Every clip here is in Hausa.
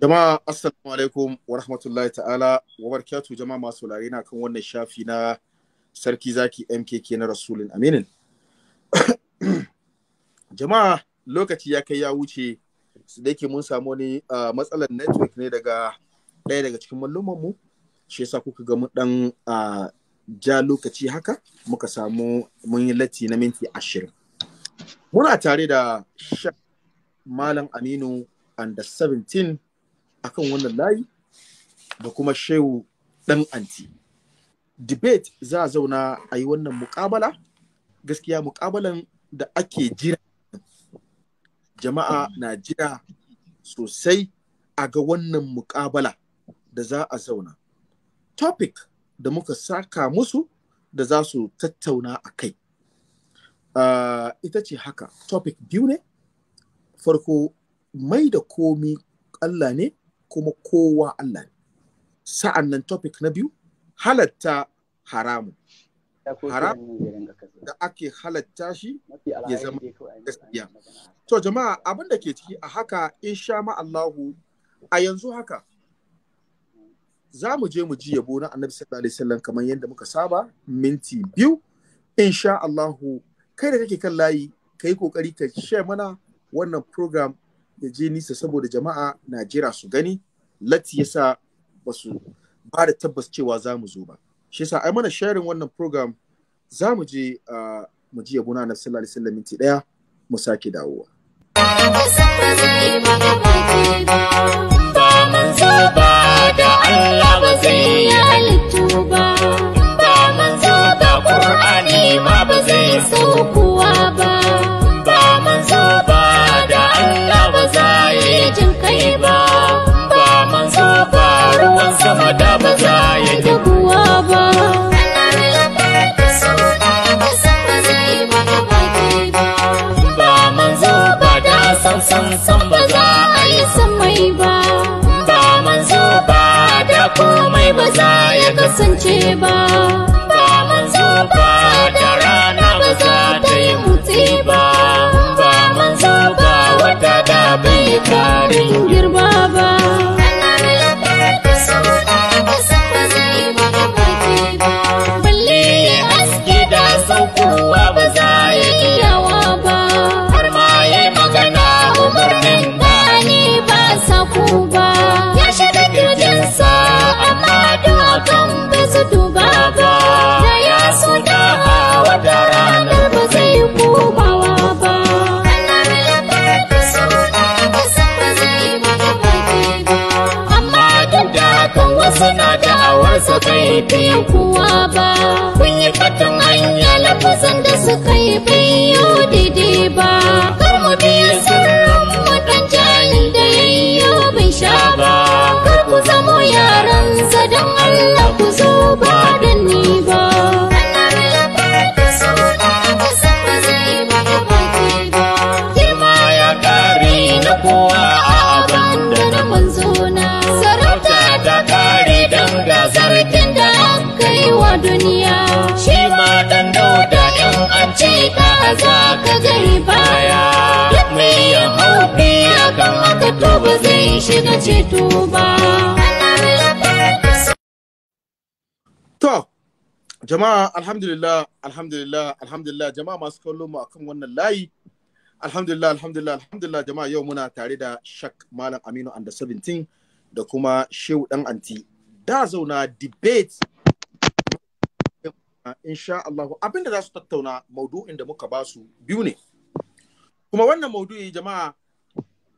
Jama'a assalamu alaikum wa rahmatullahi ta'ala wa barakatu jama'a masu saurare na kan wannan shafi na sarki zaki MKK na Rasulun Aminin. jama'a lokaci ya kai ya wuce su da yake mun samu wani matsalar network ne daga ɗaya daga cikin malluman mu shi yasa kuka ga mu dan ja lokaci haka muka samu mun yi latti na minti ashirin. Muna tare da Malam Aminu and the 17 akan wannan layi da kuma shehu dan anti debate za a zauna a yi wannan mukabala gaskiya mukabalan da ake jira jama'a na jira sosai a ga wannan mukabala da za a zauna topic da muka saka musu da za su tattauna a kai uh, ita ce haka topic biyu ne farko mai da komi Allah ne kuma kowa Allah ne sa'an nan topic na biyu halatta haramu haram da ake halatta shi ya zama gaskiya to jama'a abin da ke ciki a haka in sha ma'allahu a yanzu haka za mu je mu ji yabo na annabi sallallahu alaihi wasallam kamar yadda muka saba minti biyu in sha Allahu kai da kake kan layi kai kokari ka share mana wannan program ya je nisa saboda jama'a na su gani lati yasa ba su ba da tabbas cewa za mu zo ba shi yasa ai mana sharing wannan program za mu je mu ji yabo na sallallahu alaihi wasallam minti daya mu sake dawowa ba zo ba da Allah ba zai halittu ba ba zo da Qur'ani ma ba zai saukuwa ba ba zo ba da Allah ba zai jin kai ba ruwan sama da ba za ya ki kuwa ba ba manzo ba da san san san ba za a yi samai ba ba manzo ba da komai ba za ya kasance ba ba manzo ba da rana ba za ta yi mutse ba ba manzo ba wata da bai karin girma yau kuwa ba kun yi fatan hanya lafazan da suka yi yau daidai ba kar mu biya sirrin wadan da yayyo bai sha ba kar ku zamo yaran zadan Allah ku zo ba da ni ba ce ka za ka gani baya mai ya hauɗe akan haka to ba zai shiga ceto ba to jama'a alhamdulillah alhamdulillah alhamdulillah jama'a masu kallo mu akan wannan layi alhamdulillah alhamdulillah alhamdulillah jama'a yau muna tare da shak malam aminu under 17 da kuma shehu dan anti da zauna debate insha Allah abin da za su tattauna maudu'in da muka ba su biyu ne kuma wannan maudu'i jama'a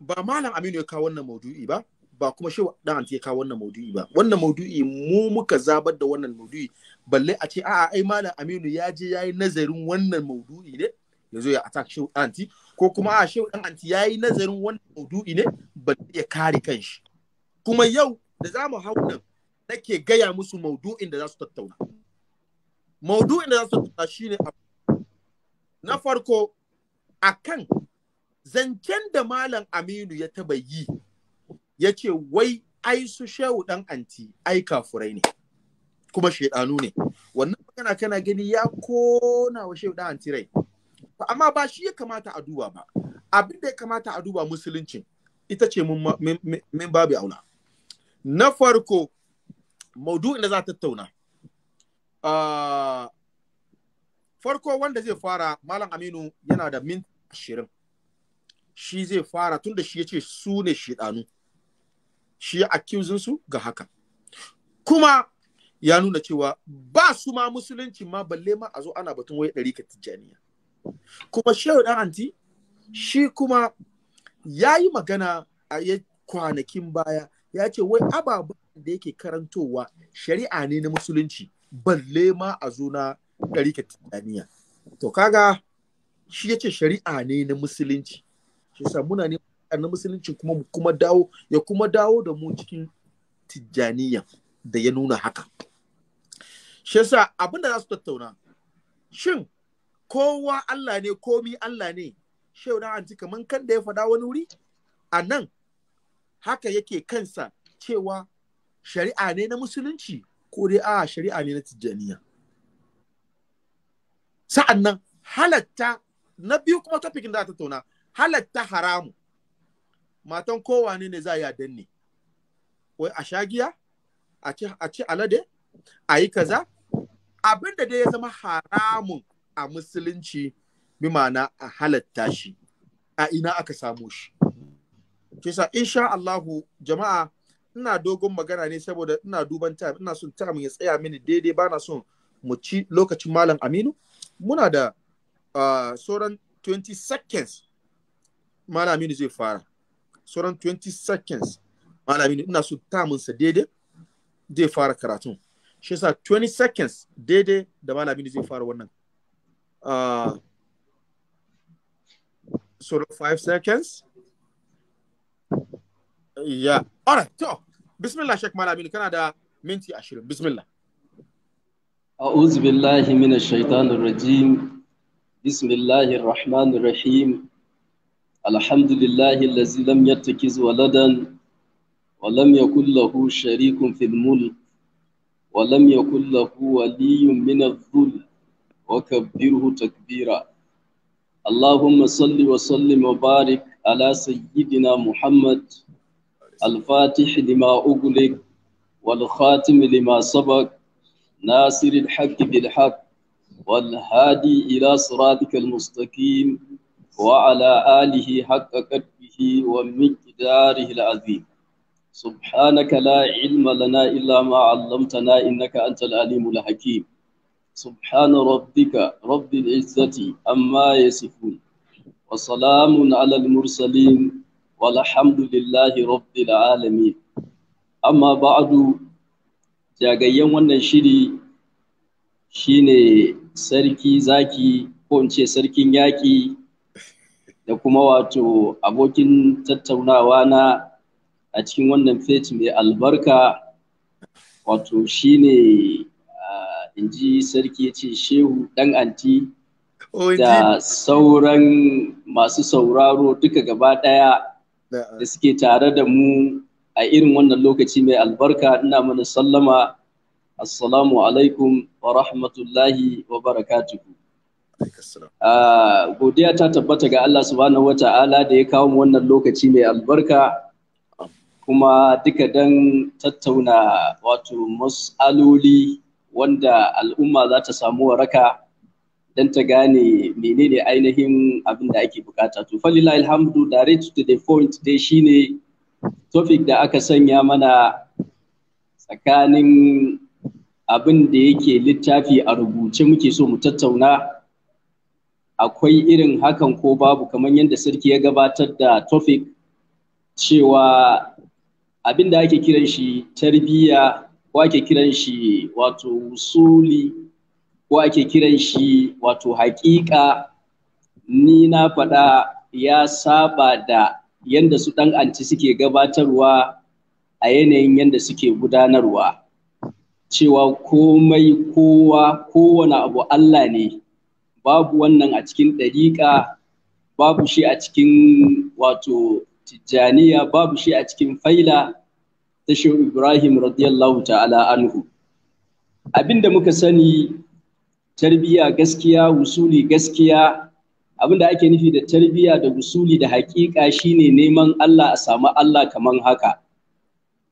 ba malam Aminu ya kawo wannan maudu'i ba ba kuma shehu dan anti ya kawo wannan maudu'i ba wannan maudu'i mu muka zabar da wannan maudu'i balle a ce a'a ai malam Aminu ya je yayi nazarin wannan maudu'i ne yanzu ya attack shi dan anti ko kuma a shehu dan anti yayi nazarin wannan maudu'i ne balle ya kare kanshi kuma yau da zamu hau nan nake gaya musu maudu'in da za su tattauna maudu'in da za su ne a na farko akan zancen da malam Aminu ya taba yi ya ce wai ai su shehu dan anti ai kafurai ne kuma shaidanu ne wannan magana kana gani ya kona wa shehu dan anti rai amma ba shi ya kamata a duba ba abin da ya kamata a duba musuluncin ita ce min babu auna na farko maudu'in da za ta tattauna Ah, farko wanda zai fara malam aminu yana da min ashirin shi zai fara tun da shi ya ce su ne shiɗanu. shi ya su ga haka kuma ya nuna cewa ba su ma musulunci ma balle ma a zo ana batun wai ɗari ka tijjaniya kuma shehu dan anti shi kuma ya yi magana a kwanakin baya ya ce wai ababen da yake karantowa shari'a ne na musulunci balle ma a zo na ɗarika tijjaniya to kaga shi yace shari'a ne na musulunci shi sa muna ne na musulunci kuma kuma dawo ya kuma dawo da mu cikin tijjaniya da ya nuna haka shi sa abin da za su tattauna shin kowa Allah ne komi Allah ne yau na anti kaman kan da ya faɗa wani wuri a nan haka yake kansa cewa shari'a ne na musulunci ko dai a shari'a ne na tijjaniya sa'an nan halatta na biyu kuma topikin da ta tauna halatta haramu matan kowane ne za a ne. wai a shagiya a ci alade a yi kaza abin da dai ya zama haramun a musulunci bi ma'ana a halatta shi a ina aka samo shi kisa insha Allahu jama'a ina dogon magana ne saboda ina duban time ina son time ya tsaya mini daidai ba na son mu ci lokacin malam aminu muna da uh, sauran 20 seconds malam aminu zai fara sauran 20 seconds malam aminu ina son time sa daidai zai fara karatun shi yasa 20 seconds daidai da malam aminu zai fara wannan uh, sauran 5 seconds Ya. Ora, to. Bismillah, Sheikh Malabi, kana da minti ashirin. Bismillah. A'udhu billahi minash rajim. Bismillahir rahmanir rahim. Alhamdulillahi allazi lam yattakiz waladan wa lam yakul lahu sharikun fil mulk wa lam yakul lahu waliyyun wa kabbirhu takbira. Allahuma salli wa sallim wa barik ala sayyidina Muhammad الفاتح لما أغلق والخاتم لما سبق ناصر الحق بالحق والهادي إلى صراطك المستقيم وعلى آله حق قدره ومقداره العظيم سبحانك لا علم لنا إلا ما علمتنا إنك أنت العليم الحكيم سبحان ربك رب العزة أما يصفون وسلام على المرسلين والحمد لله رب العالمين أما بعد wannan shiri shine sarki zaki ko in ce sarkin yaƙi da kuma wato abokin tattaunawa na a cikin wannan feci mai albarka wato shine ah, in ji sarki ya ce shehu dan anti da sauran masu sauraro duka gaba ɗaya da suke tare da mu a irin wannan lokaci mai albarka ina mana sallama assalamu alaikum wa rahmatullahi wa barakatuhu ah, godiya ta tabbata ga Allah subhanahu wa ta'ala da ya kawo mu wannan lokaci mai albarka kuma duka dan tattauna wato mas'aloli wanda al'umma za ta samu waraka don ta gane menene ainihin abin da ake bukata to falila alhamdu direct to the point dai shine topic da aka sanya mana tsakanin abin da yake littafi a rubuce muke so mu tattauna akwai irin hakan ko babu kamar yadda sarki ya gabatar da topic cewa abin da ake kiran shi tarbiyya ko ake kiran shi wato usuli ko ake kiran shi wato haƙiƙa ni na faɗa ya saba da yanda su ɗan anci suke gabatarwa a yanayin yanda suke gudanarwa cewa komai kowa kowane abu Allah ne babu wannan a cikin ɗariƙa babu shi a cikin wato tijjaniya babu shi a cikin faila ta Ibrahim radiyallahu ta'ala anhu abinda muka sani tarbiya gaskiya wusuli gaskiya abinda ake nufi da tarbiya da wusuli da haƙiƙa shine neman Allah a samu Allah kaman haka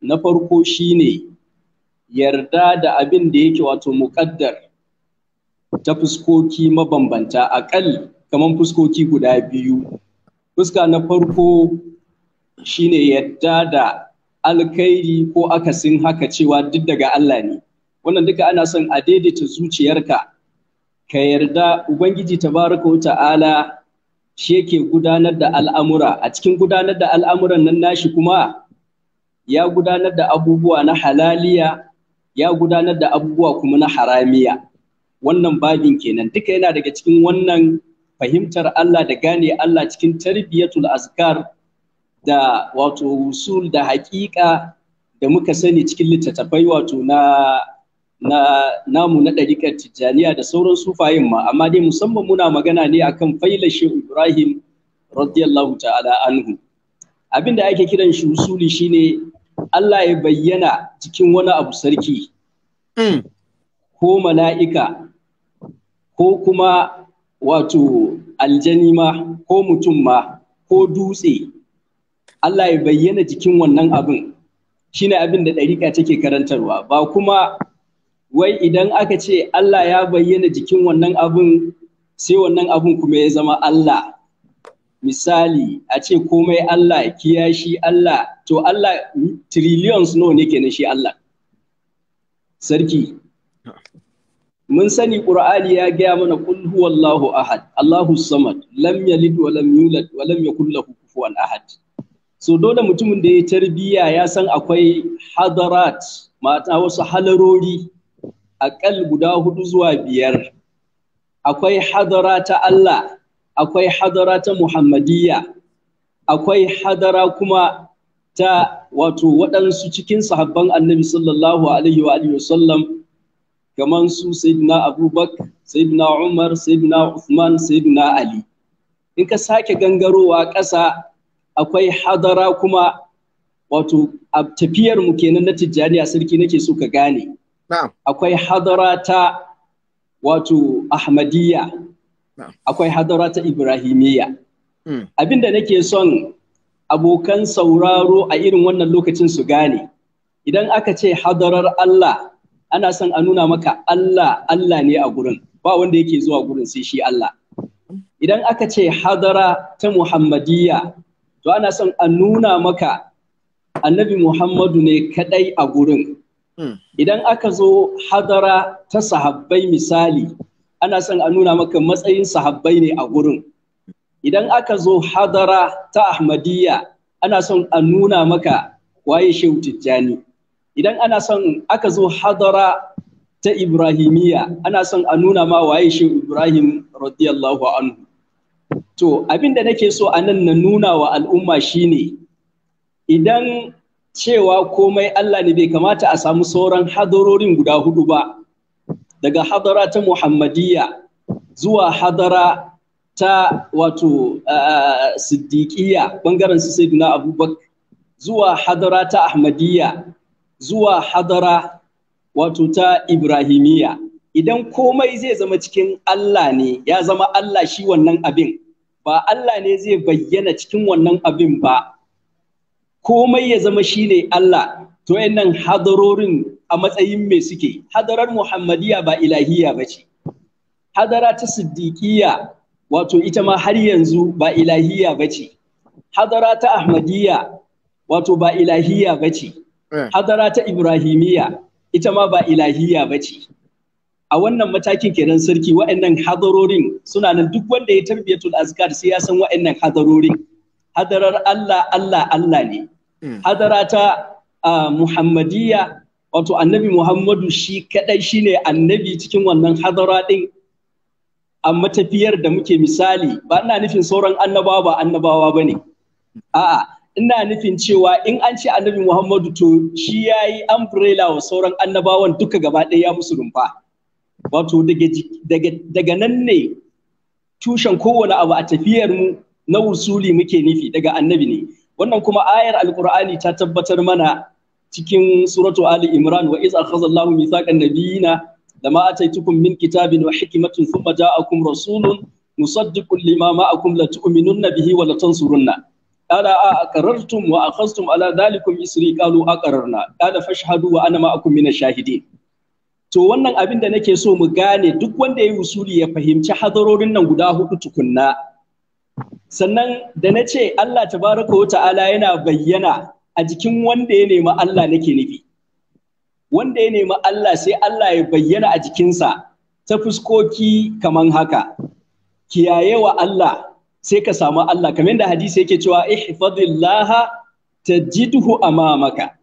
na farko shine yarda da abin da yake wato muƙaddar ta fuskoki mabambanta aƙal kaman fuskoki guda biyu fuska na farko shine yarda da alkhairi ko akasin haka cewa duk daga Allah ne wannan duka ana son a daidaita zuciyarka ka yarda ubangiji tabaraka wa ta'ala shi yake gudanar da al'amura a cikin gudanar da al'amuran nan nashi kuma ya gudanar da abubuwa na halaliya ya gudanar da abubuwa kuma na haramiya wannan babin kenan duka yana daga cikin wannan fahimtar Allah da gane Allah cikin tarbiyatul azkar da wato usul da haƙiƙa da muka sani cikin littattafai wato na na namu na ɗariƙar tijjaniya da sauran sufayin ma amma dai musamman muna magana ne akan faila shehu ibrahim radiyallahu ta'ala anhu abin da ake kiran shi usuli shine allah ya bayyana cikin wani abu sarki hmm. ko mala'ika ko kuma wato aljani ma ko mutum ma ko dutse allah ya bayyana jikin wannan abin shine abin da ɗariƙa take karantarwa ba kuma wai idan aka ce Allah ya bayyana jikin wannan abun sai wannan abun kuma ya zama Allah misali a ce komai Allah kiyashi Allah to Allah hmm, trillions nawa ne kenan shi Allah sarki mun sani qur'ani ya gaya mana qul huwallahu ahad Allahu samad lam yalid wa lam yulad wa lam yakul lahu kufuwan ahad so dole mutumin da ya tarbiya ya san akwai hadarat mata wasu halarori aƙal guda hudu zuwa biyar akwai hadara ta Allah akwai hadara ta Muhammadiyya akwai hadara kuma ta wato waɗansu cikin sahabban annabi sallallahu alaihi wa alihi wasallam kamar su sayyidina abubakar sayyidina umar sayyidina uthman sayyidina ali in ka sake gangarowa ƙasa akwai hadara kuma wato tafiyar mu kenan na tijjaniya sarki nake so ka gane akwai hadara ta wato ahmadiyya akwai hadara ta ibrahimiyya hmm. abinda nake son abokan sauraro a irin wannan lokacin su gane idan aka ce hadarar Allah ana son a nuna maka Allah Allah ne a gurin ba wanda yake zuwa gurin sai shi Allah idan aka ce hadara ta muhammadiyya to ana son a nuna maka annabi muhammadu ne kadai a gurin Hmm. Idan aka zo hadara ta sahabbai misali, ana son a nuna maka matsayin sahabbai ne a gurin. Idan aka zo hadara ta Ahmadiyya, ana son a nuna maka waye Shehu Tijjani. Idan ana son aka zo hadara ta Ibrahimiyya, ana son a nuna ma waye Shehu Ibrahim radiyallahu anhu. To, abin da nake so a nan na nuna wa al'umma shine idan cewa komai Allah ne bai kamata a samu sauran hadarorin guda hudu ba daga hadara ta Muhammadiyya zuwa hadara ta wato eh, siddiqiyya bangaren su duna abubakar zuwa hadara ta ahmadiyya zuwa hadara wato ta ibrahimiyya idan komai zai zama cikin Allah ne ya zama Allah shi wannan abin ba Allah ne zai bayyana cikin wannan abin ba komai ya zama shine Allah to nan hadarorin a matsayin me suke hadarar muhammadiyya ba ilahiyya ba ce hadara ta siddiqiyya wato ita ma har yanzu ba ilahiyya ba ce hadara ta ahmadiyya wato ba ilahiyya ba ce eh. hadara ta ibrahimiyya ita ma ba ilahiyya ba ce a wannan matakin kenan sarki wa'annan hadarorin suna nan duk wanda ya tarbiyatul azkar sai ya san wa'annan hadarorin hadarar Allah Allah Allah ne Hmm. hadara ta muhammadiyya wato annabi muhammadu shi kadai shine annabi cikin wannan hadara din a matafiyar da muke misali ba ina nufin sauran annabawa ba annabawa ba ne a'a ina nufin cewa in an ce annabi muhammadu to shi ya yi umbrella wa sauran annabawan duka gaba ɗaya ya musu rumfa wato daga nan ne tushen kowane abu a tafiyar mu na wusuli muke nufi daga annabi ne wannan kuma ayar alkur'ani ta tabbatar mana cikin suratu ali imran wa iz akhadha allahu mithaqan nabiyina lama ataitukum min kitabin wa hikmatin thumma ja'akum rasulun musaddiqun lima ma'akum la tu'minunna bihi wa la tansurunna قال أقررتم وأخذتم على ذلكم إسري قالوا أقررنا قال فاشهدوا وأنا معكم من الشاهدين to wannan abin da nake so mu gane duk wanda ya yi usuli ya fahimci hadarorin nan guda hudu tukunna sannan da na ce Allah tabaraka wa ta'ala yana bayyana a jikin wanda ya nemi Allah nake nufi wanda ya nema Allah sai Allah ya bayyana a jikinsa ta fuskoki kamar haka kiyaye wa Allah sai ka samu Allah kamar da hadisi yake cewa ihfazillah tajidhu amamaka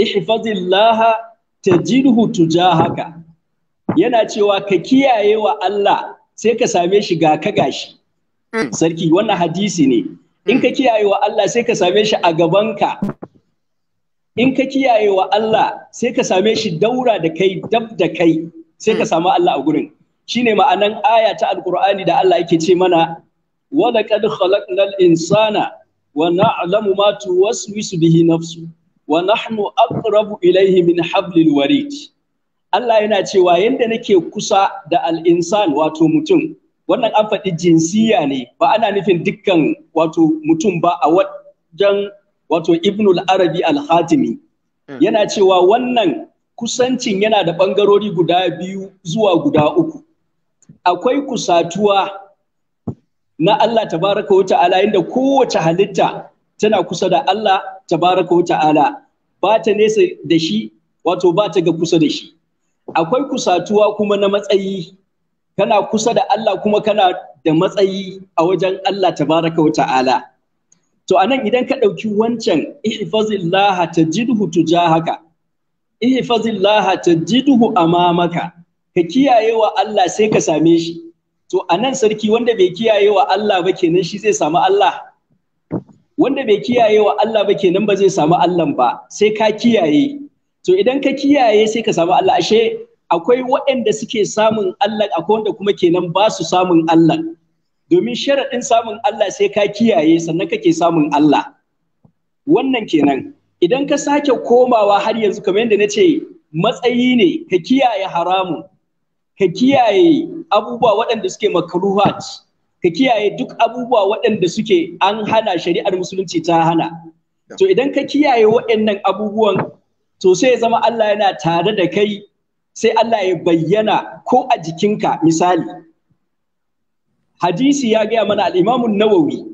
ihfazillah tajidhu tujahaka yana cewa ka kiyaye wa Allah sai ka same shi ga ka gashi sarki wannan hadisi ne in ka kiyaye wa Allah sai ka same shi a gabanka in ka kiyaye wa Allah sai ka same shi daura da kai dab da kai sai ka samu Allah a gurin shine ma'anan aya ta alqur'ani da Allah yake ce mana wa laqad khalaqnal insana wa na'lamu ma tuwaswisu bihi nafsu wa nahnu aqrabu ilayhi min hablil warid Allah yana cewa yanda nake kusa da al-insan wato mutum wannan an faɗi jinsiya ne ba ana nufin dukkan wato mutum ba a wajen wato ibnul arabi al-hatimi mm. yana cewa wannan kusancin yana da ɓangarori guda biyu zuwa guda uku akwai kusatuwa na Allah tabaraka wa ta'ala inda kowace halitta tana kusa da Allah tabaraka wa ta'ala ba ta nesa da shi wato ba ta ga kusa da shi akwai kusatuwa kuma na matsayi kana kusa da Allah kuma kana da matsayi a wajen Allah tabaraka wa ta'ala to anan idan ka ɗauki wancan ihfazillah tajidhu tujahaka ihfazillah tajidhu amamaka ka kiyaye wa Allah sai ka same shi to anan sarki wanda bai kiyaye wa Allah ba kenan shi zai samu Allah wanda bai kiyaye wa Allah ba kenan ba zai samu Allah ba sai ka kiyaye to idan ka kiyaye sai ka samu Allah ashe akwai waɗanda suke samun Allah akwai wanda kuma kenan ba su samun Allah domin sharaɗin samun Allah sai ka kiyaye sannan kake samun Allah wannan kenan idan ka sake komawa har yanzu kamar yadda na ce matsayi ne ka kiyaye haramun ka kiyaye abubuwa waɗanda suke makaruhat ka kiyaye duk abubuwa waɗanda suke an hana shari'ar musulunci ta hana to idan ka kiyaye waɗannan abubuwan to sai zama Allah yana tare da kai sai Allah ya bayyana ko a jikinka misali hadisi ya gaya mana al'imamun nawawi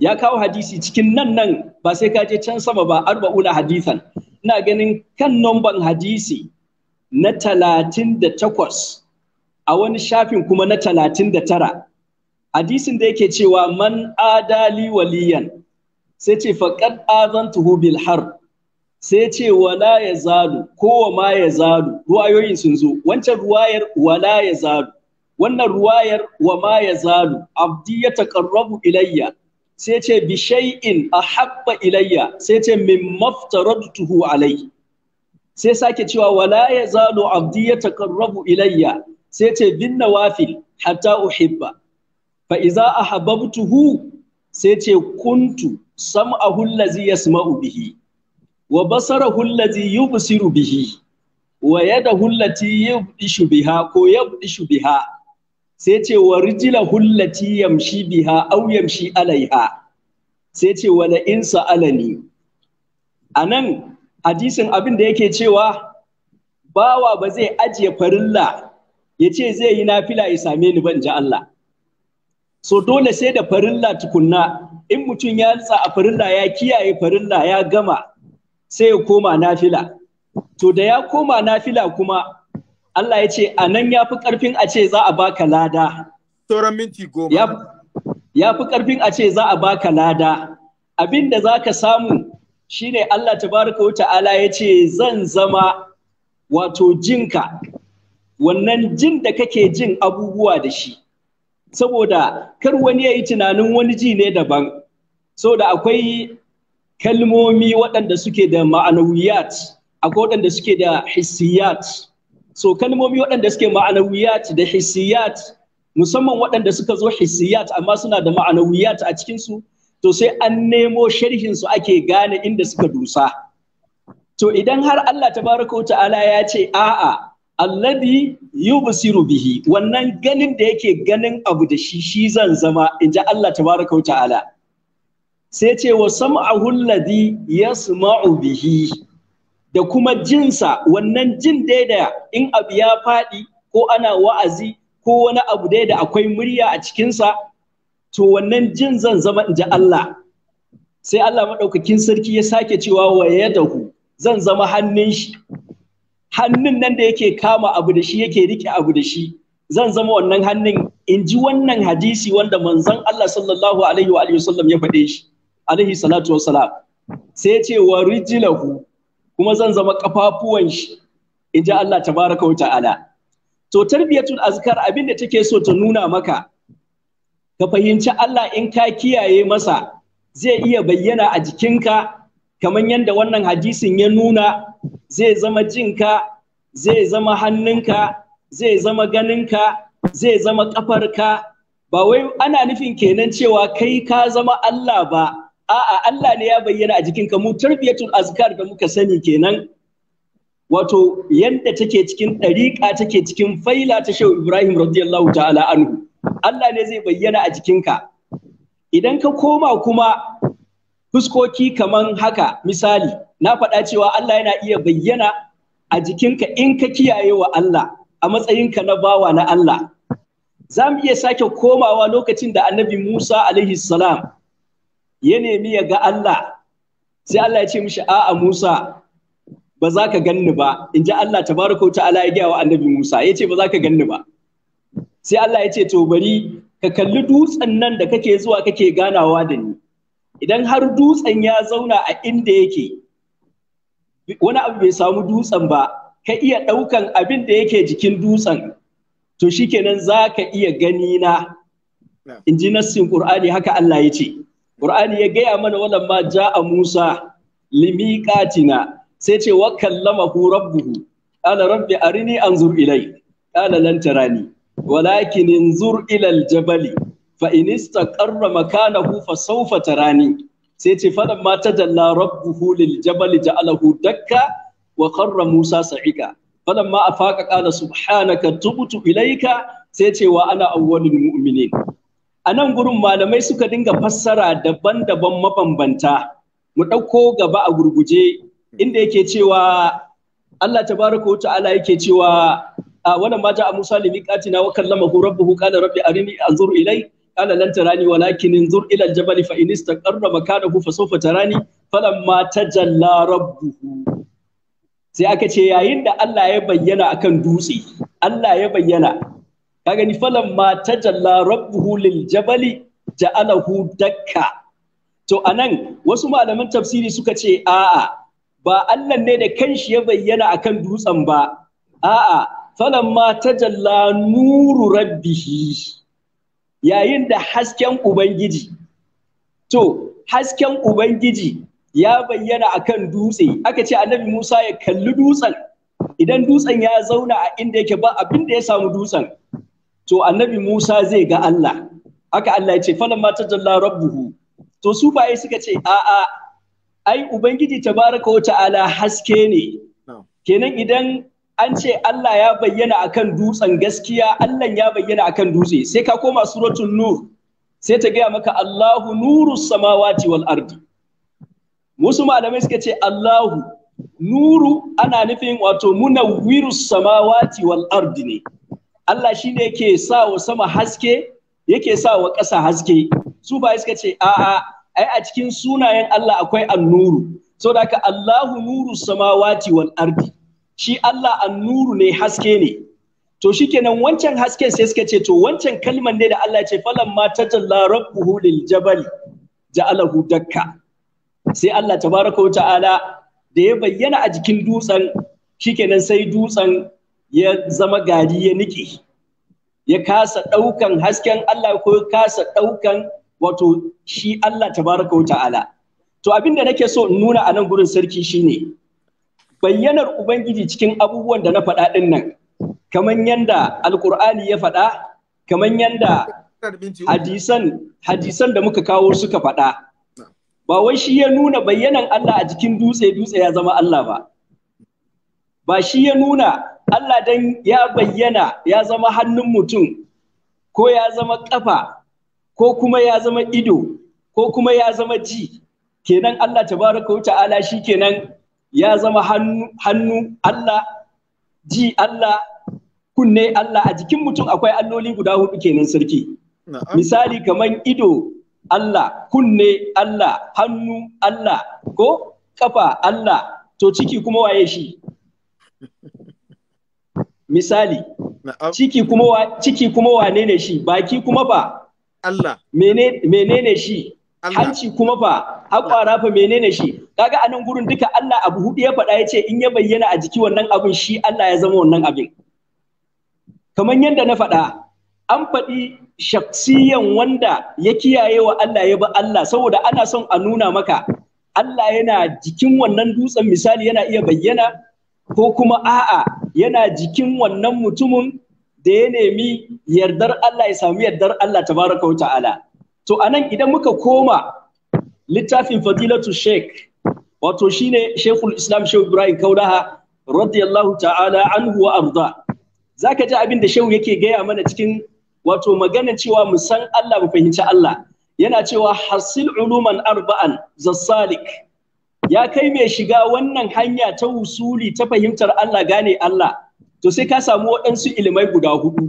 ya kawo hadisi cikin nan nan ba sai ka je can sama ba arba'una hadisan ina ganin kan nomban hadisi na talatin da takwas a wani shafin kuma na talatin da tara hadisin da yake cewa man adali waliyan sai ce faƙad azantuhu bil harb sai ce wala ya zalu ko ma ya zalu ruwayoyin sun zo wancan ruwayar wala ya zalu wannan ruwayar wa ma ya zalu abdi ya taqarrabu ilayya sai ce bi shay'in ahabba ilayya sai ce min maftaradtuhu alayhi sai sake cewa wala ya zalu abdi ya taqarrabu ilayya sai ce bin nawafil hatta uhibba fa iza ahabbtuhu sai ce kuntu sam'ahu allazi yasma'u bihi wa basarahu allazi yubsiru bihi wa yadahu allati yubdishu biha ko yubdishu biha sai ce wa rijlahu allati yamshi biha aw yamshi alaiha sai ce wa la'insa alani. A anan hadisin abin da yake cewa bawa ba zai ajiye farilla ya ce zai yi nafila ya same ni ban ji Allah so dole sai da farilla tukunna in mutum ya nutsa a farilla ya kiyaye farilla ya gama sai ya koma nafila to da ya koma nafila kuma Allah ya ce a nan ya fi ƙarfin a ce za a baka lada sauran minti goma ya fi ƙarfin a ce za a baka lada abin da za ka samu shi ne Allah tabaraka wa ta'ala ya ce zan zama wato jin ka, wannan jin da kake jin abubuwa da shi saboda kar wani ya yi tunanin wani ji ne daban da akwai kalmomi waɗanda suke da ma'anawiyat akwai waɗanda suke da hisiyat. so kalmomi waɗanda suke ma'anawiyat da hisiyat, musamman waɗanda suka zo hisiyat amma suna da ma'anawiyat a cikinsu to sai an nemo sharhin su ake gane inda suka dusa to idan har Allah tabaraka wa ta'ala ya ce a'a alladhi yubsiru bihi wannan ganin da yake ganin abu da shi shi zan zama inji Allah tabaraka wa ta'ala sai ce wa sam'ahu alladhi yasma'u bihi da kuma jinsa wannan jin dai da in abu ya faɗi ko ana wa'azi ko wani abu dai da akwai murya a cikinsa to wannan jin zan zama in ji Allah sai Allah maɗaukakin sarki ya sake cewa wa yadahu zan zama hannun shi hannun nan da yake kama abu da shi yake rike abu da shi zan zama wannan hannun in ji wannan hadisi wanda manzon Allah sallallahu alaihi wa sallam ya faɗe shi alaihi salatu wassalam sai ya ce wa rijilahu kuma zan zama kafafuwan shi in ji Allah tabaraka wa ta'ala to tarbiyatul azkar abin da take so ta nuna maka ka fahimci Allah in ka kiyaye masa zai iya bayyana a jikinka kamar yadda wannan hadisin ya nuna zai zama jinka zai zama hannunka zai zama ganinka zai zama ƙafarka ba wai ana nufin kenan cewa kai ka zama Allah ba a'a Allah ne ya bayyana a jikinka mu tarbiyatul azkar da muka sani kenan wato yadda take cikin ɗariƙa take cikin faila ta shehu Ibrahim radiyallahu ta'ala anhu Allah ne zai bayyana a jikinka idan ka koma kuma fuskoki kaman haka misali na faɗa cewa Allah yana iya bayyana a jikinka in ka kiyaye wa Allah a matsayinka na bawa na Allah za mu iya sake komawa lokacin da annabi Musa alaihi salam ya nemi ya ga Allah sai Allah ya ce mishi a'a Musa ba za ka ganni ba in ji Allah tabaraka wa ta'ala ya gaya wa annabi Musa ya ce ba za ka ganni ba sai Allah ya ce to bari ka kalli dutsen nan da kake zuwa kake ganawa da ni idan har dutsen ya zauna a inda yake wani abu bai samu dutsen ba ka iya ɗaukan abin da yake jikin dutsen to shikenan za ka iya gani na in ji nassin Qur'ani haka Allah ya ce Qur'ani ya gaya mana ja a Musa limiqatina sai ce wa kallamahu rabbuhu qala rabbi arini anzur ilai qala lan tarani walakin inzur ila aljabali fa in istaqarra makanahu fa sawfa tarani sai ce ma tajalla rabbuhu liljabali ja'alahu dakka wa kharra Musa sa'ika falamma afaqa qala subhanaka tubtu ilaika sai ce wa ana awwalul mu'minin a nan gurin malamai suka dinga fassara daban-daban mabambanta mu ɗauko gaba a gurguje inda yake cewa Allah Ta baraka wuta ala yake cewa A wannan mata a Musa limiqatina wa kallamahu rabbuhu qala rabbi arini anzur ilai قال لن تراني ولكن انظر da الجبل فان استقر مكانه فسوف تراني فلما تجلى ربه sai aka ce yayin da Allah ya bayyana akan dutse Allah ya bayyana kaga ni falan ma tajalla rabbuhu lil jabali ja'alahu dakka to anan wasu malaman tafsiri suka ce a'a ba Allah ne da kanshi ya bayyana akan dutsen ba a'a falan ma tajalla nuru rabbihi yayin da hasken ubangiji to hasken ubangiji ya bayyana akan dutse aka ce annabi Musa ya kalli dutsen idan dutsen ya zauna a inda yake ba abin da ya samu dutsen to annabi Musa zai ga Allah haka Allah ya ce ma tajalla rabbuhu to su baye suka ce a'a ai ubangiji tabaraka wa ta'ala haske ne kenan idan an ce Allah ya bayyana akan dutsen gaskiya Allah ya bayyana akan dutse sai ka koma suratul nur sai ta gaya maka Allahu nuru samawati wal ardi musu malamai suka ce Allahu nuru ana nufin wato munawwirus samawati wal ardi ne Allah shi ne yake sa wa sama haske yake sa wa ƙasa haske su ba suka ce a'a ai a cikin sunayen Allah akwai annuru da ka Allahu nuru samawati wal ardi shi Allah annuru ne haske ne to shikenan wancan hasken sai suka ce to wancan kalman ne da Allah ya ce falan ma tajalla rabbuhu lil jabal ja'alahu dakka sai Allah tabaraka wa ta'ala da ya bayyana a jikin dutsen shikenan sai dutsen ya zama gari ya nike ya kasa ɗaukan hasken Allah ko ya kasa ɗaukan wato shi Allah tabaraka wa ta'ala to abin da nake so in nuna a nan gurin sarki shine bayyanar ubangiji cikin abubuwan da na faɗa ɗin nan kamar yanda alkur'ani ya faɗa kamar yanda hadisan hadisan da muka kawo suka faɗa ba wai shi ya nuna bayyanan Allah a jikin dutse dutse ya zama Allah ba ba shi ya nuna Allah dan ya bayyana ya zama hannun mutum ko ya zama ƙafa ko kuma ya zama ido ko kuma ya zama ji kenan Allah tabaraka wa ta'ala kenan ya zama hannu Allah ji Allah kunne Allah a jikin mutum akwai alloli guda hudu kenan sarki misali kamar ido Allah kunne Allah hannu Allah ko kafa Allah to ciki kuma waye shi misali ciki kuma wa ciki kuma wane ne shi baki kuma ba Allah menene shi hanci kuma ba hakwara fa menene shi kaga anan gurin duka Allah abu hudu ya faɗa yace in ya bayyana a jiki wannan abin shi Allah ya zama wannan abin kamar yadda na faɗa an faɗi shaksiyan wanda ya kiyaye wa Allah ya ba Allah saboda ana son a nuna maka Allah yana jikin wannan dutsen misali yana iya bayyana ko kuma a'a yana jikin wannan mutumin da ya nemi yardar Allah ya samu yardar Allah tabaraka wa ta'ala to anan idan muka koma littafin fadilatu sheikh wato shine Sheikhul islam shehu ibrahim kaulaha radiyallahu ta'ala anhu wa arda zaka ji abin da shehu yake gaya mana cikin wato magana cewa mu san Allah mu fahimci Allah yana cewa hasil uluman arba'an Salik. ya kai mai shiga wannan hanya ta usuli ta fahimtar Allah gane Allah to sai ka samu waɗansu ilimai guda hudu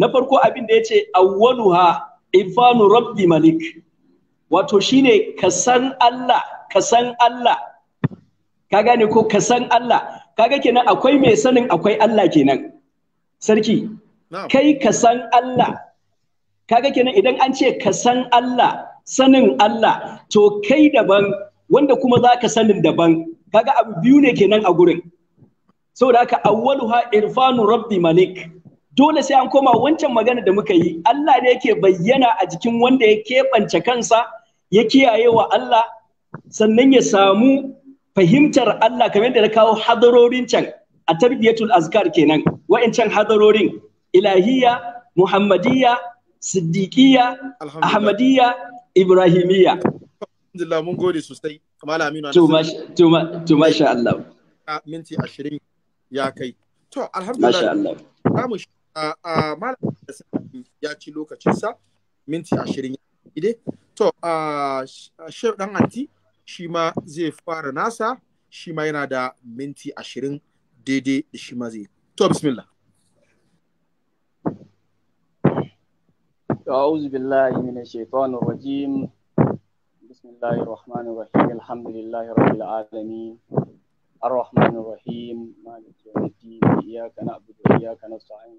na farko abin da ya ce awwaluha ifanu rabbi malik wato shine ka san Allah ka san Allah ka gane ko ka san Allah kaga kenan akwai mai sanin akwai Allah kenan sarki kai ka san Allah kaga kenan idan an ce ka san Allah sanin Allah to kai daban wanda kuma za ka sanin daban kaga abu biyu ne kenan a gurin saboda haka ha irfanu rabbi malik dole sai an koma wancan magana da muka yi Allah ne yake bayyana a jikin wanda ya keɓance kansa ya kiyaye wa Allah sannan ya samu fahimtar Allah kamar da na kawo hadarorin can a tarbiyatul azkar kenan wa'ancan hadarorin ilahiyya muhammadiyya siddiqiyya ahmadiyya ibrahimiyya alhamdulillah mun gode sosai malam aminu to masha Allah minti 20 ya kai to alhamdulillah za mu malam ya ci lokacin sa minti 20 ide to shef dan anti shi ma zai fara nasa shi ma yana da minti 20 daidai da shi ma zai to bismillah أعوذ بالله من الشيطان الرجيم بسم الله الرحمن الرحيم الحمد لله رب العالمين الرحمن الرحيم مالك يوم الدين إياك نعبد وإياك نستعين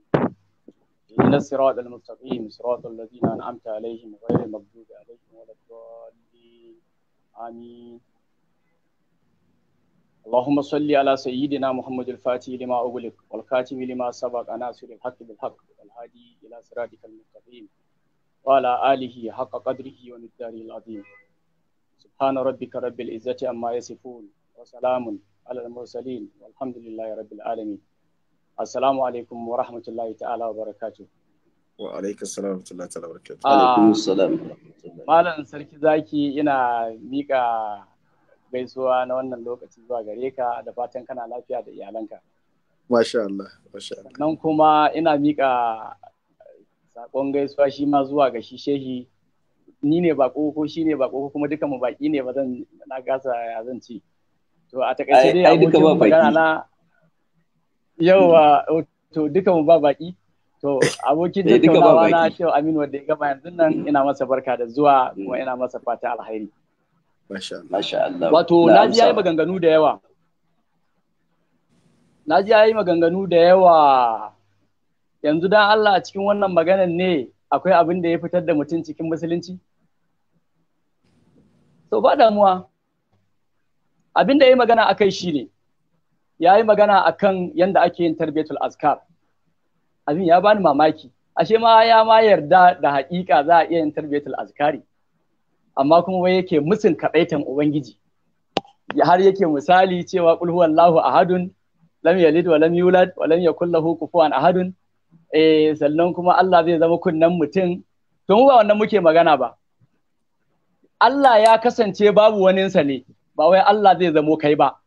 اهدنا الصراط المستقيم صراط الذين أنعمت عليهم غير المغضوب عليهم ولا الضالين آمين اللهم صل على سيدنا محمد الفاتح لما أغلق والكاتم لما سبق أناصر الحق بالحق والهادي إلى صراطك المستقيم وعلى آله حق قدره ومقداره العظيم subhana rabbika rabbil izzati amma yasifun wa salamun alal mursalin walhamdulillahi rabbil alamin assalamu alaikum wa rahmatullahi ta'ala wa barakatuh wa alaika salam wa ta'ala barakatuh ah, alaikum salam malam sarki zaki ina miƙa gaisuwa na wannan lokaci zuwa gare ka da fatan kana lafiya da iyalanka nan kuma ina mika sakon gaisuwa shi ma zuwa ga shi ni ne bako ko shi ne bako ko kuma duka mu baki ne ba zan na gasa ya zan ci to a takaice dai ba baki na yawa to duka mu ba baki to abokin eh, baki na Shehu Aminu wanda ya gaba yanzu nan ina masa barka da zuwa mm. kuma ina masa fata alheri Masha Allah. Wato na ji yayi maganganu da yawa. Na ji yayi maganganu da yawa. Yanzu dan Allah cikin wannan maganan ne akwai abin da ya fitar da mutum cikin musulunci so ba damuwa abin da ya yi magana a kai shi ne ya yi magana a kan yadda ake yin tarbiyatul azkar abin ya bani mamaki ashe ma ya ma yarda da haƙiƙa za a iya yin tarbiyatul askari? amma kuma wai yake musun kaɗaitan ubangiji har yake misali cewa Lahu a ahadun lam yalid wa lam yulad wa lam yakul lahu kufuwan ahadun eh sannan kuma Allah zai zama kunnen mutum to mu ba wannan muke magana ba Allah ya kasance babu waninsa ne ba wai Allah zai zamo kai ba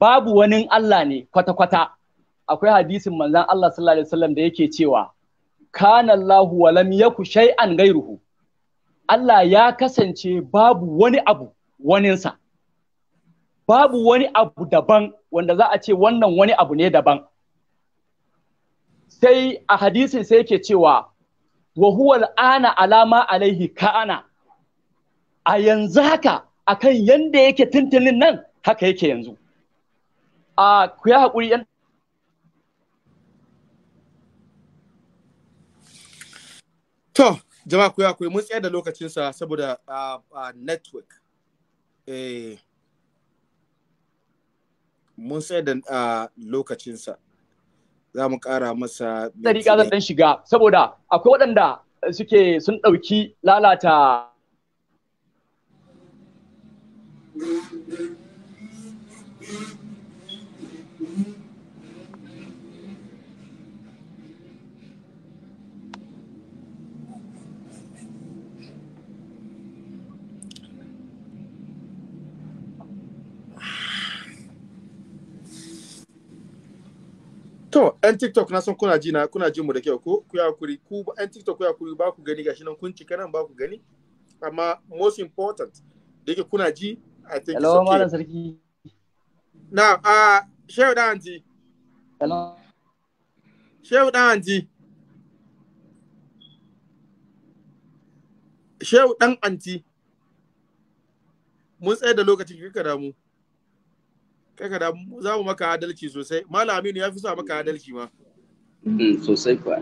babu wanin Allah ne kwata-kwata akwai hadisin manzan Allah sallallahu alaihi wasallam da yake cewa kana Allahu wa lam yaku shay'an gairuhu Allah ya kasance babu wani abu waninsa babu wani abu daban wanda za a ce wannan wani abu ne daban sai a hadisin sai yake cewa wa huwa ana alama alaihi ka'ana a yanzu haka akan yanda yake tuntunin nan haka yake yanzu a ku ya haƙuri yan to jama'a ku ya haƙuri mun tsaya da lokacinsa saboda network eh mun tsaya da lokacinsa za mu ƙara masa dariƙa zan ɗan shiga saboda akwai waɗanda suke sun ɗauki lalata To, ‘yan TikTok na son kuna ji na kuna ji mu da kyau ko ku ya kuri ku ‘yan TikTok ku ya kuri ba ku gani gashi nan kun cika nan ba ku gani amma most important da yake kuna ji I think Hello, it's okay. sarki. Na, a uh, Shehu da Anji. Hello. Shehu da Anji. Shehu dan Anji. Mun tsaye da lokacin kika damu. mu. kai kada za mu maka adalci sosai malam aminu ya fi sa maka adalci ma hmm, sosai kuwa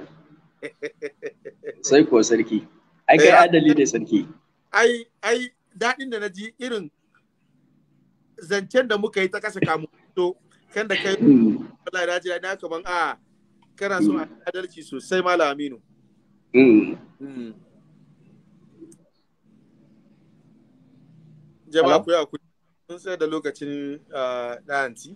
sai kuwa sarki ai kai eh, adali ne sarki ai ai daɗin da na ji irin zancen da muka yi ta kasa kamu to kan da kai hmm. Allah ya ji na kaman a kana so hmm. adalci sosai malam aminu jama'a ku ya ku Mun sai da lokacin ah, ɗayanci.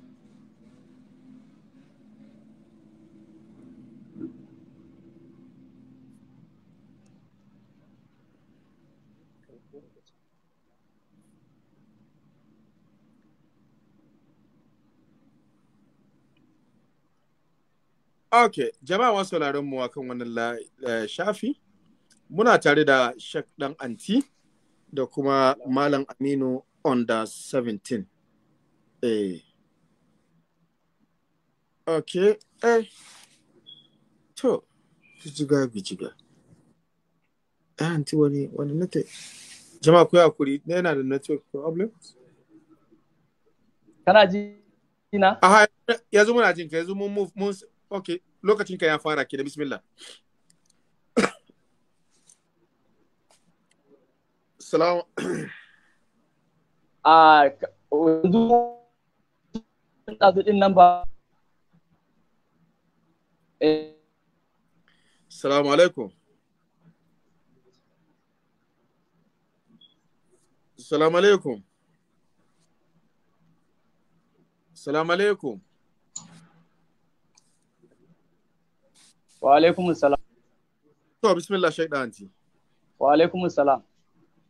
Ok, jama'a wasu sauraron mu akan wannan eh, shafi. Muna tare da Shek ɗan anti da kuma Malam Aminu under 17 eh okay eh to bijiga bijiga eh anti wani wani nate jama'a ku hakuri ne yana da network problem kana ji ina aha yanzu muna jin ka yanzu mun move mun okay lokacin ka ya fara ke da bismillah salamu a yanzu ɗin nan ba Salamu alaikum. Salamu alaikum. Salamu alaikum. Wa alaikum salam. To, bismillah shaidanti. Wa alaikum salam.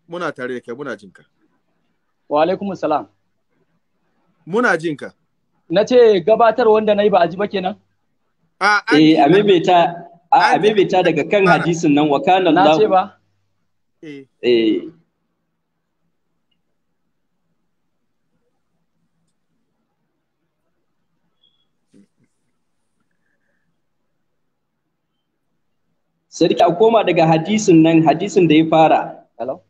Muna tare da kai, muna jinka. Wa alaikum salam. Muna jin ka. Na ce gabatar wanda na yi ba a ji ba kenan? A eh, a maimaita daga kan hadisin nan wakanan Na ce ba? Eh. eh. Sarki a koma daga hadisin nan hadisin da ya fara. Hello?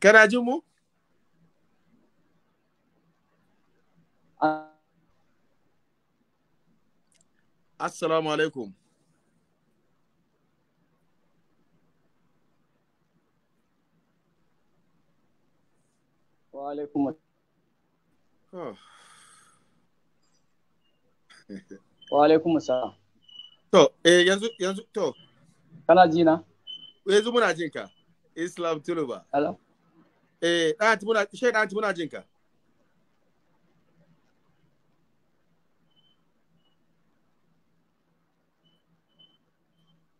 Kana jin mu? Assalamu alaikum. Wa alaikum oh. Wa alaikum To, eh yanzu yanzu to. Kana ji na? yanzu muna jin ka islam tuluba hello eh ɗanci muna shai ɗanci muna jin ka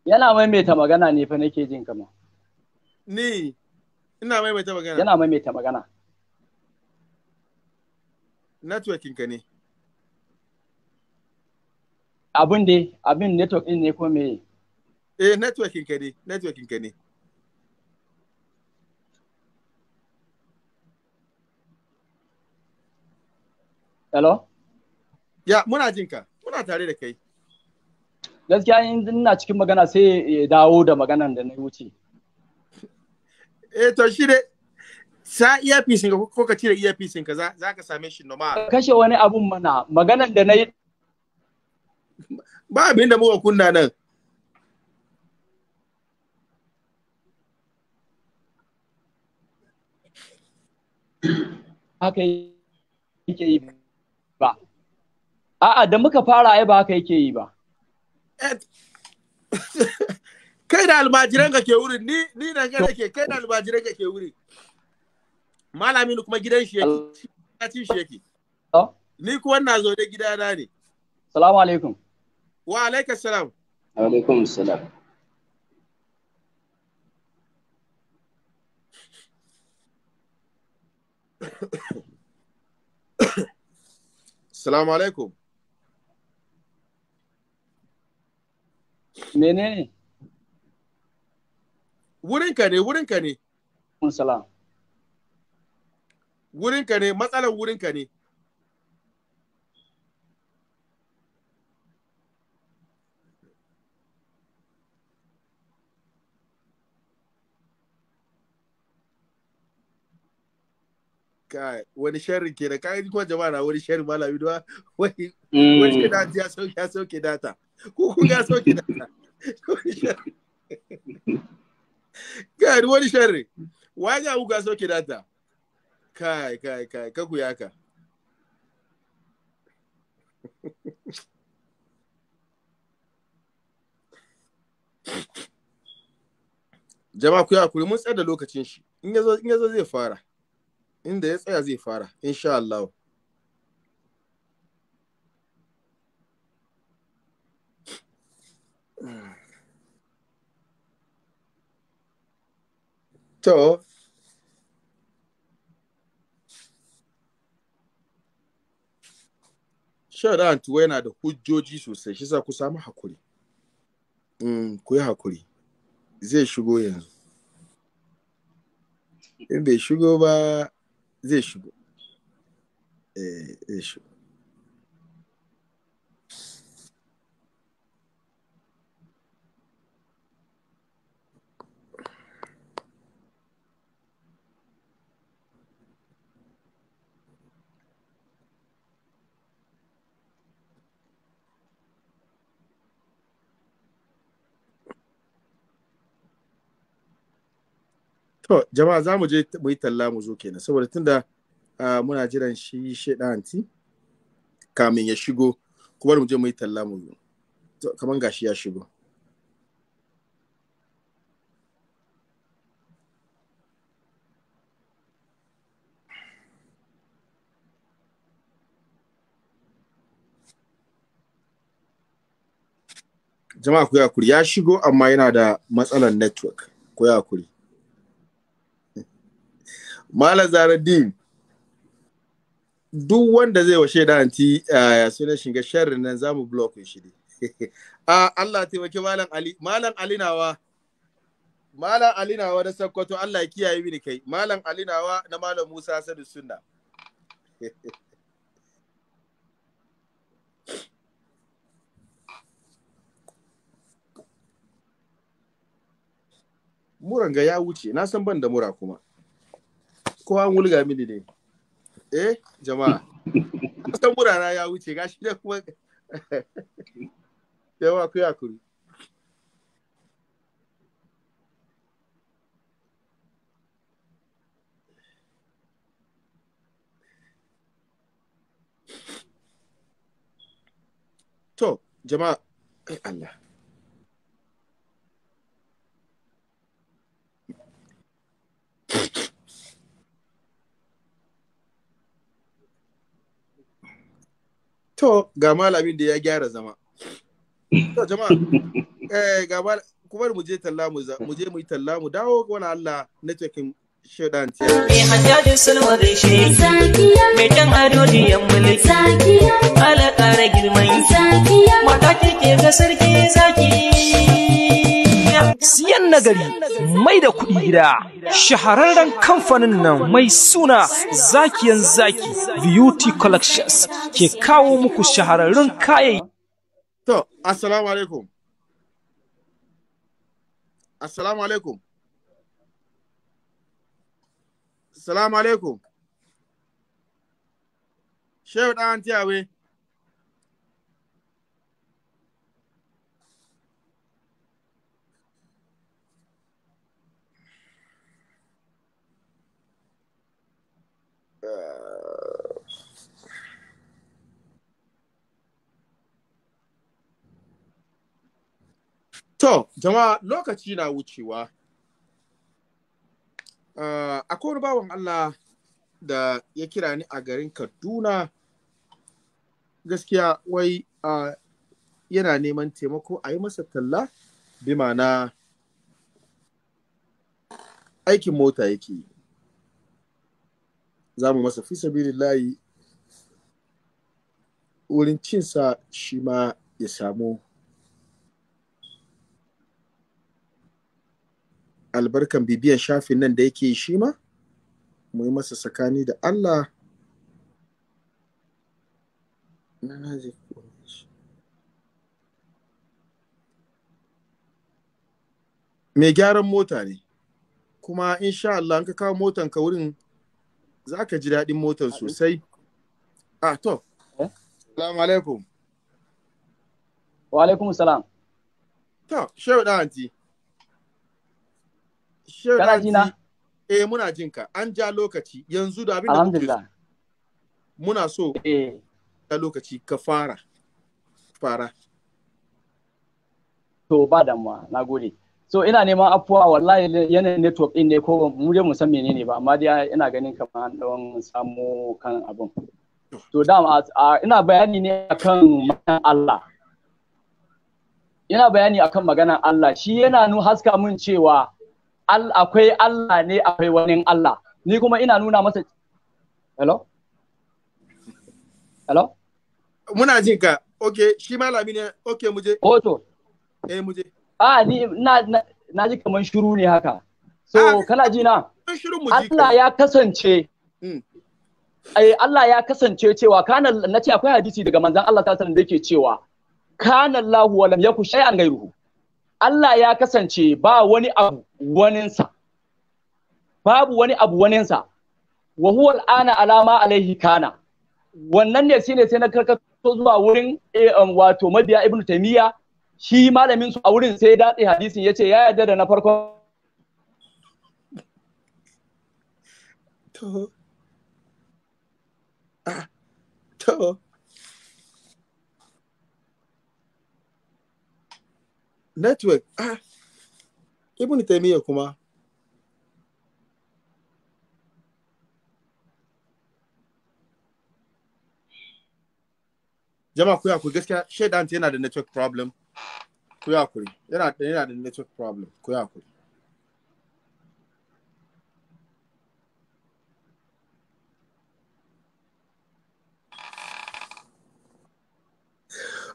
yana maimaita magana ne fa nake jin kama ni ina maimaita magana yana maimaita magana networking ka ne abin dai abin network ne ko me eh networking ka ne networking ka ne hello ya muna jin ka muna tare da kai gaskiya in ina cikin magana sai ya dawo da maganan da na wuce eh to shi ne, sa earpiece ka ko ka cire earpiece ka za ka same shi normal kashe wani abun mana maganan da na yi ba abin da muka kunna nan haka yake yi ba a'a da muka fara ai ba haka yake yi ba kai da almajiran ka ke wuri ni ni na ga nake kai da almajiran ka ke wuri malami kuma gidan shi yake cin shi yake ni kuwa na zo da gidana ne salamu alaikum wa alaikum salam alaikum salam Salamu alaikum. Mene ne? Wurinka ne, wurinka ne. Wurinka ne, matsalar wurinka ne. kai wani sharrin ke da kayan kuma jama'a na wani sharrin malami da wani wani da ya sauke ya sauke data ko ku ya sauke data kai wani wa ga abu ga sauke data kai kai kai ka ku yaka jama'a ku ya kuri mun tsada lokacin shi in yazo in yazo zai fara inda ya tsaya zai fara insha Allah to shara antuwa yana da hujjoji sosai shi sa ku samu hakuri mm, ku yi hakuri zai shigo yanzu in bai shigo ba Deixa, eu é, deixa. To, jama'a za mu je mu yi talla mu zo kenan, saboda tunda muna jiran shi shaidan anti kamin ya shigo, kuma mu je mu yi talla mu zo. Kaman gashi ya shigo. Jama'a ku ya kuri ya shigo amma yana da matsalar network. Ku ya kuri. Malam Zaradin, duk wanda zai washe da anti ya eh, suna shiga sharrin nan zamu block shi ne. Ah, Allah taimaki Malam Ali, Malam Ali nawa. Malam Ali nawa da Sokoto Allah ya kiyaye mini kai. Malam Ali nawa na Malam Musa Sadu Sunna. Muran ya wuce, na san ban da mura kuma. ko an wulga mini ne eh jama'a kusan murana ya wuce gashi da kuma yawa ku yakuri to jama'a ai Allah To ga malamin da ya gyara zama. To jama'a eh, ga kuma mu je talla mu mu je mu yi talla mu dawo wani Allah na cikin shedan tiya. Me hajjajin sulwa da shi. Me jan ado da yan Ala ƙara girman. Mata ke ga sarki zaki. siyan nagari mai da kuɗi gida shahararren kamfanin nan mai suna zakiyan zaki beauty collections ke kawo muku shahararrun kayayi. to assalamu alaikum assalamu alaikum assalamu alaikum shehu ɗan tiyawe So, jama'a lokaci na wucewa. Uh, akwai wani bawan Allah da ya kira ni a garin Kaduna gaskiya wai uh, yana neman taimako a yi masa talla bi mana aikin mota yake yi. Za mu masa fi layi wurin cinsa shi ma ya samu albarkan bibiyan shafin nan da yake shi ma mu yi masa tsakani da Allah mai gyaran mota ne kuma insha Allah an ka kawo motan ka wurin za ka ji daɗin motar sosai ah to eh? salamu alaikum wa alaikum salam to shewa da anti Kana na? Eh muna jin ka. An ja lokaci. Yanzu da abin da Muna so. Eh. lokaci ka fara. Fara. To ba damuwa. Na gode. So ina neman afuwa wallahi yanayin network ɗin ne ko mu je mu san menene ba amma dai ina ganin kamar don samu kan abin. To ina bayani ne akan maganar Allah. bayani akan maganar Allah. Shi yana nu haska mun cewa akwai Allah ne akwai wani Allah ni kuma ina nuna masa hello hello muna jin ka okay shi malami ne okay muje oto oh, eh muje ah ni na na ji kaman shiru ne haka so ah, kana ji na Allah ya kasance ai hmm. eh, Allah ya kasance cewa kana nace akwai hadisi daga manzon Allah ta sallallahu alaihi wasallam da yake cewa kana Allahu wa yakushai an gairuhu Allah ya kasance ba wani abu waninsa babu wani abu waninsa wa huwa al'ana alama alaihi kana wannan ne shine sai na karkato zuwa wurin eh, um, wato mabiya ibnu taymiya shi malaminsu, a wurin sai datse hadisin ce ya yarda da na farko to ah, to network ah ibn taymiya kuma jama'a ku yakuri gaskiya shaidan yana da network problem ku yakuri yana yana da network problem ku yakuri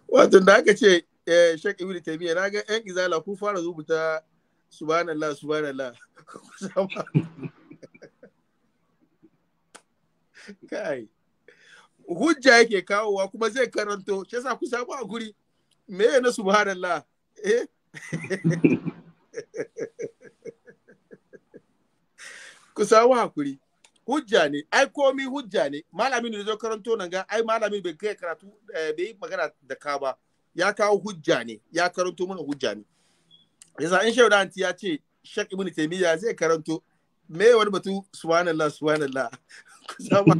wato da aka ce eh Sheikh Ibn Taymiyyah na ga ƴan izala ku fara rubuta subhanallah subhanallah kai hujja yake kawowa kuma zai karanto shi yasa ku samu a guri me na subhanallah eh? ku samu hakuri hujja ne ai komi hujja ne malamin da zo karanto nan ga ai malamin bai kai karatu eh, bai magana da ka ba ya kawo hujja ne ya karanto mana hujja ne yasa in shehu anti ya ce shek ibn taymiya zai karanto me wani batu subhanallah subhanallah kusama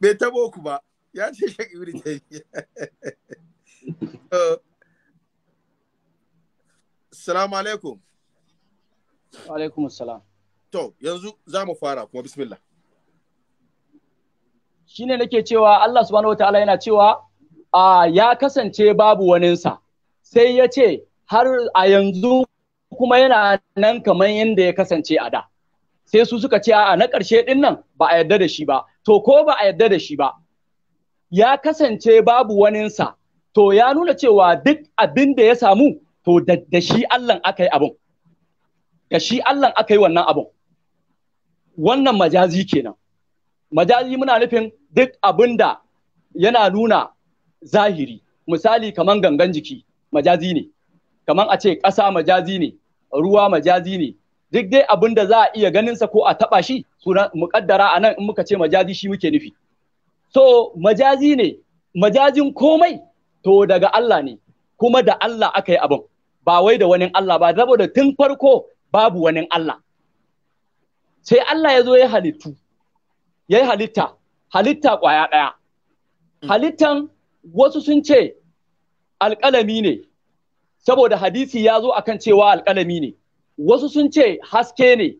bai tabo ku ba ya ce shek ibn taymiya salamu alaikum. Wa alaikum assalam. To, yanzu za mu fara kuma bismillah. Shine nake cewa Allah subhanahu wa ta'ala yana cewa a ya kasance babu waninsa sai ya ce har a yanzu kuma yana nan kamar yadda ya kasance a da sai su suka ce a na ƙarshe ɗin nan ba a yarda da shi ba to ko ba a yarda da shi ba ya kasance babu waninsa to ya nuna cewa duk abin da ya samu to da shi allan aka yi abin da shi allan aka yi wannan abin wannan majazi kenan majazi muna nufin duk abin da yana nuna zahiri misali kaman gangan jiki majazi ne kaman a ce ƙasa majazi ne ruwa majazi ne duk dai abin da za a iya ganinsa ko a taɓa shi suna muƙaddara a nan in muka ce majazi shi muke nufi so majazi ne majazin komai to daga Allah ne kuma da Allah aka yi abin ba wai da wani Allah ba saboda tun farko babu wani Allah sai Allah ya zo ya halittu ya yi halitta halitta ƙwaya ɗaya halittan wasu sun ce alƙalami ne saboda hadisi ya zo akan cewa alƙalami ne wasu sun ce haske ne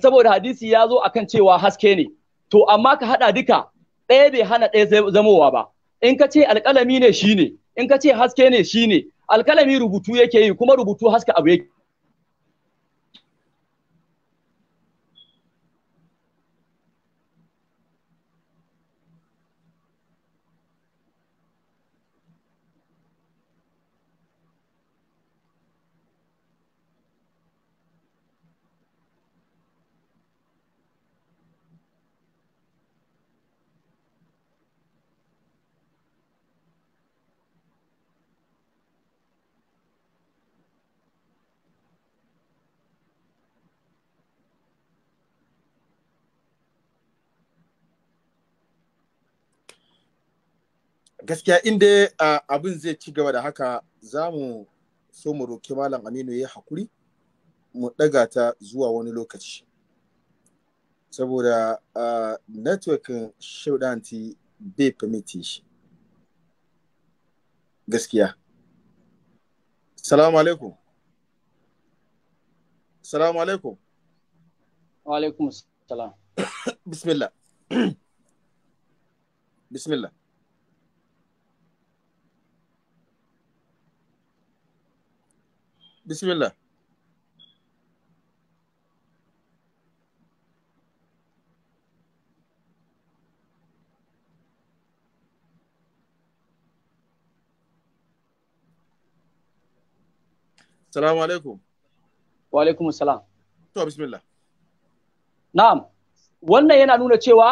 saboda hadisi ya zo akan cewa haske ne to amma ka haɗa duka ɗaya bai hana ɗaya zamowa ba in ka ce alƙalami ne shine in ka ce haske ne shine alƙalami rubutu yake yi kuma rubutu haske abu yake gaskiya inda abin zai ci gaba da haka za mu so mu roki malam aminu ya hakuri mu ɗaga ta zuwa wani lokaci saboda networkin shaudanti bai permiti shi gaskiya salamu alaikum salamu alaikum wa alaikum salam bismillah bismillah bismillah Salamu alaikum. Wa alaikum salam. To bismillah. Na'am. Wannan yana nuna cewa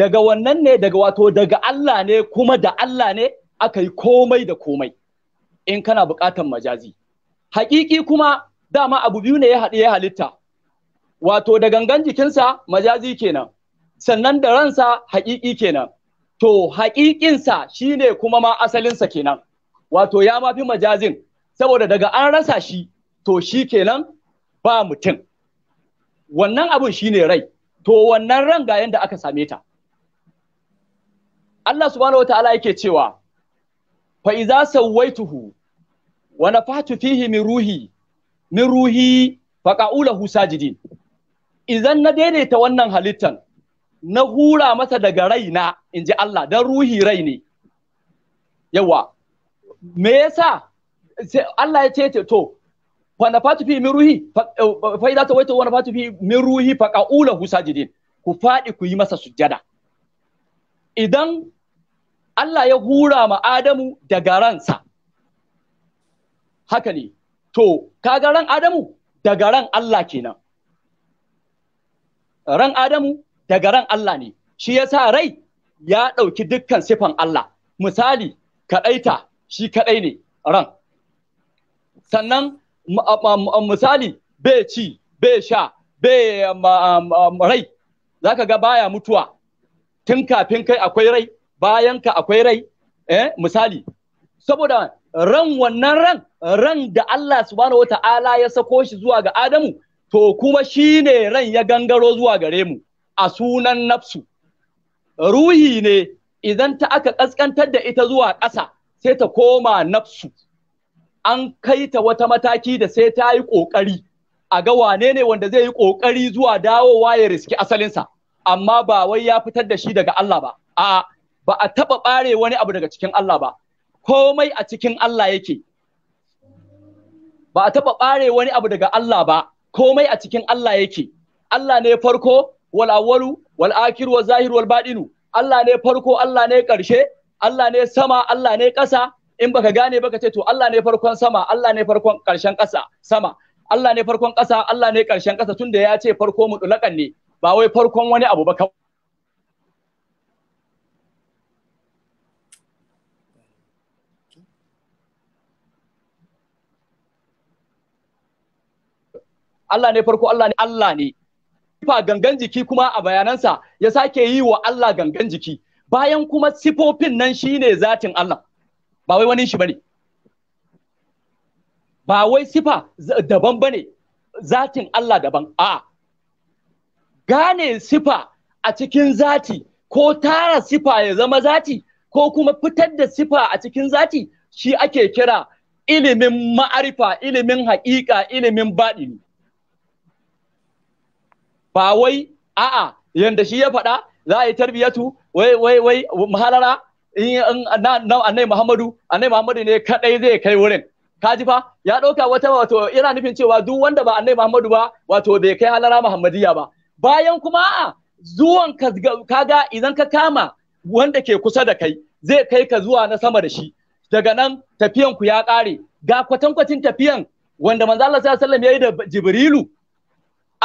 daga wannan ne daga wato daga Allah ne kuma da Allah ne aka yi komai da komai in kana buƙatar majazi. haƙiƙi kuma dama abu biyu ne ya haɗu ya halitta wato da gangan jikinsa majazi kenan sannan da ransa haƙiƙi kenan to haƙiƙinsa shine kuma ma asalinsa kenan wato ya mafi majazin saboda daga an rasa shi to shi kenan ba mutum wannan abun shine rai to wannan ran ga yanda aka same ta Allah subhanahu wa yake cewa fa iza sawaituhu Wana fatu fihi min ruhi min ruhi faqa'ulahu sajidin idan na daidaita wannan halittan na hura masa daga raina in ji Allah dan ruhi raini. yawa me yasa Allah ya ce to fa fatu fihi min ruhi fa ta tawaita wa fatu fihi min ruhi faqa'ulahu sajidin ku fadi ku yi masa sujjada idan Allah ya hura ma Adamu daga ransa haka ne to ka ga ran adamu daga ran Allah kenan ran adamu daga ran Allah ne shi yasa rai ya ɗauki dukkan sifan Allah misali kaɗaita shi kaɗai ne ran sannan misali bai ci bai sha bai rai za ka ga baya mutuwa tun kafin kai akwai rai bayan ka akwai rai eh misali saboda ran wannan ran ran da Allah subhanahu wata'ala ya sako shi zuwa ga Adamu to kuma shine ran ya gangaro zuwa gare mu a sunan nafsu ruhi ne idan ta aka kaskantar da ita zuwa ƙasa sai ta koma nafsu an kai ta wata mataki da sai ta yi ƙoƙari a ga wane ne wanda zai yi ƙoƙari zuwa dawowa ya riski asalinsa amma ba wai ya fitar da shi daga Allah ba a ba a taɓa ɓare wani abu daga cikin Allah ba komai a cikin Allah yake ba a taɓa ɓare wani abu daga Allah ba komai a cikin Allah yake Allah ne farko wal awwalu wal akhir wal zahir wal Allah ne farko Allah ne ƙarshe Allah ne sama Allah ne ƙasa in baka gane baka ce to Allah ne farkon sama Allah ne farkon ƙarshen ƙasa sama Allah ne farkon ƙasa Allah ne ƙarshen ƙasa tunda ya ce farko mutulakan ne ba wai farkon wani abu ba kawai Allah ne farko Allah ne Allah ne sifa gangan jiki kuma a bayanansa ya sake yi wa Allah gangan jiki bayan kuma sifofin nan shine zatin Allah ba wai wani shi bane ba wai sifa daban bane zatin Allah daban a gane sifa a cikin zati ko tara sifa ya zama zati ko kuma fitar da sifa a cikin zati shi ake kira ilimin ma'arifa ilimin haƙiƙa ilimin baɗini ba wai a'a yanda shi ya faɗa za a yi tarbiyatu wai wai wai mahalara in annai Muhammadu annai Muhammadu ne kadai zai kai wurin kaji fa ya ɗauka wata wato ina nufin cewa duk wanda ba annai Muhammadu ba wato bai kai halara Muhammadiyya ba bayan kuma a'a zuwan ka kaga idan ka kama wanda ke kusa da kai zai kai ka zuwa na sama da shi daga nan tafiyan ku ya kare. ga kwatankwacin tafiyan wanda manzo Allah sallallahu alaihi wasallam yayi da Jibrilu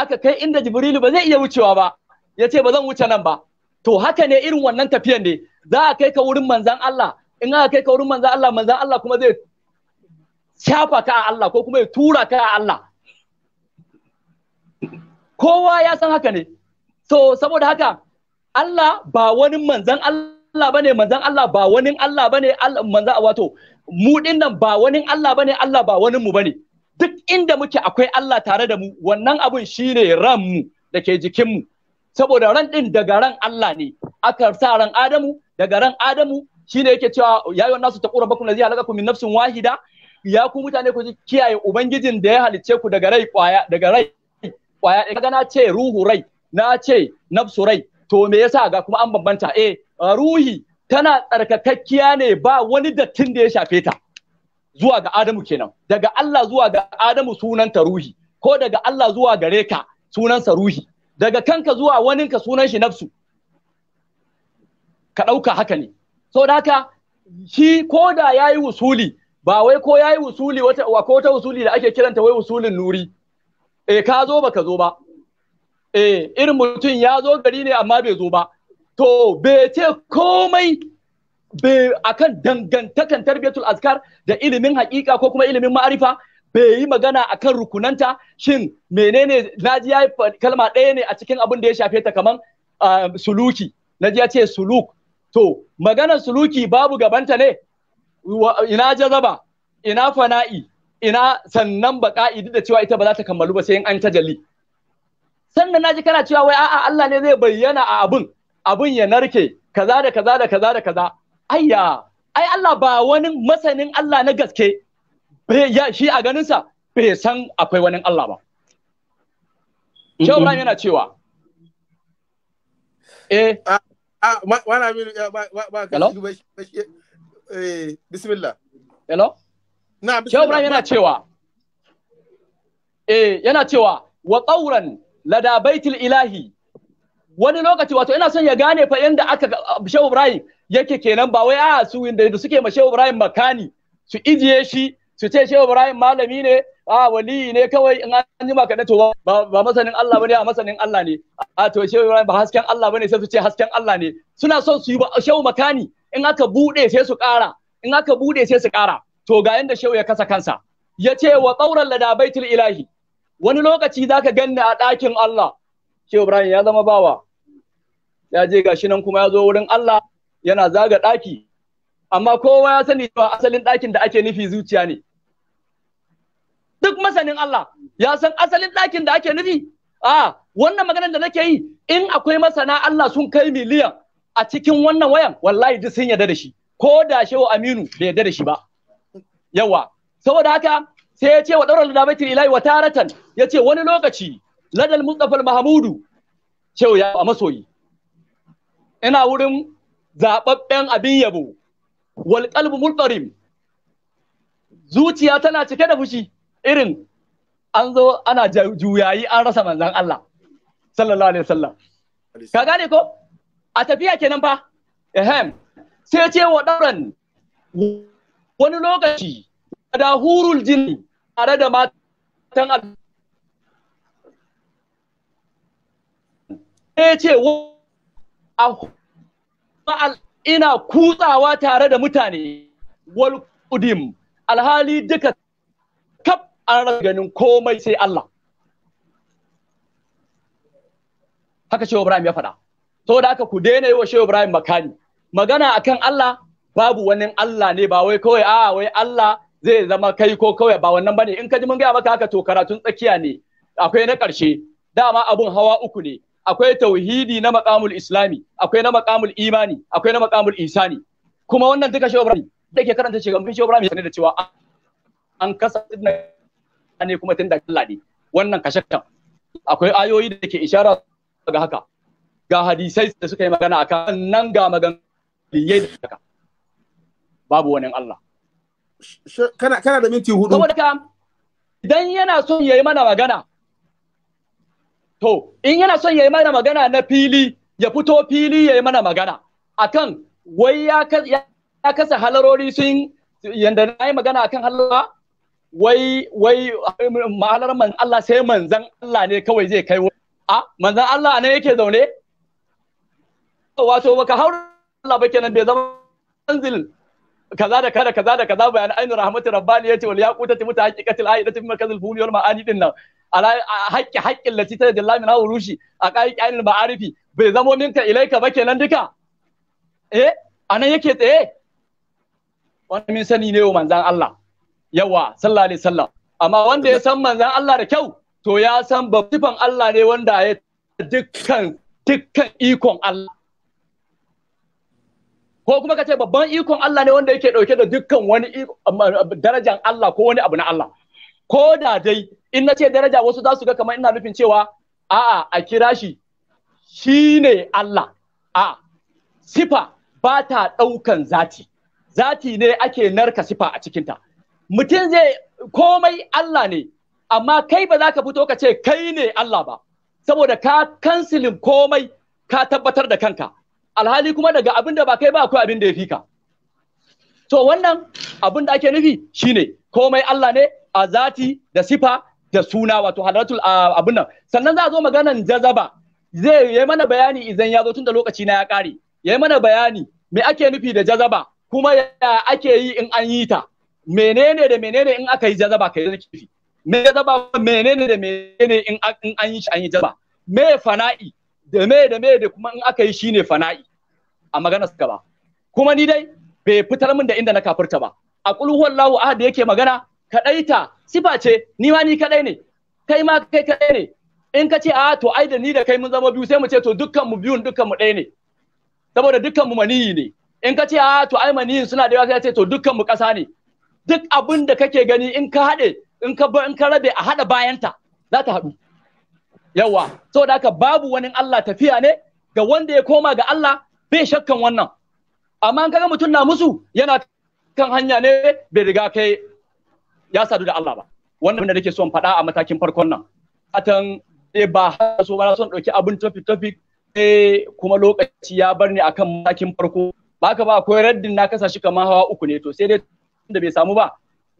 aka kai inda jibrilu ba zai iya wucewa ba ya ce ba zan wuce nan ba to haka ne irin wannan tafiyan ne za a kai ka wurin manzan Allah in aka kai ka wurin manzan Allah manzan Allah kuma zai shafa ka a Allah ko kuma ya tura ka a Allah kowa ya san haka ne so saboda haka Allah ba wani manzan Allah bane manzan Allah ba wani Allah bane Allah manzan wato mu dinnan ba wani Allah bane Allah ba wani mu bane duk inda muke akwai Allah tare da mu wannan abun shine ranmu da ke jikinmu saboda ran din daga ran Allah ne aka sa ran Adamu daga ran Adamu shine yake cewa yayi wannan su taqura bakum lazi halakakum min nafsin wahida ya ku mutane ku kiyaye ubangijin da ya halicce ku daga rai kwaya daga rai kwaya eh, kaga na ce ruhu rai na ce nafsu rai to me yasa ga kuma an bambanta eh ruhi tana tsarkakakkiya ne ba wani dattin da ya shafe ta zuwa ga Adamu kenan daga Allah zuwa ga Adamu sunanta ruhi ko daga Allah zuwa gare ka sunansa ruhi daga kanka zuwa ka sunan shi nafsu ka ɗauka haka ne so da haka shi ko da ya yi wusuli ba wai ko ya yi wusuli wata ko ta wusuli da ake kiranta wai wusulin nuri e ka zo ba ka zo ba e irin mutum ya zo gari ne amma bai zo ba to bai ce komai akan dangantakan tarbiyatul azkar da ilimin hakika ko kuma ilimin ma'arifa bai yi magana akan rukunanta shin menene naji yayi kalma ɗaya ne a cikin abin da ya shafe ta kaman um, suluki naji ya ce suluk to magana suluki babu gabanta ne ina jazaba ina fana'i ina sannan baka'i duk da cewa ita ba za ta kammalu ba sai in an tajalli sannan naji kana cewa wai a'a Allah ne zai bayyana a abin abin ya narke kaza da kaza da kaza da kaza ayya ai Allah ba wani masanin Allah na gaske ya shi a ganinsa bai san akwai wani Allah ba Shehu Ibrahim yana cewa eh wani abin ba ka eh, bismillah hello na Shehu Ibrahim yana cewa eh yana cewa wa tsauran lada baitul ilahi wani lokaci wato ina son ya gane fa yanda aka ah, Shehu Ibrahim yake kenan ba wai a ah, su inda suke ma Shehu Ibrahim makani su ijiye shi su ce Shehu Ibrahim malami ne a ah, waliyi ne kawai in an ji maka to ba masanin Allah bane a masanin Allah ne a to Shehu Ibrahim ba hasken Allah bane sai su ce hasken Allah ne suna son su yi Shehu makani in aka bude sai su ƙara in aka bude sai su ƙara to ga inda Shehu ya kasa kansa ya ce wa tsauran ladabaitul ilahi wani lokaci zaka ganni a ɗakin Allah Shehu Ibrahim ya zama bawa ya je gashi nan kuma ya zo wurin Allah yana zaga ɗaki amma kowa ya sani cewa asalin ɗakin da ake nufi zuciya ne duk masanin Allah ya san asalin ɗakin da ake nufi a wannan maganar da nake yi in akwai masana Allah sun kai miliyan a cikin wannan wayan wallahi duk sun yarda da shi ko da shehu Aminu bai yarda da shi ba yawa saboda haka sai ya ce wa ɗaurar da ilahi wa taratan ya ce wani lokaci ladal mustafa mahamudu shehu ya a masoyi ina wurin zaɓaɓɓen abin yabo wal qalbu mulqarim zuciya tana cike da fushi irin an zo ana juyayi an rasa manzan Allah sallallahu alaihi wasallam ka gane ko a tafiya kenan fa ehem sai ce wa ɗauran wani lokaci da hurul jin tare da matan sai ce wa ina kutsawa tare da mutane wal kudim alhali duka kaf an ganin komai sai Allah haka Shehu Ibrahim ya faɗa da haka ku daina yi wa Shehu Ibrahim makani magana akan Allah babu wani Allah ne ba wai kawai a wai Allah zai zama kai ko kawai ba wannan bane in ka ji mun gaya maka haka to karatun tsakiya ne akwai na ƙarshe dama abun hawa uku ne akwai tauhidi na makamul islami akwai na makamul imani akwai na makamul isani kuma wannan duka shehu ibrahim da ke karanta shi ibrahim shehu ibrahim ya da cewa an kasa ne kuma tun da Allah ne wannan kashe kan akwai ayoyi da ke ishara ga haka ga hadisai da suka yi magana akan nan ga yayin da haka babu wani Allah kana kana da minti hudu saboda idan yana son yayi mana magana To, in yana son ya yi mana magana na fili, ya fito fili ya yi mana magana. Akan wai ya kasa halarori sun yadda na yi magana akan halarwa, wai wai mahalar man Allah sai manzan Allah ne kawai zai kai a manzan Allah ne yake zaune wato baka haura Allah ba kenan bai zama manzil kaza da kada kaza da kaza bayan ainihin rahmatin rabbani yace wal yaqutati muta haqiqatil ayati fi markazil fuli wal maani din nan ala haƙƙi haƙƙin lati ta da lamina urushi a ƙari ƙainil ma'arifi bai zamo minka ilaika ba kenan duka eh anan yake tsaye wani min sani ne manzan Allah yawa sallallahu alaihi wasallam amma wanda ya san manzan Allah da kyau to ya san babban Allah ne wanda ya dukkan dukkan ikon Allah ko kuma ka ce babban ikon Allah ne wanda yake dauke da dukkan wani darajan Allah ko wani abu na Allah ko da dai in na ce daraja wasu za su ga kamar ina nufin cewa a'a a kira shi shine Allah a sifa ba ta ɗaukan zati zati ne ake narka sifa a cikinta mutum zai komai Allah ne amma kai ba za ka fito ka ce kai ne Allah ba saboda ka kansilin komai ka tabbatar da kanka alhali kuma daga abin da ba kai ba akwai abin da ya fi ka to wannan abin da ake nufi shine komai Allah ne a zati da sifa da suna wato hadratul abun nan sannan za a zo maganan jazaba zai yi mana bayani idan ya zo tun da lokaci na ya kare ya mana bayani me ake nufi da jazaba kuma ya ake yi in an yi ta menene da menene in aka yi jazaba kai da kifi me jazaba menene da menene in an yi shi an yi jazaba me fana'i da me da me da kuma in aka yi shine fana'i a magana suka ba kuma ni dai bai fitar min da inda na kafirta ba a kulhuwallahu ahad da yake magana kadaita sifa ce ni ma ni kadai ne kai ma kai kadai ne in ka ce a to ai da ni da kai mun zama biyu sai mu ce to dukkan mu biyun dukkan mu ɗaya ne saboda dukkan mu maniyi ne in ka ce a to ai maniyin suna da yawa sai ce to dukkan mu ƙasa ne duk abin da kake gani in ka haɗe in ka in ka rabe a haɗa bayanta za ta haɗu yawa saboda haka babu wani Allah tafiya ne ga wanda ya koma ga Allah bai shakkan wannan amma in kaga mutum na musu yana kan hanya ne bai riga kai ya sadu da Allah ba wannan da nake son faɗa a matakin farkon nan atan eh ba so ba son dauki abin topic topic eh kuma lokaci ya bar ni akan matakin farko ba ka ba akwai raddin na kasa shi kamar hawa uku ne to sai dai da bai samu ba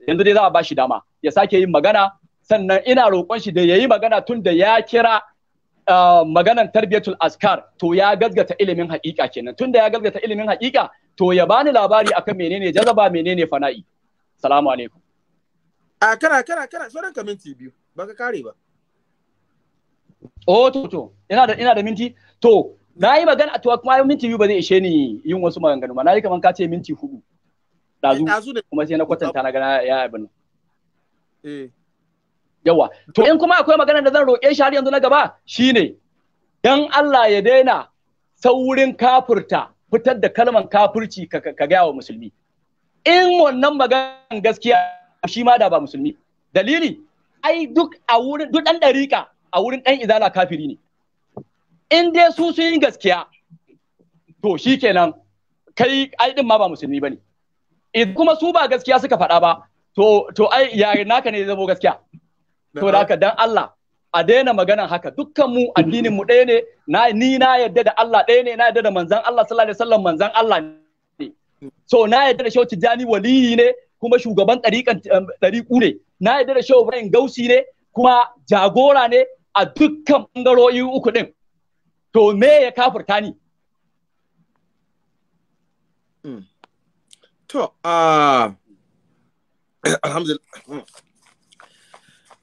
yanzu dai za a bashi dama ya sake yin magana sannan ina roƙon shi da yayi magana tun da ya kira ah, maganan tarbiyatul askar to ya gazgata ilimin haƙiƙa kenan tunda ya gazgata ilimin haƙiƙa to ya bani labari akan menene jazaba menene fana'i salamu alaikum a kana kana kana sauran ka minti biyu ba ka kare ba oh to to ina da ina da minti to na yi magana to kuma minti biyu ba zai ishe ni yin wasu maganganu ba na yi kamar ka ce minti hudu dazu eh, kuma sai na kwatanta na gana ya abin eh yawa to in kuma akwai magana da zan roƙe shi har yanzu na gaba shine dan Allah ya daina saurin kafurta fitar da kalman kafurci ka ga wa musulmi in wannan magana gaskiya shi ma da ba musulmi dalili ai duk a wurin duk dan dariƙa a wurin dan izala kafiri ne in dai su sun yi gaskiya to shikenan kai ai din ma ba musulmi bane idan kuma su ba gaskiya suka faɗa ba to to ai ya naka ne zama gaskiya to da haka dan Allah a daina maganan haka dukkan mu addinin mu ɗaya ne na ni na yadda da Allah ɗaya ne na yadda da manzon Allah sallallahu alaihi wasallam manzon Allah ne so na yadda da shauci jani waliyi ne kuma shugaban ɗariƙan eh, ɗariƙu ne na yadda da shehu ibrahim gausi ne kuma jagora ne a dukkan ɓangarori uku ɗin to me ya kafurta ni hmm. to ah, alhamdulillah hmm.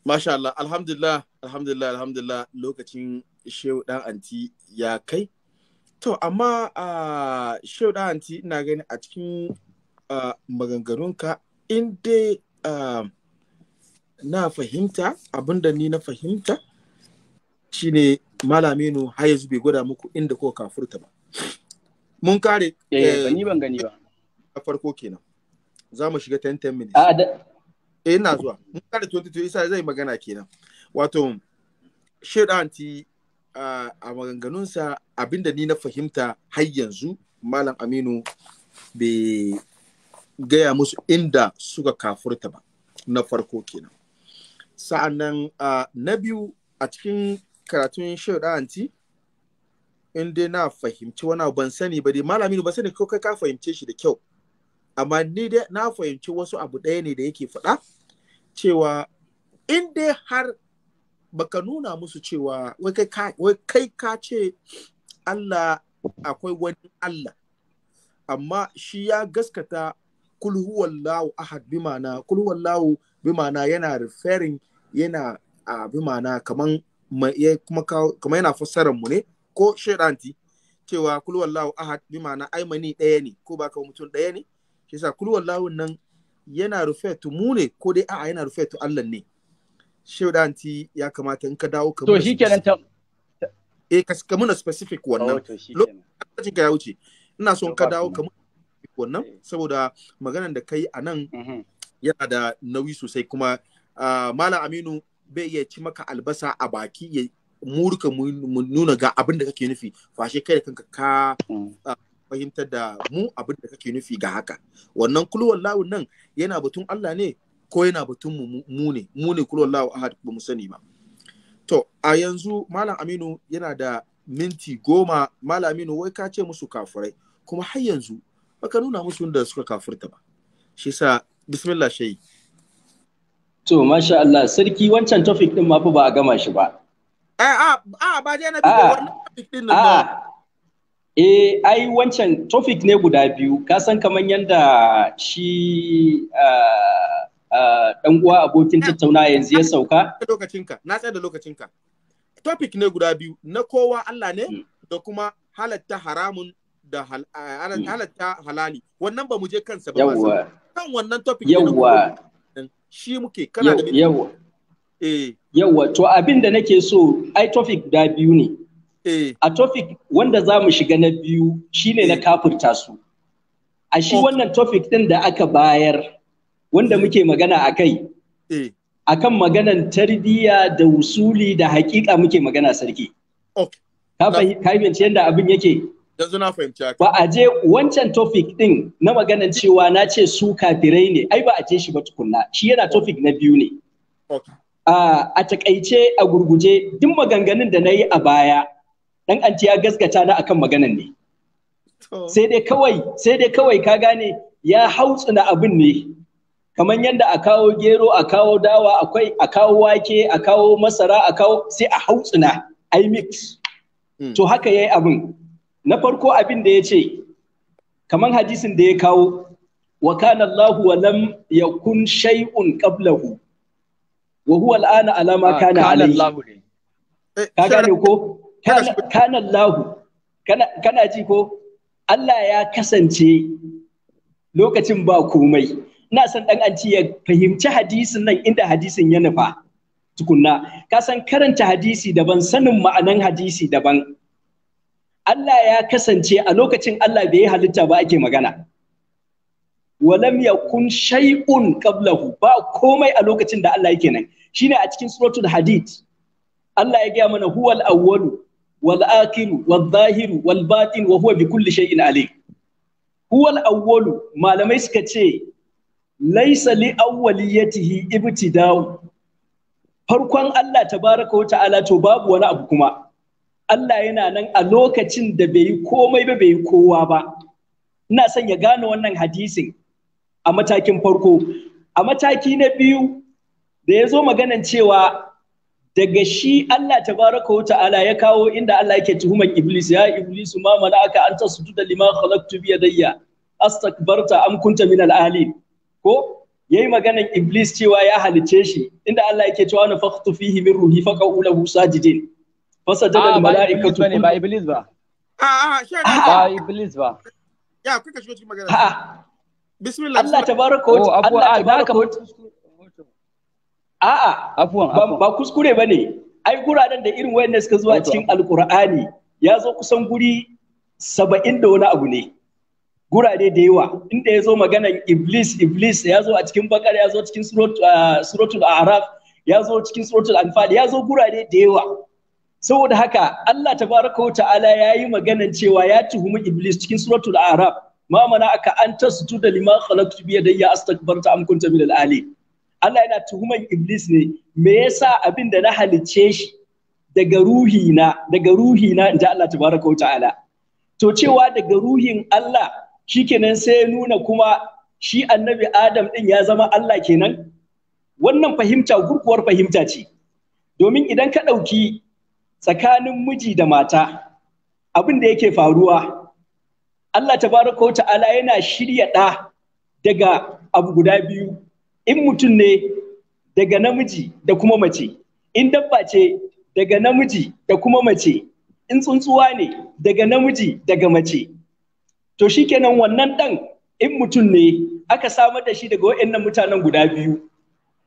masha Allah alhamdulillah alhamdulillah alhamdulillah lokacin shehu ɗan anti ya kai to amma ah, shehu ɗan anti ina gani a cikin ah, maganganunka in dai um, na fahimta abinda ni na fahimta shine malaminu har yanzu bai gwada muku inda ko kafurta ba mun kare Gani eh, eh, eh, ni ban gani ba a farko kenan za mu shiga 10 10 minutes a eh ina zuwa mun kare 22 isa zai magana kenan wato shedanti uh, a maganganunsa abinda ni na fahimta har yanzu malam aminu bai gaya musu inda suka kafurta ba na farko kenan sa'annan na biyu a cikin karatun shaidanti in dai na fahimci wani abu, ban sani ba dai malami ba sani ko kai ka fahimce shi da kyau amma ni dai na fahimci wasu abu ɗaya ne da yake faɗa cewa in dai har baka nuna musu cewa wai kai ka ce Allah akwai wani Allah amma shi ya gaskata kulhuwallahu ahad bi ma'ana kul yana referring yana a bimana ma'ana kaman kuma kaman yana fassarar mu ne ko shedanti cewa kulhuwallahu ahad bimana aimani ai ɗaya ne ko ba mutum ɗaya ne shi yasa kulhuwallahu nan yana refer to mu ne ko dai a'a yana refer to Allah ne shedanti ya kamata in ka dawo ka to shikenan ta eh ka muna specific wannan oh, lokacin ka ya wuce ina son ka dawo ka wannan eh. saboda maganan da kai a nan mhm. yana da nauyi sosai kuma malam aminu bai iya ci maka albasa a baki ya murka mu nuna ga abin da kake nufi fashe kai da kanka ka mm. fahimtar da mu abin da kake nufi ga haka wannan kulwar lawun nan yana batun Allah ne ko yana batun mu ne mu ne kulwar lawun ahad ba mu sani ba to a yanzu malam aminu yana da minti goma malam aminu wai ka ce musu kafurai kuma har yanzu baka nuna musu wanda suka kafurta ba shi sa bismillah shayi to masha Allah sarki wancan topic din ma fa ba a gama shi ba a eh, a ah, ah, ba dai na bi ah, wannan topic din nan Eh, ai wancan topic ne guda biyu, ka san kamar yadda shi ɗan uwa abokin tattauna yanzu ya sauka? Lokacinka, na tsaye da lokacinka. Topic ne guda biyu, na kowa Allah ne hmm. da kuma halatta haramun da hmm. halatta halali wannan ba mu je kansa ba yawa kan wannan topic yawa shi muke kana da yawa eh yawa to abin da nake so ai topic da biyu ne eh a topic wanda za mu shiga na biyu shine na eh. kafirta su a shi wannan topic din da aka bayar wanda hmm. muke magana a kai eh akan maganan tarbiyya da usuli da hakika muke magana sarki ka fahimci yadda abin yake yanzu fahimci haka ba a je wancan topic din na maganan cewa na ce su kafirai ne ai ba a je shi ba tukunna shi yana topic na biyu ne a takaice a gurguje duk maganganun da na yi a baya ɗan anti ya gaskata na akan maganan ne sai dai kawai sai dai kawai ka gane ya hautsina abin ne kamar yadda a kawo gero a kawo dawa akwai a kawo wake a kawo masara a kawo sai a hautsina ai mix hmm. to haka yayi abin na farko abin da ya ce kamar hadisin da ya kawo wa kana Allahu wa lam yakun shay'un qablahu wa huwa al'ana ala ma ah, kana alayhi ka eh, gane ko kana Allahu kana ji ko Allah ya kasance lokacin ba komai Ina son dan anci ya fahimci hadisin nan inda hadisin ya nufa tukunna ka san karanta hadisi daban sanin ma'anan hadisi daban Allah ya kasance a lokacin Allah bai yi halitta ba ake magana walam yakun shay'un qablahu ba komai a lokacin da Allah yake nan shine a cikin suratul hadid Allah ya gaya mana huwal awwalu wal akhiru wal zahiru wal batin wa huwa bi kulli shay'in alim huwal awwalu malamai suka ce laisa li awwaliyatihi ibtida'u farkon Allah tabaraka wa ta'ala to babu wani abu kuma Allah yana nan a lokacin da bai yi komai ba bai yi kowa ba ina son ya gane wannan hadisin a matakin farko a mataki na biyu da ya zo maganan cewa daga shi Allah tabaraka wa ta'ala ya kawo inda Allah yake tuhuman iblis ya iblis ma mala'aka an ta sujuda lima khalaqtu bi yadayya astakbarta am kunta min al ko yayi maganan iblis cewa ya halice shi inda Allah yake cewa na fakhtu fihi min ruhi faqa'u lahu sajidin fasajada mala'ikatu ah, ba ba iblis ba a ah, a ah, ba iblis ba ya kuka shiga cikin magana bismillah oh, Allah tabaraka wa Allah tabaraka wa a'a afwan ba kuskure bane ai guraren da irin wayannan suka zuwa cikin alqur'ani ya zo kusan guri saba'in da wani abu ne gurare da yawa inda ya zo maganan iblis iblis ya zo a cikin bakar ya zo cikin suratul araf ya zo cikin suratul anfal ya zo gurare da yawa saboda haka Allah tabaraka wa ta'ala yi maganan cewa ya tuhumi iblis cikin suratul araf ma mana aka an tasutu da lima khalaqtu bi yadayya astakbarta am kunta min al-ali Allah yana tuhuman iblis ne me yasa abin da na halicce shi daga ruhi na daga ruhi na inda Allah tabaraka wa ta'ala to cewa daga ruhin Allah shikenan sai nuna kuma shi annabi Adam din ya zama Allah kenan wannan fahimta gurkuwar fahimta ce domin idan ka ɗauki tsakanin miji da mata abin da yake faruwa Allah tabaraka wa ta'ala yana shirya ɗa daga abu guda biyu in mutum ne daga namiji da kuma mace in dabba ce daga namiji da kuma mace in tsuntsuwa ne daga namiji daga mace to shikenan wannan ɗan in mutum ne aka samar da shi daga waɗannan mutanen guda biyu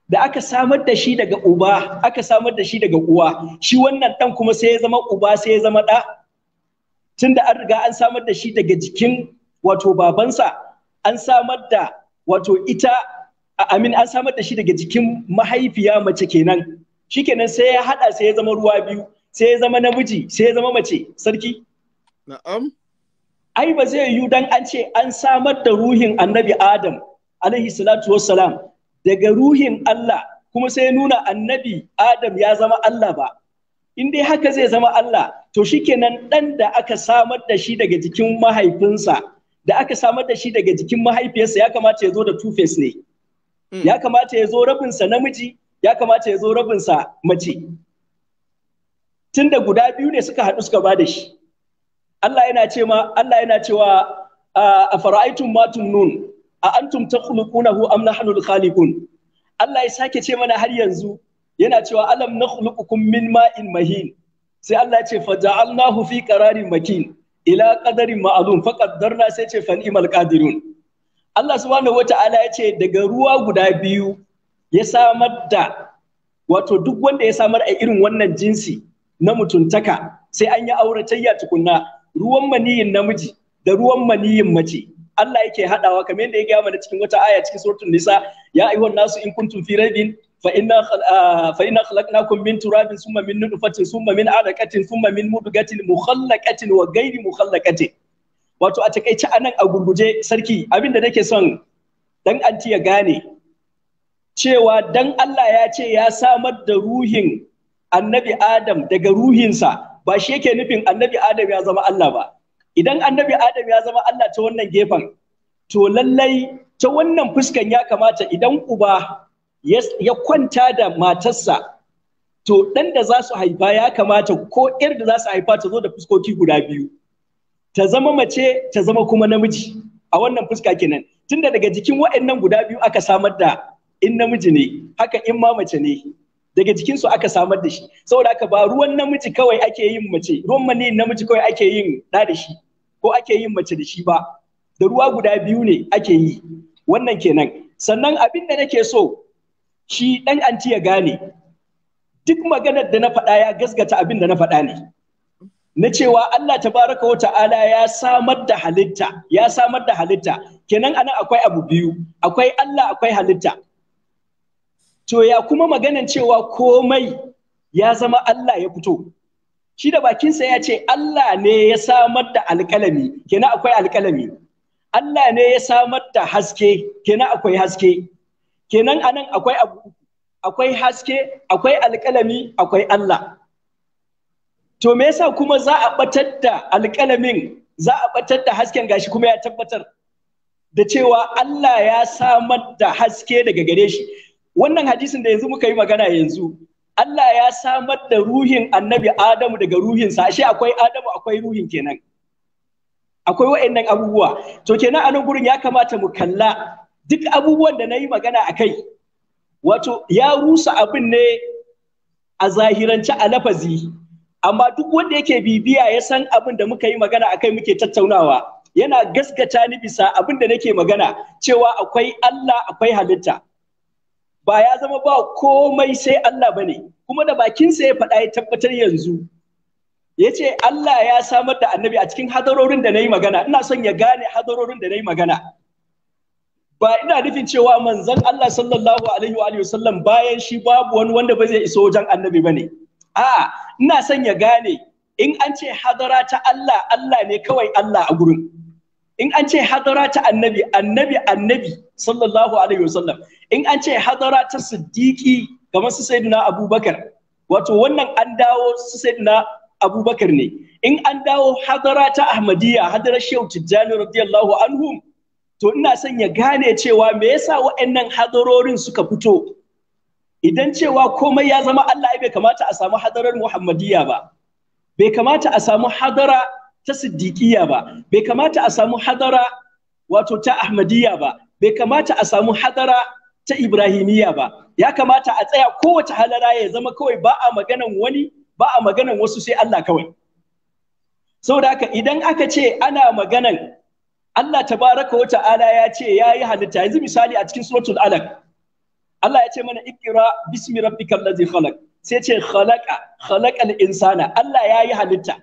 da aka samar da shi daga uba aka samar da shi daga uwa shi wannan dan kuma sai ya zama uba sai ya zama da tunda an riga an samar da shi daga jikin wato babansa an samar da wato ita amin an samar da shi daga jikin mahaifiya mace kenan shikenan sai ya hada sai ya zama ruwa biyu sai ya zama namiji sai ya zama mace sarki na'am ai ba zai yiwu dan an ce an samar da ruhin annabi adam alaihi salatu wassalam daga ruhin Allah kuma sai nuna annabi Adam ya zama Allah ba in dai haka zai zama Allah to shikenan dan da aka samar da shi daga jikin mahaifinsa da aka samar da shi daga jikin mahaifiyarsa ya kamata ya zo da two face ne mm. ya kamata ya zo rabinsa namiji ya kamata ya zo rabinsa mace tunda guda biyu ne suka haɗu suka ba da shi Allah yana Allah yana cewa a fara'aitun matun nun a antum takhluqunahu am nahnu al-khaliqun Allah ya sake ce mana har yanzu yana cewa alam nakhluqukum min ma'in mahin sai Allah ya ce fa ja'alnahu fi qararin makin ila qadarin ma'lum qaddarna sai ce fa ni'mal qadirun Allah subhanahu wata'ala ya ce daga ruwa guda biyu ya samar da wato duk wanda ya samar a irin wannan jinsi na mutuntaka sai an yi auratayya tukunna ruwan maniyin namiji da ruwan maniyin mace Allah yake hadawa kamar yadda ya gaya mana cikin wata aya cikin suratul nisa ya ayyuhan nasu in kuntum fi raibin fa inna ah, fa inna khalaqnakum min turabin thumma min nutfatin thumma min alaqatin thumma min mudghatin mukhallaqatin wa ghairi mukhallaqatin wato a takaice anan a gurguje sarki abinda nake son dan anti ya gane cewa dan Allah ya ce ya samar da ruhin annabi Adam daga ruhinsa ba shi yake nufin annabi Adam ya zama Allah ba idan annabi adam ya zama Allah ta wannan gefen to lallai ta wannan fuskan ya kamata idan uba ya kwanta da matarsa to ɗan da za su haifa ya kamata ko ƴar da za su haifa ta zo da fuskoki guda biyu ta zama mace ta zama kuma namiji a wannan fuska kenan tunda daga jikin wa'annan guda biyu aka samar da in namiji ne haka in ma mace ne daga jikin su aka samar da shi saboda haka ba ruwan namiji kawai ake yin mace ruwan mani namiji kawai ake yin da da shi ko ake yin mace da shi ba da ruwa guda biyu ne ake yi wannan kenan sannan abin da nake so shi dan anti ya gane duk maganar da na faɗa ya gasgata abin da na faɗa ne na cewa Allah tabaraka wa ta'ala ya samar da halitta ya samar da halitta kenan anan akwai abu biyu akwai Allah akwai halitta to ya kuma maganan cewa komai ya zama Allah ya fito shi da bakinsa ya ce Allah ne ya samar da alƙalami kenan akwai alƙalami Allah ne ya samar da haske kenan akwai haske kenan anan akwai abu akwai haske akwai alƙalami akwai Allah to me yasa kuma za a batar da alƙalamin za a batar da hasken gashi kuma ya tabbatar da cewa Allah ya samar da haske daga gare shi wannan hadisin da yanzu muka yi magana yanzu Allah ya samar da ruhin annabi Adamu daga ruhinsa ashe akwai Adamu akwai ruhin kenan akwai wa'annan abubuwa to kenan a nan gurin ya kamata mu kalla duk abubuwan da na yi magana a kai wato ya rusa abin ne a zahirance a lafazi amma duk wanda yake bibiya ya san abin da muka yi magana a kai muke tattaunawa yana gaskata ni bisa abin da nake magana cewa akwai Allah akwai halitta ba ya zama ba komai sai Allah bane kuma da bakinsa ya faɗa ya tabbatar yanzu ya ce Allah ya samar da annabi a cikin hadarorin da na yi magana ina son ya gane hadarorin da na yi magana ba ina nufin cewa manzon Allah sallallahu alaihi wa alihi bayan shi babu wani wanda ba zai iso wajen annabi bane a ina son ya gane in an ce hadara ta Allah Allah ne kawai Allah a gurin in an ce hadara ta annabi annabi annabi sallallahu alaihi wasallam in an ce hadara ta siddiki kamar su na abubakar wato wannan an dawo su na abubakar ne in an dawo hadara ta ahmadiyya hadarar shehu tijjani radiyallahu anhum to ina son ya gane cewa me yasa waɗannan hadarorin suka fito idan cewa komai ya zama Allah bai kamata a samu hadarar Muhammadiyya ba bai kamata a samu hadara ta Siddiqiyya ba bai kamata a samu hadara wato ta Ahmadiyya ba bai kamata a samu hadara ta Ibrahimiyya ba ya kamata a tsaya kowace halara ya zama kawai ba a maganan wani ba a maganan wasu sai Allah kawai saboda haka idan aka ce ana maganan Allah tabaraka wa ta'ala ya ce ya yi halitta yanzu misali a cikin suratul alaq Allah ya ce mana ikira bismi rabbikal ladzi khalaq sai ce khalaqa khalaqal insana Allah ya yi halitta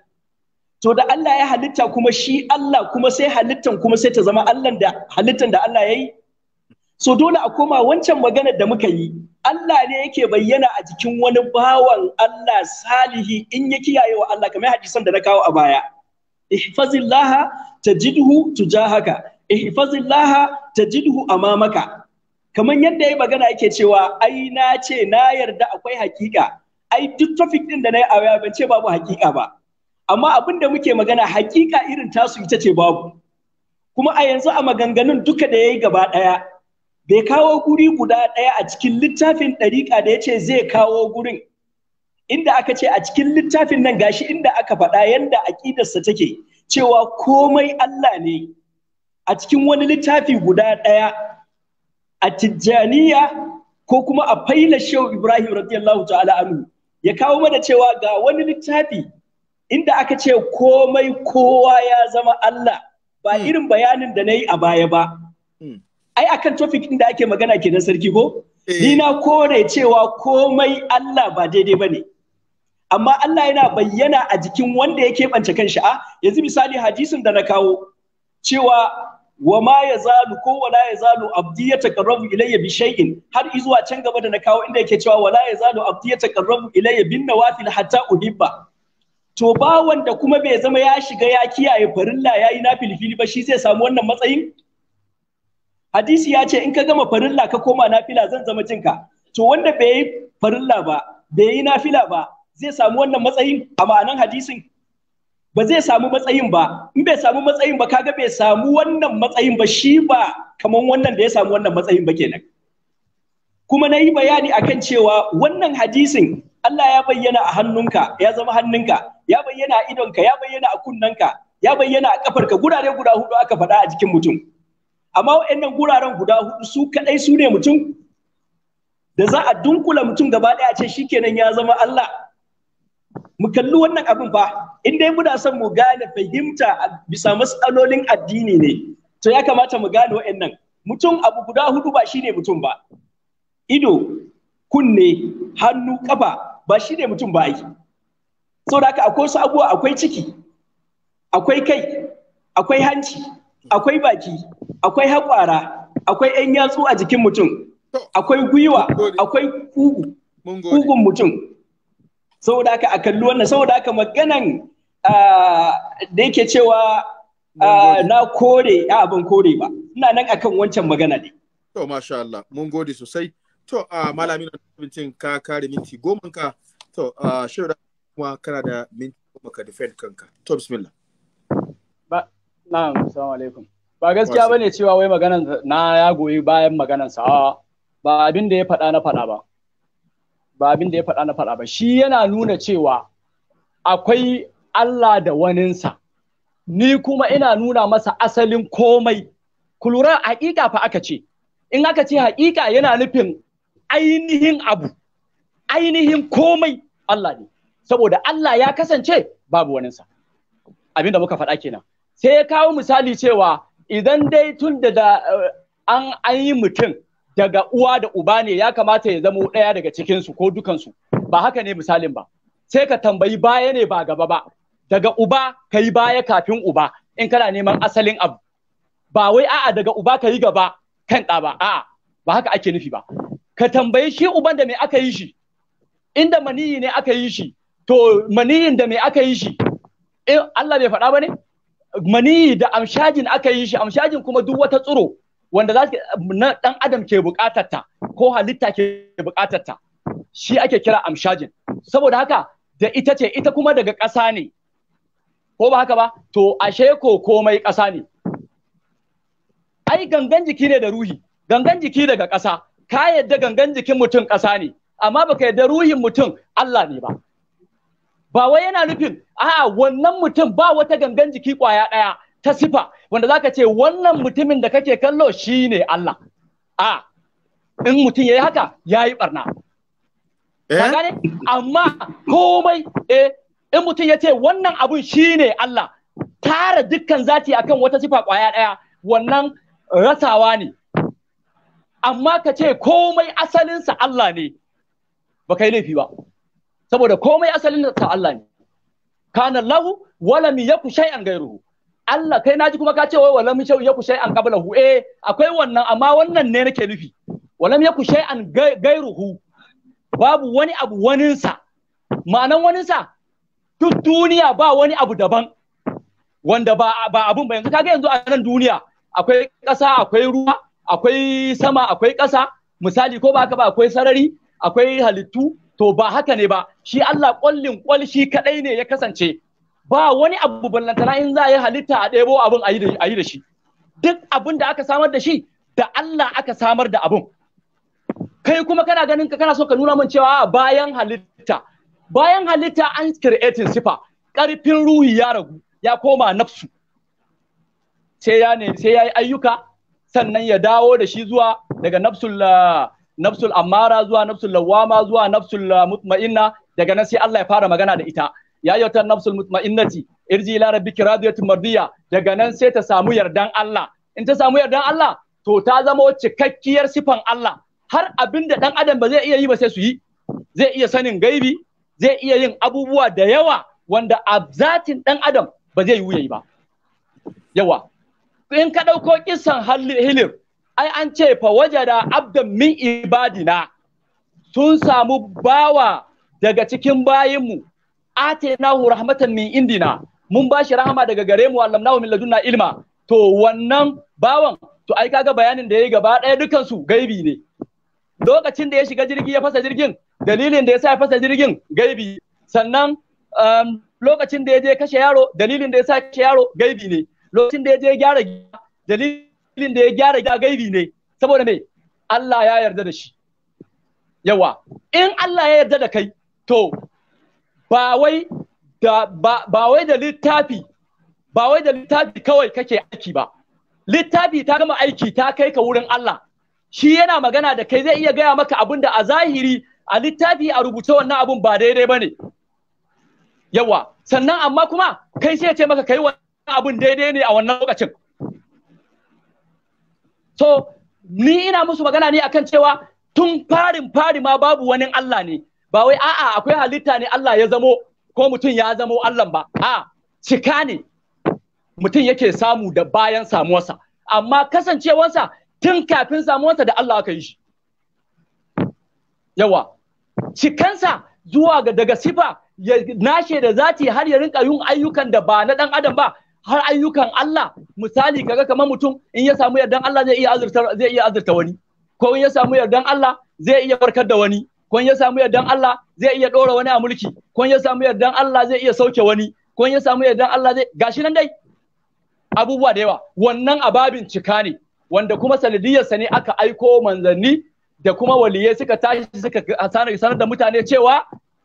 to da Allah ya halitta kuma shi Allah kuma sai halittan kuma sai ta zama Allah da halittan da Allah ya yi so dole a koma wancan maganar da muka yi Allah ne yake bayyana a jikin wani bawan Allah salihi in ya kiyaye wa Allah kamar hadisan da na kawo a baya ihfazillah tajidhu tujahaka ihfazillah tajidhu amamaka kamar yadda ya magana yake cewa ai na ce na yarda akwai haƙiƙa. ai duk traffic din da na yi a ban ce babu hakika ba amma abin da muke magana hakika irin tasu ita ce babu kuma a yanzu a maganganun duka da yayi gaba ɗaya bai kawo guri guda ɗaya a cikin littafin ɗariƙa da ya ce zai kawo gurin inda aka ce a cikin littafin nan gashi inda aka faɗa yanda aƙidarsa take cewa komai Allah ne a cikin wani littafi guda ɗaya a tijjaniya ko kuma a faila shehu ibrahim radiyallahu ta'ala anhu ya kawo mana cewa ga wani littafi inda aka ce komai kowa ya zama Allah ba hmm. irin bayanin da na yi a baya ba hmm. ai akan topic din da ake magana kenan sarki ko eh. ni na kore cewa komai Allah ba daidai bane amma Allah yana bayyana a jikin wanda yake bance kanshi a ah, yanzu misali hadisin da na kawo cewa wa ma ya zalu ko wala ya zalu abdi ya taqarrabu ilayya bi shay'in har izuwa can gaba da na kawo inda yake cewa wala ya zalu abdi ya taqarrabu ilayya bin nawafil hatta uhibba to ba wanda kuma bai zama ya shiga ya kiyaye farilla yayi na filfili ba shi zai samu wannan matsayin hadisi ya ce in ka gama farilla ka koma nafila zan zama cinka to wanda bai yi farilla ba bai yi nafila ba zai samu wannan matsayin a ma'anan hadisin ba zai samu matsayin ba in bai samu matsayin ba kaga bai samu wannan matsayin ba shi ba kamar wannan da ya samu wannan matsayin ba kenan kuma na yi bayani akan cewa wannan hadisin Allah ya bayyana a hannunka ya zama hannunka ya bayyana a idonka ya bayyana a kunnanka ya bayyana a kafarka gurare guda hudu aka faɗa a jikin mutum amma wa'annan guraren guda hudu su kadai su ne mutum da za a dunkula mutum gaba ɗaya a ce shikenan ya zama Allah mu kalli wannan abin fa in dai muna son mu gane fahimta bisa matsalolin addini ne to ya kamata mu gane wa'annan mutum abu guda hudu ba shine mutum ba ido kunne hannu kafa ba shine mutum ba yi saboda haka akwai su abuwa, akwai ciki akwai kai akwai hanci akwai baki akwai haƙwara akwai 'yan yatsu a jikin mutum akwai gwiwa akwai kugu kugun mutum saboda haka a kalli wannan saboda haka maganan da yake cewa na kore a ban kore ba ina nan akan wancan magana ne to masha Allah mun gode sosai to a malami na abincin ka kare minti goma ka to a shirya kuma kana da minti goma ka defend kanka to bismillah ba na'am assalamu alaikum ba gaskiya ba ne cewa wai maganan na ya goyi bayan maganan ba abin da ya faɗa na faɗa ba ba abin da ya faɗa na faɗa ba shi yana nuna cewa akwai Allah da waninsa ni kuma ina nuna masa asalin komai ku lura fa aka ce in aka ce haƙiƙa yana nufin ainihin abu ainihin komai Allah ne saboda Allah ya kasance babu waninsa abin da muka faɗa kenan sai ya kawo misali cewa idan dai tun da eh, an an yi mutum daga uwa da uba ne ya kamata ya zama ɗaya daga cikinsu ko dukansu ba haka ne misalin ba sai ka tambayi baya ne ba gaba ba daga uba ka yi baya kafin uba in kana neman asalin abu ba wai a'a daga uba ka yi gaba kan ɗa ba a'a ba haka ake nufi ba ka tambayi shi uban da me aka yi shi inda maniyi ne aka yi shi to maniyin da me aka yi shi eh, Allah bai faɗa ba ne mani da amshajin aka yi shi amshajin kuma duk wata tsiro wanda za na dan adam ke bukatar ta ko halitta ke bukatar ta shi ake kira amshajin saboda haka da ita ce ita kuma daga ƙasa ne ko ba haka ba to ashe ko komai ƙasa ne ai gangan jiki ne da ruhi gangan jiki daga ƙasa ka yadda gangan jikin mutum ƙasa ne amma baka yadda ruhin mutum Allah ne ba ba wai yana nufin a'a wannan mutum ba wata gangan jiki kwaya ɗaya ta sifa wanda zaka ce wannan mutumin da kake kallo shine Allah a in mutum yayi haka yayi barna ka eh? gane amma komai eh in mutum yace wannan abun shine Allah tara dukkan zati akan wata sifa kwaya ɗaya wannan rasawa ne amma ka ce komai asalinsa Allah ne ba yi laifi ba saboda komai asalin ta Allah ne kana lahu wala mi yaku shay'an gairuhu Allah kai naji kuma ka ce wai wala mi yaku shay'an qablahu eh akwai wannan amma wannan ne nake nufi wala mi yaku shay'an gairuhu babu wani abu waninsa ma'anan waninsa duk duniya ba wani abu daban wanda ba ba abun ba yanzu kaga yanzu a nan duniya akwai ƙasa akwai ruwa akwai sama akwai ƙasa misali ko ba ka ba akwai sarari akwai halittu to ba haka ne ba shi Allah ƙwallin kwalshi shi kaɗai ne ya kasance ba wani abu ballantana in za a yi halitta a ɗebo abin a yi da shi duk abin da aka samar da shi da Allah aka samar da abin kai kuma kana ganin ka kana so ka nuna min cewa bayan halitta bayan halitta an creating sifa karfin ruhi ya ragu ya koma nafsu sai ya ne sai ya yi ayyuka sannan ya dawo da shi zuwa daga nafsul ah, nafsul amara zuwa nafsul lawama zuwa nafsul uh, mutma'inna daga nan sai Allah ya fara magana da ita ya wata nafsul mutma'innati irji ila rabbika radiyatun mardiya daga nan sai ta samu yardan Allah in ta samu yardan Allah to ta zama cikakkiyar sifan Allah har abin da dan adam ba zai iya yi ba sai su yi zai iya sanin gaibi zai iya yin abubuwa da yawa wanda a zatin dan adam ba zai yi ba yawa in ka ɗauko kisan hilir ai an ce fa wajada abdan min ibadina sun samu bawa daga cikin bayinmu atainahu rahmatan min indina mun bashi rahama daga gare mu allamnahu min ladunna ilma to wannan bawan to ai kaga bayanin da yayi gaba ɗaya dukan su gaibi ne lokacin da ya shiga jirgi ya fasa jirgin dalilin da ya sa ya fasa jirgin gaibi sannan um, lokacin da ya je kashe yaro dalilin da ya sa kashe yaro gaibi ne lokacin da ya je gyara dalilin filin da ya gyara gida gaibi ne saboda me Allah ya yarda da shi yawa in Allah ya yarda da kai to ba wai da ba wai da littafi ba wai da littafi kawai kake aiki ba littafi ta gama aiki ta kai ka wurin Allah shi yana magana da kai zai iya gaya maka abin da a zahiri a littafi a rubuce wannan abun ba daidai ba yawa sannan amma kuma kai sai ya ce maka kai wannan abun daidai ne a wannan lokacin so ni ina musu magana ne akan cewa tun farin fari ma babu wani Allah ne ba wai a'a akwai halitta ne Allah ya zamo ko mutum ya zamo Allah ba a cika ne mutum yake samu da bayan samuwarsa amma kasancewarsa tun kafin samuwarsa da Allah aka yi shi yawa cikansa zuwa ga daga sifa ya nashe da zati har ya rinka yin ayyukan da ba na ɗan adam ba har ayyukan Allah misali kaga kamar mutum in ya samu yardan Allah zai iya azurta zai iya azurta wani ko in ya samu yardan Allah zai iya barkar da wani ko in ya samu yardan Allah zai iya dora wani a mulki ko in ya samu yardan Allah zai iya sauke wani ko in ya samu yardan Allah zai gashi nan dai abubuwa da yawa wannan ababin cika ne wanda kuma sanadiyarsa ne aka aiko manzanni da kuma waliyai suka tashi suka sanar da mutane cewa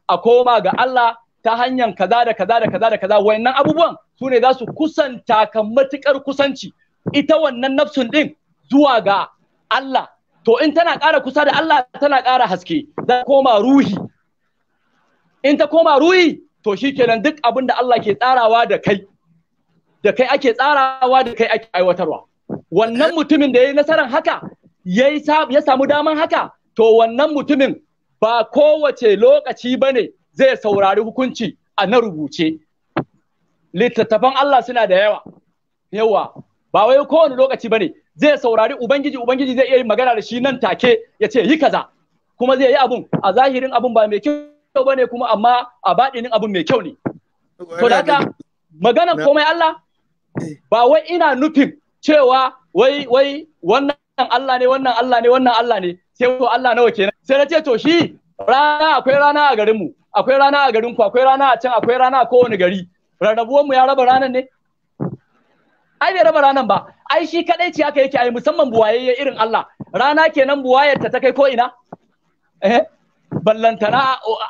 a koma ga Allah ta hanyar kaza da kaza da kaza da kaza wayannan abubuwan sune ne za su kusanta ka matukar kusanci ita wannan nafsun din zuwa ga Allah to in tana ƙara kusa da Allah tana ƙara haske za koma ruhi in ta koma ruhi to shikenan duk abin da Allah ke tsarawa da kai da kai ake tsarawa da kai ake aiwatarwa wannan mutumin da yayi nasaran nasarar haka ya samu daman haka to wannan mutumin ba kowace lokaci bane zai saurari hukunci a na rubuce littattafan Allah suna da yawa yawa ba wai kowane lokaci bane zai saurari ubangiji ubangiji zai iya yin magana da shi nan take ya ce yi kaza kuma zai yi abun a zahirin abun ba mai kyau bane kuma amma a baɗinin abun mai kyau ne to haka maganan komai Allah eh. ba wai ina nufin cewa wai wai wannan Allah ne wannan Allah ne wannan Allah ne sai to Allah nawa kenan sai na ce to shi rana akwai rana a garinmu akwai rana a garin ku akwai rana a can akwai rana a kowane gari rarrabuwar mu ya raba ranan ne ai bai raba ranan ba ai shi kadai ce aka yake ai musamman buwayayye irin Allah rana kenan buwayar ta kai ko ina eh ballantana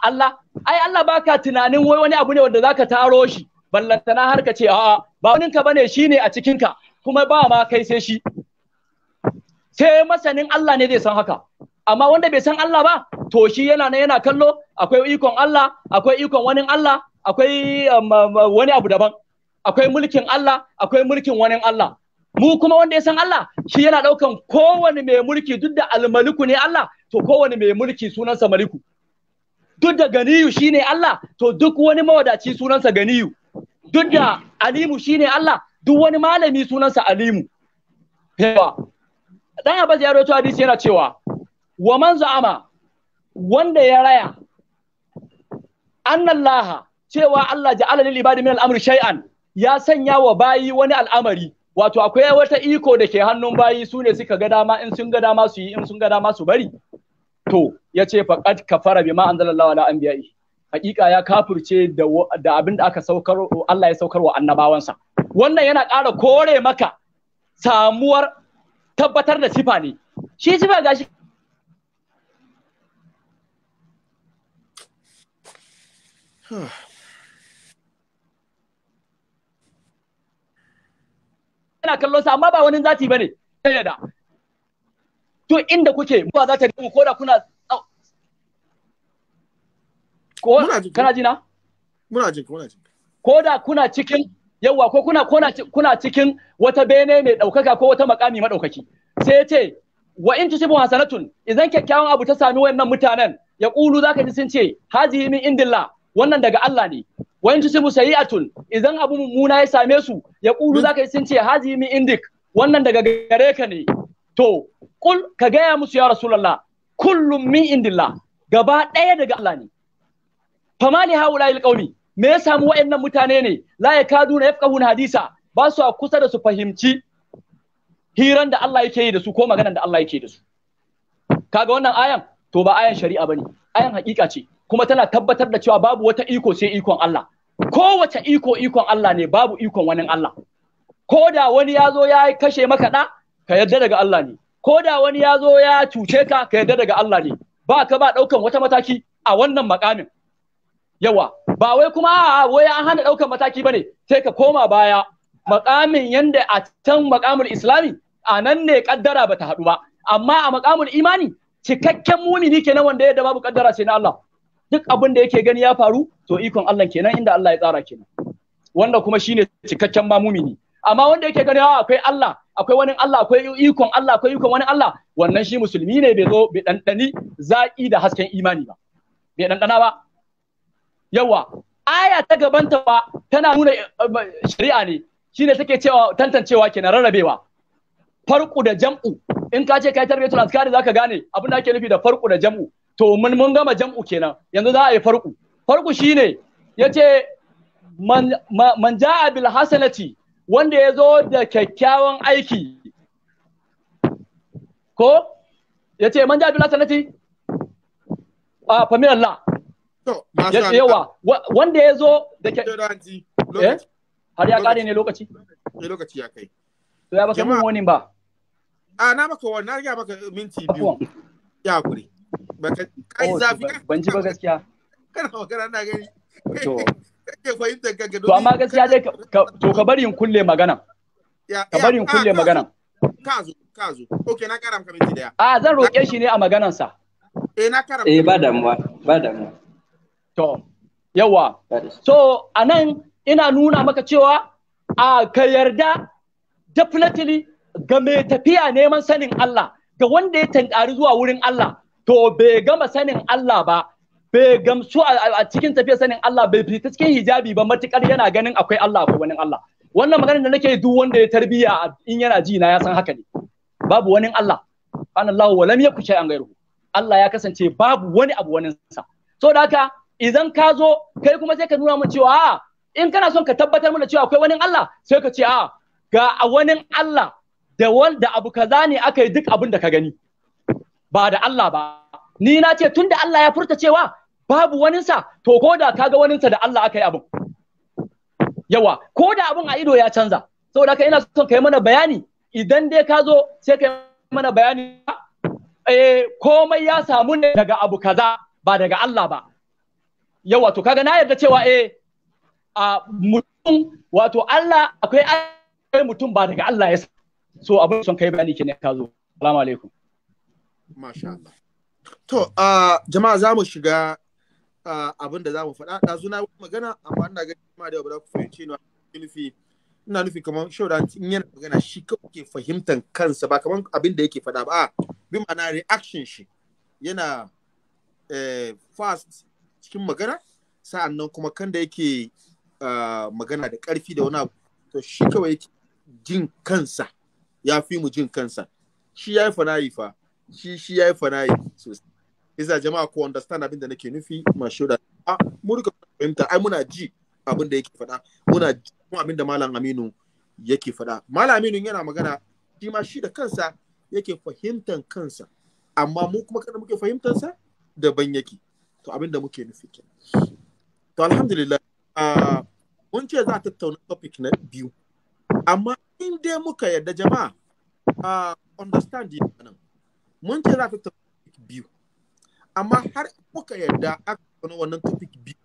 Allah ai Allah baka tunanin wai wani abu ne wanda zaka taro shi ballantana har ka ce a ba wani ka bane shine a cikin ka kuma ba ma kai sai shi sai masanin Allah ne zai san haka amma wanda bai san Allah ba to shi yana nan yana kallo akwai ikon Allah akwai ikon wani Allah akwai um, um, wani abu daban akwai mulkin Allah akwai mulkin wani Allah mu kuma wanda ya san Allah shi yana daukan kowane mai mulki duk da almaliku ne Allah to kowane mai mulki sunansa maliku duk da ganiyu shine Allah to duk wani mawadaci sunansa ganiyu duk da alimu shine Allah duk wani malami sunansa alimu yawa dan Abbas ya rawaito hadisi yana cewa wa man za'ama wanda ya raya annallaha cewa Allah ja'ala lil ibadi min al-amri shay'an ya sanya wa bayi wani al'amari wato akwai wata iko da ke hannun bayi sune ne suka ga dama in sun ga dama su yi in sun ga dama su bari to ya ce faqad kafara bima anzalallahu ala anbiya'i hakika ya kafirce da da abin da aka saukar Allah ya saukar wa annabawansa wannan yana ƙara kore maka samuwar tabbatar da sifa ne shi sifa gashi Yana kallon sa amma ba wani zati bane sai da to inda kuke ba za ta mu ko da kuna ko kana na muna ko muna ji ko da kuna cikin yawa ko kuna kuna cikin wata bene mai daukaka ko wata makami madaukaki sai ya ce wa in tusibu hasanatun idan kyakkyawan abu ta sami wayannan mutanen ya kulu zaka ji sun ce hazihi min indillah wannan daga Allah ne wa in sibu sayi'atun idan abu mummuna ya same su ya kulu zaka sun ce hazi min indik wannan daga gare ka ne to kul ka gaya musu ya rasulullah kullum min indillah gaba ɗaya daga Allah ne famali haula il qawli me ya samu wayannan mutane ne la yakaduna yafqahuna hadisa ba su kusa da su fahimci hiran da Allah yake yi da su ko maganar da Allah yake yi da su kaga wannan ayan to ba ayan shari'a bane ayan hakika ce kuma tana tabbatar da cewa babu wata iko sai ikon Allah kowace iko ikon Allah ne babu ikon wani Allah ko da wani ya zo ya kashe maka da ka yarda daga Allah ne ko da wani ya zo ya cuce ka ka yarda daga Allah ne ba ka ba ɗaukan wata mataki a wannan makamin yawa ba wai kuma a wai an hana ɗaukan mataki bane sai ka koma baya makamin yanda a can makamul islami a nan ne kaddara bata haɗu ba amma a makamul imani cikakken mumini kenan wanda yadda babu kaddara sai na Allah duk abin da yake gani ya faru to ikon Allah kenan inda Allah ya tsara kenan wanda kuma shine cikakken ma amma wanda yake gani ah, akwai Allah akwai wani Allah akwai ikon Allah akwai ikon wani Allah wannan shi musulmi ne bai zo bai dandani zaki da hasken imani ba bai dandana ba yawa aya ta gabanta ba tana nuna shari'a ne shine take cewa tantancewa kenan rarrabewa farku da jam'u in ka ce kai tarbiyatul azkari zaka gane abin da ake nufi da farku da jam'u to mun mun gama jam'u kenan yanzu za a yi farku farku shine yace man man ja'a bil hasanati wanda ya zo da kyakkyawan aiki ko yace man ja'a bil hasanati a famin Allah yawa wanda ya zo da kyakkyawan eh? har ya kare ne lokaci lokaci eh, ya kai to ya baka mun wani ba a na maka wani na riga maka minti biyu ya kure kai oh, zafi ban ji ba gaskiya to amma gaskiya dai to ka bari in kulle magana ka bari in kulle magana a zan roke shi ne a sa eh, eh, ba damuwa ba to yawa so anan ina nuna maka cewa a ka yarda definitely ga mai tafiya neman sanin Allah ga wanda ya tankari zuwa wurin Allah to bai gama sanin Allah ba bai gamsu a cikin tafiyar sanin Allah bai fita cikin hijabi ba matukar yana ganin akwai Allah ko wani Allah wannan magana da nake duk wanda ya tarbiya in yana ji na ya san haka ne babu wani Allah anallahu wa lam yakun shay'an ghayruhu Allah ya kasance babu wani abu wani sa to da haka idan ka zo kai kuma sai ka nuna mun cewa a ah, in kana son ka tabbatar mana cewa akwai wani Allah sai ka ce ah, a ga wani Allah da wanda abu kaza ne aka yi duk abin da ka gani ba da Allah ba ni na ce tunda Allah ya furta cewa babu waninsa to ko da kaga waninsa da Allah aka yi abin yawa ko da abin a ido ya canza saboda haka ina son kai mana bayani idan dai ka zo sai kai mana bayani eh komai ya samu ne daga abu kaza ba daga Allah ba yawa to kaga na yarda cewa eh a mutum wato Allah akwai mutum ba daga Allah ya so abin son kai bayani kenan ka zo assalamu alaikum Masha Allah. To, uh, jama'a za mu shiga uh, abin da za mu faɗa. Ɗazu na magana, amma ina ga ma da ba ku fahimci ni nufi. Ina nufi kamar shaudan in yana magana shi kawai ke fahimtar kansa ba kamar abin da yake faɗa ba. Bi ma'ana reaction shi yana eh, fast cikin magana, sa'an nan kuma kan da yake uh, magana da ƙarfi da wani abu. To shi kawai yake jin kansa, ya fi mu jin kansa. Shi ya yi yi fa. shi shi yi fanayi sosai Iza jama'a ko understand abin da nake nufi ma da a ah, mu duka fahimta ai muna ji abin da yake faɗa muna ji abin da malam Aminu yake faɗa malam Aminu yana magana shi ma shi da kansa yake fahimtan kansa amma mu kuma kada muke fahimtan sa ban yake to abin da muke nufi kenan to alhamdulillah ah, mun ce za a tattauna topic na biyu amma in dai muka yarda jama'a ah, understand nan mun ce za ta topic biyu amma har kuka yarda aka wani wannan topic biyu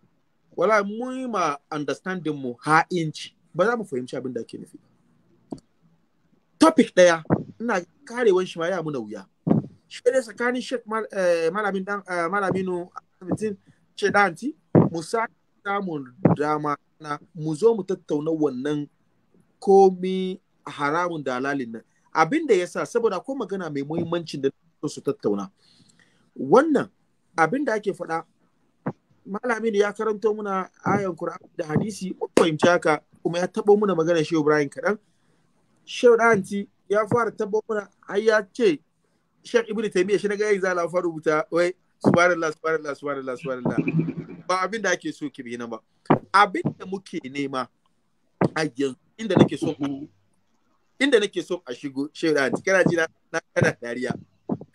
wala mun yi ma understanding mu ha'inci ba za mu fahimci abin da ake nufi topic ɗaya ina karewan shi ma ya muna wuya shi ne tsakanin shek eh, malamin dan eh, malaminu ce danti mu samun dama na mu zo mu tattauna wannan komi haramun da halalin nan abin da ya sa saboda ko magana mai muhimmancin da haɗu su tattauna wannan abin da ake faɗa malami ya karanto muna ayan Qur'ani da hadisi mun fahimci haka kuma ya tabo muna magana Shehu Ibrahim kaɗan Shehu Danti ya fara tabo muna har ya ce Sheikh Ibn Taymiyyah shi na ga yanzu ala fara rubuta wai subhanallah subhanallah subhanallah subhanallah ba abin da ake so ki bi nan ba abin da muke nema a inda nake so inda nake so a shigo Shehu Danti kana ji na kana dariya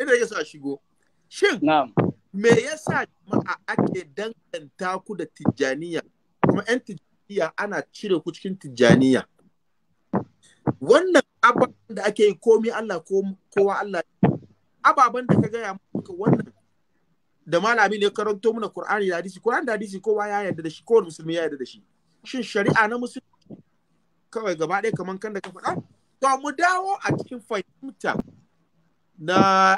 ina yake shigo shin me yasa jama'a ake danganta ku da tijjaniya kuma 'yan tijjaniya ana cire ku cikin tijjaniya wannan ababen da ake yi komi Allah ko kowa Allah ababen da ka gaya maka wannan da malami ne karanto mana Kur'ani da hadisi Kur'ani da hadisi kowa ya yarda da shi kowa musulmi ya yarda da shi shin shari'a na musulmi kawai gaba ɗaya kamar kan da ka faɗa to mu dawo a cikin fahimta na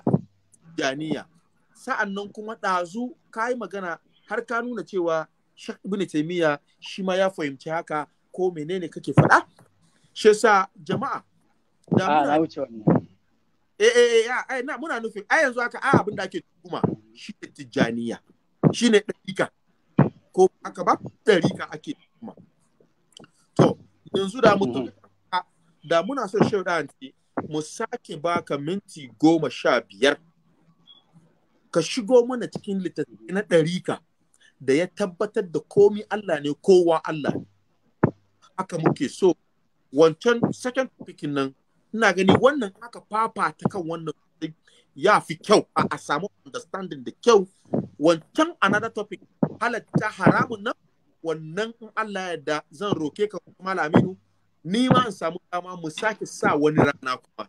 janiya sa'an nan kuma ɗazu ka yi magana har ka nuna cewa shak ibn taimiyya shi ma ya fahimci haka ko menene kake faɗa shi sa jama'a da ah, muna wuce wannan E, e, eh, eh, eh na muna nufin ai yanzu haka a abin da ake tuhuma shi ne tijjaniya shi ne ɗarika ko aka ba ɗarika ake tuhuma to yanzu da mutum mm-hmm. da muna son shaudan mu sake baka minti goma sha biyar ka shigo mana cikin littattafai na ka da ya tabbatar da komi Allah ne kowa Allah ne haka muke so wancan second topic nan ina gani wannan haka ta kan wannan ya fi kyau a samu understanding da kyau wancan another topic halatta haramun nan wannan in Allah ya da zan roke ka malaminu. ni ma in samu dama mu sake sa wani rana kuma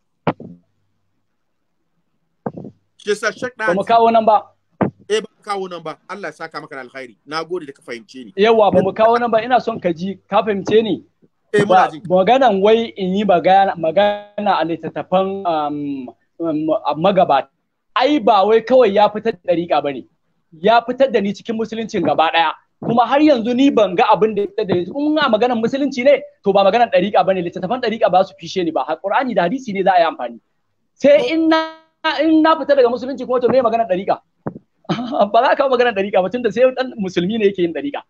ke sa shek da mu kawo nan ba eh ba kawo nan ba Allah ya saka maka da alkhairi nagode da ka fahimce ni yawa ba mu kawo nan ba ina son ka ji ka fahimce ni eh muna ji maganan wai in yi magana magana a littattafan um, um, magabata ai ba wai kawai ya fitar da dariƙa bane ya fitar da ni cikin musuluncin gaba ɗaya kuma har yanzu ni ban ga abin da ya da in a maganar musulunci ne to ba maganar ba bane littattafan ɗariƙa ba su fishe ni ba Qur'ani da hadisi ne za a yi amfani sai in na in na fita daga musulunci kuma to me maganar dariƙa ba za ka maganar ɗariƙa ba tunda sai dan musulmi ne yake yin ɗariƙa.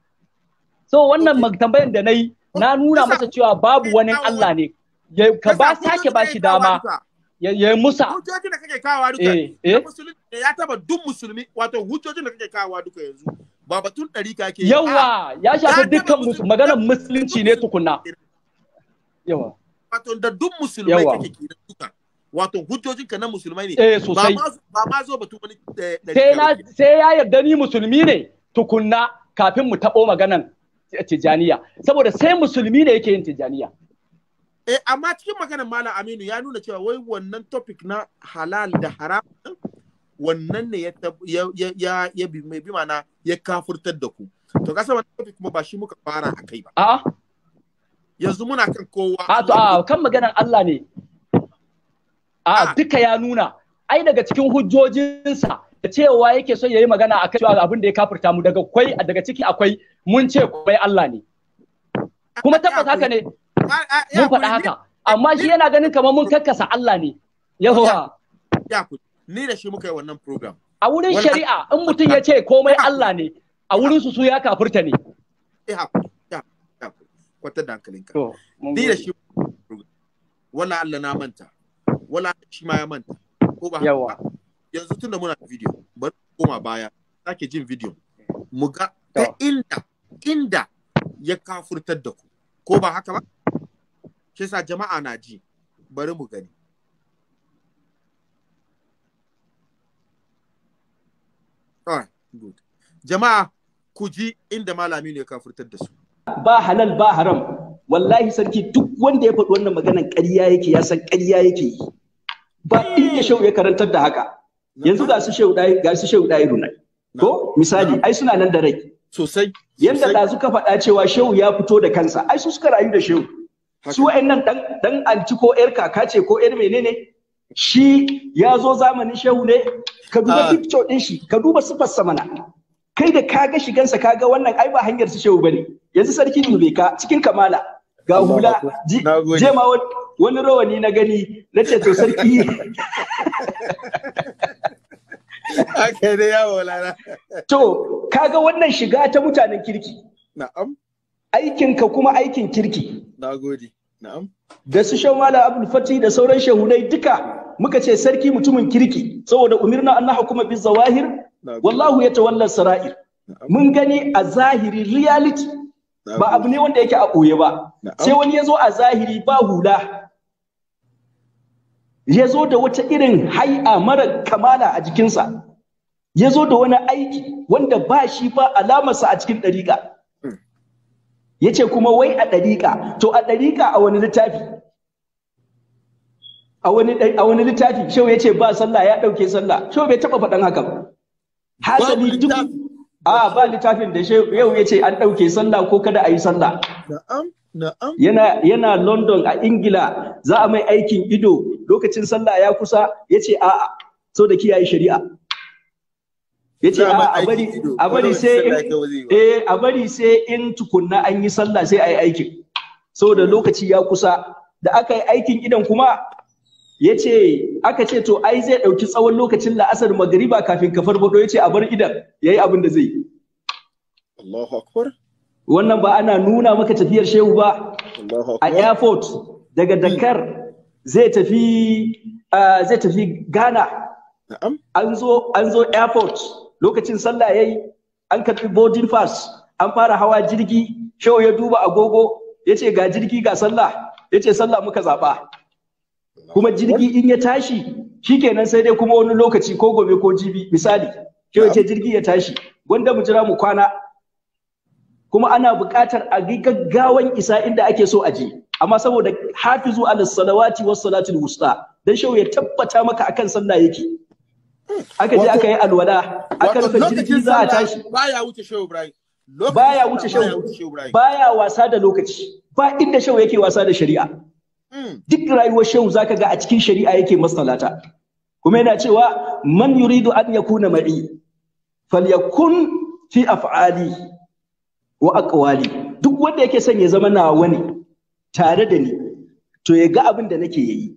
so wannan tambayan da nayi na nuna masa cewa babu wani Allah ne ka ba sake ba shi dama ya ya musa hujjojin da kake kawo duka eh, eh. musulmi ya taba duk musulmi wato hujjojin da kake kawo duka yanzu ba batun ka ke yawa ya shafi dukkan maganar musulunci ne tukunna yawa wato da duk musulmai kake kira duka wato hujjojin ka na musulmai ne eh sosai ba ma zo batun wani eh, sai na sai ya yarda ni musulmi ne tukunna kafin mu tabo maganan tijaniya saboda sai musulmi ne yake yin tijaniya eh amma cikin maganar malam Aminu ya nuna cewa wai wannan topic na halal da haram wannan ne ya bi mai bi mana ya kafurtar da ku to kasa wannan topic kuma ba shi muka fara a kai ba a'a yanzu muna kan kowa a to a kan maganar Allah ne a duka ya nuna ai daga cikin hujjojinsa da cewa yake son yayi magana akan cewa abin da ya kafurta mu daga kwai daga ciki akwai mun ce kwai Allah ne kuma tabbata haka ne mun faɗa haka amma shi yana ganin kamar mun kakkasa Allah ne yawa ya ku ni da shi muka yi wannan program a wurin shari'a in mutum ya ce komai Allah ne a wurin su su ya kafurta ne kwata da hankalinka ni da shi wala Allah na manta wala shi ma ya manta ko ba yawa yanzu tunda muna video bari koma baya sake jin video mu ga ta inda inda ya kafurtar da ku ko ba haka ba shi jama'a na ji bari mu gani Jama'a ku ji inda malami ne furtar da su. Ba halal ba haram. Wallahi sarki duk wanda ya faɗi wannan maganan ƙarya yake ya san ƙarya yake yi. Ba inda Shehu ya karantar da haka. Yanzu ga su ɗaya ga su shehu ɗaya runai. Ko misali ai suna nan da rai. Sosai. Yanda da suka faɗa cewa Shehu ya fito da kansa ai su suka rayu da Shehu. Su wa'annan dan dan anti ko ƴar kaka ce ko ƴar menene shi ya zo zamanin shehu ne ka duba ah. picture din shi ka duba sufarsa mana kai da ka ga shigansa ka ga wannan ai ba hanyar su shehu bane yanzu sarki ka cikin kamala ga hula je ma wani rawani na gani na ce to sarki Ake dai yawo lana. To, kaga wannan shiga ta mutanen kirki. Na'am. Aikinka kuma aikin kirki. Na gode. Na'am. da su shan mala abul fati da sauran shahudai duka muka ce sarki mutumin kirki saboda umirna an hukuma bi zawahir wallahu ya tawalla sara'ir mun gani a zahiri reality ba abu ne wanda yake a ɓoye ba sai wani ya zo a zahiri ba hula ya zo da wata irin hai'a mara kamala a jikinsa ya zo da wani aiki wanda ba shi ba alamarsa a cikin ɗariƙa yace kuma wai a ɗariƙa to a ɗariƙa a wani littafi a wani a wani littafi shehu yace ba sallah ya ɗauke sallah Shau bai taɓa faɗan haka ba hasali duk a ba littafin da shehu yau yace an ɗauke sallah ko kada a yi sallah na'am na'am yana yana London a Ingila za a mai aikin ido lokacin sallah ya kusa yace a'a so da kiyaye shari'a ya ce eh, a bari sai in tukunna an yi sallah sai a yi aikin saboda hmm. lokaci ya kusa da aka yi aikin idan kuma ya ce aka ce to ai zai ɗauki tsawon lokacin la'asar magariba kafin ka farfado ya ce a bar idan ya yi abin da zai yi wannan ba ana nuna maka tafiyar shehu ba a airport daga hmm. Dakar zai tafi ah, zai tafi Ghana an zo an zo airport lokacin sallah yayi an karbi boarding pass an fara hawa jirgi shehu ya duba agogo yace ga jirgi ga sallah yace sallah muka zaba kuma jirgi in ya tashi shikenan sai dai kuma wani lokaci ko gobe ko jibi misali shehu yace jirgi ya tashi gwanda mu jira mu kwana kuma ana buƙatar a gaggawan isa inda ake so a je amma saboda hafizu al salawati was salatul wusta dan shehu ya tabbata maka akan sallah yake aka je aka yi alwala aka rufe jirgi za a tashi baya wuce shehu ibrahim baya wuce shehu baya wasa da lokaci ba inda shehu yake wasa da shari'a hmm. duk rayuwar shehu zaka ga a cikin shari'a yake masallata kuma yana cewa man yuridu an yakuna maɗi. falyakun fi af'ali wa aqwali duk wanda yake son ya zama nawa ne tare da ni to ya ga abin da nake yi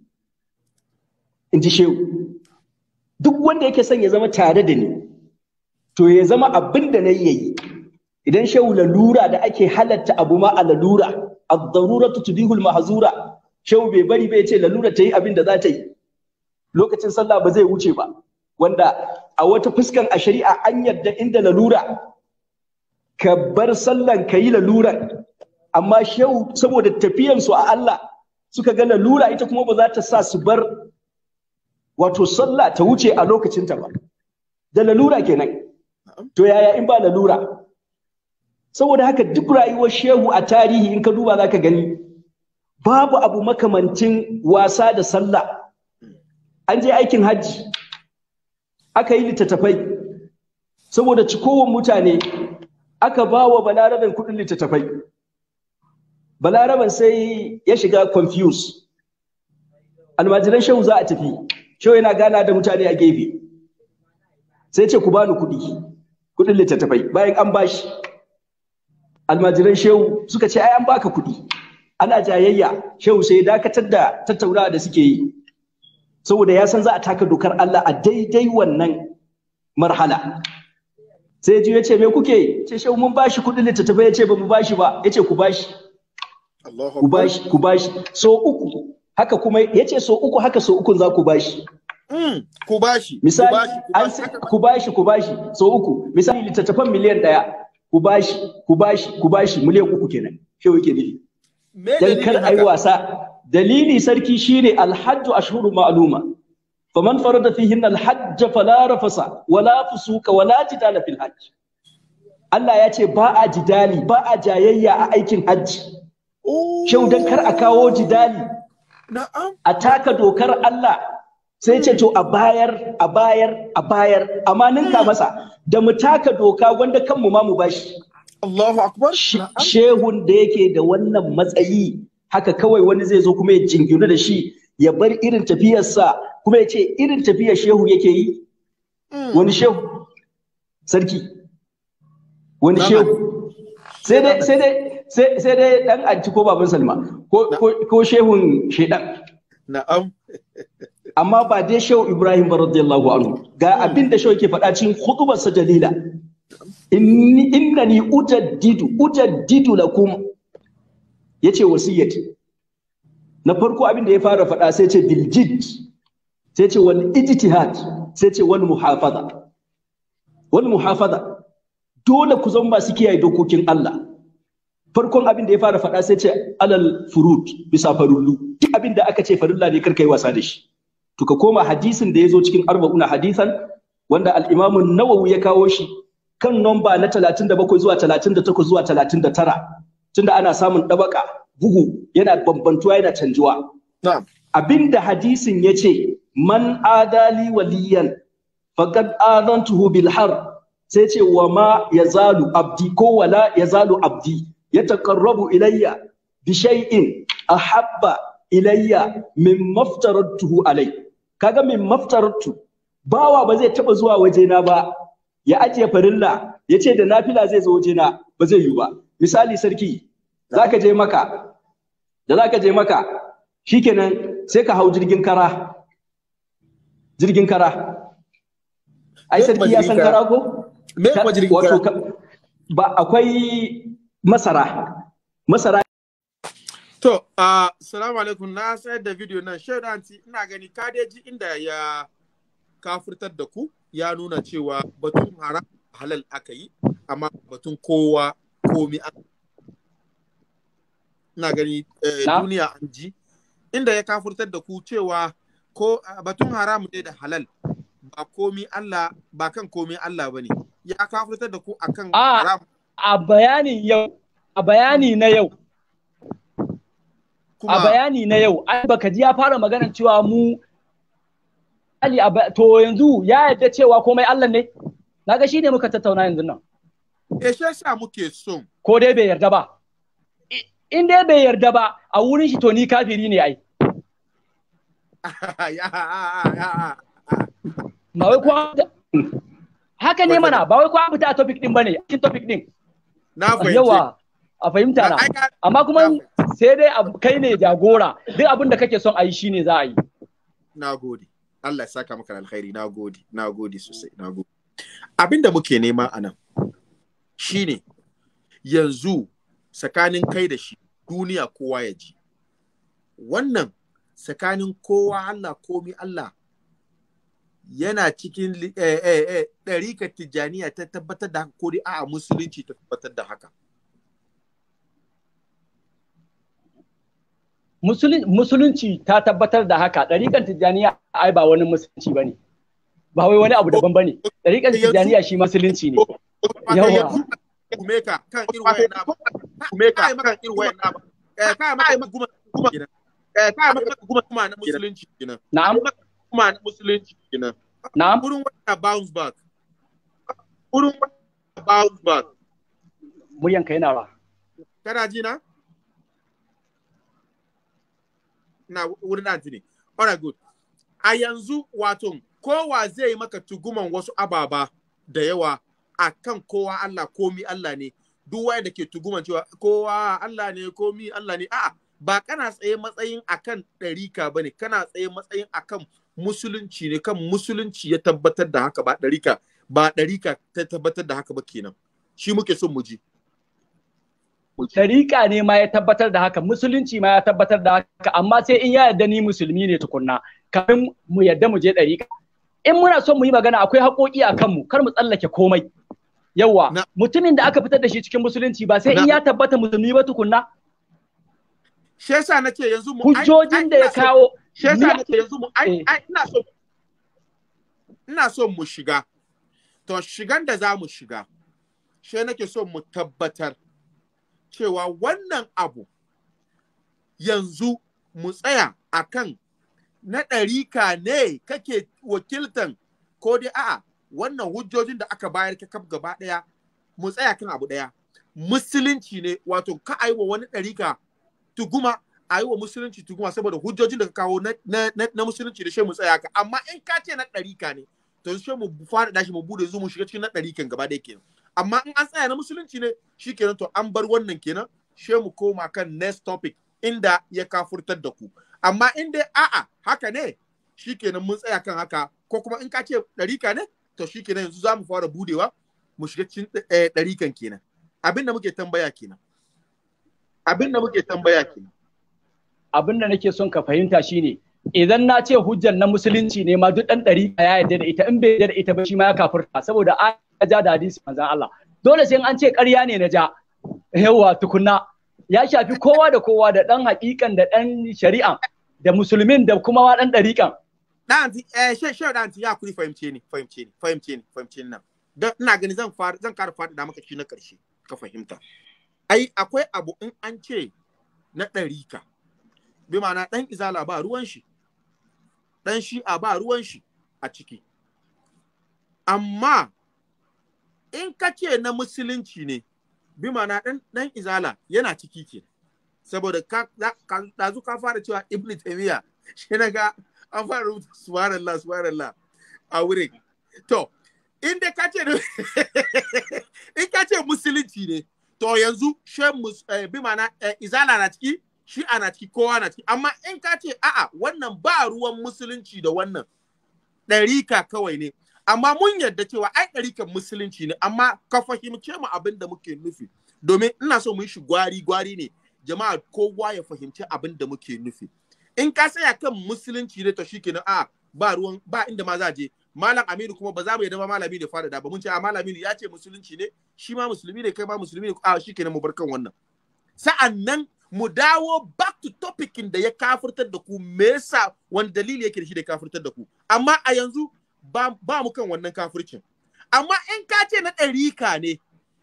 in ji shehu duk wanda yake son ya zama tare da ni to ya zama abin da na yi idan shehu lalura da ake halatta abu ma a lalura a daruratu tudihul mahzura shehu bai bari bai ce lalura ta yi abin da za ta yi lokacin sallah ba zai wuce ba wanda a wata fuskan a shari'a an yarda inda lalura ka bar sallan ka yi laluran amma shehu saboda tafiyansu a Allah suka ga lalura ita kuma ba za ta sa su bar wato sallah ta wuce a lokacinta ba da lalura kenan to yaya in ba lalura saboda haka duk rayuwar shehu a tarihi in ka duba za ka gani babu abu makamancin wasa da sallah an je aikin hajji aka yi littattafai saboda cikowar mutane aka ba wa balaraben kudin littattafai balaraben sai ya shiga confuse almajiran shehu za a tafi Shehu yana gana da mutane a gefe. Sai ce ku bani kuɗi, kuɗin littattafai bayan an bashi. Almajiran Shehu suka ce ai an baka kuɗi. Ana jayayya Shehu sai dakatar da tattaunawa da suke yi. Saboda ya san za a taka dokar Allah a daidai wannan marhala. Sai ya ce me kuke? Ce Shehu mun bashi kuɗin littattafai ya ce ba mu bashi ba. Ya ce ku bashi. ku bashi ku bashi so uku haka kuma yace so uku haka so ukun za ku bashi ku bashi misali an ku bashi ku bashi so uku misali littattafan miliyan daya ku bashi ku bashi ku bashi miliyan uku kenan shi yake nufi dan kar ai wasa dalili sarki shine alhajju ashhuru ma'luma faman farada fihin alhajj fala rafasa wala fusuka wala jidala fil hajj Allah ya ce ba a jidali ba a jayayya a aikin hajji shau dan kar a kawo jidali a taka dokar Allah sai ce to a bayar a bayar a bayar amma ninka hmm. masa da mu taka doka wanda kanmu ma mu bashi Allahu akbar shehun da yake da wannan matsayi haka kawai wani zai zo kuma ya jingina da shi ya bar irin tafiyarsa kuma ya ce irin tafiyar shehu yake yi hmm. wani shehu sarki wani shehu sai dai sai dai sai dai ɗan anci ko baban salma ko shehun shedan na'am amma ba dai shehu ibrahim radiyallahu anhu ga hmm. abin da shehu ke faɗa cikin hudubar sa jalila innani utaddidu utaddidu lakum yace wasiyyati na farko abin da ya fara faɗa sai ce biljid sai ce wal ijtihad sai ce wal muhafaza wal muhafaza dole ku zama masu kiyaye dokokin Allah farkon abin da ya fara faɗa sai ce alal furut bisa farullu duk abin da aka ce farulla ne karka yi wasa da shi to ka koma hadisin da ya zo cikin arba'una hadisan wanda al nawa nawawi ya kawo shi kan nomba na 37 zuwa 38 zuwa 39 tunda ana samun dabaka bugu yana bambantuwa yana canjuwa abinda hadisin ya ce man adali waliyan faqad adantuhu bil har sai ce wa ma yazalu abdi ko wala yazalu abdi Ya yataqarrabu ilayya bi shay'in ahabba ilayya min maftaratuhu alai kaga min maftaratu bawa ba zai taba zuwa wajena ba ya ajiye farilla ya ce da nafila zai zo wajena ba zai yi ba misali sarki zaka je maka da zaka je maka shikenan sai ka hau jirgin kara jirgin kara ai sarki ya san kara ko me kuma jirgin kara ba akwai masara masara to uh, salamu alaikum na sayar da video nan anti ina gani ka ji inda ya kafurtar da ku ya nuna cewa batun haram halal aka yi amma batun kowa komi aka ina gani eh, duniya an ji inda ya kafurtar da ku cewa ko batun haram ne da halal ba komi Allah ba kan komi Allah bane ya kafurtar da ku akan ah! haram a bayani yau a bayani na yau a bayani na yau ai baka ji ya fara magana cewa mu Ali to yanzu ya yadda cewa komai Allah ne naga shi ne muka tattauna yanzu nan e shi sa muke so ko dai bai yarda ba in dai bai yarda ba a wurin shi to ni kafiri ne ai ba wai kuwa haka ne mana ba wai kuwa a topic din bane cikin topic din na fahimce yawa a fahimta na amma kuma sai dai kai ne jagora duk abin da kake son a yi shine za a yi na gode Allah ya saka maka alkhairi na gode na gode sosai na gode abin da muke nema a nan shine yanzu tsakanin kai da shi duniya kowa ya ji wannan tsakanin kowa Allah komi Allah yana cikin eh, eh, eh, ɗarikar tijjaniya ta tabbatar da haka ko dai a'a musulunci ta tabbatar da haka musulunci ta tabbatar da haka ɗarikar tijjaniya ai ba wani musulunci ba ne ba wai wani abu daban ba ne ɗarikar tijjaniya shi musulunci ne na'am hukuma na musulunci kenan na gurin wata bounce back gurin wata bounce back muryanka yana ba kana ji na na wurin ji ne all right good a yanzu wato kowa zai maka tuguman wasu ababa da yawa a kan kowa Allah komi Allah ne duk waye da ke tuguman cewa kowa Allah ne komi Allah ne a'a ba kana tsaye matsayin akan ɗarika ba ne kana tsaye matsayin akan musulunci ne kan musulunci ya tabbatar da haka ba ɗarika ba ɗarika ta tabbatar da haka ba kenan shi muke son mu ji Ɗarika ne ma ya tabbatar da haka musulunci ma ya tabbatar da haka amma sai in ya yarda ni musulmi ne tukunna kafin mu yarda mu je ɗarika in muna son mu yi magana akwai haƙoƙi a kanmu kar mu tsallake komai yawa mutumin da aka fitar da shi cikin musulunci ba sai in ya tabbata musulmi ba tukunna shi yasa yanzu mu hujjojin da ya kawo Eh. ina so mu shiga to shigan da za mu shiga shi nake so mu tabbatar cewa wannan abu yanzu mu tsaya akan na ɗarika ne kake wakiltan ko dai a'a wannan hujjojin da aka bayar ka kaf gaba ɗaya mu tsaya kan abu ɗaya musulunci ne wato ka aiwa wani ɗarika tuguma a yi wa musulunci tuguma saboda hujjojin da ka kawo na musulunci da shemu tsaya ka amma in ka ce na ɗarika ne to shi mu fara dashi mu bude zuwa mu shiga cikin na ɗarikan gaba ɗaya kenan amma in an tsaya na musulunci ne shi kenan to an bar wannan kenan shi mu koma kan next topic inda ya kafurtar da ku amma in dai a'a haka ne shi kenan mun tsaya kan haka ko kuma in ka ce ɗarika ne to shi kenan yanzu za mu fara budewa mu shiga cikin eh, ɗarikan kenan abin da muke tambaya kenan abin da muke tambaya kenan abin da nake son ka fahimta shine idan na ce hujjar na musulunci ne ma duk dan ɗari ya yarda da ita in bai yarda da ita ba shi ma ya kafirta saboda ya ja da hadisi manzon Allah dole sai an ce ƙarya ne na ja yawa tukunna ya shafi kowa da kowa da dan hakikan da dan shari'a da musulmin da kuma ma dan ɗariƙan. dan eh, she she dan ya kuri fahimce ni, fahimce ni, fahimce ni, fahimce ni nan. ina gani zan fara, zan ƙara fara da maka shi na ƙarshe, ka fahimta. Ai, akwai abu in an ce na ɗarika, bi ma'ana ɗan izala ba ruwan shi ɗan shi'a ba ruwan shi a ciki amma in kake na musulunci ne bi ma'ana ɗan izala yana ciki ke saboda ɗazu ka fara cewa ibn taymiya shi na ga an fara rubuta subhanallah subhanallah a wurin to in da kace in kace musulunci ne to yanzu shan eh, bi ma'ana eh, izala na ciki shi'a na ciki kowa na ciki amma in ka ce a'a wannan ba ruwan musulunci da wannan ɗarika kawai ne amma mun yarda cewa ai ɗarikan musulunci ne amma ka fahimce mu abin da muke nufi domin ina so mu yi shi gwari gwari ne jama'a kowa ya fahimci abin da muke nufi in ka tsaya kan musulunci ne to shikenan a'a ba ruwan ba inda ma za je malam aminu kuma ba za mu yadda malami ne fara da ba mun ce a malami aminu ya ce musulunci ne shi ma musulmi ne kai ma musulmi ne a shikenan mu bar kan wannan sa'annan mu dawo back to in da ya kafirtar da ku me yasa wani dalili yake da shi da kafirtar da ku amma a yanzu ba, ba mu kan wannan kafircin amma in ka ce na ɗarika ne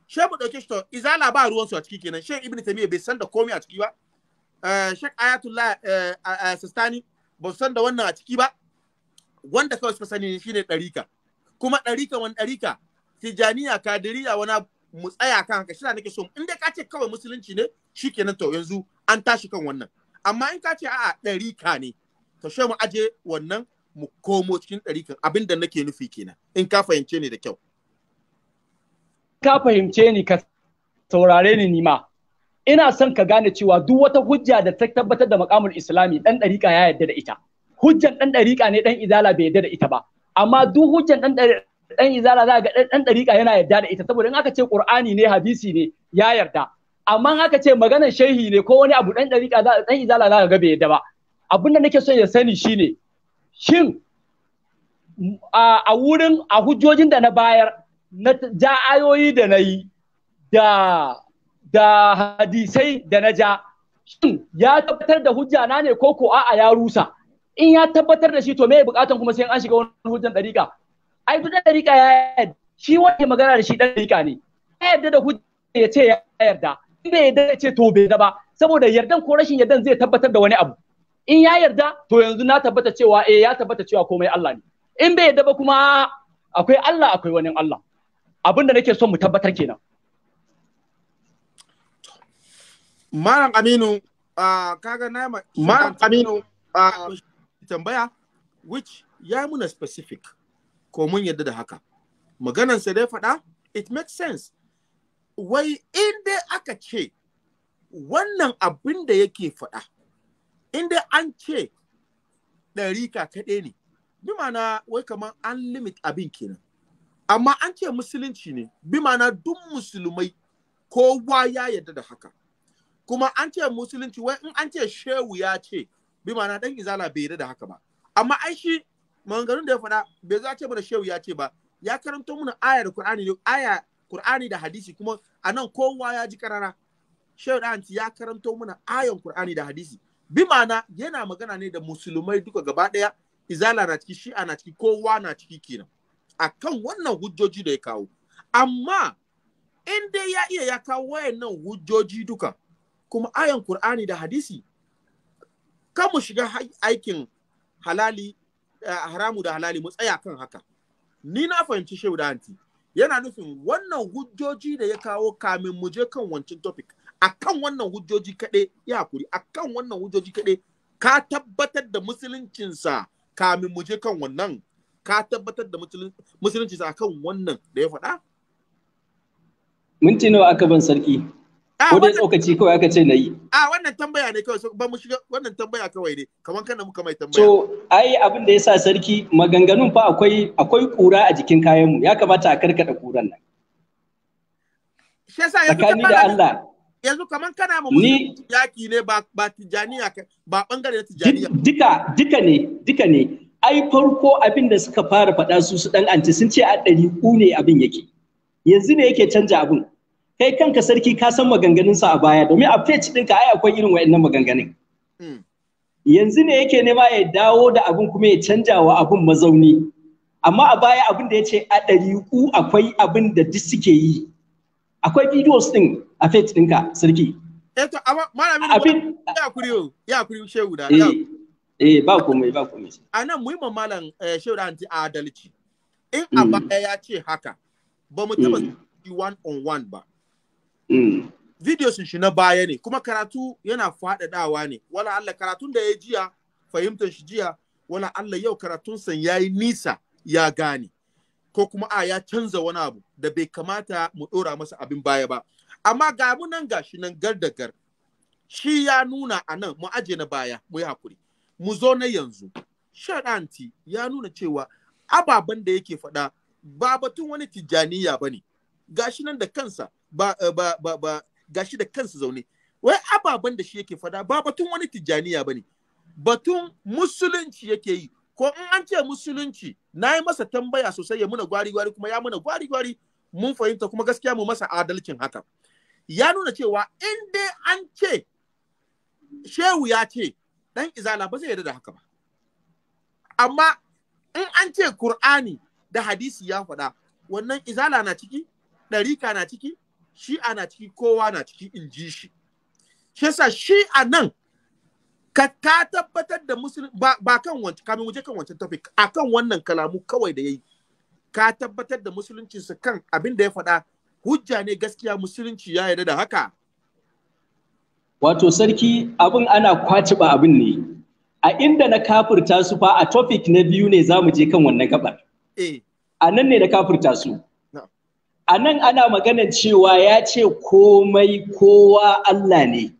shan mu ɗauke shi to izala ba ruwan su a ciki kenan shan ibn tamiya bai san da komai a ciki ba eh, shan ayatullah eh, sistani ba san da wannan a ciki ba wanda kawai suka sani shine ɗarika kuma ɗarika wani ɗarika tijaniya kadiriya wani mu tsaya kan haka shi nake so in dai ka ce kawai musulunci ne nan to yanzu an tashi kan wannan amma in ka ce a'a ɗarika ne to shi mu aje wannan mu komo cikin ɗarikan abin da nake nufi kenan in ka fahimce ni da kyau ka fahimce ni ka saurare ni nima ina son ka gane cewa duk wata hujja da ta tabbatar da makamul islami dan ɗarika ya yarda da ita hujjan dan ɗarika ne dan izala bai yarda da ita ba amma duk hujjan dan dan izala za ga dan ɗarika yana yarda da ita saboda in aka ce qur'ani ne hadisi ne ya yarda amma aka ce maganar shehi ne ko wani abu dan dariƙa za dan izala za ka ga bai yadda ba abin da nake so ya sani shine shin a wurin a hujjojin da na bayar na ja ayoyi da na yi da da hadisai da na ja shin ya tabbatar da hujja na ne ko ko a'a ya rusa in ya tabbatar da shi to me bukatan kuma sai an shiga wani hujjan dariƙa ai duk dariƙa ya yarda shi wani magana da shi dan dariƙa ne ya yarda da hujja ya ce ya yarda in da ya ce to bai da ba saboda yardan ko rashin yardan zai tabbatar da wani abu in ya yarda to yanzu na tabbata cewa eh ya tabbata cewa komai Allah ne in bai yarda ba kuma akwai Allah akwai wani Allah abinda nake son mu tabbatar kenan Malam Aminu ah, kaga na Malam Aminu uh, tambaya which ya muna specific ko mun yarda da haka sa dai faɗa it makes sense wai in dai aka ce wannan abin da yake faɗa in dai an ce ɗarika kaɗai ne bi mana wai kamar an limit abin kenan amma an ce musulunci ne bi mana duk musulmai kowa ya yarda da haka kuma an ce musulunci wai in an ce shehu ya ce bi mana dan izala bai yarda da haka ba amma ai shi maganganun da ya faɗa bai za ce mana shehu ya ce ba ya karanto mana ayar da Qur'ani ne aya kur'ani da hadisi kuma a nan kowa ya ji karara Shehu Anti ya karanto mana ayon kur'ani da hadisi bi ma'ana yana magana ne da musulmai duka gaba ɗaya izala na ciki shi'a na ciki kowa na ciki kenan A kan wannan hujjoji da ya kawo amma in dai ya iya ya kawo wayannan hujjoji duka kuma ayon kur'ani da hadisi kan mu shiga aikin halali eh, haramu da halali mu tsaya kan haka ni na fahimci Shehu Anti yana nufin wannan hujjoji da ya kawo kamin mu je kan wancan topic kan wannan hujjoji kaɗai ya hakuri kan wannan hujjoji kaɗai ka tabbatar da musuluncinsa kamin mu je kan wannan ka tabbatar da musuluncinsa a kan wannan da ya faɗa? Minti nawa aka ban sarki. Ah, ko dai tsokaci kawai aka ce na yi a ah, wannan tambaya ne kawai ba mu shiga wannan tambaya kawai ne kamar kana muka mai tambaya to ai abin da ya sa sarki maganganun fa akwai akwai kura a jikin kayanmu? ya kamata a karkada kuran nan shi yanzu kamar da Allah yanzu kamar kana mu ni yaki ne ba ba tijaniya ba bangare na tijaniya duka duka ne duka ne ai farko abin da suka fara faɗa su su dan anti sun ce a ɗari ne abin yake yanzu ne yake canja abin kai kanka sarki ka san sa a baya domin a page ɗinka ai akwai irin wa'annan maganganun hmm. yanzu ne yake nema ya dawo da abin kuma ya canja wa abin mazauni amma a baya abin da ya ce a ku akwai abin da duk suke yi akwai videos ɗin a page ɗinka sarki eto eh amma malamin abin ya kuriyo ya kuriyo shehu da eh, eh ba komai ba komai anan muhimmin malam eh, shehu da anti adalci in a hmm. baya ya ce haka ba mu taba hmm. one on one ba Mm. Videos shi na baya ne, kuma karatu yana faɗaɗawa ne, wala Allah karatun da ya jiya, fahimtar shi jiya, wala Allah yau karatunsa ya yi nisa ya gane, ko kuma a ya canza wani abu da bai kamata mu ɗora masa abin baya ba. Amma ga mu nan gashi nan gar da gar, shi ya nuna a nan mu aje na baya mu yi hakuri. Mu zo na yanzu, shaɗanti ya nuna cewa ababan da yake faɗa ba batun wani tijjaniya ba ne, gashi nan da kansa ba eh, ba ba ba gashi da kansu zaune wai ababen da shi yake fada ba batun wani tijjaniya bane batun musulunci yake yi ko in an ce musulunci na yi masa tambaya sosai ya muna gwari gwari kuma ya muna gwari gwari mun fahimta kuma gaskiya mu masa adalcin haka ya nuna cewa in dai an ce shehu ya ce dan izala ba zai yarda da haka ba amma in an ce qur'ani da hadisi ya faɗa wannan izala na ciki ɗarika na ciki shi'a na ciki kowa na ciki in ji shi shi yasa shi'a nan ka ta tabbatar da musulun ba, kan wancan kamin waje kan wancan topic akan wannan kalamu kawai da yayi ka tabbatar da su kan abin da ya faɗa hujja ne gaskiya musulunci ya yarda da haka wato sarki abin ana ba abin ne a inda na kafirta su fa a topic na biyu ne za mu je kan wannan gabar eh. a nan ne na kafirta su a nan ana magana cewa ya ce komai kowa Allah ne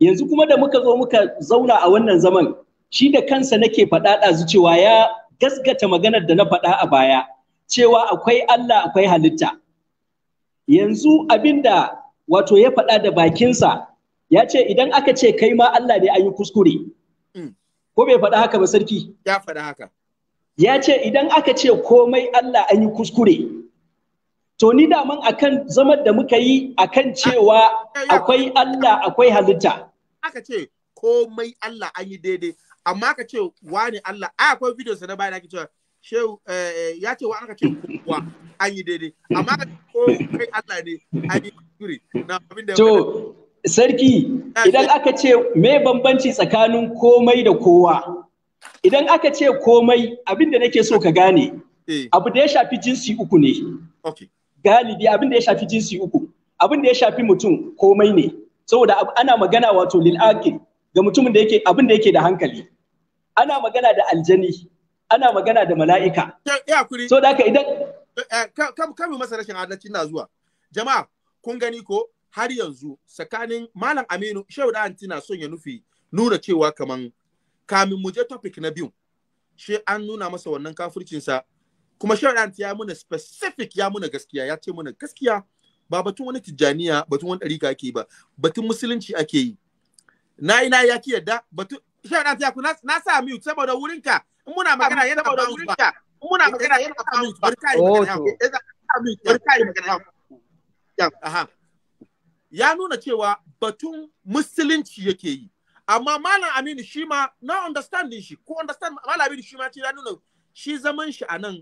yanzu kuma da muka zo muka zauna a wannan zaman shi da kansa nake faɗa ɗazu cewa ya gasgata maganar da na faɗa a baya cewa akwai Allah akwai halitta yanzu abinda wato ya faɗa da bakinsa ya ce idan aka ce kai ma Allah ne an yi kuskure mm. ko bai faɗa haka ba sarki ya faɗa haka ya ce idan aka ce komai Allah an yi kuskure To ni daman akan zaman da muka yi akan cewa akwai Allah akwai halitta. Aka ce komai Allah an yi daidai amma aka ce wani Allah a akwai video sa na bayan ake cewa shehu eh, ya ce wa aka ce kowa an yi daidai amma aka ce komai Allah ne an yi kuri na abin da To sarki idan aka ce me bambanci tsakanin komai da kowa idan aka ce komai abin da nake so ka gane eh. abu da ya shafi jinsi uku ne. Okay. galibi abin da ya shafi jinsi uku abin da ya shafi mutum komai ne saboda ana magana wato lil aqil ga mutumin da yake abin da yake da hankali ana magana da aljani ana magana da mala'ika ya so da idan eh, eh, kamu masa rashin adalci na zuwa jama'a kun gani ko har yanzu tsakanin malam aminu shehu da na son ya nufi nuna cewa kaman kamin mu je topic na biyu shi an nuna masa wannan sa kuma sharant ya muna specific ya muna gaskiya ya ce muna gaskiya ba batun wani tijjaniya batun wani ɗarika ake yi ba batun musulunci ake yi na ina ya ki yadda batun sharant ya ku na sa mute saboda wurinka in muna magana yana ba wurinka in muna eh, magana eh, yana ba mute bari kai oh, magana ya ya nuna cewa batun musulunci yake yi amma malam aminu shi ma na understanding shi ko understand malam aminu shi ma ce ya nuna shi zaman shi a nan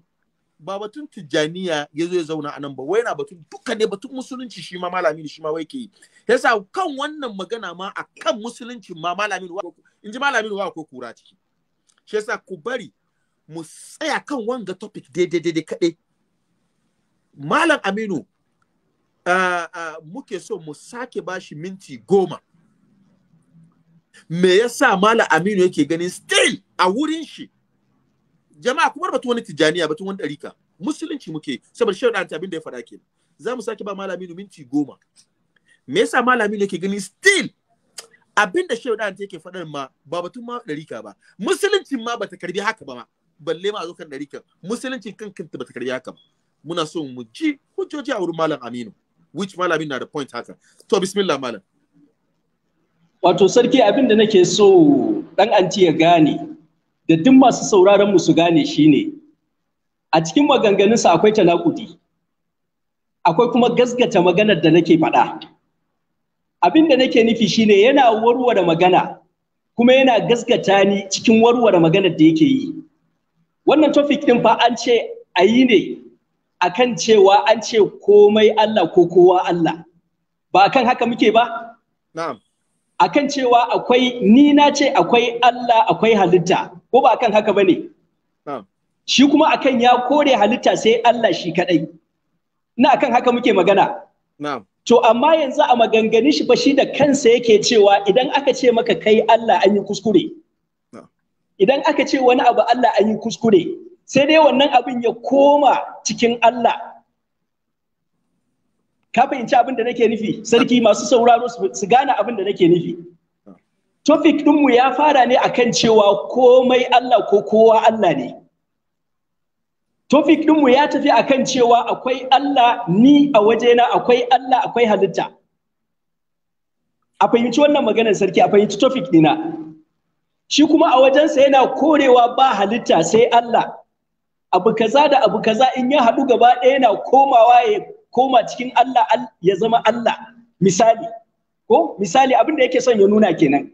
ba batun tijjaniya ya zo ya zauna a nan ba wai na batun duka ne batun musulunci shi ma malami shi ma wai ke yasa kan wannan magana ma a kan musulunci ma malami wa in ji malami wa ko kura ciki shi yasa ku bari mu tsaya kan wanga topic daidai daidai kaɗai malam aminu uh, uh, muke so mu sake bashi minti goma me yasa malam aminu yake ganin still a wurin shi jama'a kuma batun wani tijaniya batun wani ɗarika musulunci muke saboda shi da abin da ya faɗa kenan za mu sake ba malami minti goma me yasa malami ne ke gani still abin da shehu ɗan yake faɗar ma ba batun ma ɗarika ba musuluncin ma bata karbi haka ba ma balle ma a zo kan ɗarikan musuluncin kan kanta bata karbi haka ba muna so mu ji hujjoji a wurin malam aminu which malami na da point haka to bismillah malam wato sarki abin da nake so dan anti ya gane da duk masu sauraron mu su gane shi ne. a cikin maganganunsa akwai tanakudi akwai kuma gasgata maganar da nake faɗa abin da nake nufi shine yana warware magana kuma yana gasgata ni cikin warware maganar da yake yi wannan topic din fa an ce a yi ne akan cewa an ce komai Allah ko kowa Allah ba kan haka muke ba na'am akan cewa akwai ni na ce akwai Allah akwai halitta ko ba akan haka bane shi kuma akan ya kore halitta sai Allah shi kaɗai. na akan haka muke magana to amma yanzu a maganganun shi ba shi da kansa yake cewa idan aka ce maka kai Allah an yi kuskure idan aka ce wani abu Allah an yi kuskure sai dai wannan abin ya koma cikin Allah ka fahimci abin da nake nufi sarki masu sauraro su gane abin da nake nufi topic ɗinmu ya fara ne akan cewa komai Allah ko kowa Allah ne. Topic ɗinmu ya tafi akan cewa akwai Allah ni a wajena akwai Allah akwai halitta. A fahimci wannan maganar sarki a fahimci topic ɗina. Shi kuma a wajensa yana korewa ba halitta sai Allah. Abu kaza da abu kaza in ya haɗu gaba ɗaya yana komawa ya koma cikin Allah ya zama Allah. Misali, ko misali abin da yake son ya nuna kenan.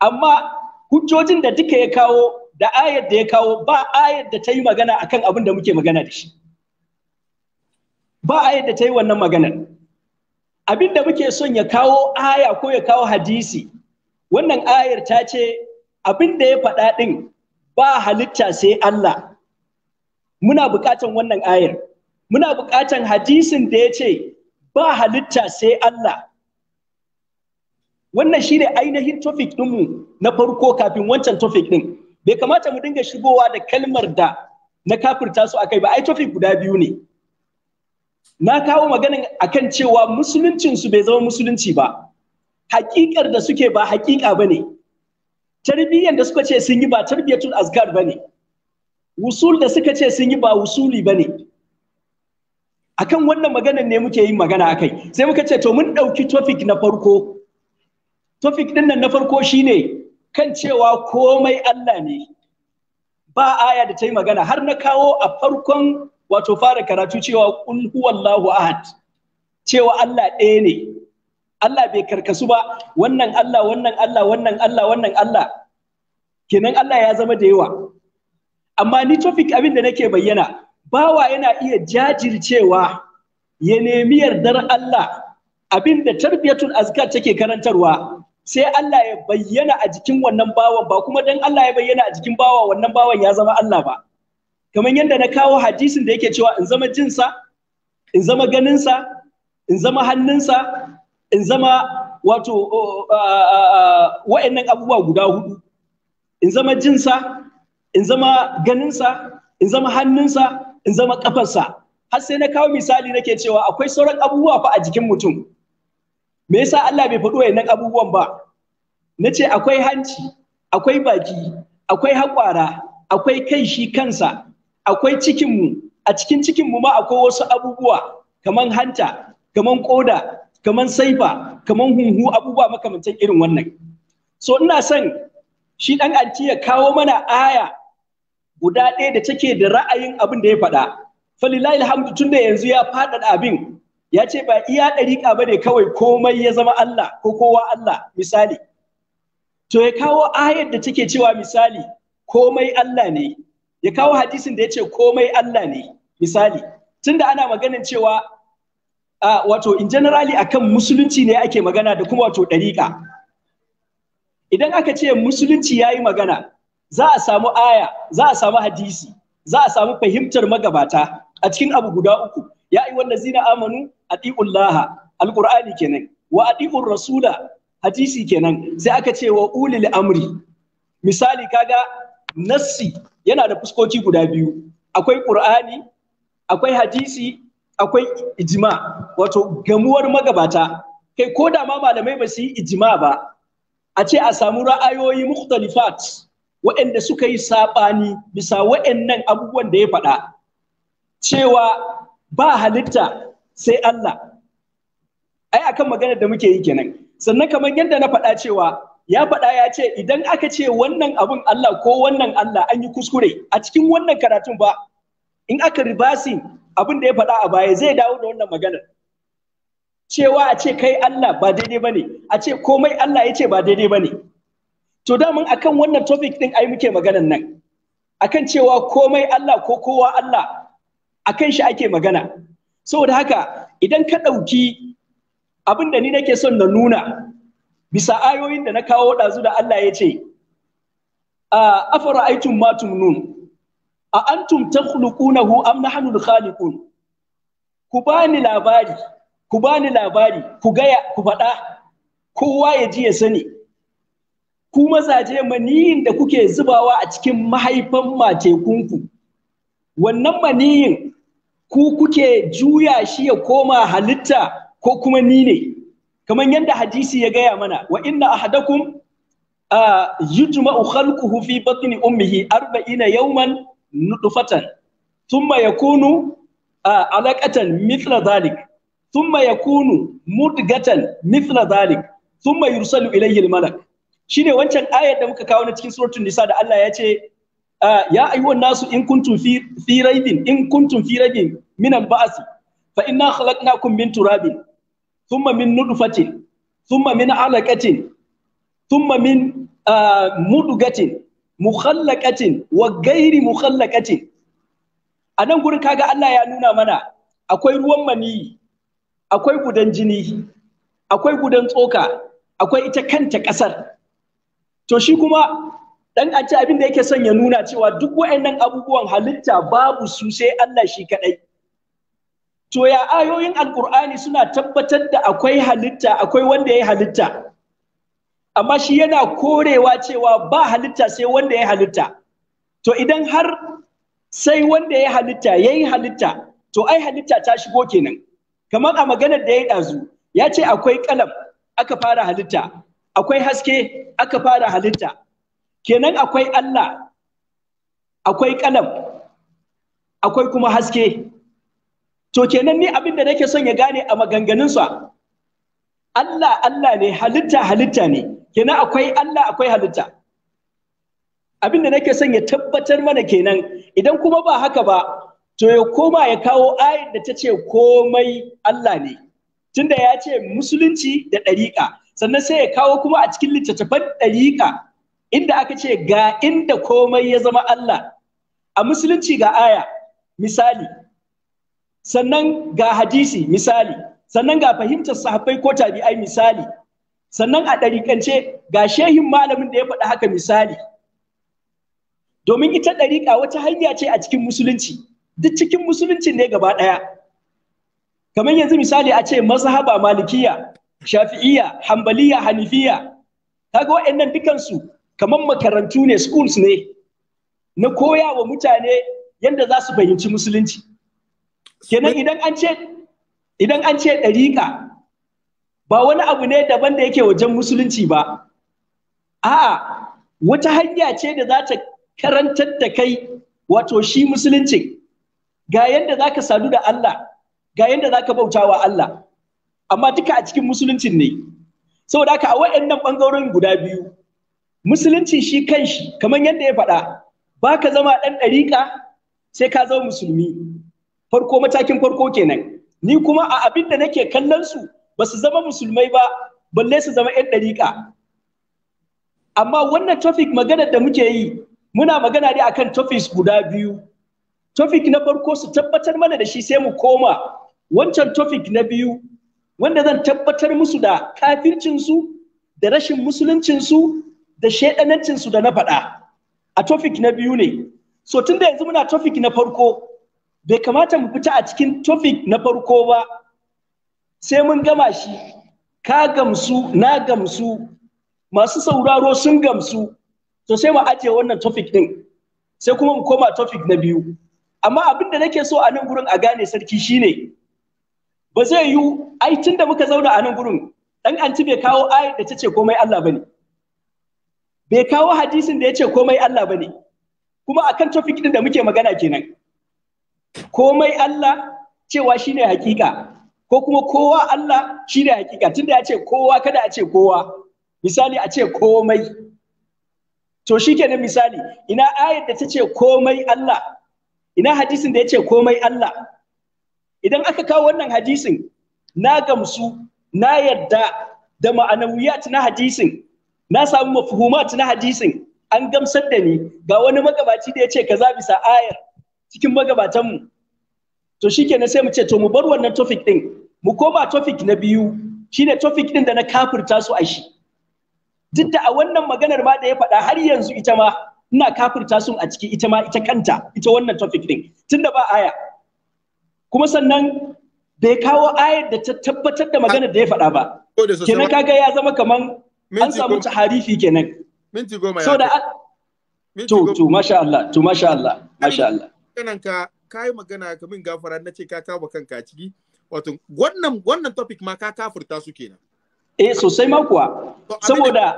amma hujjojin da duka ya kawo da ayar da ya kawo ba ayar da ta yi magana akan abin da muke magana da shi ba ayar da ta yi wannan maganar abin da muke son ya kawo aya ko ya kawo hadisi wannan ayar ta ce abin da ya faɗa ɗin ba halitta sai Allah muna buƙatan wannan ayar muna buƙatan hadisin da ya ce ba halitta sai Allah wannan shine ainihin topic ɗinmu na farko kafin wancan topic ɗin bai kamata mu dinga shigowa da kalmar da na kafirta su akai ba ai topic guda biyu ne na kawo maganin akan cewa musuluncin su bai zama musulunci ba Haƙiƙar da suke ba hakika bane tarbiyyar da suka ce sun yi ba tarbiyatul azkar bane wusul da suka ce sun yi ba wusuli bane akan wannan maganar ne muke yin magana akai sai muka ce to mun ɗauki topic na farko topic din nan na farko shine kan cewa komai Allah ne ba aya da ta yi magana har na kawo a farkon wato fara karatu cewa kul huwallahu ahad cewa Allah ɗaya ne Allah bai karkasu ba wannan Allah wannan Allah wannan Allah wannan Allah kenan Allah ya zama da yawa amma ni topic abin da nake bayyana bawa yana iya jajircewa ya nemi yardar Allah abin da tarbiyatul azkar take karantarwa sai Allah ya bayyana a jikin wannan bawan ba kuma dan Allah ya bayyana a jikin bawa wannan bawan ya zama Allah ba kamar yadda na kawo hadisin da yake cewa in zama jinsa in zama ganinsa in zama hannunsa in zama wato wa'annan abubuwa guda hudu in zama jinsa in zama ganinsa in zama hannunsa in zama kafarsa har sai na kawo misali nake cewa akwai sauran abubuwa fa a jikin mutum me yasa Allah bai faɗo wa'annan abubuwan ba Nace akwai hanci akwai baki akwai haƙwara akwai kai shi kansa akwai cikinmu a cikin cikinmu ma akwai wasu abubuwa kaman hanta kaman ƙoda kaman saifa kaman hunhu abubuwa makamantan irin wannan so ina son shi ɗan anti ya kawo mana aya guda ɗaya da take da ra'ayin abin da ya faɗa Hamdu alhamdu da yanzu ya faɗaɗa abin ya ce ba iya ɗariƙa ba ne kawai komai ya zama Allah ko kowa Allah misali to ya kawo ayar da take cewa misali komai Allah ne ya kawo hadisin da ya ce komai Allah ne misali tunda ana maganin cewa uh, wato in generally kan musulunci ne ake magana da kuma wato ɗariƙa idan aka ce musulunci ya yi magana za a samu aya za a samu hadisi za a samu fahimtar magabata a cikin abu guda uku ya yi wallazina amanu a laha alƙur'ani kenan wa a rasula hadisi kenan sai aka ce wa ulil amri misali kaga nassi yana da fuskoki guda biyu akwai qur'ani akwai hadisi akwai ijma wato gamuwar magabata kai ko da ma malamai ba su yi ijma ba a ce a samu ra'ayoyi mukhtalifat waɗanda suka yi saɓani bisa waɗannan abubuwan da ya faɗa cewa ba halitta sai Allah ai akan maganar da muke yi kenan sannan kamar yadda na faɗa cewa ya faɗa ya ce idan aka ce wannan abun Allah ko wannan Allah an yi kuskure a cikin wannan karatun ba in aka ribasi abin da ya faɗa a baya zai dawo da wannan maganar cewa a ce kai Allah ba daidai bane a ce komai Allah ya ce ba daidai bane to damun akan wannan topic din ai muke maganar nan akan cewa komai Allah ko kowa Allah akan shi ake magana saboda haka idan ka ɗauki abin da ni nake son na nuna bisa ayoyin da na kawo ɗazu da Allah ya ce a afara'aitum ma tumnun a antum takhluqunahu am nahnu khaliqun ku bani labari ku bani labari ku gaya ku faɗa kowa ya ji ya sani ku mazaje maniyin da kuke zubawa a cikin mahaifan matekunku wannan maniyin ku kuke juya shi ya koma halitta ko kuma ni ne kamar yadda hadisi ya gaya mana wa inna ahadakum yujma'u khalquhu fi batni ummihi arba'ina yawman nutfatan thumma yakunu alaqatan mithla dhalik thumma yakunu mudgatan mithla dhalik thumma yursalu ilayhi al-malak shine wancan ayar da muka kawo na cikin suratul nisa da Allah ya ce ya ayyuhan nasu in kuntum fi raibin in kuntum fi raibin min al fa inna khalaqnakum min turabin thumma min nudfatin thumma min alaqatin thumma min uh, mudugatin mukhallaqatin wa ghairi mukhallaqatin a nan gurin kaga Allah ya nuna mana akwai ruwan maniyi akwai gudan jini akwai gudan tsoka akwai ita kanta ƙasar. to shi kuma dan a abin da yake son ya nuna cewa duk waɗannan abubuwan halitta babu su sai Allah shi kaɗai. to ya ayoyin alkur'ani suna tabbatar da akwai halitta akwai wanda ya halitta amma shi yana korewa cewa ba halitta sai wanda ya halitta to idan har sai wanda ya halitta ya yi halitta to ai halitta ta shigo kenan kamar a maganar da ya ɗazu ya ce akwai kalam aka fara halitta akwai haske aka fara halitta kenan akwai allah akwai kalam akwai kuma haske to kenan ni abin da nake son ya gane a maganganunsa Allah Allah ne halitta halitta ne kenan akwai Allah akwai halitta abin da nake son ya tabbatar mana kenan idan kuma ba haka ba to ya koma ya kawo ayar da ta ce komai Allah ne tunda ya ce musulunci da ɗariƙa sannan sai ya kawo kuma a cikin littattafan ɗariƙa inda aka ce ga inda komai ya zama Allah a musulunci ga aya misali sannan ga hadisi misali sannan ga fahimtar sahabbai ko tabi'ai misali sannan a ɗariƙance ga shehin malamin da ya faɗa haka misali domin ita ɗariƙa wata hanya ce a cikin musulunci duk cikin musulunci ne gaba ɗaya kamar yanzu misali a ce mazhaba malikiya shafi'iya hambaliya hanifiya kaga waɗannan dukansu kamar makarantu ne schools ne na koya wa mutane yadda za su fahimci musulunci kenan idan an ce idan an ce ɗariƙa ba wani abu ne daban da yake wajen musulunci ba a'a wata hanya ce da za ta karantar da kai wato shi musulunci ga yadda za ka sadu da Allah ga yadda za ka bauta wa Allah amma duka a cikin musuluncin ne saboda haka a waɗannan ɓangarorin guda biyu musulunci shi kanshi kamar yadda ya faɗa ba ka zama ɗan ɗariƙa sai ka zama musulmi farko matakin farko kenan ni kuma a abin da nake kallon su ba su zama musulmai ba balle su zama 'yan ɗariƙa amma wannan topic magana da muke yi muna magana ne akan topics guda biyu topic na farko su tabbatar mana da shi sai mu koma wancan topic na biyu wanda zan tabbatar musu da kafircinsu da rashin musuluncin su da su da na faɗa a topic na biyu ne so tunda yanzu muna topic na farko bai kamata mu fita a cikin topic na farko ba sai mun gama shi ka gamsu na gamsu masu sauraro sun gamsu to sai mu ajiye wannan topic din sai kuma mu koma topic na biyu amma abin da nake so a nan gurin a gane sarki shine ba zai yiwu ai tun da muka zauna a nan gurin dan anti bai kawo ai da ta ce komai Allah bane bai kawo hadisin da ya ce komai Allah bane kuma akan topic din da muke magana kenan komai Allah cewa shine hakika ko kuma kowa Allah shine hakika tunda ya ce kowa kada a ce kowa misali a ce komai to shi shikenan misali ina ayar da ta ce komai Allah ina hadisin da ya ce komai Allah idan aka kawo wannan hadisin na gamsu na yarda da ma'anawiyat na hadisin na samu mafhumat na hadisin an gamsar da ni ga wani magabaci da ya ce kaza bisa ayar cikin magabatanmu to shikenan sai mu ce to mu bar wannan topic din mu koma topic na biyu shine topic din da na kafirta su a shi duk da a wannan maganar ma da ya faɗa har yanzu ita ma ina kafirta sun a ciki ita ma ita kanta ita wannan topic din tunda ba aya kuma sannan bai kawo ayar da ta tabbatar da maganar da ya faɗa ba kenan kaga ya zama kaman an samu ta harifi kenan minti goma ya to to masha Allah to masha Allah masha Allah maganan ka kai magana ka min gafara na ce ka kawo kanka a ciki wato wannan wannan topic ma ka kafurta su kenan eh sosai ma kuwa saboda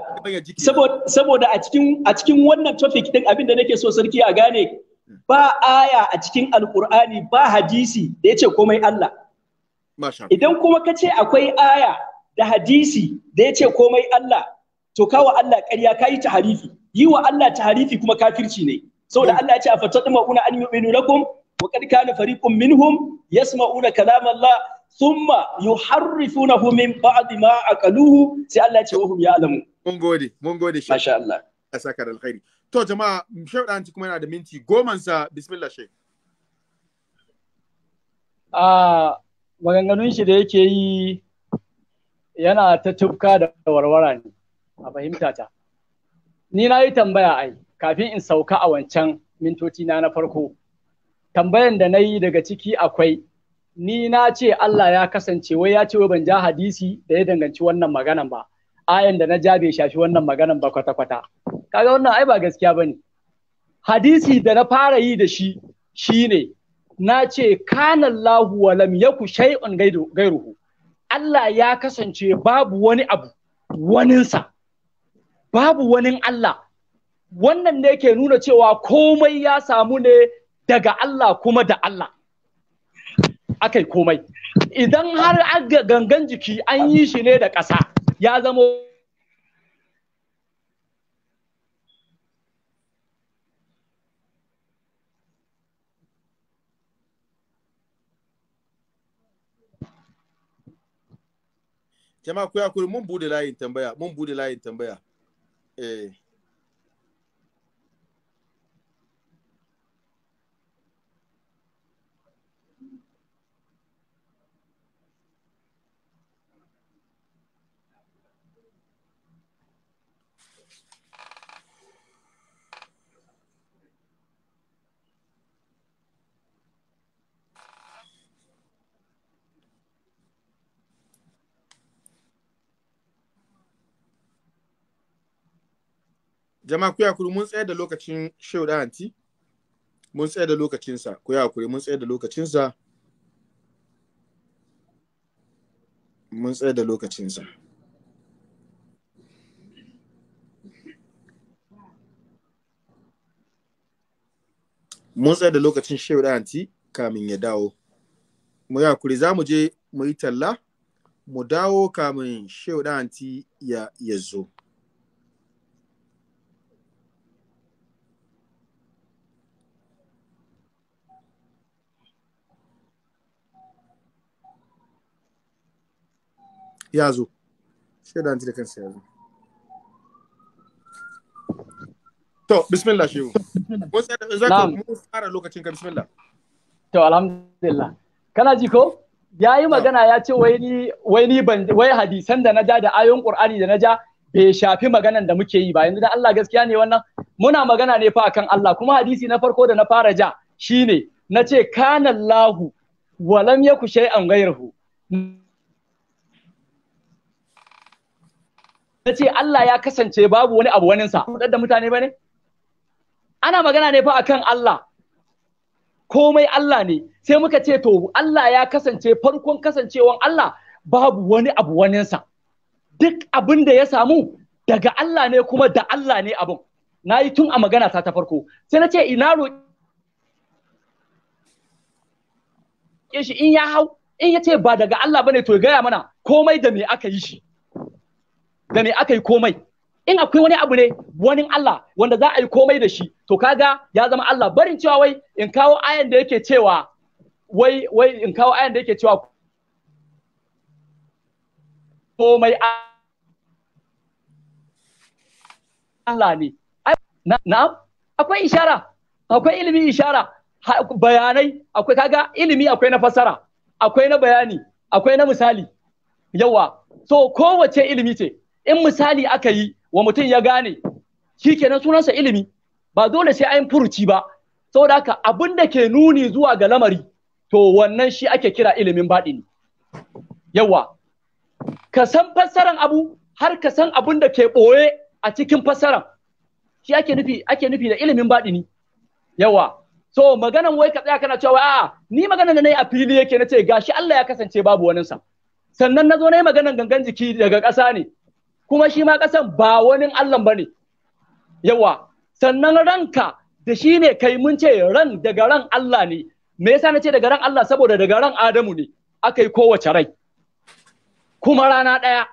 saboda a cikin a cikin wannan topic din abin da nake so sarki a gane ba aya a cikin alkur'ani ba hadisi da yace komai Allah idan kuma ka ce akwai aya da hadisi da yace komai Allah to kawo Allah ƙarya kayi harifi yi wa Allah ta harifi kuma kafirci ne saboda Allah ya ce a fatadma'una an yu'minu lakum wa qad kana fariqun minhum yasma'una kalam Allah thumma yuharrifunahu min ba'di ma aqaluhu sai Allah ya ce wa hum ya'lamu mun gode mun gode shi masha Allah a sakar alkhairi to jama'a shaudanci kuma yana da minti goman sa bismillah shi a maganganun shi da yake yi yana ta tufka da warwara ne a fahimta ta ni na yi tambaya ai kafin in sauka a wancan mintoci na na farko tambayan da na yi daga ciki akwai ni na ce Allah ya kasance wai ya ce wai ban ja hadisi da ya danganci wannan maganan ba ayan da na ja bai shafi wannan maganan ba kwata kwata kaga wannan ai ba gaskiya bane hadisi da na fara yi da shi shine na ce kana Allahu wa lam yaku shay'un gairuhu Allah ya kasance babu wani abu waninsa babu wani Allah wannan ne ke nuna cewa komai ya samu ne daga Allah kuma da Allah akai komai idan har aga gangan jiki an yi shi ne da ƙasa ya zama jama'a ku ya mun bude layin tambaya mun bude layin tambaya eh jama'a kuya kuri mun tsaya da lokacin shehu da hanti mun tsaya da sa kuya kuri mun tsaya da sa mun tsaya da sa mun tsaya da lokacin shehu da hanti kamin ya dawo mu kuri za mu je mu yi talla mu dawo kamin shehu da hanti ya zo ya zo shaidan da kansa ya zo to bismillah shehu za ka mu fara lokacin ka bismillah to alhamdulillah kana ji ko ya yi magana ya ce wai ni wai ban wai hadisan da na ja da ayon qur'ani da na ja bai shafi maganan da muke yi ba yanzu da Allah gaskiya ne wannan muna magana ne fa akan Allah kuma hadisi na farko da na fara ja shine na ce kana lahu walam yaku shay'an ghayruhu na ce Allah ya kasance babu wani abu waninsa kudar da mutane ba ana magana ne fa akan Allah komai Allah ne sai muka ce to Allah ya kasance farkon kasancewan Allah babu wani abu waninsa duk abin da ya samu daga Allah ne kuma da Allah ne abin na yi tun a magana ta ta farko sai na ce ina roƙe shi in ya hau in ya ce ba daga Allah bane to ya gaya mana komai da me aka yi shi da me aka yi komai in akwai wani abu ne wani Allah wanda za a yi komai da shi to kaga ya zama Allah barin cewa wai in kawo ayan da yake cewa wai wai in kawo ayan da yake cewa komai Allah ne na akwai ishara akwai ilimi ishara bayanai akwai kaga ilimi akwai na fasara akwai na bayani akwai na misali yawa so kowace ilimi ce in misali aka yi wa mutum ya gane shi kenan sunansa ilimi ba dole sai an furuci ba saboda haka abin da ke nuni zuwa ga lamari to wannan shi ake kira ilimin baɗini yawa ka san fassaran abu har ka san abin da ke ɓoye a cikin fassaran shi ake nufi ake nufi da ilimin baɗini yawa so maganan wai ka tsaya kana cewa a'a ni maganan da nayi a fili yake ce, gashi Allah ya kasance babu waninsa sannan na zo nayi maganan gangan jiki daga ƙasa ne kuma shi ma ƙasan ba wani Allah ba ne yawa sannan ranka da shi ne kai mun ce ran daga ran Allah ne me yasa na ce daga ran Allah saboda daga ran Adamu ne aka yi kowace rai kuma rana ɗaya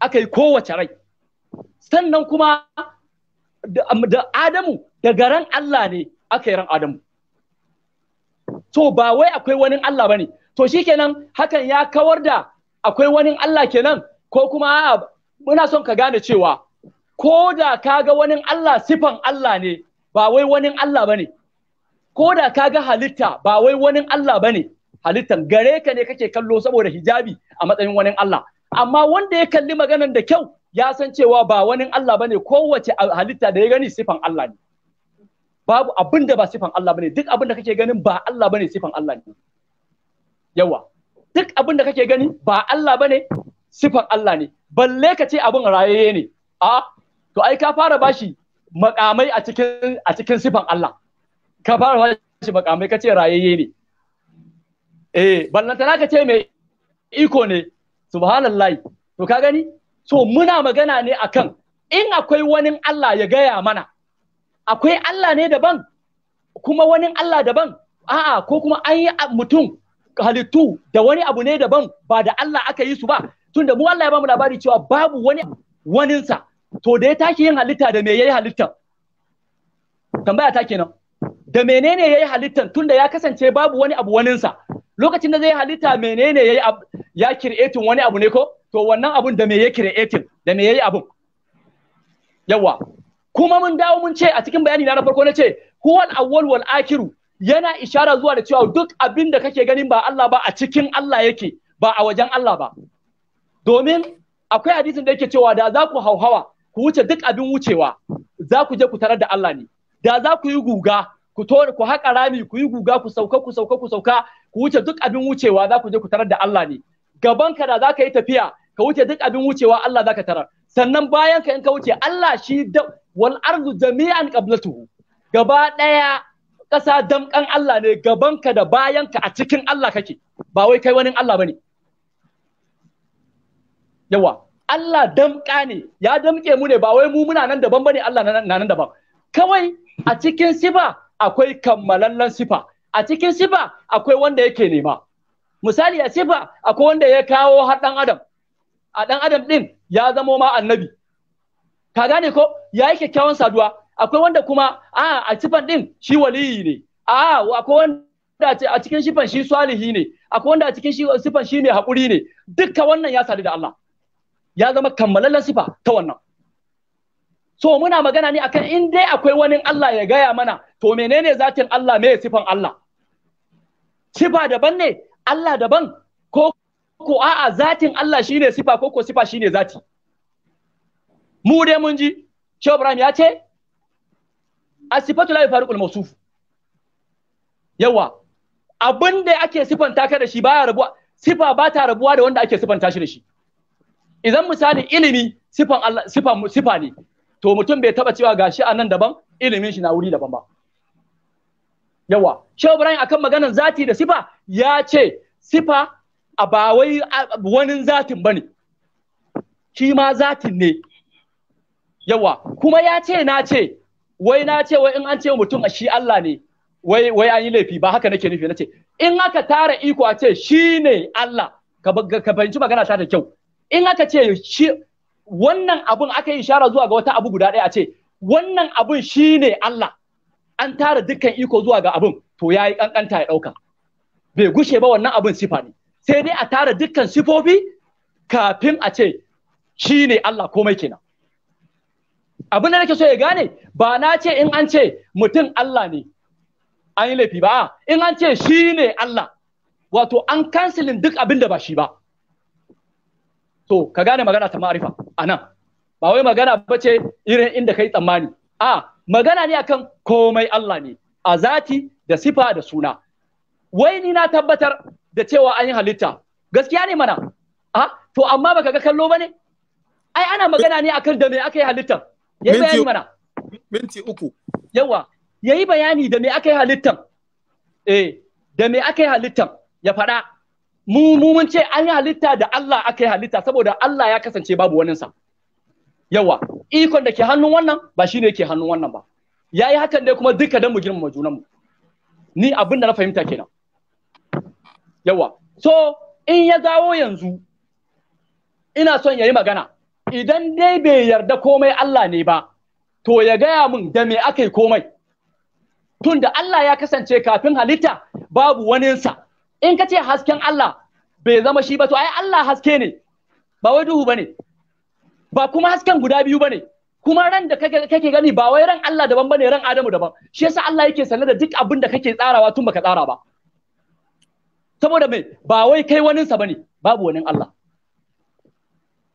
aka yi kowace rai sannan kuma da Adamu daga ran Allah ne aka yi ran Adamu to ba wai akwai wani Allah ba ne to shikenan hakan ya kawar da akwai wani Allah kenan ko kuma muna son ka gane cewa ko da ka ga wani Allah sifan Allah ne ba wai wani Allah ba ne ko da ka ga halitta ba wai wani Allah ba ne halittan gare ka ne kake kallo saboda hijabi a matsayin wani Allah amma wanda ya kalli maganan da kyau ya san cewa ba wani Allah bane kowace halitta da ya gani sifan Allah ne babu abin da ba sifan Allah bane duk abin da kake ganin ba Allah bane sifan Allah ne yawa duk abin da kake gani ba Allah bane sifan Allah ne balle ka ce abin rayaye ne a to ai ka fara bashi makamai a cikin a cikin sifan Allah ka fara bashi makamai ka ce rayaye ne eh na ka ce mai iko ne Subhanallah. to ka gani so muna magana ne akan in akwai wani Allah ya gaya mana akwai Allah ne daban kuma wani Allah daban a'a ko kuma an yi mutum halittu da wani abu ne daban ba da Allah aka yi su ba tunda mu Allah ya bamu labari cewa babu wani waninsa to da ya tashi yin halitta da me yayi halittan tambaya ta kenan da menene yayi halittan tunda ya kasance babu wani abu waninsa lokacin da zai halitta menene yayi ya creating wani abu ne ko to wannan abun da me ya creating da me yayi abun yawa kuma mun dawo mun ce a cikin bayani na farko na ce huwal awwal wal akiru yana ishara zuwa da cewa duk abin da kake ganin ba Allah ba a cikin Allah yake ba a wajen Allah ba domin akwai hadisin da yake cewa da za ku hauhawa ku wuce duk abin wucewa za ku je ku tarar da Allah ne da za ku yi guga ku tone ku haƙa rami ku yi guga ku sauka ku sauka ku sauka ku wuce duk abin wucewa za ku je ku tarar da Allah ne gaban ka da za ka yi tafiya ka wuce duk abin wucewa Allah za ka tarar sannan bayan ka in ka wuce Allah shi da wal ardu jami'an qablatuhu gaba daya ƙasa damƙan Allah ne gaban ka da bayan ka a cikin Allah kake ba wai kai wani Allah bane yawa Allah damƙa ne ya damƙe mu ne ba wai mu muna nan daban bane Allah na nan daban kawai a cikin sifa akwai kammalallen sifa a cikin sifa akwai wanda yake nema misali a sifa akwai wanda ya kawo har dan adam a dan adam din ya zamo ma annabi ka gane ko ya yi kyakkyawan saduwa akwai wanda kuma a a sifan din shi waliyi ne a akwai wanda a cikin sifan shi salihi ne akwai wanda a cikin sifan shi ne haƙuri ne dukkan wannan ya sadu da Allah ya zama kammalallen sifa ta wannan so muna magana ne akan in dai akwai wani Allah ya gaya mana to menene zatin Allah me sifan Allah sifa daban ne Allah daban ko ko a'a zatin Allah shine sifa ko ko sifa shine zati mu dai mun ji Shehu Ibrahim ya ce asifatu la yafariqul mawsuf yawa abin da ake sifanta ka da shi baya rabuwa sifa ba ta rabuwa da wanda ake sifanta shi da shi idan misali ilimi sifan Allah sifa sifa ne to mutum bai taba cewa gashi a nan daban ilimin shi na wuri daban ba yawa shi Ibrahim akan maganar zati da sifa ya ce sifa a ba wai wani zatin bane shi ma zatin ne yawa kuma ya ce na ce wai na ce wai in an ce mutum a shi Allah ne wai wai an yi laifi ba haka nake nufi ce. in aka tara iko a ce shi ne Allah ka fahimci magana ta da kyau in aka ce wannan abun aka yi ishara zuwa ga wata abu guda ɗaya a ce wannan abun shine Allah an tara dukkan iko zuwa ga abun to yayi kankanta ya ɗauka. bai gushe ba wannan abun sifa ne sai dai a tara dukkan sifofi kafin a ce shine Allah komai kenan abin da nake so ya gane ba na ce in an ce mutum Allah ne an yi laifi ba in an ce shine Allah wato an kansilin duk abin da ba shi ba to ka gane magana ta ma'arifa a nan ba wai magana ba ce irin inda ka yi tsammani a magana ne akan komai Allah ne a zati da sifa da suna wai ni na tabbatar da cewa an yi halitta gaskiya ne mana a to amma baka ga kallo ba ne? ai ana magana ne akan da me aka yi halittar yayi bayani mana minti uku yawa yayi bayani da me aka yi halittar eh da me aka yi halittar ya faɗa mu mu mun ce an yi halitta da Allah aka yi halitta saboda Allah ya kasance babu wani sa yawa ikon da ke hannun wannan ba shine ke hannun wannan ba yayi hakan ne kuma duka dan mu girmama junan mu ni abin da na fahimta kenan yawa so in ya dawo yanzu ina son yayi magana idan dai bai yarda komai Allah ne ba to ya gaya mun da me aka yi komai tunda Allah ya kasance kafin halitta babu waninsa in ka ce hasken Allah bai zama shi ba to ai Allah haske ne ba wai duhu bane ba kuma hasken guda biyu bane kuma ran da kake gani ba wai ran Allah daban bane ran Adamu daban shi yasa Allah yake sanar da duk abin da kake tsarawa tun baka tsara ba saboda me ba wai kai waninsa bane babu wani Allah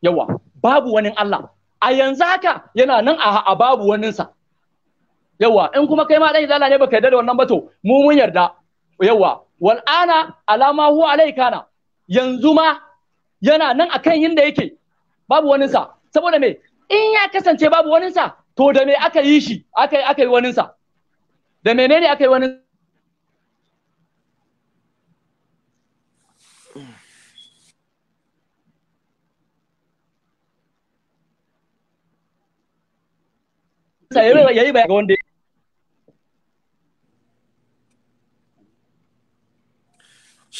yawa babu wani Allah a yanzu haka yana nan a babu wani sa. yawa in kuma kai ma dan zalla ne baka yarda da wannan ba to mu mun yarda yawa wal ana alama huwa alai kana yanzu ma yana nan akan yinda yake babu wani sa saboda me in ya kasance babu wani sa to da me aka yi shi aka yi aka yi wani sa da menene aka yi wani sa yayi bai ga wanda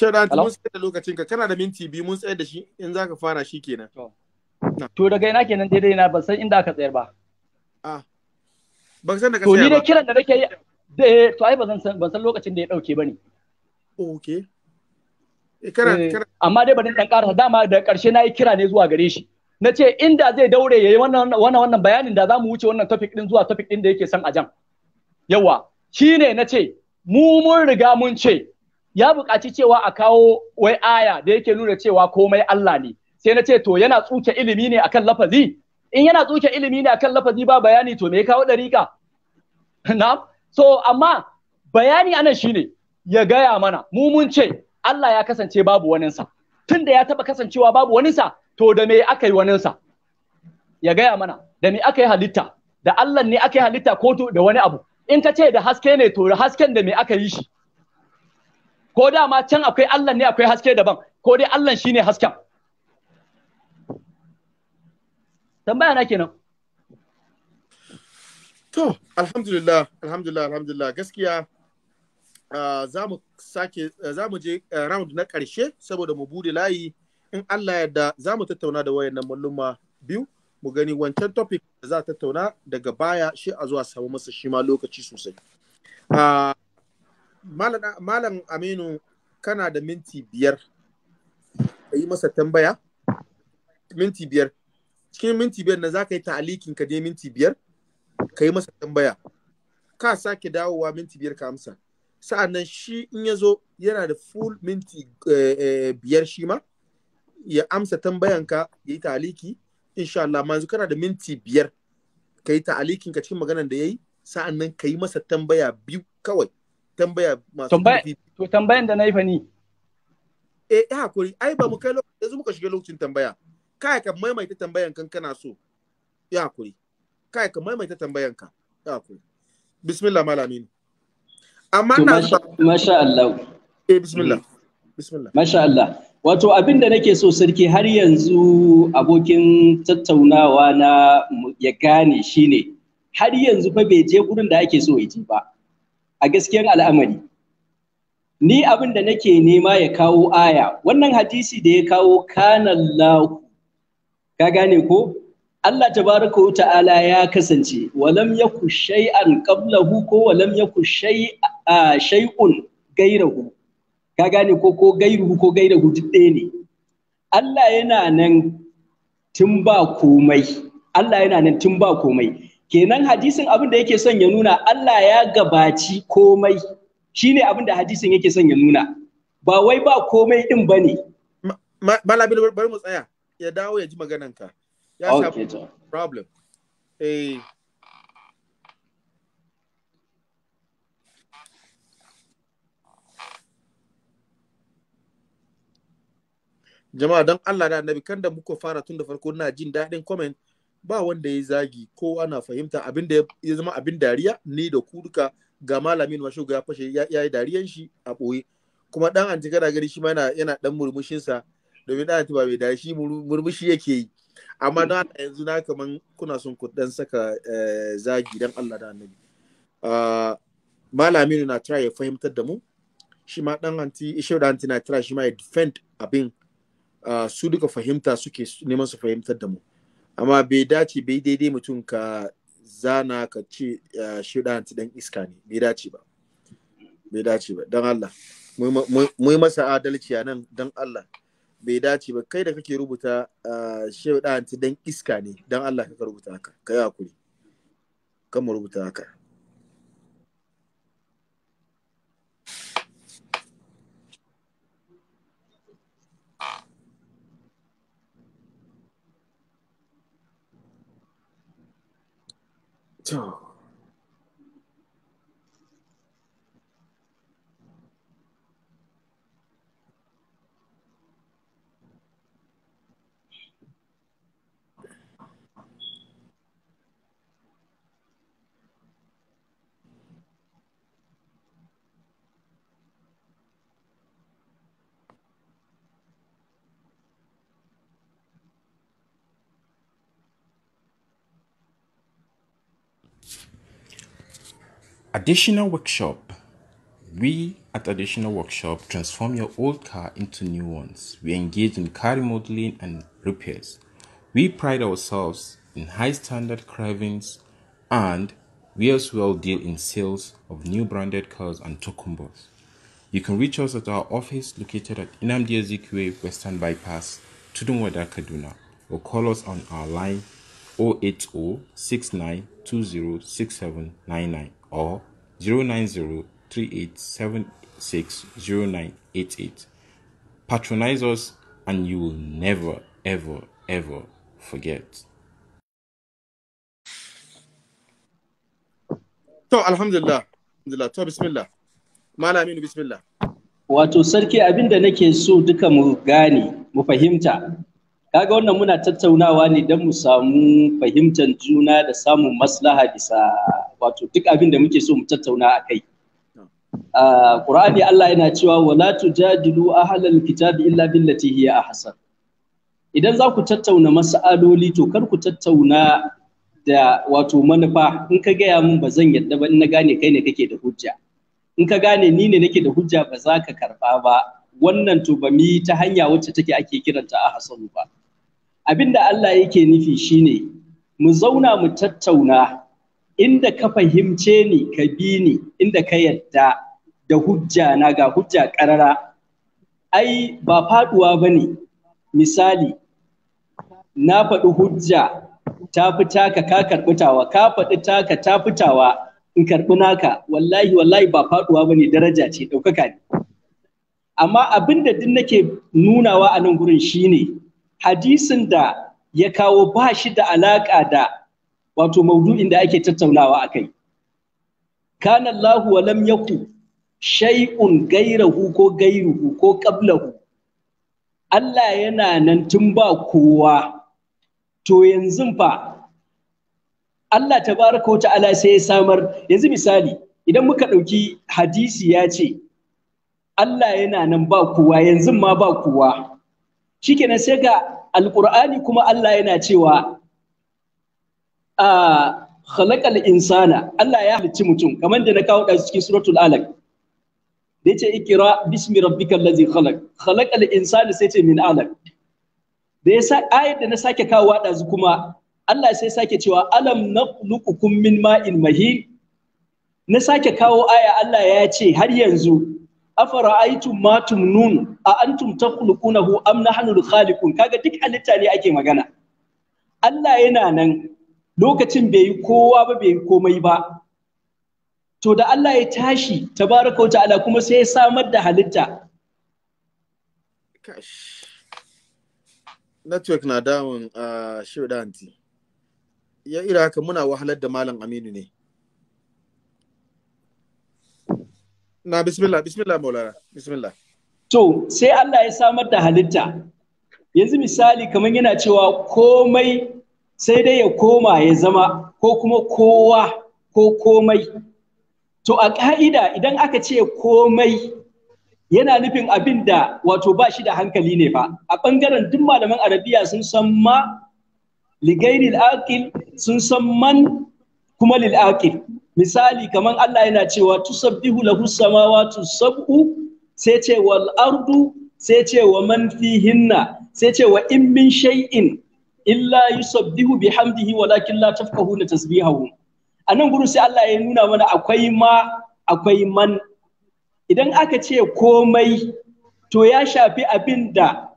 Shaidan, mun tsaye da lokacin ka kana da minti biyu mun tsaye da shi in za ka fara shi kenan. To daga ina kenan daidai na ban san inda aka tsayar ba. Ah. Ban san da ka tsayar ba. To ni ne kiran da nake yi da eh, to ai ban san ban san lokacin da ya dauke bane. Okay. Eh, eh, amma dai ban dan karasa dama da karshe na yi kira ne zuwa gare shi. Na ce inda zai daure yayi wannan wannan wannan bayanin da za mu wuce wannan topic din zuwa topic din da yake son a jan. Yawa, shine na ce mu mun riga mun ce ya buƙaci cewa a kawo wai aya da yake nuna cewa komai Allah ne sai na ce to yana tsuke ilimi ne akan lafazi in yana tsuke ilimi ne akan lafazi ba bayani to me ya kawo dariƙa na'am so amma bayani anan shine ya gaya mana mu mun ce Allah ya kasance babu waninsa tunda ya taba kasancewa babu waninsa to da me aka yi waninsa ya gaya mana da me aka yi halitta da Allah ne aka yi halitta ko to da wani abu in ka ce da haske ne to hasken da me aka yi shi ko dama can akwai Allah ne akwai haske daban ko dai Allah shine hasken tambaya na kenan to alhamdulillah alhamdulillah alhamdulillah gaskiya ah, za mu sake eh, za mu je eh, round na karshe saboda mu bude layi in Allah yarda za mu tattauna da wayannan malluma biyu mu gani wancan topic da za tattauna daga baya shi a zuwa samu masa shi ma lokaci sosai. Ah, Malam Aminu kana da minti biyar, ka yi masa tambaya? Minti biyar. Cikin minti biyar na za ka yi ta'alikin ka dai minti biyar, ka yi masa tambaya. Ka sake dawowa minti biyar ka amsa. Sa'an nan shi in ya zo yana da full minti eh, eh, biyar shi ma, ya amsa tambayanka ya yi ta'aliki, insha Allah, manzu kana da minti biyar, ka yi ta'alikin ka cikin maganar da ya yi, sa'an nan ka yi masa tambaya biyu kawai. tambaya masu To tambayan da na yi fani. Eh, eh hakuri, ai ba mu kai lokacin, yanzu muka shiga lokacin tambaya. Kai ka maimaita tambayan kan kana so. Ya hakuri. Kai ka maimaita tambayan ka. Ya hakuri. Bismillah malamin. Amma na Masha Allah. Eh bismillah. Bismillah. Masha Allah. Wato abin da nake so sarki har yanzu abokin tattaunawa na ya gane shine har yanzu fa bai je gurin da ake so ya ji ba. a gaskiyar al'amari ni abin da nake nema ya kawo aya wannan hadisi da ya kawo kanallahu ka gane ko Allah tabaraka wa ta'ala ya kasance walam ya yaku shay'an qablahu ko walam ya yaku shay'un gairahu ka gane ko ko gairuhu ko gairahu duk ɗaya ne Allah yana nan tun ba komai Allah yana nan tun ba komai kenan hadisin abin da yake son ya nuna Allah ya gabaci komai shine abin da hadisin yake son ya nuna ba wai ba komai din bane malabil bari mu tsaya ya dawo ya ji magananka. ka ya shafi problem eh jama'a don Allah da annabi kan da muka fara tun da farko na jin daɗin comment ba wanda ya zagi kowa na fahimta abin da ya zama abin dariya ni da ku duka ga malamin mashu ya fashe ya yi dariyan shi a ɓoye kuma dan anti kana gari shi ma yana dan murmushin sa domin dan anti ba mai dariya shi murmushi yake yi amma dan yanzu na kaman kuna son ku dan saka eh, zagi dan Allah da annabi ah, malamin na try ya fahimtar da mu shi ma dan anti ishe da anti na try shi ma ya defend abin ah, su duka fahimta suke neman su fahimtar da mu amma bai dace bai daidai mutum ka zana ka ce shida dan iska ne bai dace ba bai dace ba don Allah mu masa adalci nan don Allah bai dace ba kai da kake rubuta shida dan iska ne don Allah ka rubuta haka ka yi hakuri kan mu rubuta haka Oh Additional workshop. We at Additional Workshop transform your old car into new ones. We engage in car remodeling and repairs. We pride ourselves in high standard carvings and we as well deal in sales of new branded cars and tokumbos. You can reach us at our office located at Inamdi Ezekwe Western Bypass, Tudunwada, Kaduna, or call us on our line 080 6920 or 09038760988. Patronize us and you will never, ever, ever forget. To, alhamdulillah, alhamdulillah, to, bismillah. aminu bismillah. Wato, sarki abin da nake so duka mu gane, mu fahimta. Kaga wannan muna tattaunawa ne don mu samu fahimtar juna da samun maslaha bisa wato duk abin da muke so mu tattauna a kai Qur'ani Allah yana cewa wala tujadilu ahlal kitabi illa billati hiya ahsan idan za ku tattauna mas'aloli to kar ku tattauna da wato manufa in ka gaya min ba zan yadda ba in na gane kai ne kake da hujja in ka gane ni ne nake da hujja ba za ka karba ba wannan to ba mi ta hanya wacce take ake kiranta a hasanu ba abinda Allah yake nufi shine mu zauna mu tattauna inda ka fahimce ni ka bi ni inda ka yadda da hujja na ga hujja karara ai ba faduwa ba ne misali na faɗi hujja ta fita ka ka karɓi tawa ka faɗi taka ta fitawa in karɓi naka wallahi wallahi ba faduwa bane daraja ce ɗaukaka ne amma abin da duk nake nunawa a nan gurin shine hadisin da ya kawo ba shi da alaƙa da wato maudu'in da ake tattaunawa akai kana Kanallahu wa lam yaku shay'un gairahu ko gairuhu ko qablahu Allah yana nan tun ba kowa to yanzu fa Allah tabaraka ta'ala sai ya samar yanzu misali idan muka ɗauki hadisi ya ce Allah yana nan ba kowa yanzu ma ba kowa shikenan sai ga Alƙur'ani kuma Allah yana cewa khalaqal insana Allah ya halicci mutum kamar da na kawo da cikin suratul alaq da yace ikra bismi rabbikal ladzi khalaq khalaqal insana sai ce min alaq da yasa ayat da na sake kawo da kuma Allah sai sake cewa alam naqluqukum min ma'in mahin na sake kawo aya Allah ya ce har yanzu afara'aytum ma tumnun a antum takhluqunahu am nahnu khaliqun kaga duk halitta ne ake magana Allah yana nan lokacin bai yi kowa ba bai yi komai ba to da Allah ya tashi tabaraka ta'ala kuma sai ya samar da halitta network na damun a ah, shirda anti ya ira ka muna wahalar da malam aminu ne na bismillah bismillah maulana bismillah to sai Allah ya samar da halitta yanzu misali kamar yana cewa komai sai dai ya koma ya zama ko kuma kowa ko komai to a ka'ida idan aka ce komai yana nufin abin da wato ba shi da hankali ne ba. a ɓangaren duk malaman arabiya sun san ma ligairi aqil sun san man kuma lil misali kamar Allah yana cewa tusabbihu lahu samawati sab'u sai ce wal ardu sai ce wa man fihinna sai ce wa in min shay'in illa yusabbihu bihamdihi walakin la tafqahuna tasbihahu anan gurin sai Allah ya nuna mana akwai ma akwai man idan aka ce komai to ya shafi abin da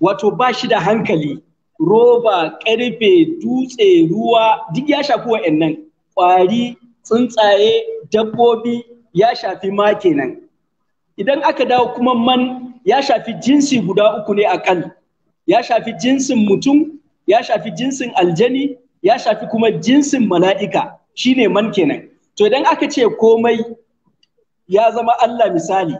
wato ba shi da hankali roba ƙarfe dutse ruwa duk ya shafi wa wa'annan ƙwari tsuntsaye dabbobi ya shafi ma kenan idan aka dawo kuma man ya shafi jinsi guda uku ne a kan. ya shafi jinsin mutum ya shafi jinsin aljani ya shafi kuma jinsin mala'ika ne man kenan to idan aka ce komai ya zama Allah misali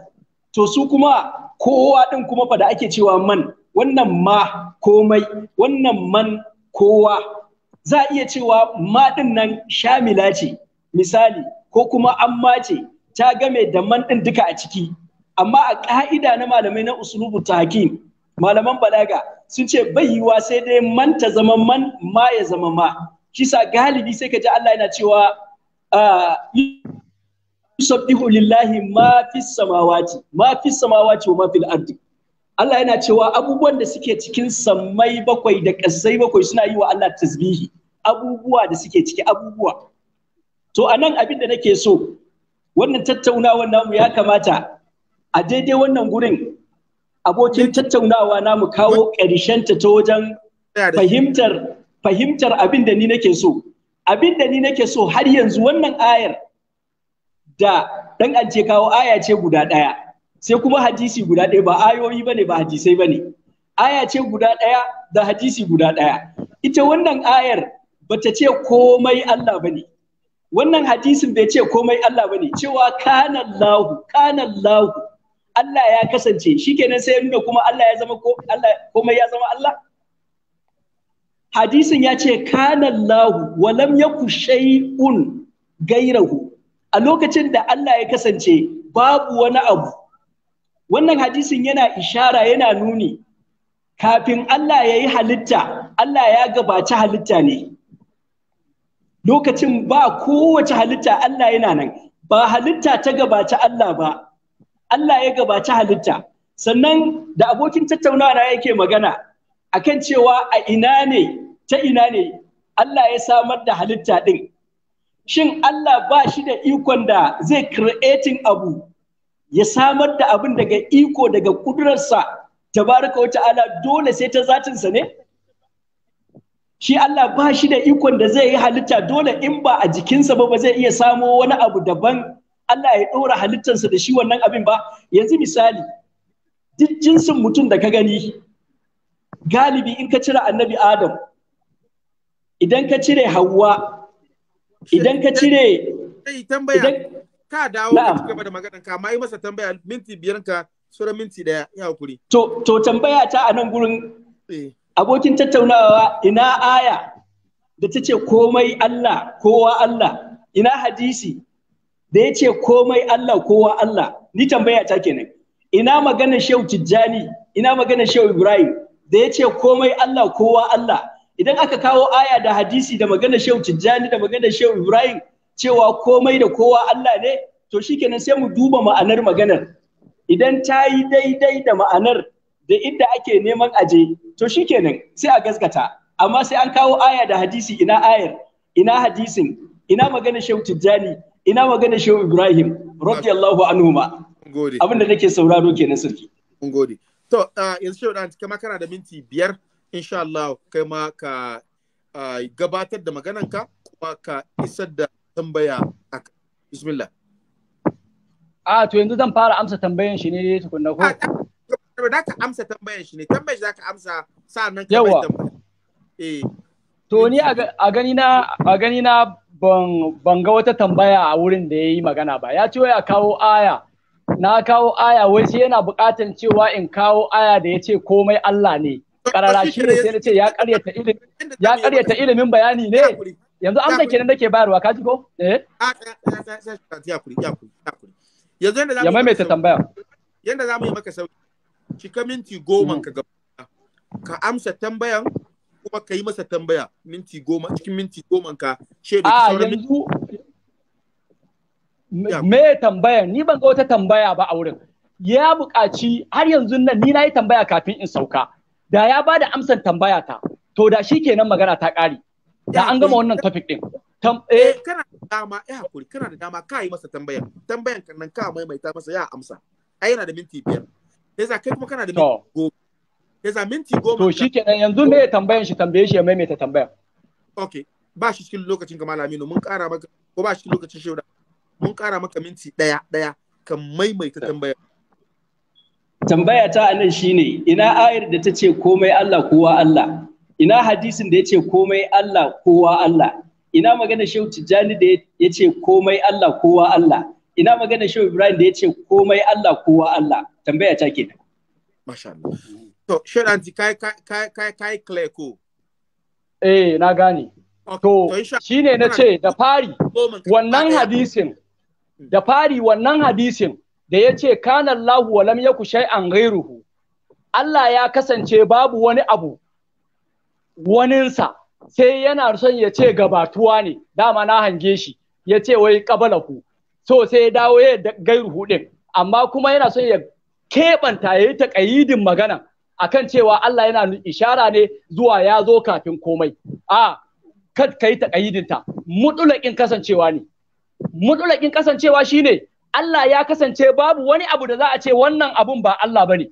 to su kuma kowa din kuma fa da ake cewa man wannan ma komai wannan man kowa za a iya cewa ma din nan shamila ce misali ko kuma amma ce ta game da man din duka a ciki amma a ƙa'ida na malamai na usulubu tahkim malaman balaga sun ce bai yiwa sai dai man ta zama man ma ya zama ma kisa galibi sai ka ji Allah yana cewa ah, yusabbihu lillahi ma fi samawati ma fi samawati wa ma fil ardi Allah yana cewa abubuwan da suke cikin sammai bakwai da ƙasai bakwai suna yi wa Allah tasbihi abubuwa da suke ciki abubuwa to anan abin da nake so wannan tattaunawar namu ya kamata a daidai wannan gurin abokin tattaunawa na mu kawo ƙarshenta ta wajen fahimtar fahimtar abin da ni nake so abin da ni nake so har yanzu wannan ayar da dan an kawo aya ce guda ɗaya sai kuma hadisi guda ɗaya ba ayoyi bane ba hadisai bane aya ce guda ɗaya da hadisi guda ɗaya ita wannan ayar bata ce komai Allah bane wannan hadisin bai ce komai Allah bane cewa kana Allahu kana Allahu Allah ya kasance shi kenan sai ya nuna kuma Allah ya zama ko Allah komai ya zama Allah hadisin ya ce kana Allah wa lam yaku shay'un gairahu a lokacin da Allah ya kasance babu wani abu wannan hadisin yana ishara yana nuni kafin Allah ya yi halitta Allah ya gabaci halitta ne lokacin ba kowace halitta Allah yana nan ba halitta ta gabaci Allah ba Allah ya gabaci halitta sannan da abokin tattaunawa na yake magana akan cewa a ina ne ta ina ne Allah ya samar da halitta ɗin. shin Allah ba shi da ikon da zai creating abu ya samar da abin daga iko daga kudurarsa tabaraka wa ta'ala dole sai ta zatinsa ne shi Allah ba shi da ikon da zai yi halitta dole in ba a jikinsa ba ba zai iya samo wani abu daban Allah ya ɗora halittarsa da shi wannan abin ba yanzu misali duk jinsin mutum da ka gani galibi in ka cire annabi adam idan ka cire hawa idan ka cire tambaya ka dawo ka gaba da maganar ka amma yi masa tambaya minti biyar ka sura minti daya ya hakuri to to tambaya ta a nan gurin eh. abokin tattaunawa ina aya da ta ce komai Allah kowa Allah ina hadisi da ya ce komai Allah kowa Allah ni tambaya ta kenan ina magana shehu tijjani ina magana shehu ibrahim da ya ce komai Allah kowa Allah idan aka kawo aya da hadisi da magana shehu tijjani da magana shehu ibrahim cewa komai da kowa Allah ne to shikenan sai mu duba ma'anar maganar idan ta yi daidai da ma'anar da inda ake neman aje to shikenan sai a gaskata amma sai an kawo aya da hadisi ina ayar ina hadisin ina magana shehu tijjani ina magana shehu ibrahim radiyallahu anhu ma abinda nake sauraro kenan sarki mun gode to uh, yanzu shehu dan kama kana da minti biyar insha Allah kai ma ka uh, gabatar da maganarka kuma ka isar da tambaya aka bismillah a to yanzu zan fara amsa tambayan shi ne tukunna ko da ka amsa tambayan shi ne tambayar za ka amsa sa'annan ka bai tambaya eh to ni a gani na a gani na ban ga wata tambaya a wurin da ya yi magana ba ya ce ya kawo aya na kawo aya wai sai yana buƙatar cewa in kawo aya da ya ce komai Allah ne karara shi ne sai na ce ya karyata ilimin bayani ne yanzu amsa kenan nake bayarwa kaji ko eh yanzu yanda ya maimaita tambaya yanda zamu yi maka sauki cika minti goma ka gaba ka amsa tambayan kuma ka yi masa tambaya minti goma cikin minti goma ka shaida a ah, yanzu me tambaya ni ban ga wata tambaya ba a wurin ya buƙaci har yanzu nan ni na yi tambaya kafin in sauka da ya ba da amsar tambaya ta to da shi nan magana ta ƙare da an gama wannan topic din tam eh. eh kana da dama eh hakuri kana da dama ka yi masa tambaya tambayan kan nan ka maimaita masa ya amsa ai yana da minti biyar sai kai kuma kana da minti goma yasa minti goma to shikenan yanzu me tambayan shi tambaye shi ya mai ta tambaya. okay ba shi cikin lokacin kamar Aminu mun kara maka ko ba shi cikin lokacin shauda mun kara maka minti daya daya kan maimaita tambayar tambaya ta anan shine ina ayar da ta ce komai Allah kowa Allah ina hadisin da ya ce komai Allah kowa Allah ina magana Shehu Tijjani da ya ce komai Allah kowa Allah ina magana Shehu Ibrahim da ya ce komai Allah kowa Allah tambaya ta kenan masha Allah To, Sharanti, kai kai kai kai clear ko? Eh, na gane. To, shine na ce da fari wannan hadisin, hmm. da fari wannan hadisin da ya ce kana Allahu wa lam yaku an Allah ya kasance babu wani abu waninsa sai yana son ya ce gabatuwa ne, dama na hange shi, ya ce wai ku. So sai ya dawo ya gairuhu ɗin. amma kuma yana son ya keɓanta ya yi taƙayidin magana akan cewa Allah yana ishara ne zuwa ya zo kafin komai a kad kai taƙayidinta mutulakin kasancewa ne mutulakin kasancewa shine Allah ya kasance babu wani abu da za a ce wannan abun ba Allah bane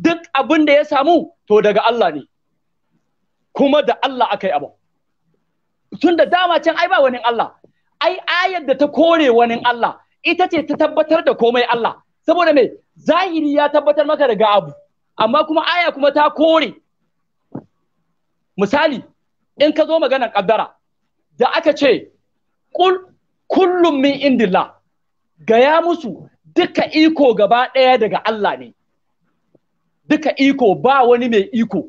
duk abun da ya samu to daga Allah ne kuma da Allah aka yi abu. tun da dama can ai ba wani Allah ai ayar da ta kore wani Allah ita ce ta tabbatar da komai Allah saboda me zahiri ya tabbatar maka daga abu amma kuma aya kuma ta kore misali in ka zo maganar kaddara da aka ce kullum min indilla, gaya musu duka iko gaba ɗaya daga Allah ne duka iko ba wani mai iko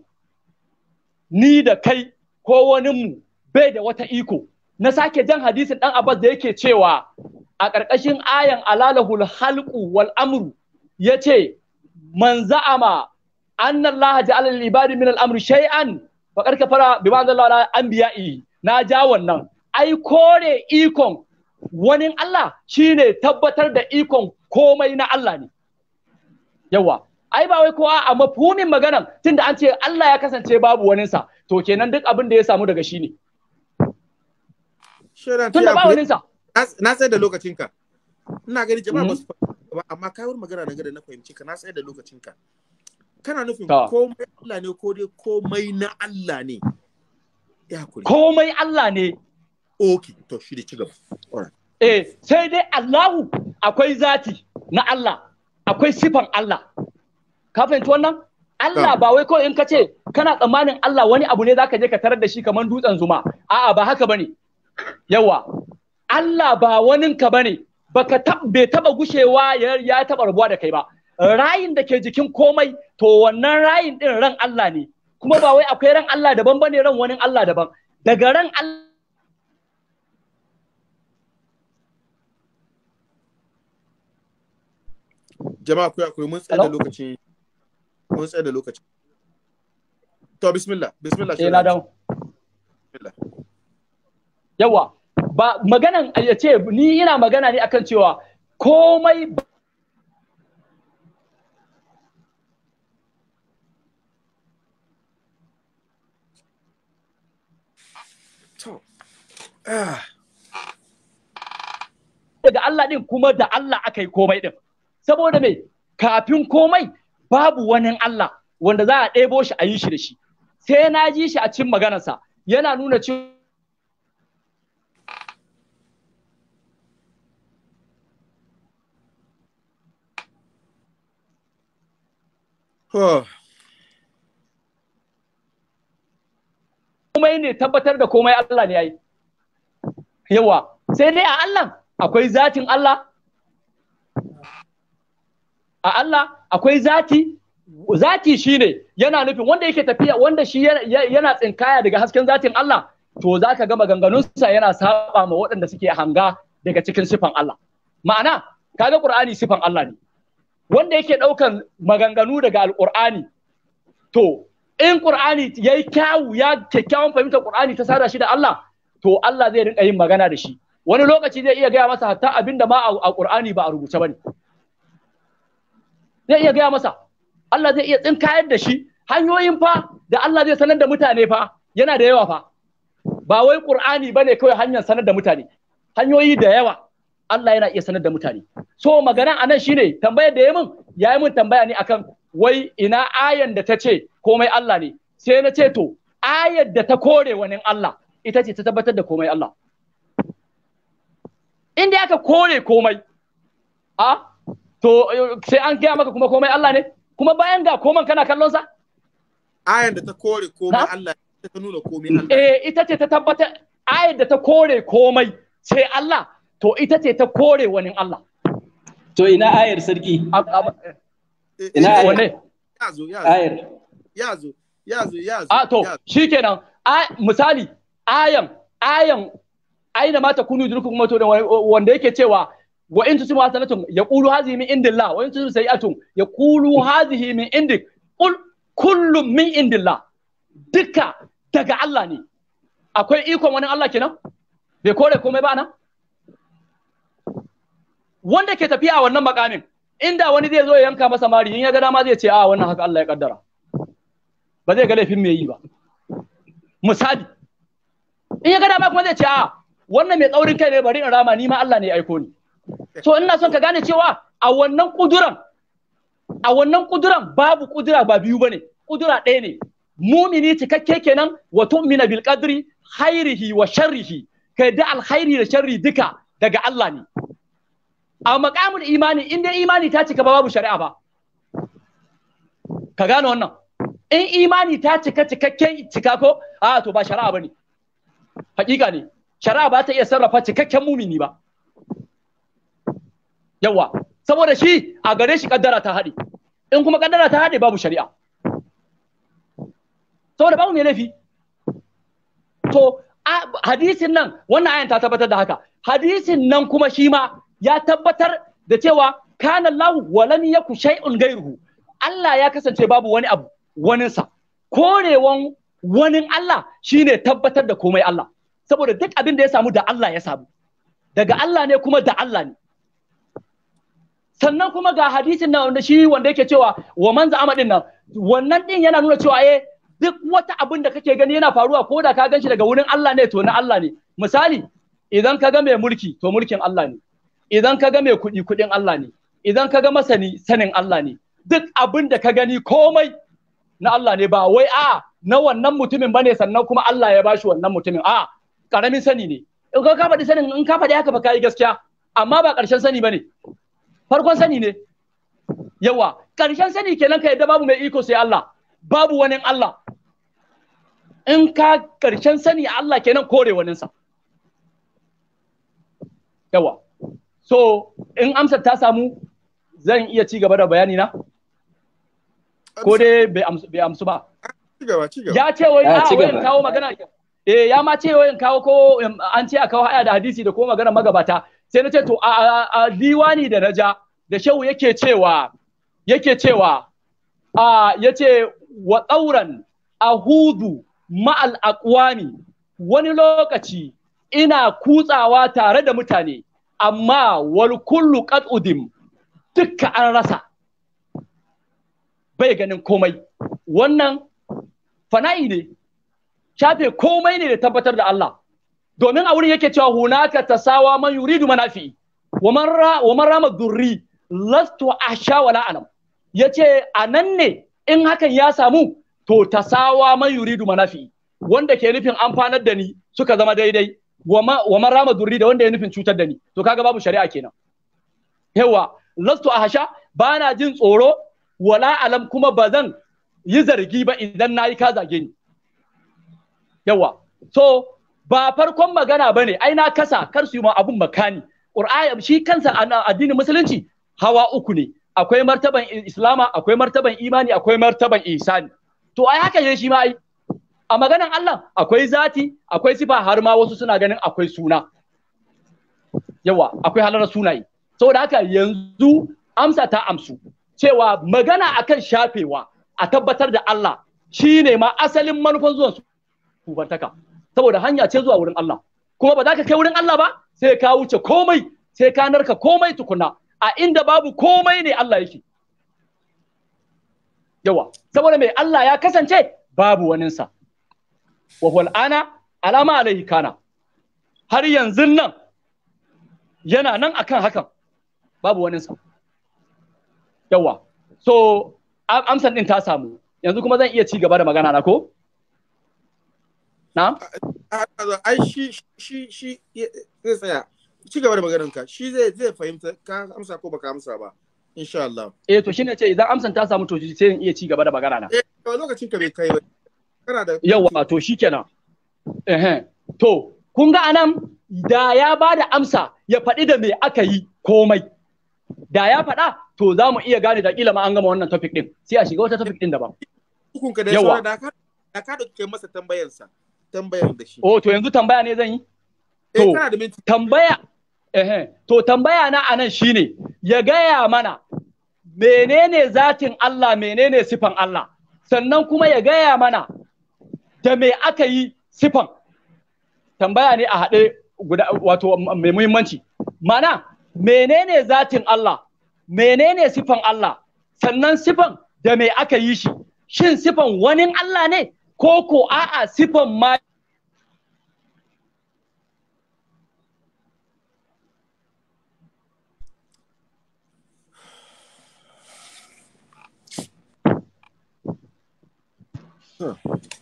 ni da kai ko wani mu bai da wata iko na sake jan hadisin dan Abbas da yake cewa a ƙarƙashin ayan alalahul halqu wal amru yace man za'ama anna Allah ja'ala lil ibadi min al-amri shay'an faqad kafara bima anzala ala anbiya'i na ja wannan ai kore ikon wani Allah shine tabbatar da ikon komai na Allah ne yawa ai ba wai kowa a mafhumin maganan tunda an ce Allah ya kasance babu waninsa to kenan duk abin da ya samu daga shi ne tunda ba waninsa na sai da lokacinka ina gani jama'a ba hmm? su amma kawar magana daga da na fahimci ka na sai da lokacinka kana nufin komai Allah ne ko dai komai na Allah ne ya kuri komai Allah ne okay to shi da ci gaba eh sai dai Allahu akwai zati na Allah akwai sifan Allah ka fahimci wannan Allah ba wai kawai in ka ce kana tsammanin Allah wani abu ne zaka je ka tarar da shi kamar dutsen zuma a'a ba haka bane yawa Allah ba waninka ka bane baka bai taba gushewa ya taba rabuwa da kai ba rayin da ke jikin komai to wannan rayin din ran Allah ne kuma ba wai akwai ran Allah daban bane ran wani Allah daban daga ran Allah jama'a akwai akwai mun tsaye da lokaci mun tsaye da lokaci to bismillah bismillah eh ladan yawa ba maganan ya ce ni ina magana ne akan cewa komai daga Allah din kuma da Allah aka yi komai din saboda me kafin komai babu wani Allah wanda za a ɗebo shi a yi shi da shi sai na ji shi a cikin maganarsa yana nuna cewa Komai ne tabbatar da komai Allah ne ya yi. yawa sai dai a Allah akwai zatin Allah a Allah akwai zati zati shine yana nufin wanda yake tafiya wanda shi yana tsinkaya daga hasken zatin Allah to zaka ka ga maganganunsa yana saba ma waɗanda suke hanga daga cikin sifan Allah ma'ana kaga Qur'ani sifan Allah ne wanda yake ɗaukan maganganu daga alƙur'ani to in Qur'ani yayi kyawu ya kyakkyawan fahimtar Qur'ani ta sada shi da Allah to Allah zai rinka yin magana da shi wani lokaci zai iya gaya masa hatta abinda ma a Qur'ani ba a rubuce bane zai iya gaya masa Allah zai iya tsinkayar da shi hanyoyin fa da Allah zai sanar da mutane fa yana da yawa fa ba wai Qur'ani bane kawai hanyar sanar da mutane hanyoyi da yawa Allah yana iya sanar da mutane so magana anan shine tambayar da ya min ya yi min tambaya ne akan wai ina ayan da ta ce komai Allah ne sai na ce to ayar da ta kore wani Allah ita ce ta tabbatar da komai Allah inda aka kore komai a to sai an gaya maka kuma komai Allah ne kuma bayan ga koman kana kallon sa ayan da ta kore komai Allah ta ta nuna komai Allah eh ita ce ta tabbatar ayan da ta kore komai sai Allah to ita ce ta kore wani Allah to ina ayar sarki eh, ina eh, ayar yazo yazo yazo yazo yazo a to shikenan misali ayan ayan aina mata kunu mato da wanda yake cewa wa in tusibu hasanatun yaqulu hadhihi min indillah wa in tusibu sayi'atun yaqulu hadhihi min indik qul kullu min indillah duka daga Allah ne akwai ikon wani Allah kenan bai kore komai ba nan wanda ke tafiya a wannan makamin inda wani zai zo ya yanka masa mari in ya ga dama zai ce a wannan haka Allah ya kaddara ba zai ga laifin me yi ba misali in ya ga dama kuma zai ce a wannan mai tsaurin kai ne bari in rama ni ma Allah ne ya aiko ni to ina son ka gane cewa a wannan kuduran a wannan kuduran babu kudura ba biyu bane kudura ɗaya ne mumini cikakke kenan wa tu'mina bil qadri khairihi wa sharrihi kai da alkhairi da sharri duka daga Allah ne a maqamul imani in dai imani ta cika ba babu shari'a ba ka gane wannan in imani ta cika cikakken cika ko a to ba shari'a bane hakika ne shari'a ba ta iya sarrafa cikakken mumini ba yawa saboda shi a gare shi kaddara ta haɗe in kuma kaddara ta haɗe babu shari'a saboda babu mai laifi to hadisin nan wannan ayan ta tabbatar da haka hadisin nan kuma shi ma ya tabbatar da cewa kana lahu walam yaku shay'un gairuhu Allah ya kasance babu wani abu waninsa korewan wani Allah shi ne tabbatar da komai Allah saboda duk abin da ya samu da Allah ya samu daga Allah ne kuma da Allah ne sannan kuma ga hadisin na wanda shi wanda yake cewa wa man za'ama nan wannan din yana nuna cewa eh duk wata abin da kake gani yana faruwa ko da ka ganshi daga wurin Allah ne to na Allah ne misali idan ka ga mai mulki to mulkin Allah ne idan ka ga mai kuɗi kuɗin Allah ne idan ka ga masani sanin Allah ne duk abin da ka gani komai na Allah ne ba wai a na wannan mutumin bane sannan kuma Allah ya bashi wannan mutumin a karamin sani ne in ka faɗi sanin in ka faɗi haka ba kai gaskiya amma ba ƙarshen sani bane farkon sani ne yawa ƙarshen sani kenan ka yadda babu mai iko sai Allah babu wani Allah in ka ƙarshen sani Allah kenan kore sa yawa so in amsar ta samu zan iya ci gaba da bayani na ko dai bai amsu ba ya ce wai a wayan kawo magana eh ya ma ce wayan kawo ko an ce a kawo haya da hadisi da ko magana magabata sai na ce to a diwani da naja da shehu yake cewa yake cewa a yace wa tsauran ahudu ma'al aqwani wani lokaci ina kutsawa tare da mutane amma wal kullu qad udim dukka an rasa bai ganin komai wannan fana'i ne shafe komai ne da tabbatar da Allah domin a wurin yake cewa hunaka tasawa man yuridu manafi wa man ra wa man rama durri lastu asha wala alam yace anan ne in hakan ya samu to tasawa man yuridu manafi wanda ke nufin amfanar da ni suka zama daidai wa man rama durri da wanda ya nufin cutar da ni to kaga babu shari'a kenan yawa lastu ahasha bana jin tsoro wala alam kuma bazan yi zargi ba idan na yi ka zage ni yawa so ba farkon magana ba ne ai na kasa kar su yi ma abun makani ƙur'ani shi kansa addinin musulunci hawa uku ne akwai martaban islama akwai martaban imani akwai martaban isani to ai haka ne shi ma ai a maganan Allah akwai zati akwai sifa har ma wasu suna ganin akwai suna yawa akwai halar sunaye saboda haka yanzu amsa ta amsu cewa magana akan shafewa a tabbatar da Allah shi ne ma asalin manufan zuwan su kubantaka saboda hanya ce zuwa wurin Allah kuma ba za ka kai wurin Allah ba sai ka wuce komai sai ka narka komai tukuna a inda babu komai ne Allah yake yawa saboda mai Allah ya kasance babu waninsa wa huwal ana alama alaihi kana har yanzu nan yana nan akan hakan babu waninsa yawa so amsan din ta samu yanzu kuma zan iya ci gaba da magana na ko na ai shi shi shi zai tsaya ci gaba da maganar ka shi zai zai fahimta ka amsa ko baka amsa ba insha Allah eh to shine ce idan amsan ta samu to sai in iya ci gaba da magana na eh lokacin ka bai kai ba kana da yawa to shikenan eh to kun ga anan da ya bada amsa ya faɗi da me aka yi komai da ya faɗa to za mu iya gane da kila ma an gama wannan topic din sai a shiga wata topic din daban hukunka da yawa da ka da ka masa tambayar sa tambayar da shi oh to yanzu tambaya ne zan yi eh, to tambaya eh to tambaya na anan shine ya gaya mana menene zatin Allah menene sifan Allah sannan kuma ya gaya mana da me aka yi sifan tambaya ne a haɗe guda wato mai muhimmanci mana menene zatin Allah menene sifan Allah sannan sifan da me aka yi shi shin sifan wani Allah ne ko ko a'a sifan ma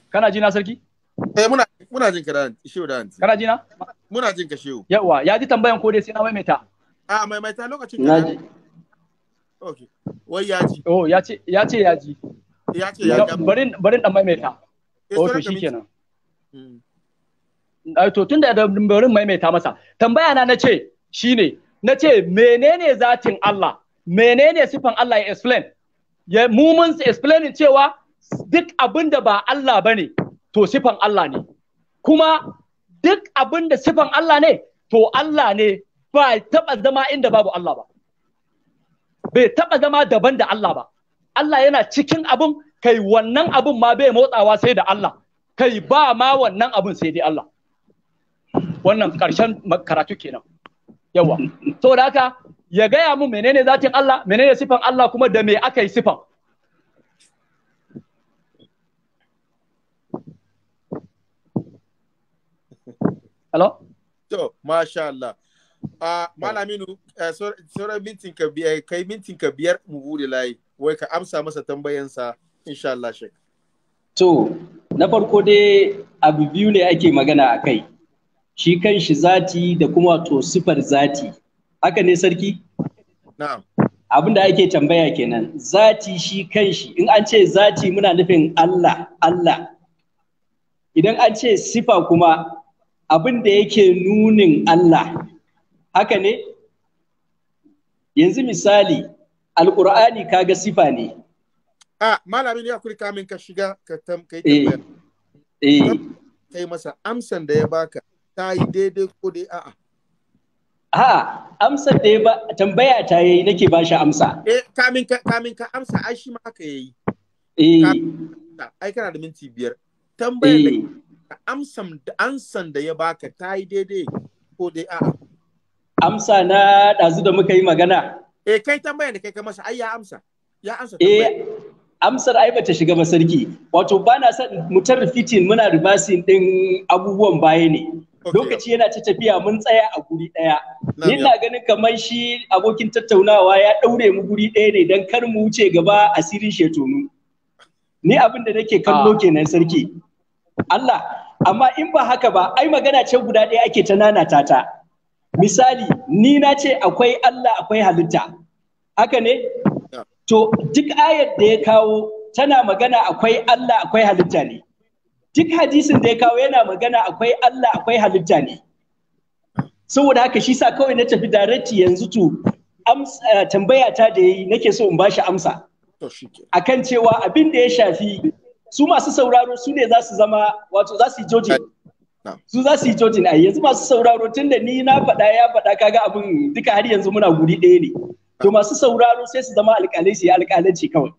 Kana ji na sarki? Eh muna muna jin ka da shehu da anti. Kana ji na? Muna jin ka shehu. Yawa, ya ji tambayan ko dai sai na maimaita. a ah, maimaita lokacin na ji okay wai oh, ya ji oh ya ce ya ji ya ce ya ji barin barin dan maimaita oh to shikenan to tun da barin maimaita masa tambaya na na ce ne, na ce menene zatin Allah menene sifan Allah ya explain ya mu explaining cewa duk abin da ba Allah ne to sifan Allah ne kuma duk abin da sifan Allah ne to Allah ne ba taɓa zama inda babu Allah ba bai taɓa zama daban da Allah ba Allah yana cikin abun kai wannan abun ma bai motsawa sai da Allah kai ba ma wannan abun sai dai Allah wannan ƙarshen karatu kenan yawa da haka ya gaya mu menene zatin Allah menene sifan Allah kuma da me aka yi sifan Hello? To, masha Allah. Ah, Malaminu, eh, sauran mintin ka biyar, eh, kai mintin ka biyar mu buɗe layi, wai ka amsa masa tambayansa, insha Allah shek. To, na farko dai abu biyu ne ake magana a kai, shi kan shi zati da kuma to sifar zati, haka ne sarki? Na'am. Abin da ake tambaya kenan, zati shi kan shi, in an ce zati muna nufin Allah, Allah. Idan an ce sifa kuma abin da yake nunin Allah, haka ne yanzu misali alkur'ani kaga sifa ne a malami ne akwai kamin ka shiga ka tam kai tambaya eh, eh. kai masa amsan da ya baka ta yi daidai ko dai a'a Ha, Amsan da ya ba tambaya ta yayi nake ba shi amsa. Eh, kamin ka kamin ka amsa ai shi ma haka yayi. Eh. Ai kana da minti biyar. Tambayar da eh. amsan da ansan da ya baka ta yi daidai ko dai a'a. amsa na ɗazu da muka yi magana. Eh kai tambaya da kai ka masa ai amsa. Ya amsa Eh amsar ai bata shiga ba sarki. Wato ba na son mutar fitin muna ribasin ɗin abubuwan baya ne. Lokaci yana ta tafiya mun tsaya a guri ɗaya. Ni na ganin kamar shi abokin tattaunawa ya ɗaure mu guri ɗaya ne don kar mu wuce gaba asirin shetonu. Ni abin da nake kallo ah. kenan sarki. Allah, amma in ba haka ba, ai magana ce guda ɗaya ake ta nanata ta. misali ni na ce akwai Allah akwai halitta haka ne to duk ayar da ya kawo tana magana akwai Allah akwai halitta ne duk hadisin da ya kawo yana magana akwai Allah akwai halitta ne saboda haka shi sa kawai na tafi daretti yanzu to eh, tambaya ta da yayi nake so in bashi amsa akan cewa abin da ya shafi su masu sauraro su ne za su zama wato za su yi jojin su za su yi cocin ai yanzu masu sauraro tun da ni na faɗa ya faɗa kaga abin duka har yanzu muna guri ɗaya ne to masu sauraro sai su zama alƙalai su yi alƙalanci kawai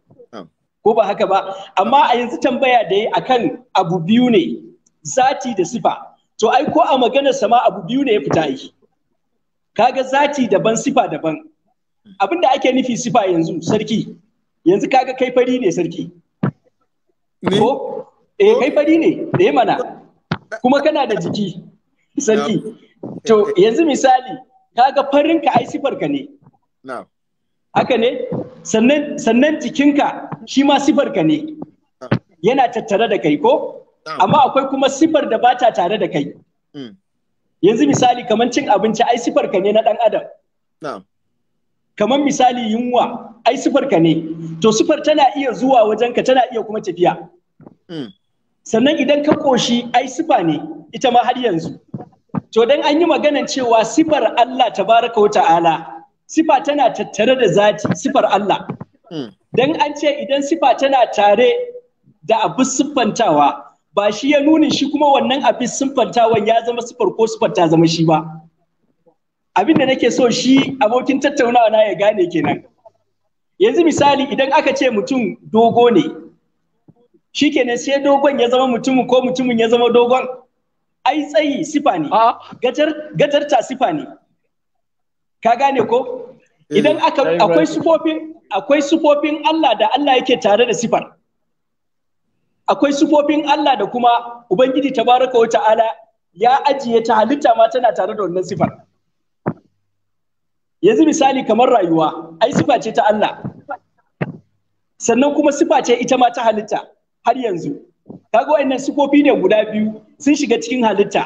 ko ba haka ba amma a yanzu tambaya da yi akan abu biyu ne zati da sifa to ai ko a maganar sama abu biyu ne ya fita yi kaga zati daban sifa daban abin da ake nufi sifa yanzu sarki yanzu kaga kai fari ne sarki ko eh kai fari ne eh mana kuma kana da jiki sarki to yanzu misali kaga farin ka ai sifarka ne haka ne sannan sannan jikinka shi ma sifarka ne yana tattare da kai ko amma akwai kuma sifar da ba ta tare da kai mm. yanzu misali kamar cin abinci ai sifarka ne na dan adam kamar misali yunwa ai sifarka ne to sifar tana iya zuwa wajenka tana iya kuma tafiya mm. sannan idan ka koshi ai sifa ne ita ma har yanzu to dan an yi maganan cewa sifar Allah tabaraka wa ta'ala sifa tana tattare da zati sifar Allah hmm. dan an ce idan sifa tana tare da abu siffantawa ba shi ya nuni shi kuma wannan abin siffantawan ya zama sifar ko sifar ta zama shi ba abin da nake so shi abokin tattaunawa na ya gane kenan yanzu misali idan aka ce mutum dogo ne shikenan sai dogon ya zama mutumin ko mutumin ya zama dogon ai tsayi sifa ne ah. gajar gajarta sifa ne ka gane ko eh, idan aka akwai sufofin akwai sufofin Allah da Allah yake tare da sifar akwai sufofin Allah da kuma ubangiji tabaraka wa ta'ala ya ajiye ta halitta ma tana tare da wannan sifar yanzu misali kamar rayuwa ai sifa ce ta Allah sannan kuma sifa ce ita ma ta halitta har yanzu kaga wayannan sifofi ne guda biyu sun shiga cikin halitta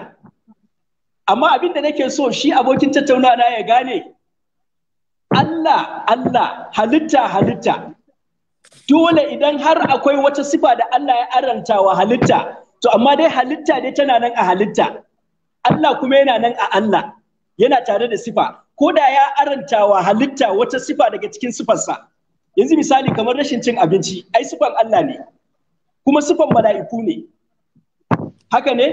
amma abin da nake so shi abokin tattaunawa na ya gane Allah Allah halitta halitta dole idan har akwai wata sifa da Allah ya aranta wa halitta to amma dai halitta dai tana nan a halitta Allah kuma yana nan a Allah yana tare da sifa ko da ya aranta wa halitta wata sifa daga cikin sifarsa yanzu misali kamar rashin cin abinci ai sifan Allah ne kuma sifan mala'iku ne haka ne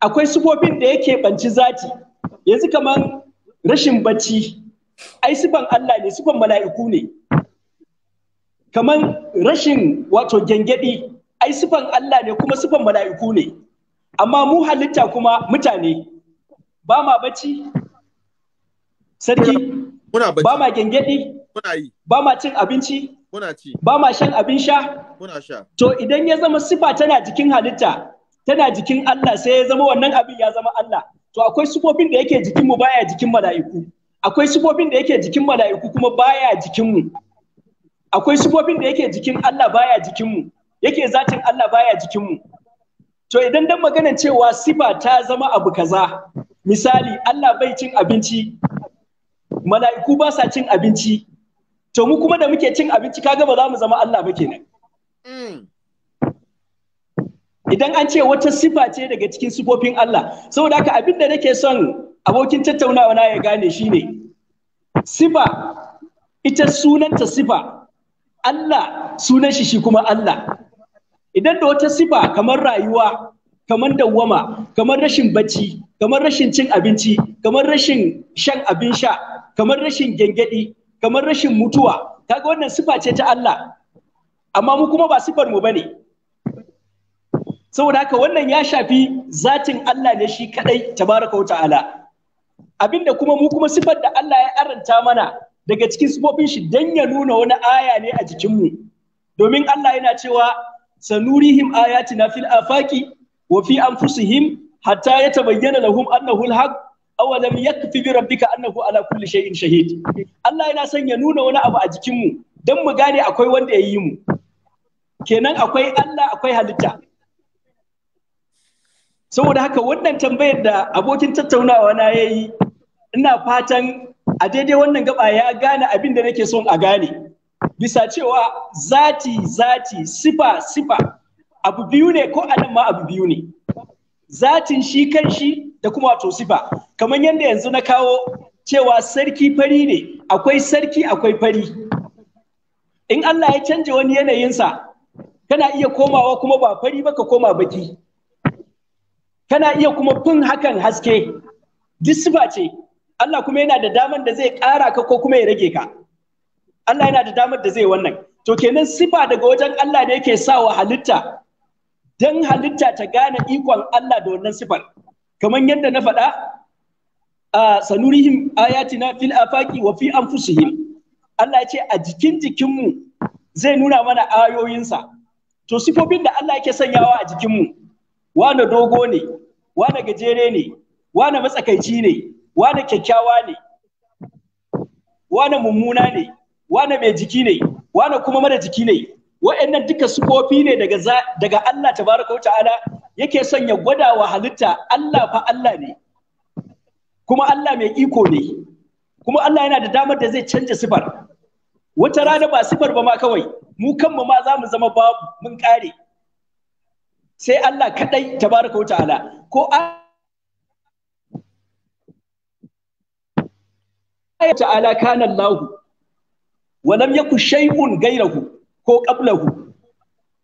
akwai sifofin da yake banci zati yanzu kamar rashin bacci ai sifan Allah ne sifan mala'iku ne kamar rashin wato gyangyaɗi ai sifan Allah ne kuma sifan mala'iku ne amma mu halitta kuma mutane ba ma bacci sarki ba ma gyangyaɗi ba ma cin abinci ba ma shan abin sha to idan ya zama sifa tana jikin halitta tana jikin Allah sai ya zama wannan abin ya zama Allah to akwai sifofin da yake jikin mu baya jikin mala'iku akwai sifofin da yake jikin mala'iku kuma baya jikin mu akwai sifofin da yake jikin Allah baya jikin mu yake zatin Allah baya jikin mu to idan dan maganan cewa sifa ta zama abu kaza misali Allah bai cin abinci mala'iku ba sa cin abinci to mu kuma da muke cin abinci kaga ba za mu zama Allah ba kenan Mm. Idan an ce wata sifa ce daga cikin sifofin Allah, saboda haka abin da nake son abokin tattaunawa na ya gane shi ne. sifa ita sunanta sifa, Allah sunan shi shi kuma Allah. Idan da wata sifa kamar rayuwa, kamar dawwama, kamar rashin bacci, kamar rashin cin abinci, kamar rashin shan abin sha, kamar rashin gyangyaɗi, kamar rashin mutuwa, kaga wannan sifa ce ta Allah. amma mu kuma ba sifar mu bane saboda haka wannan ya shafi zatin Allah ne shi kadai tabaraka wa ta'ala abinda kuma mu kuma sifar da Allah ya aranta mana daga cikin sifofin shi dan ya nuna wani aya ne a jikin mu domin Allah yana cewa sanurihim ayatina fil afaqi wa fi anfusihim hatta yatabayyana lahum annahu alhaq haq awalam yakfi bi rabbika annahu ala kulli shay'in shahid Allah yana son ya nuna wani abu a jikin mu dan mu gane akwai wanda ya yi mu kenan akwai Allah akwai halitta saboda haka wannan tambayar da abokin tattaunawa na ya yi ina fatan a daidai wannan gaba ya gane abin da nake son a gane bisa cewa zati zati sifa sifa abu biyu ne ko anan ma abu biyu ne zatin shi kan shi da kuma wato sifa kamar yadda yanzu na kawo cewa sarki fari ne akwai sarki akwai fari in Allah ya canja wani yanayinsa kana iya komawa kuma ba fari ba ka koma baki kana iya kuma fin hakan haske duk sifa ce Allah kuma yana da damar da zai ƙara ka ko kuma ya rage ka Allah yana da damar da zai wannan to kenan sifa daga wajen Allah ne yake sawa halitta dan halitta ta gane ikon Allah da wannan sifar kamar yadda na faɗa a sanurihim ayatina fil afaqi wa fi anfusihim Allah ya ce a jikin jikinmu zai nuna mana ayoyinsa to sifofin da Allah yake sanyawa a jikinmu wane dogo ne wane gajere ne wane matsakaici ne wane kyakkyawa ne wane mummuna ne wane mai jiki ne wane kuma mara jiki ne wa'annan duka sifofi ne daga daga Allah tabaraka ta'ala yake sanya gwada wa halitta Allah fa Allah ne kuma Allah mai iko ne kuma Allah yana da damar da zai canja sifar wata rana ba sifar ba ma kawai mu kanmu ma za mu zama babu mun kare sai Allah kadai tabaraka wa ta'ala ko ayat ta'ala kana Allah wa lam yakun shay'un gairahu ko qablahu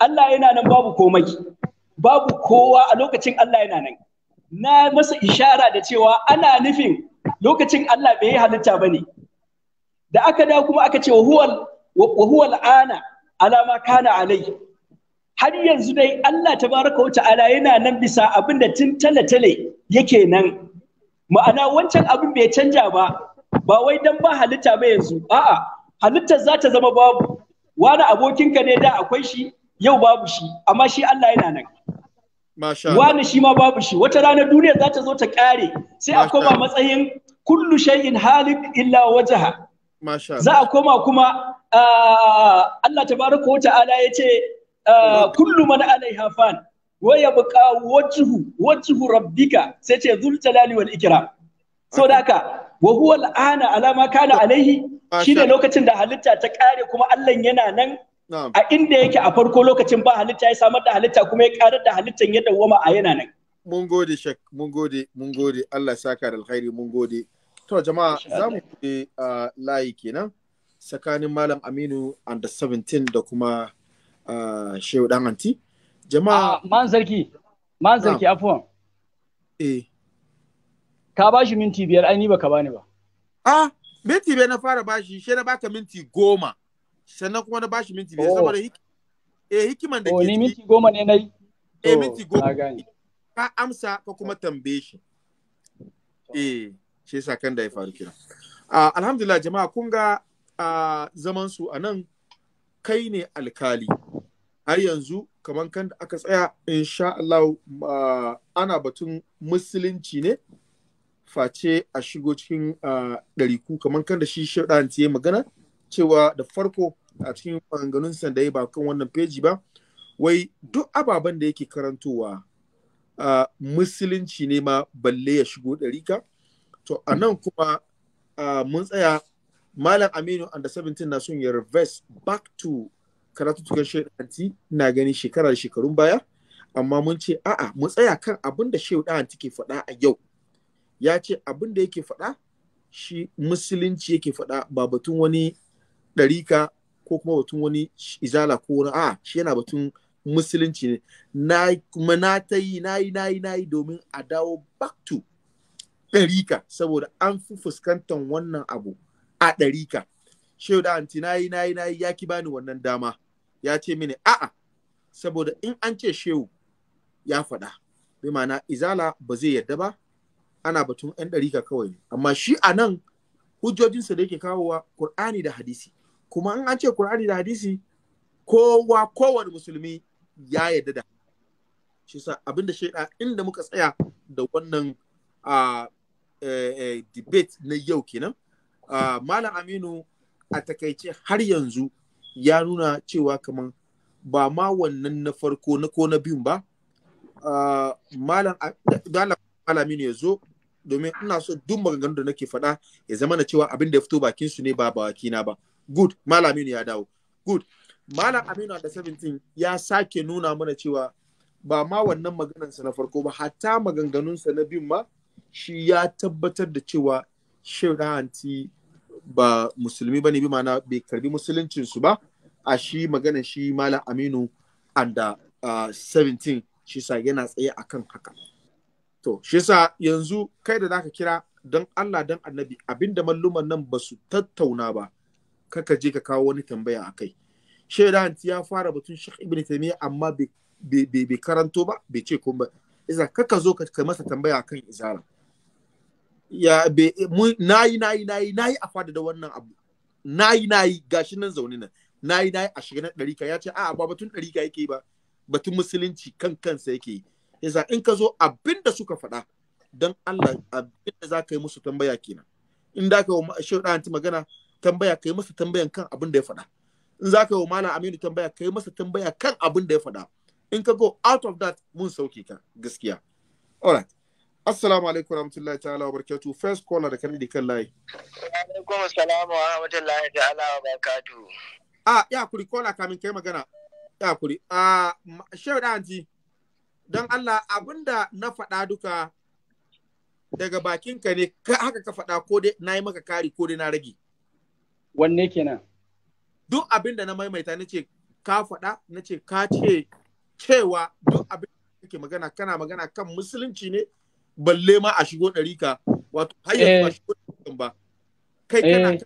Allah yana nan babu komai babu kowa a lokacin Allah yana nan na masa ishara da cewa ana nufin lokacin Allah bai halitta bane da aka da kuma aka ce wa huwa al'ana alama kana alai har yanzu dai Allah tabaraka wa ta'ala yana nan bisa abin da tun tale-tale yake nan ma'ana wancan abin bai canja ba ba wai dan ba halitta ba yanzu a'a halittar za ta zama babu wani abokinka ne da akwai shi yau babu shi amma shi Allah yana nan wani shi ma babu shi wata rana duniya za ta zo ta kare sai a koma matsayin kullu shay'in halik illa wajaha za a koma kuma ah, Allah ta tabaraka wa ta'ala ya ce ah, kullu man alaiha fan wa yabqa wajhu wajhu rabbika sai ce zul jalali wal ikram so da haka wa al'ana ala kana alaihi shine lokacin da halitta ta kare kuma Allah yana nan a inda yake a farko lokacin ba halitta ya samar da halitta kuma ya karar da halittan ya dawwama a yana nan mun gode shek mun gode Allah saka da alkhairi mun gode To jama'a za mu buɗe layi kenan tsakanin Malam Aminu and the 17 da kuma Shehu Dan Anti. Jama'a. Ah, man zarki, man zarki afuwan. Eh. Ka ba shi minti biyar ai ni ba ka bani ba. Ah, minti biyar na fara bashi, shi na baka minti goma. Sannan kuma na shi minti biyar oh. saboda eh hikiman da oh, ke. Oh, ni minti goma ne nayi. Eh minti oh, goma. Ka amsa ka kuma tambaye shi. Eh. shi yasa kan da ya faru kira uh, ah, alhamdulillah jama'a kun ga uh, zaman su anan kai ne alkali har yanzu kamar kan da aka tsaya insha Allah uh, ana batun musulunci ne face a shigo cikin ɗariku kamar kan da shi shaɗan ya magana cewa da farko a cikin maganganun sanda ya ba kan wannan feji ba wai duk ababen da yake karantowa musulunci ne ma balle ya shigo ɗarika to a nan kuma mun tsaya malam aminu under 17 na son ya reverse back to tukar shaidanti na gani shekara da shekarun baya amma mun ce a'a mun tsaya kan abin da shaidanti ke faɗa a yau ya ce abin da yake faɗa shi musulunci yake faɗa ba batun wani ɗarika ko kuma batun wani izala ko wani a shi yana batun musulunci ne na kuma na ta yi na yi na yi na yi domin a dawo back to ɗarika saboda an fi fuskantar wannan abu a ɗarika shehu da anti nayi nayi nayi ya ki bani wannan dama ya ce mini a'a saboda in an ce shehu ya faɗa bi ma'ana izala ba zai yarda ba ana batun yan ɗarika kawai ne amma shi a nan hujjojinsa da yake kawowa Kur'ani da hadisi kuma in an ce Kur'ani da hadisi kowa kowane musulmi ya yarda da shi sa abinda shaida inda muka tsaya da wannan a ah, Eh, eh, debate na yau kenan ah, malam aminu a takaice har yanzu ya nuna cewa kamar ba ma wannan na farko na ko na biyun ba ah, malam aminu ya zo domin ina so duk maganganun da nake faɗa ya zama na cewa abin da ya fito bakin su ne ba bakina ba good malam aminu ya dawo good malam aminu a 17 ya sake nuna mana cewa ba ma wannan maganansa na farko ba hatta maganganunsa na biyun ma shi ya tabbatar da cewa shirahanti ba musulmi ba ne bi mana bai karbi musuluncinsu ba a shi magana shi malam aminu anda uh, 17 shi sa yana tsaye a kan haka to shi sa yanzu kai da zaka kira don Allah don annabi abinda malluman nan ba su tattauna ba kaka je ka kawo wani tambaya a kai shaidanti ya fara batun shek ibn taimiyya amma bai karanto ba bai ce kuma iza kaka zo ka masa tambaya kan izara ya be nayi nayi nayi nayi a fada da wannan abu nayi nayi gashi nan zaune nan nayi nayi a shiga na ɗarika ya ce a ba batun ka yake ba batun musulunci kan kansa yake yi in ka zo abinda suka faɗa don Allah abinda za ka yi musu tambaya kenan in da ka yi anti magana tambaya ka masa tambayan kan abin da ya faɗa in za ka yi wa malam aminu tambaya ka masa tambaya kan abin da ya faɗa in ka go out of that mun sauke ka gaskiya alright assalamu alaikum rahmatullahi ta'ala wa barakatuh first caller da kan di kan layi alaikum assalamu wa rahmatullahi ta'ala wa barakatuh ah ya kuri caller kamin kai magana ya kuri ah shehu da anji dan Allah abinda na faɗa duka daga bakin ka ne ka haka ka faɗa ko dai na yi maka kari ko dai na rage. Wanne kenan? Duk abinda na maimaita na ce ka faɗa na ce ka ce cewa duk abin da ke magana kana magana kan musulunci ne balle ma a shigo ɗarika wato har yanzu ba eh. shigo ɗarikan ba kai kana eh.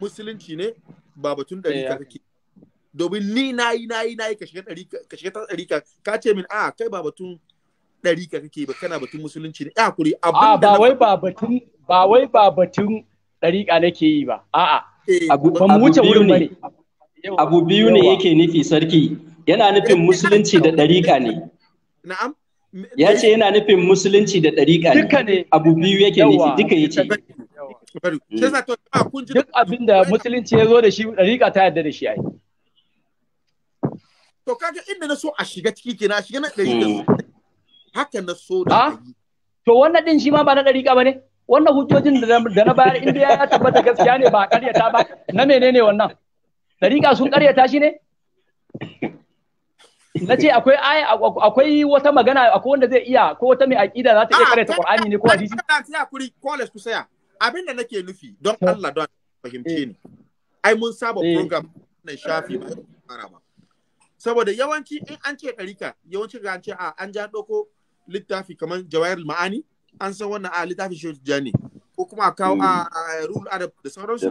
musulunci ne ba batun ɗarika eh, kake domin ni na yi na yi na yi ka shiga ta ɗarika ka ce min a kai ba batun ɗarika kake ba kana batun musulunci ne ya kuri abin da ba wai ba batun ba wai ba batun ɗarika nake yi ba a'a abu ban wuce wurin ne abu biyu ne yake nufi sarki yana nufin musulunci da ɗariƙa ne na'am ya ce yana nufin musulunci da ɗariƙa ne abu biyu yake nufi duka ya ce hmm. duk abinda musulunci ya zo da shi ɗariƙa ta yarda da shi ai to kaga inda na so a shiga ciki ke na shiga na ɗariƙa hmm. haka na so da ah? to wannan din shi ma ba na ɗariƙa ba ne wannan hujjojin da na bayar inda ya tabbata gaskiya ne ba ƙaryata ba na menene wannan ɗariƙa sun ƙaryata shi ne na ce akwai aya akwai wata magana akwai wanda zai iya ko wata mai aqida za ta iya karanta Qur'ani ne ko hadisi ya kuri college ku saya abinda nake nufi don eh. Allah don fahimce ni ai mun saba eh. program nan shafi ba fara ba saboda yawanci in an ce ɗarika yawanci ga an ce a an ja ɗauko littafi kamar jawahir ma'ani an san wannan a littafi shehu jani ko kuma a kawo a rule arab da sauransu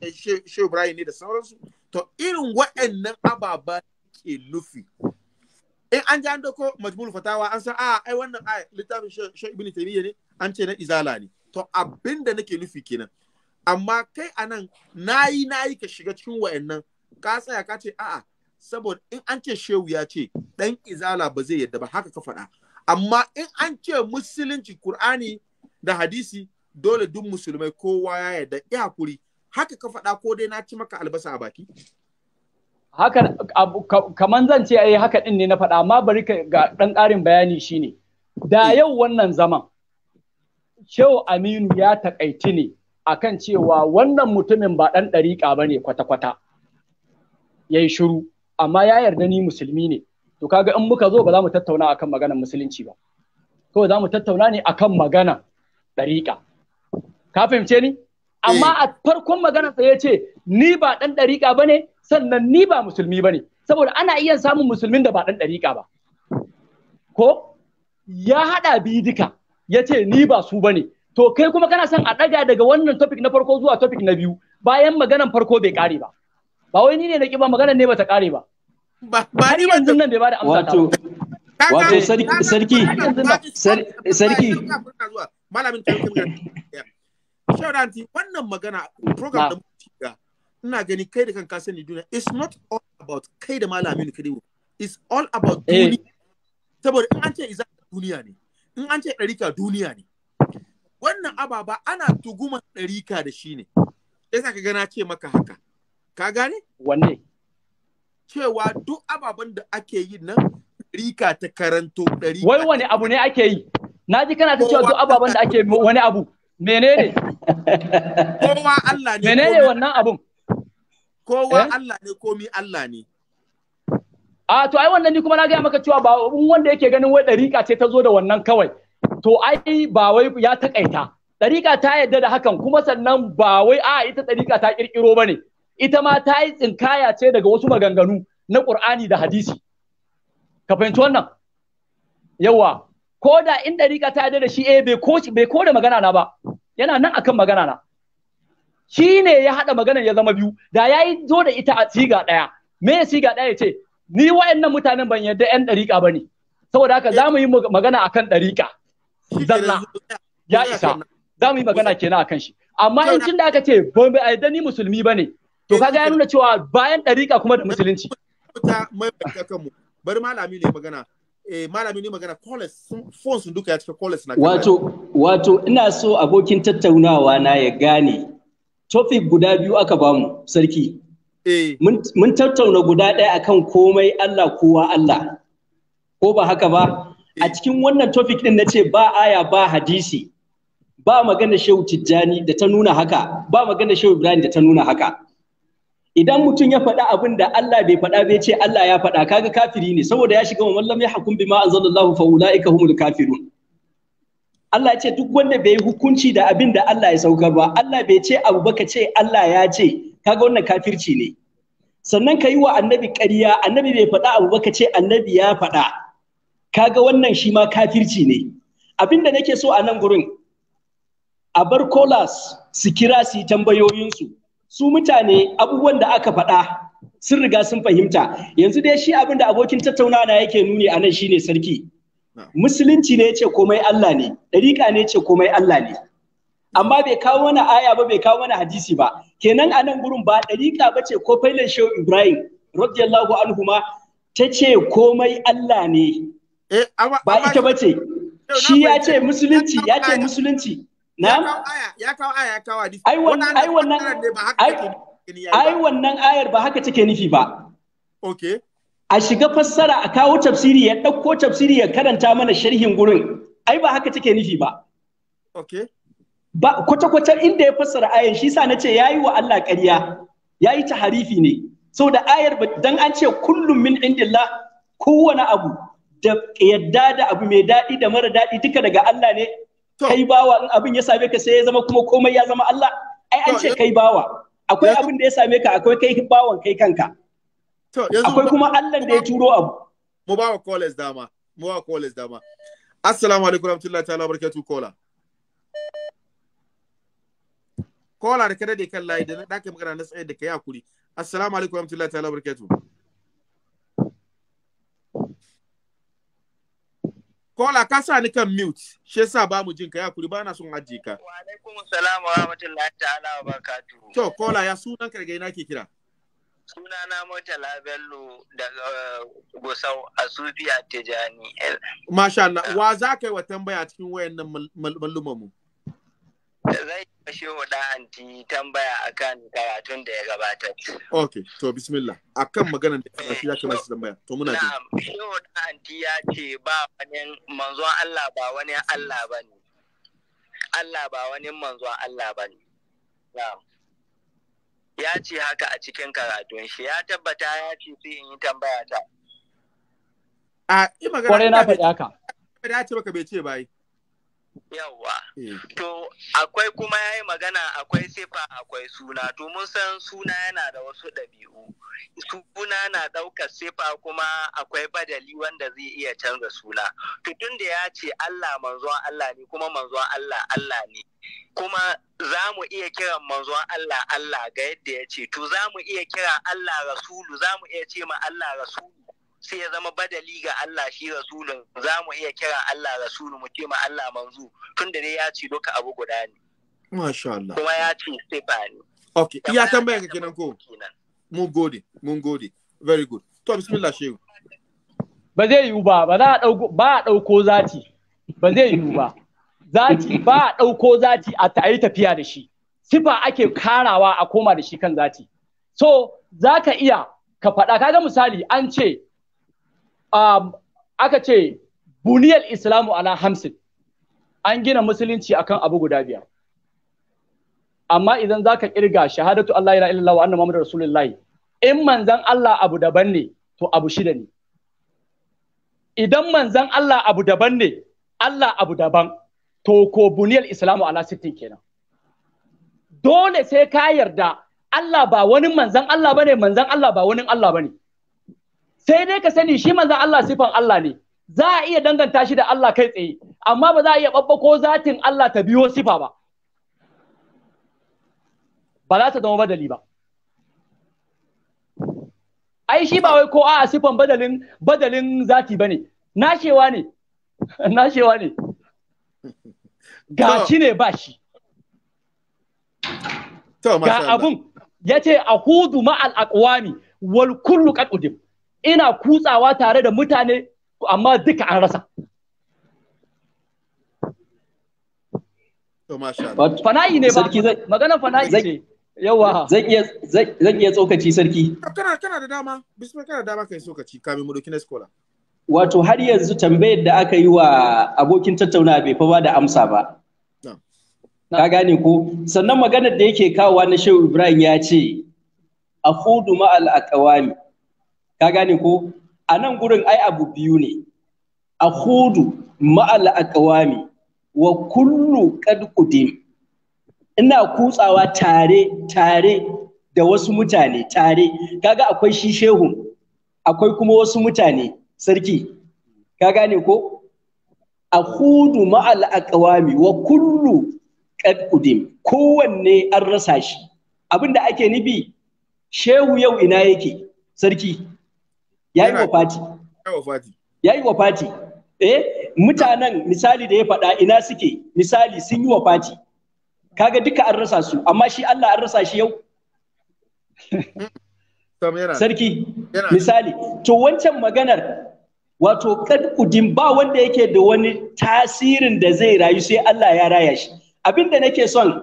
a shehu ibrahim ne da sauransu to irin waɗannan ababen yake nufi in an ji an dauko majmul fatawa an san a ah, ai wannan a littafin shi ibn taymiya ne an ce na izala ne to abin da nake nufi kenan amma kai anan nayi nayi ka shiga cikin wayannan ka tsaya ka ce a'a saboda in an ce shehu ya ce dan izala ba zai yadda ba haka ka faɗa amma in an ce musulunci qur'ani da hadisi dole duk musulmai kowa ya yarda ya hakuri haka ka faɗa ko dai na ci maka albasa a baki hakan kaman zan ce ai haka din ne na faɗa amma bari ka ga ɗan ƙarin bayani shine da mm. yau wannan zaman Shehu Aminu ya takaici ne akan cewa wannan mutumin ba ɗan ɗariƙa ba ne kwata-kwata ya yi shiru amma ya yarda ni musulmi ne to kaga in muka zo ba za mu tattauna akan maganar musulunci ba ko za mu tattauna ne akan magana ɗariƙa ka fahimce ni amma eh. a farkon maganarsa ya ce ni ba ɗan ɗariƙa ba ne sannan ni ba musulmi ba ne saboda ana iya samun musulmin da ba ɗan ɗariƙa ba ko ya haɗa biyu duka ya ce ni ba su ba ne to kai kuma kana son a ɗaga daga wannan topic na farko zuwa topic na biyu bayan maganan farko bai ƙare ba ba wai ni ne na ba, maganan ne bata ƙare ba ba ni ba nan bai ba da amsa wato wato sarki sarki malamin wannan magana program da ina gani kai da kan ka sani duniya it's not all about kai da malami ne kadai it's all about eh. duniya saboda in an ce iza duniya ne in an ce ɗarika duniya ne wannan ababa ana tuguma ɗarika da shi ne yasa ka gana ce maka haka ka gane wanne cewa duk ababen da ake yi nan ɗarika ta karanto ɗarika wai wani abu ne ake yi na ji kana ta cewa duk ababen da ake wani abu menene kowa Allah ne menene wannan abun kowa eh? Allah ne komi Allah ne a to ai wannan ni kuma na gaya maka cewa ba wanda yake ganin wai dariƙa ce ta zo da wannan kawai to ai ba wai ya takaita dariƙa ta yadda da hakan kuma sannan ba wai a ita dariƙa ta kirkiro ne. ita ma ta yi tsinkaya ce daga wasu maganganu na Qur'ani da hadisi ka fahimci wannan yawa ko da in dariƙa ta yadda da shi eh bai ko bai magana na ba yana nan akan magana na shi ne ya haɗa magana ya zama biyu da ya yi zo da ita a siga ɗaya me siga ɗaya ya ce ni wa'annan mutanen ban yadda yan ɗariƙa ba ne saboda haka za mu yi magana akan ɗariƙa zalla ya isa za mu yi magana kenan akan shi amma in cin da aka ce ban bai yadda ni musulmi ba ne to kaga ya nuna cewa bayan ɗariƙa kuma da musulunci. bari malami ne magana eh, malami ne magana college phone sun duka ya cika college na wato wato ina so abokin tattaunawa na ya gane topic guda biyu aka bamu sarki eh. mun tattauna guda ɗaya akan komai Allah kowa Allah ko ba haka ba eh. a cikin wannan topic ɗin na ce ba aya ba hadisi ba magana shehu tijjani da ta nuna haka ba magana shehu ibrahim da ta nuna haka idan mutum ya faɗa abin da Allah bai faɗa bai ce Allah ya faɗa kaga kafiri ne saboda ya shiga wa mallam ya hukum bima anzalallahu fa ulaika humul kafirun Allah ce duk wanda bai yi hukunci da abin da Allah ya saukar ba Allah bai ce abu ba ce Allah ya ce kaga wannan kafirci ne sannan ka yi wa annabi ƙarya annabi bai faɗa abu ba ce annabi ya faɗa kaga wannan shi ma kafirci ne abin da nake so a nan gurin a bar kolas su kira su yi tambayoyinsu su mutane abubuwan da aka faɗa sun riga sun fahimta yanzu dai shi abin da abokin tattaunawa yake nuni a nan shine sarki musulunci ne ce komai Allah ne dariƙa ne ce komai Allah ne amma bai kawo wani aya ba bai kawo wani hadisi ba kenan a nan gurin ba dariƙa ba ce ko failan shehu ibrahim radiyallahu anhu ma ta ce komai Allah ne eh, ba ita ba ce shi ya ce musulunci ya ce musulunci na ya kawo aya ya kawo hadisi ai wannan ai wannan ai wannan ayar ba haka take nufi ba okay a shiga fassara a kawo tafsiri ya ɗauko tafsiri ya karanta mana sharhin gurin ai ba haka take nufi ba okay ba kwata-kwata inda ya fassara ayan shi sa na ce ya yi wa Allah ƙarya yayi ta harifi ne da ayar dan an ce kullum min indillah kowane abu da yadda da abu mai daɗi da mara daɗi duka daga Allah ne kai bawa in abin ya same ka sai ya zama kuma komai ya zama Allah ai an ce kai bawa akwai abin da ya same ka akwai kai bawan kai kanka Akwai kuma Allah da ya turo abu. Mu ba wa college dama. Mu ba wa college dama. Assalamu alaikum warahmatullahi ta'ala barakatuh kola. Kola da kada da kan layi da na ɗakin magana na tsaye da kai hakuri. Assalamu alaikum warahmatullahi ta'ala barakatuh. Kola ka sa ni kan mute, shi yasa ba mu jin ka ya kuri ba na son ajiye ka. Wa alaikum salam wa rahmatullahi ta'ala wa barakatuh. To Kola ya sunan ka daga ina ke kira? Suna na Murtala Bello daga uh, Gusau a Sufiya Tijani. Masha Allah, wa za ka yi wa tambaya cikin wayannan mallumanmu? Zai kashe da anti tambaya akan karatun da ya gabata. Ok, to bismillah. kan maganar da ya ya kamar masu tambaya. To muna jin. Na, shi da anti ya ce ba wani manzon Allah ba wani Allah ba ne. Allah ba wani manzon Allah ba ne. Na'am. ya ce haka a cikin karatun shi ya tabbata ya ce sai in yi tambaya ta. A yi magana. Kwarai na faɗi haka. Ya ce baka bai ce bai. yawwa eh. to akwai kuma ya yi magana akwai sifa akwai suna to mun san suna yana da wasu ɗabi'u suna na ɗaukar sifa kuma akwai badali wanda zai iya canza suna to tun da ya ce Allah manzon Allah ne kuma manzon Allah Allah ne kuma za mu iya kiran manzon Allah Allah ga yadda ya ce to za mu iya kira Allah rasulu za mu iya ce ma Allah rasulu sai ya zama badali ga Allah shi rasulun za mu iya kira Allah rasulun mu ce ma Allah manzu tun da dai ya ce duka abu guda ne. Masha Allah. Kuma ya ce sifa ne. Ok, iya tambaya ka kenan ko? Mun gode, mun gode. Very good. To, bismillah shehu. Ba zai yiwu ba, ba za a ɗauko, zati. Ba zai yiwu ba. Zati, ba a ɗauko zati a ta yi tafiya da shi. Sifa ake karawa a koma da shi kan zati. So, za ka iya ka faɗa, kaga misali an ce Um, aka ce buniyar islamu ala hamsin an gina musulunci akan abu guda biyar amma idan za ka kirga shahadatu Allah ila illallah wa anna muhammadar rasulullahi in manzan Allah abu daban ne to abu shida ne idan manzan Allah abu daban ne Allah abu daban to ko buniyar islamu ala sittin kenan dole sai ka yarda Allah ba wani manzan Allah bane manzan Allah ba wani Allah bane sai dai ka sani shi manzon Allah sifan Allah ne za a iya danganta shi da Allah kai tsaye amma ba za a iya ko zatin Allah ta biyo sifa ba ba za ta zama badali ba ai shi ba wai ko a sifan badalin badalin zati bane nashewa ne nashewa ne ga shi ne ba shi ga abun yace ahudu ma'al aqwami wal kullu qad udim ina kutsawa tare da mutane amma duka an rasa fana'i ne ba magana fana'i ne yawa zan iya zan iya tsokaci sarki kana kana da dama bisma kana da dama kai tsokaci kamin mu doki na skola wato har yanzu tambayar da aka yi wa abokin tattaunawa bai fa ba da amsa ba ka gane ko sannan maganar da yake kawowa na shehu ibrahim ya ce a hudu ma'al aqwami ka gane ko a nan gurin ai abu biyu ne a hudu ma'al aqwami wa kullu kad qudim ina kutsawa tare tare da wasu mutane tare kaga akwai shi shehu akwai kuma wasu mutane sarki ka gane ko a hudu ma'al aqwami wa kullu kad qudim kowanne an rasa shi abinda ake nufi shehu yau ina yake sarki ya yi Fati, ya yi Fati. eh mutanen misali da ya faɗa ina suke misali sun yi wa wafati kaga duka an rasa su amma shi Allah an rasa shi yau sarki misali to wancan maganar wato kad kudin ba wanda yake da wani tasirin da zai rayu sai Allah ya raya shi abinda nake son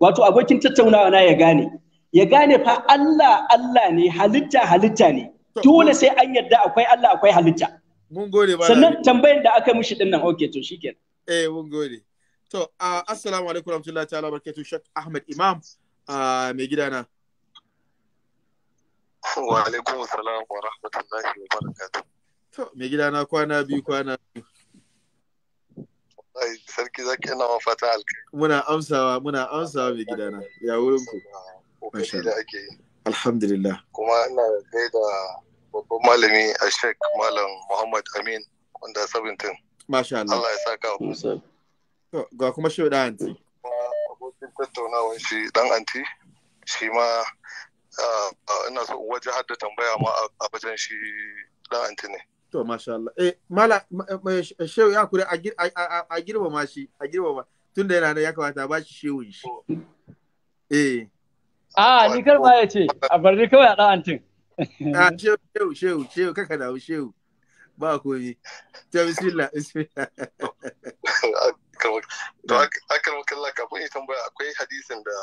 wato abokin tattaunawa na ya gane ya gane fa Allah Allah ne halitta halitta ne dole sai an yarda akwai Allah akwai halitta mun gode ba sannan tambayar da aka mishi dinnan okay to shikenan eh mun gode to assalamu alaikum warahmatullahi ta'ala barkatu shak ahmed imam mai gidana wa alaikum assalam wa rahmatullahi wa barakatuh to mai gidana kwana biyu kwana sarki zaki ina wa fata alkai muna amsawa muna amsawa mai gidana ya wurin ku da ake alhamdulillah kuma ina gaida babban malami a sheik malam muhammad amin wanda 17 masha Allah Allah ya saka ku ga kuma shi da anti abokin tattaunawar shi dan anti shi ma ina so waje hadda tambaya ma a wajen shi dan anti ne to masha Allah eh mala shehu ya kure a ma shi a tun tunda yana da ya kamata ba shi shehu shi eh a ah, ni karba ya ce a bar ni kawai a dan antin a ah, shehu shehu shehu shehu kaka da shehu ba komi ta bismillah bismillah to akar laka kun ya tambaya akwai hadisin da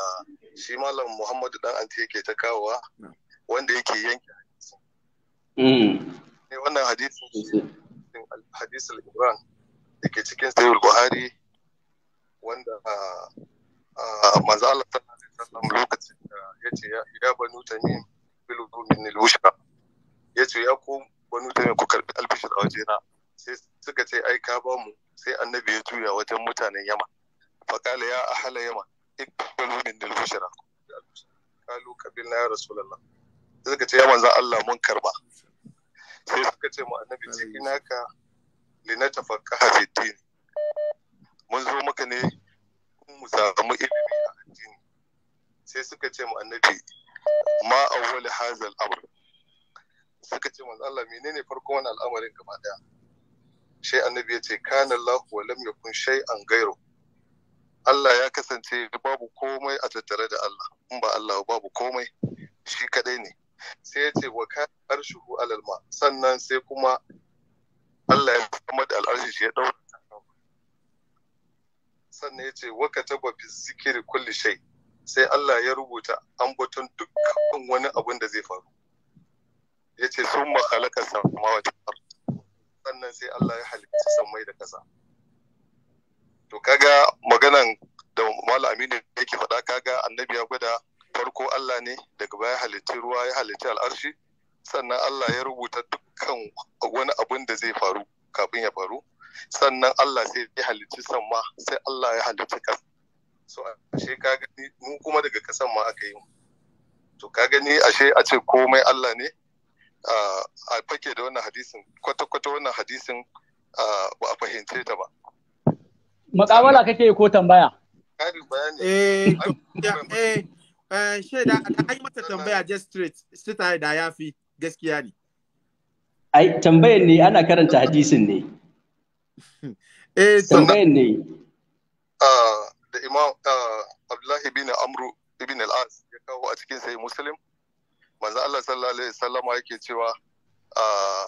shi malam muhammadu dan anti yake ta kawowa wanda yake yanke hadisin. Hmm. Eh, wannan hadisin hadisul imran da ke cikin sayar buhari wanda ah, ah, manzo Allah ta alaihi lokacin da ya ce ya banu tamim bilu min al-bushra yace ya ku wani mutane ku karbi albishir a wajena sai suka ce ai ka ba mu sai annabi ya juya wajen mutanen yama faqala ya ahala yama ikbalu min al-bushra kalu na ya rasulullah sai suka ce ya manzan Allah mun karba sai suka ce mu annabi ce ina ka linatafaqqa fi din mun zo maka ne mu samu ilimi a addini sai suka ce mu annabi ma wani hazal abu suka ce manzo Allah menene farko wannan al'amarin gaba daya sai annabi ya ce kana Allah wa lam yakun shay'an ghayru Allah ya kasance babu komai a tattare da Allah in ba Allah babu komai shi kadai ne sai ya ce wa ka arshuhu alal ma sannan sai kuma Allah ya kuma da al'arshi ya dauka sannan ya ce wa kataba fi zikiri kulli shay sai Allah ya rubuta an batun dukkan wani abun da zai faru ya ce sun makalaka samawa sannan sai Allah ya halitta samai da ƙasa to kaga maganan da Malam Aminu yake faɗa kaga annabi ya gwada farko Allah ne daga baya halitti ruwa ya halitti al'arshi sannan Allah ya rubuta dukkan wani abun da zai faru kafin ya faru sannan Allah sai ya halitti sama sai Allah ya halitti kasa. so ashe ka gani mu kuma daga kasan ma aka yi to ka gani ashe a ce komai Allah ne a fake da wannan hadisin kwata-kwata wannan hadisin ba a fahimce ta ba makawala kake ko tambaya kari bayani eh, eh eh shaida da ai mata tambaya just straight straight da yafi gaskiya ne ai tambayar ne ana karanta hadisin ne eh tambayar ne ah imam ah, abdullahi bin amru ibn al-as ya kawo a cikin sai muslim manzo Allah sallallahu alaihi wasallam yake cewa ah,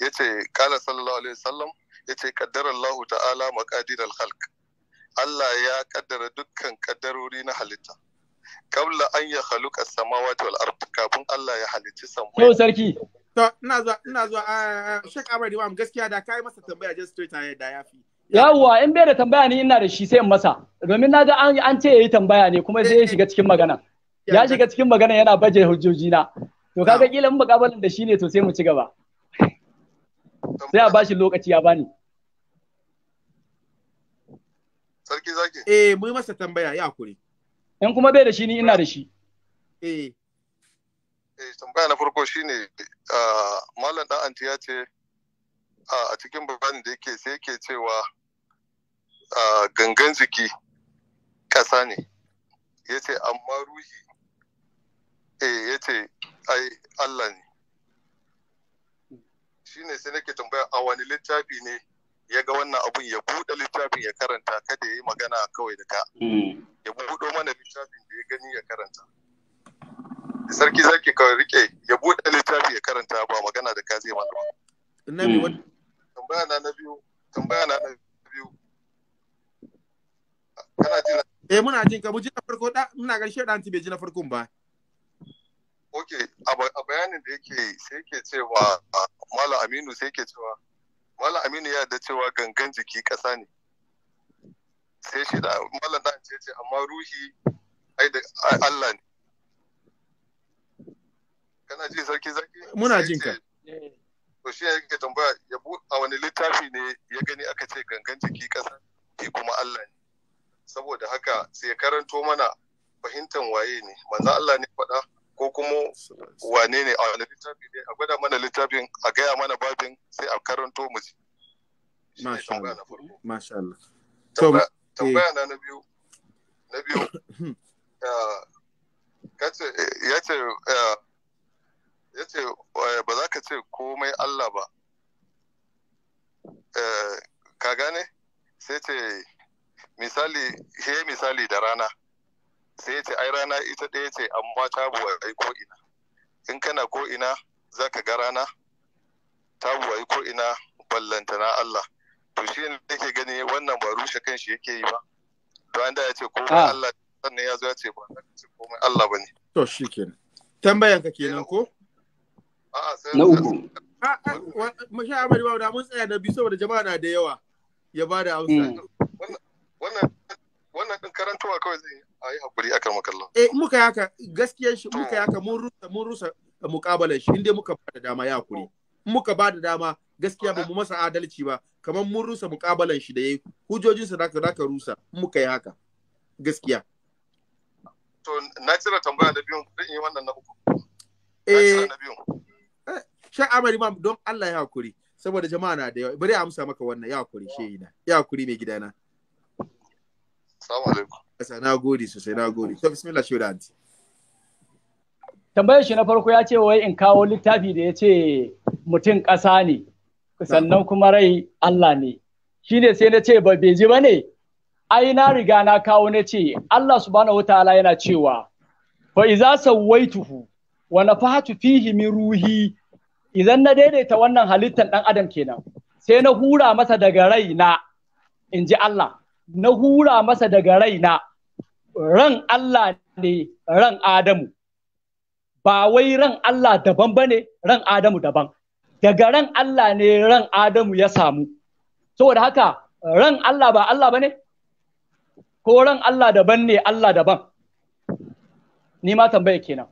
yace qala sallallahu alaihi wasallam yace qaddara Allah ta'ala maqadir al-khalq Allah ya kaddara dukkan kaddarori na halitta qabla an ya khaluqa as-samawati wal ard kafin Allah ya halicci samai to sarki to ina zuwa ina zuwa ah, Sheikh wa gaskiya da kai masa tambaya just straight ahead da yafi yawwa in bai da tambaya ni ina da shi sai in masa domin na ga an ce yayi tambaya ne kuma sai ya eh, eh. shiga cikin magana ya shiga cikin magana yana baje hujjoji na to kaga kila in mukabalin da shi ne to sai mu ci gaba sai a bashi lokaci ya bani sarki zaki eh mu masa tambaya ya kure in kuma bai da shi ni ina da shi eh eh tambaya na farko shine ah, malam dan anti ya ce ah, a cikin bayanin da yake sai yake cewa gangan jiki ƙasa ne ya ce amma ruhi eh ya ce ai Allah ne shi ne sai nake tambaya a wani littafi ne ya ga wannan abun ya buɗe littafin ya karanta kada ya yi magana kawai da ka hmm. ya buɗo mana littafin da ya gani ya karanta sarki zaki kawai rike ya buɗe littafi ya karanta ba magana da ka zai mana ba hmm. tambaya na na biyu tambaya na na biyu Eh muna jin ka ji na farko da muna ga da anti bai ji na farkon ba. Okay, a bayanin da yake sai yake cewa Mala Aminu sai yake cewa Mala Aminu ya da cewa gangan jiki kasa ne. Sai shi da Mala da ce ce amma ruhi ai da Allah ne. Kana ji sarki zaki? Muna jin ka. To shi yake tambaya a wani littafi ne ya gani aka ce gangan jiki kasa ne kuma Allah ne. saboda haka sai karanto mana fahimtar waye ne manzo Allah ne faɗa ko kuma wane ne a wani littafi ne a gwada mana littafin a gaya mana babin sai a karanto mu ji masha Allah masha Allah eh. tambaya na na biyu na biyu hmm. ya ce ya ce eh, ba za ka ce komai Allah ba eh, ka gane sai ce misali he misali da rana sai ya ce ai rana ita ɗaya ce amma ta buwaye ko ina in kana ko ina za ka ga rana ta buwaye ko ina ballanta na Allah to shi ne ke gani wannan ba rushe kan shi yake yi ba to an da ya ce ko ah. Allah sannan ya zo ya ce ba na ce komai Allah ba ne to shi ke tambayan ka kenan ko na uku ah, ah, Mashi Amari da mun tsaya na biyu saboda jama'a na da yawa ya bada hausa. Hmm. wannan wannan din karantuwa kawai zai a yi hakuri akan makalla eh muka yi haka gaskiyar shi muka yi haka mun rusa mun rusa mukabalar shi inda muka bada dama ya hakuri muka bada dama gaskiya ba mu masa adalci ba kamar mun rusa mukabalan shi da yayi hujojinsa da ka zaka rusa muka yi haka gaskiya to na cire tambaya da biyun zan yi wannan na uku eh, eh shan amari ma don Allah ya hakuri saboda jama'a na da yawa bari a amsa maka wannan ya hakuri shehi ya hakuri mai gidana Assalamu shi da Tambayar shi na farko ya ce wai in kawo littafi da ya ce mutum ƙasa ne sannan kuma rai Allah ne. Shi ne sai na ce ba bai ji ba ne. Ai na riga na kawo na ce Allah wuta wataala yana cewa fa iza sawaituhu wa nafahatu fihi min ruhi idan na daidaita wannan halittar ɗan adam kenan sai na hura masa daga rai na in ji Allah na hura masa daga raina ran Allah ne ran Adamu ba wai ran Allah daban ba ne ran Adamu daban daga ran Allah ne ran Adamu ya samu saboda haka ran Allah ba Allah ba ne ko ran Allah daban ne Allah daban ni ma tambaya kenan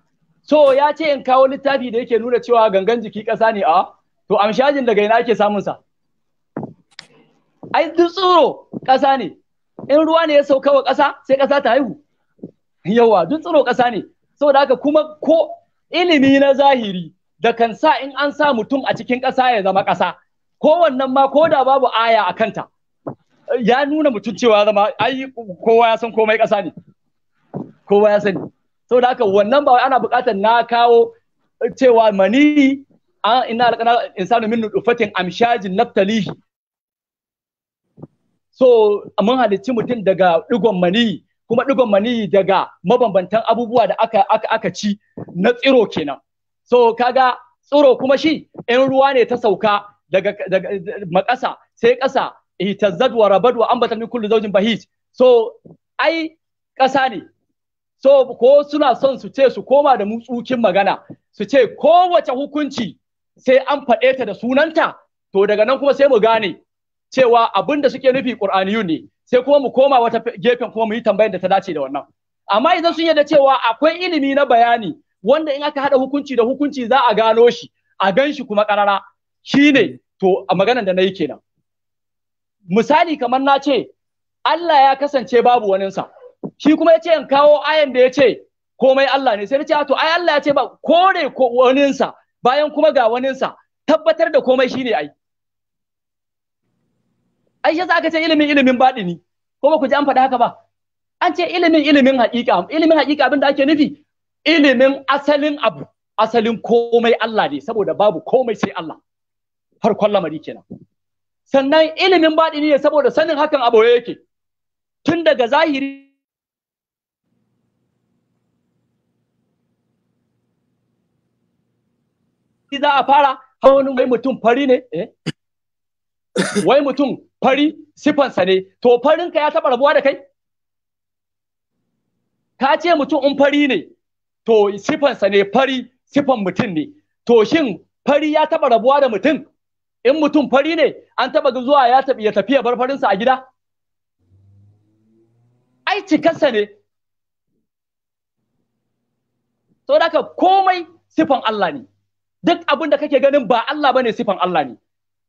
so ya ce in kawo littafi da yake nuna cewa gangan jiki ƙasa ne a ah, to amshajin daga ina ake samun sa ai duk tsoro ƙasa ne in ruwa ne ya sauka wa ƙasa sai ƙasa ta haihu yawa duk tsiro ƙasa ne saboda haka kuma ko ilimi na zahiri da kan sa in an sa mutum a cikin ƙasa ya zama ƙasa kowannan ma ko da babu aya a kanta ya nuna mutum cewa zama ai kowa ya san komai ƙasa ne kowa ya sani saboda haka wannan ba ana buƙatar na kawo cewa mani a ina alƙana insanu min nufatin amshajin naftalihi so mun halicci mutum daga digon maniyi kuma digon maniyi daga mabambantan abubuwa da aka aka aka ci na tsiro kenan so kaga tsiro kuma shi in ruwa ne ta sauka daga daga makasa sai kasa ihtazzad wa rabad wa ambata min kullu zaujin bahij so ai kasa ne so ko suna son su ce su koma da mutsukin magana su ce kowace hukunci sai an faɗe ta da sunanta to daga nan kuma sai mu gane cewa abin da suke nufi qur'aniyun ne sai kuma mu koma wata gefen kuma mu yi tambayar da ta dace da wannan amma idan sun yarda cewa akwai ilimi na bayani wanda in aka hada hukunci da hukunci za a gano shi a gan shi kuma karara shine to a maganar da na yi kenan misali kamar na ce Allah ya kasance babu waninsa shi kuma yace in kawo ayan da ya ce komai Allah ne sai na ce to ai Allah ya ce ba kore ko waninsa bayan kuma ga waninsa tabbatar da komai shine ai ai shi aka ce ilimin ilimin baɗini ko ba ku ji an faɗi haka ba an ce ilimin ilimin haƙiƙa ilimin haƙiƙa abin da ake nufi ilimin asalin abu asalin komai Allah ne saboda babu komai sai Allah farkon lamari kenan sannan ilimin baɗini ne saboda sanin hakan abu yake tun daga zahiri za a fara hawa wani mutum fari ne eh? wai mutum fari sifansa ne to farinka ya taɓa rabuwa da kai ka ce mutum in fari ne to sifansa ne fari sifan mutum ne to shin fari ya taɓa rabuwa da mutum in mutum fari ne an taɓa zuwa ya tafi ya tafiya bar farinsa a gida ai cikarsa ne saboda haka komai sifan Allah ne duk abin da kake ganin ba Allah bane sifan Allah ne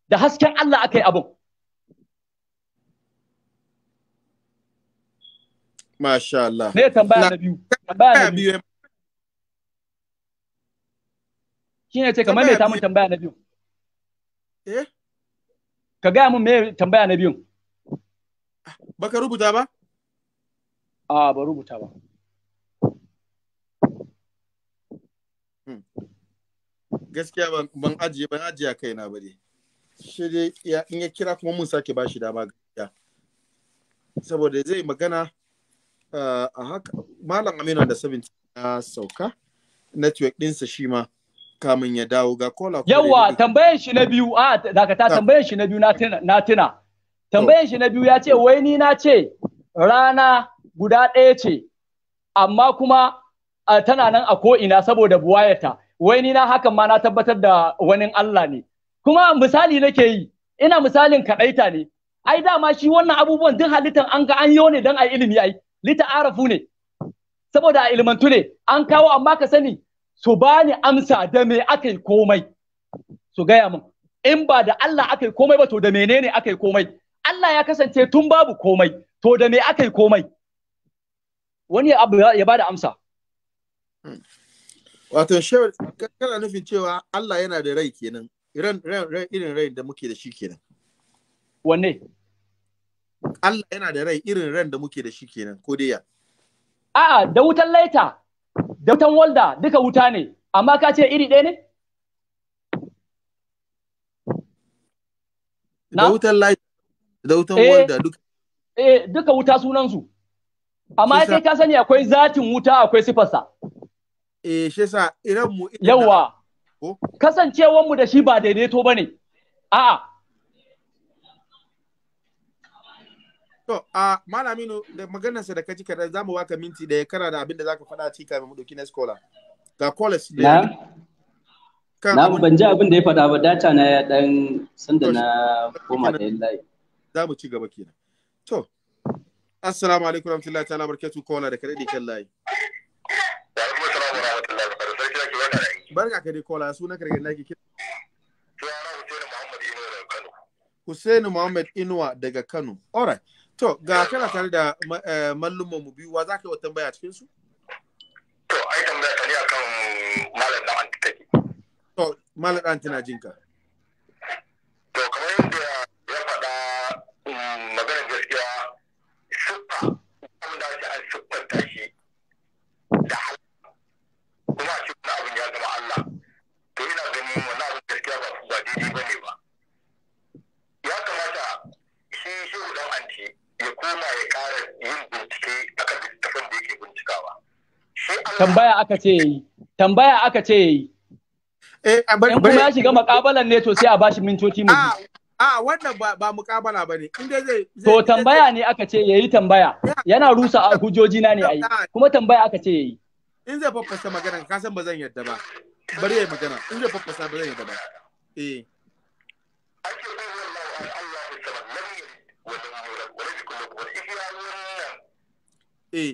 da hasken Allah aka yi abin Masha Allah. ya tambaya na biyu. Tambaya na biyu. Shi ne ce kamar me ta mun tambaya na biyu. Eh? Ka gaya mun me tambaya na biyun. Baka rubuta ba? A ba rubuta ba. Hmm. Gaskiya ban ajiye ban ajiye kaina ba dai. Shi dai in ya kira kuma mun sake ba shi dama gaskiya. Saboda zai magana a haka malam aminu da 70 ya sauka network ɗinsa shi ma kamin ya dawo ga kola yawa tambayan shi na biyu a dakata tambayan shi na biyu na tuna tambayan shi na biyu ya ce wai ni na ce rana guda ɗaya ce amma kuma tana nan a ko'ina saboda buwayata wai ni na hakan ma na tabbatar da wani Allah ne kuma misali nake yi ina misalin kaɗaita ne ai dama shi wannan abubuwan duk halittar an ga an yi ne don a ilimi ai lita'arafu ne saboda a ilmantu ne an kawo amma ka sani su bani amsa da me aka yi komai su gaya min in ba da Allah aka yi komai ba to da menene aka yi komai Allah ya kasance tun babu komai to da me aka yi komai wani abu ya ba da amsa wato shewar kana nufin cewa Allah yana da rai kenan irin rai da muke da shi kenan wanne Allah yana da rai irin ran da muke da shi kenan ko dai ya a'a da wutan laita da wutan walda duka wuta ne amma ka ce iri ɗaya ne da wutan laita da wutan eh. walda duka eh duka wuta sunan su amma kai ka sani akwai zatin wuta akwai sifarsa eh shi yasa iran mu yawa kasancewar mu da shi ba daidaito bane a'a To, a malaminu da maganar sa da kaji kaɗan za mu baka minti da kana da abin da zaka faɗa ci kafin mu dauki na scholar. Ga college da Na ban ji abin da ya faɗa ba data na ya dan sanda na koma da yallahi. Za mu ci gaba kenan. To, assalamu alaikum warahmatullahi ta'ala barkatu kola da kaɗai kan layi. Barka ka dai kola suna kargan laki kira. Husaini Muhammad Inuwa daga Kano. All right. To, ga kana tare da eh, mallumman mu biyu, wa za ka yi wa tambaya cikin su? To, ai tambaya ta ne akan malam da an jinka. To, malam da an jinka. tambaya aka ce yayi tambaya aka ce yayi eh kuma ya shiga makabalan ne to sai a bashi mintoci mu a ah, ah, wannan ba ba mukabala bane in dai zai to tambaya ne aka ce yayi tambaya yana rusa a hujoji na ne ai kuma tambaya aka ce yayi in zai fafasa magana ka san ba zan yadda ba bari yayi magana in zai fafasa ba zan yadda ba eh eh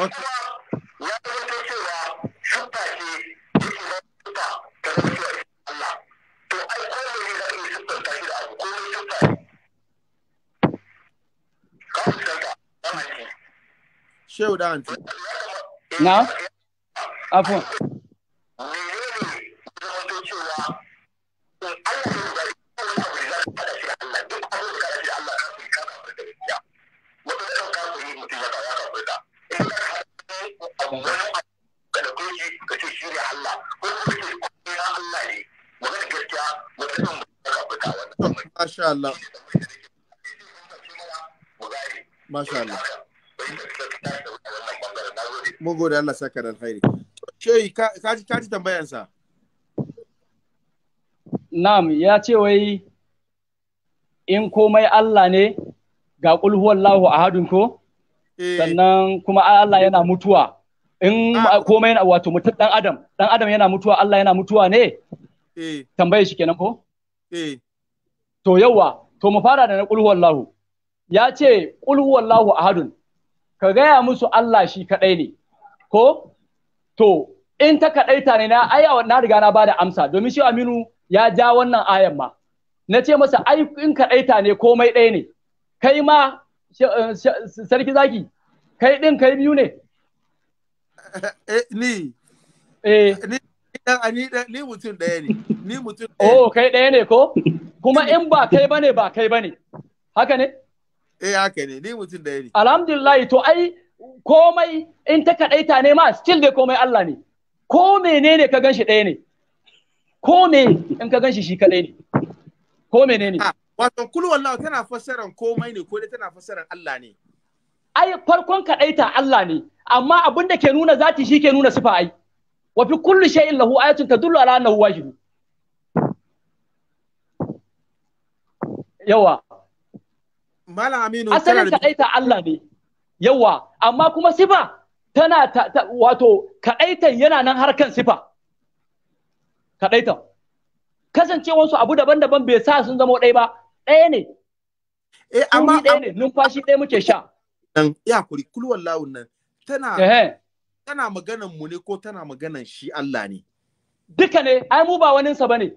ya zama cewa sutta ce yake ta zama Allah to ai komai ta shi da abu ne ɗan hanci shehu hanci eh, na afon Masha Allah. Masha Allah. Mun gode Allah saka da alkhairi. Shehi kaji kaji tambayansa. Na'am ya ce wai in komai Allah ne ga kulhuwallahu ahadun ko? Eh. Sannan kuma Allah yana mutuwa. in ah. komai na wato mutum dan adam dan adam yana mutuwa Allah yana mutuwa ne eh tambaye shi kenan ko eh. to yawa to mu fara da na qul huwallahu ya ce qul huwallahu ahadun ka gaya musu Allah shi kadai ne ko to in ta kadaita ne na ai na riga na bada amsa domin shi Aminu ya ja wannan ayan ma na ce masa ai in kadaita ne komai ɗaya ne kai ma eh, sarki zaki kai din kai biyu ne Eh, ni. Eh. Ni ni mutum ɗaya ne. Ni mutum ɗaya. Oh, kai ɗaya ne ko? Kuma in ba kai bane ba kai bane. Haka ne? Eh, haka ne. Ni mutum ɗaya ne. Alhamdulillah to ai komai in ta kaɗaita ne ma still dai komai Allah ne. Ko menene ka ganshi ɗaya ne? Ko me in ka ganshi shi kaɗai ne? Ko menene? Ah, wato kulu wallahu tana fassaran komai ne ko dai tana fassaran Allah ne. ai farkon kadaita Allah ne amma abin da ke nuna zati shi ke nuna sifa ai wa fi kulli shay'in lahu ayatun tadullu ala annahu wajib yawa malam aminu asalin kadaita Allah ne yawa amma kuma sifa tana ta, ta wato kadaitan yana nan har kan sifa kadaitan su abu daban-daban bai sa sun zama ɗaya ba ɗaya ne Eh, amma, ɗaya ne numfashi ɗaya muke sha nan ya kuri kulwar lawun nan tana tana maganan mu ne ko tana maganan shi Allah ne duka ne ai mu ba wani sa bane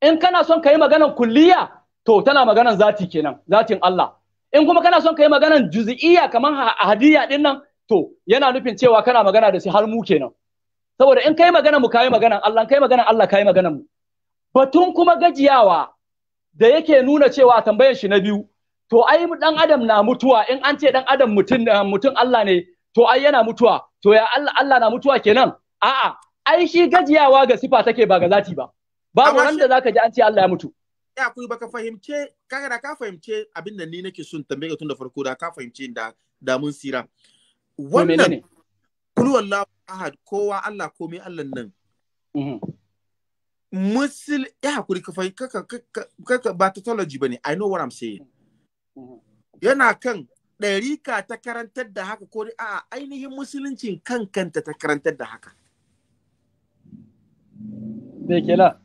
in kana son ka yi maganan kulliya to tana maganan zati kenan zatin Allah in kuma kana son ka yi maganan juzi'iyya kaman hadiya din nan to yana nufin cewa kana magana da shi har mu kenan saboda in kai magana mu kai magana Allah kai magana Allah kai magana mu batun kuma gajiyawa da yake nuna cewa tambayan shi na biyu to ai dan adam na mutuwa in an ce dan adam mutum mutum Allah ne to ai yana mutuwa to ya Allah Allah na mutuwa kenan a'a ai shi gajiyawa ga sifa take ba ga zati ba babu wanda zaka ji an ce Allah ya mutu ya kuyi baka fahimce kaga da ka fahimce abin da ni nake son tambaye ka tun da farko da ka fahimce da da mun sira wannan kullu wallahu ahad kowa Allah komai Allah nan musul ya hakuri ka fahimka ba tautology bane i know what i'm saying yana kan ɗarika ta karantar da haka ko a ainihin musuluncin kan kanta ta karantar da haka. Me kila?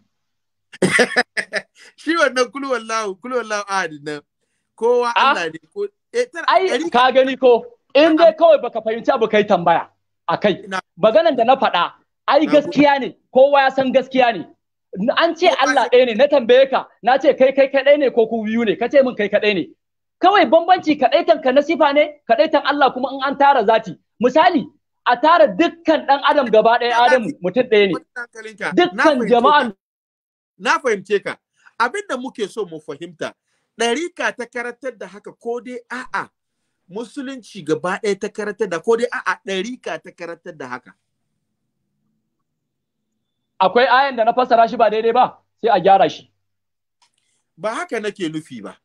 Shi wannan kulwan lawo, kulwan lawo ahadin nan. Kowa ah. Allah ne ko eh, Ai, ka gani ko, in dai kawai baka fahimci abu kai tambaya a kai. Maganan da na faɗa, ai gaskiya ne, kowa ya san gaskiya ne. An ce Allah ɗaya ne, na tambaye ka, na ce kai kai kaɗai ne ko ku biyu ne, ka ce min kai kaɗai ne. kawai bambanci kadaitan ka na sifa ne kadaitan Allah kuma in an tara zati misali a tara dukkan dan adam gaba ɗaya adamu mutum ɗaya ne dukkan jama'an na fahimce ka abin da muke so mu fahimta ɗarika ta karatar da haka ko dai a'a musulunci gaba ɗaya ta karatar da ko dai a'a ɗarika ta karatar da haka akwai ayan da na fassara shi ba daidai ba sai a gyara shi ba haka nake nufi ba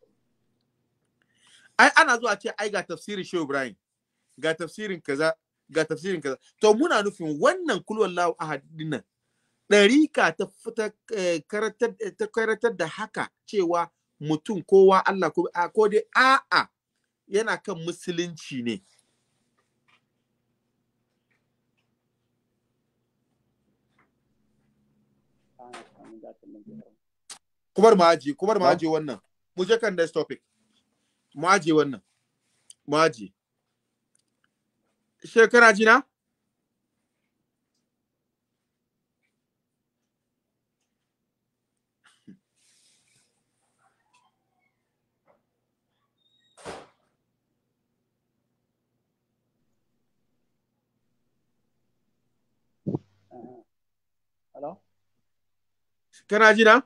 ai ana zuwa ce ai ga tafsirin Shehu Ibrahim ga tafsirin kaza ga tafsirin kaza to muna nufin wannan kulwallahu ahad dinnan ɗarika ta fita eh, eh, ta karatar da haka cewa mutum kowa Allah ko dai a'a yana kan musulunci ne kubar ma'aji kubar ma'aji wannan mu je kan next topic mu aje wannan mu aje shekara jina Hello? Kana ji na?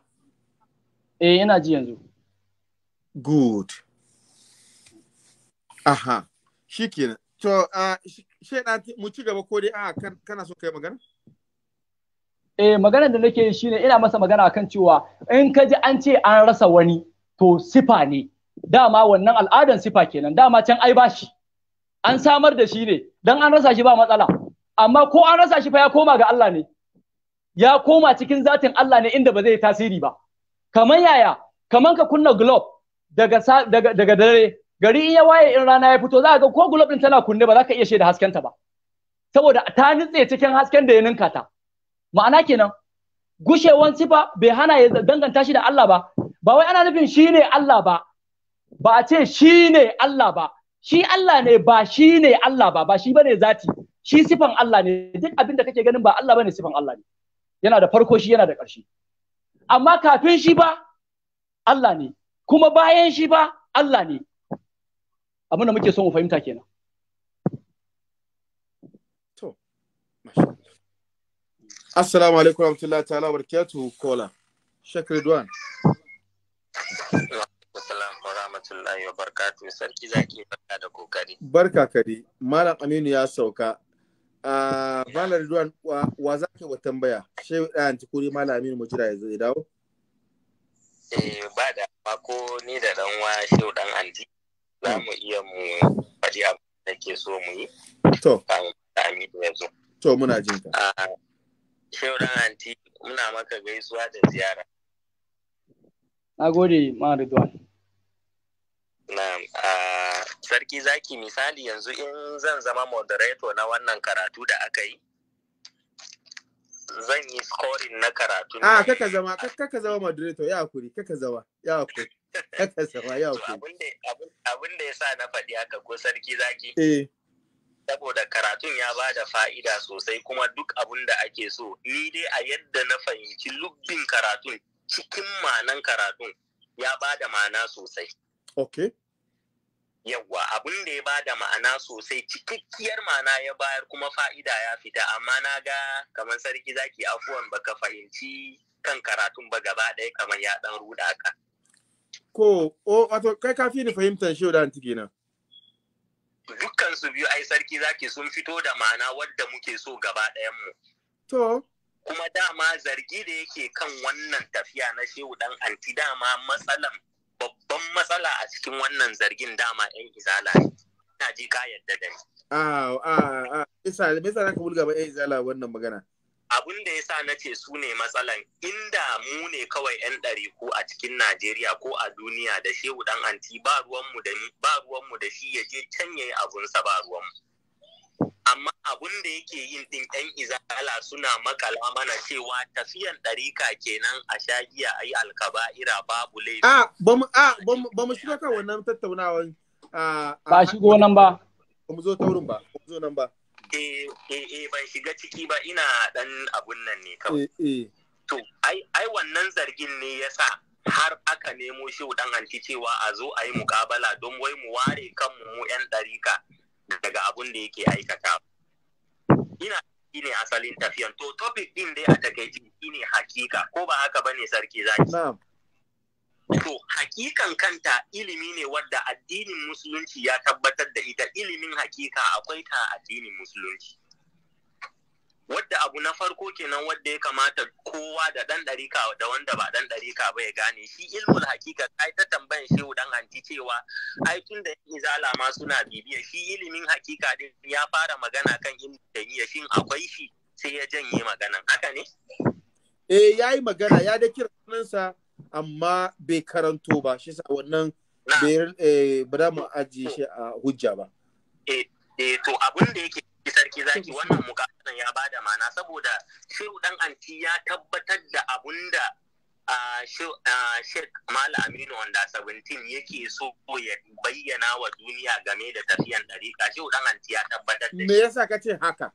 Eh, ina ji yanzu. Good. Aha, shi kenan. To, shaida mu ci gaba ko dai a kana so kai magana? Eh, magana da nake yi shine ina masa magana kan cewa in ka ji an ce an rasa wani to sifa ne. Dama wannan al'adan sifa kenan, dama can ai bashi. An samar da shi ne, dan an rasa shi ba matsala. Amma ko an rasa shi fa ya koma ga Allah ne. Ya koma cikin zatin Allah ne inda ba zai tasiri ba. Kamar yaya, kamar ka kunna globe daga, daga dare gari in ya waye in rana ya fito za ka ga ko gulob din tana kunne ba za ka iya shaida hasken ta ba saboda ta nitse cikin hasken da ya ninka ta ma'ana kenan gushewan sifa bai hana ya danganta shi da Allah ba ba wai ana nufin shi ne Allah ba ba a ce shi ne Allah ba shi Allah ne ba shi ne Allah ba ba shi bane zati shi sifan Allah ne duk abin da kake ganin ba Allah bane sifan Allah ne yana da farko shi yana da ƙarshe amma kafin shi ba Allah ne kuma bayan shi ba Allah ne abin da muke son mu fahimta kenan to assalamu alaikum warahmatullahi ta'ala barakatuhu kola shek ridwan warahmatullahi wabarakatuh sarki zaki barka da kokari barka kare malam aminu ya sauka a ah, malam ridwan wa zaki wa tambaya shehu ɗayan ah, tukuri malam aminu mu jira ya dawo eh ba da ko ni da dan wa shehu dan anti za mu iya mu faɗi abu da ke so mu yi to sami da yazo to muna jin ka ah, shauran anti muna maka gaisuwa da ziyara na gode ma Ridwan Na'am, uh, sarki zaki misali yanzu in zan zama moderator na wannan karatu da aka yi zan yi scoring na karatu. Ah, kaka zama, kaka zama moderator, ya hakuri, kaka zama, ya hakuri. Haka sama ya Abin da ya sa na faɗi haka ko sarki zaki. Eh. Saboda karatun ya ba da fa'ida sosai kuma duk abin da ake so. Ni dai a yadda na fahimci lubbin karatun cikin ma'anan karatun ya ba da ma'ana sosai. ok yawwa abin da ya ba da ma'ana sosai cikakkiyar ma'ana ya bayar kuma fa'ida ya fita amma na ga kamar sarki zaki afuwan baka fahimci kan karatun ba gaba ɗaya kamar ya ɗan ruɗa ka. ko o wato kai ka fi ni fahimtar shi da antiki na dukkan su biyu ai sarki zaki sun fito da ma'ana wadda muke so gaba ɗayan mu to kuma dama zargi da yake kan wannan tafiya na shehu dan anti dama matsalan babban matsala a cikin wannan zargin dama yan izala ina ji ka yarda da ni a a a bisa bisa ka bulga ba yan izala wannan magana abin da ya sa na ce su ne matsalan inda mu ne kawai 'yan ɗari ko a cikin Najeriya ko a duniya da shehu dan anti ba ruwanmu da shi ya je can yayi abunsa ba ruwanmu. Amma abun da yake yin ɗin 'yan izala suna makala mana cewa tafiyan ɗarika kenan a shagiya a yi alkaba ira babu laifi. A ba mu shiga kan wannan tattaunawa. Ba shigo nan ba. Ba mu zo taurin ba, ba mu zo nan ba. Eh, eh eh ban shiga ciki ba ina dan abun nan ne kawai eh, eh. to ai wannan zargin ne yasa har aka nemo shi dan anti cewa a zo a yi mukabala don wai mu ware kanmu mu yan dariƙa daga abun da yake aikata ina ne asalin tafiyan to topic din dai a takaici ne hakika ko ba haka bane sarki zaki To hakikan kanta ilimi ne wadda addinin musulunci ya tabbatar da ita ilimin hakika akwai ta addinin musulunci. Wadda abu na farko kenan wadda ya kamata kowa da ɗan ɗarika da wanda ba ɗan ɗarika ba ya gane shi ilmul hakika ai ta tambayan shehu dan anti cewa ai tun da izala ma suna bibiya shi ilimin hakika din ya fara magana kan ilmin shin akwai shi sai ya janye maganan haka ne? Eh ya yi magana ya da sunansa amma bai karanto ba shi sa wannan eh, ba za mu ajiye shi a hujja ba. Eh, eh to abin da yake sarki zaki wannan mukatan ya ba da mana saboda shehu dan anti ya tabbatar da abin da Sheikh Mala Aminu wanda 17 yake so ya bayyana wa duniya game da tafiyan dariƙa. Shehu dan anti ya tabbatar da Me yasa ka ce haka?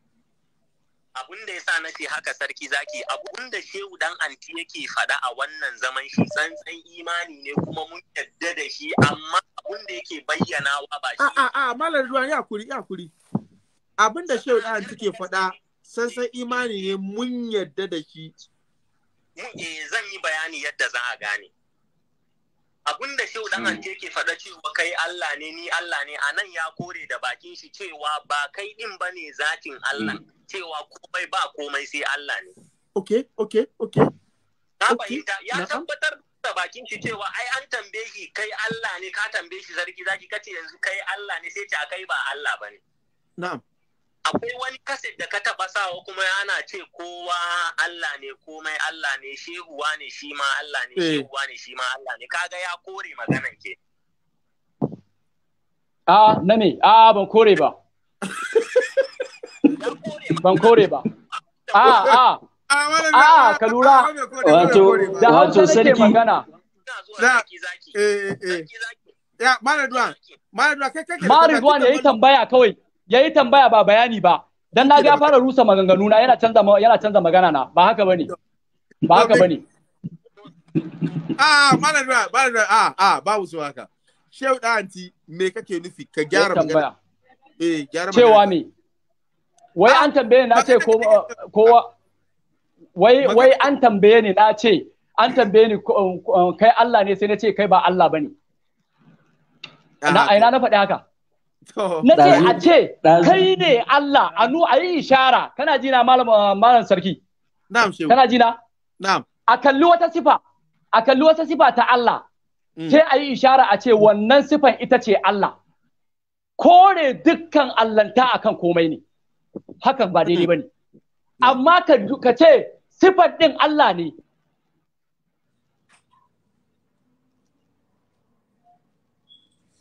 abun da ya sa na ce haka sarki zaki abun da shehu dan anti yake faɗa a wannan zaman shi tsantsan imani ne kuma mun yadda da shi amma abun da yake bayyanawa ba shi a a a malar ruwan ya kuri ya kuri abun da shehu dan anti ke faɗa tsantsan imani ne mun yadda da shi eh, zan yi bayani yadda za a gane abin da shehu dan hmm. ance ke faɗa cewa kai Allah ne ni Allah ne a nan ya kore da bakin shi cewa ba kai din ba ne zatin Allah hmm. cewa komai ba komai sai Allah ne. Ok, ok, ok. Na fahimta ya tabbatar da bakin shi cewa ai an tambaye shi kai Allah ne ka tambaye shi zargi zaki kace yanzu kai Allah ne sai ce kai ba Allah ba ne. Na'am. akwai wani kaset da ka taɓa sawa kuma ana ce kowa Allah ne komai Allah ne shehuwa ne shi ma Allah ne eh. shehuwa ne shi ma Allah ne kaga ya kore maganan ke a na ne, a ban kore ba ban kore ba a a a ka lura wato da wato sarki magana zaki eh, eh, zaki ya kai tambaya kawai yayi tambaya ba bayani ba dan na ga fara rusa maganganu na yana canza yana canza magana na ba haka bane ba haka bane a ba malama a a babu so haka shehu da anti me kake nufi ka gyara magana eh gyara magana cewa me wai an tambaye na ce ko kowa wai wai an tambaye ni na ce an tambaye ni kai Allah ne sai na ce kai ba Allah bane ah, na aina na faɗi haka Na ce a ce kai ne Allah anu a yi ishara kana jina uh, malam sarki. Na'am shehu. Kana jina? Na'am. A kalli wata sifa a kalli wata sifa ta Allah mm. sai a yi ishara a ce wannan sifan ita ce Allah. Kore dukkan allanta akan komai ne. Hakan ba daidai ba ne. Mm. Amma ka ce sifar ɗin Allah ne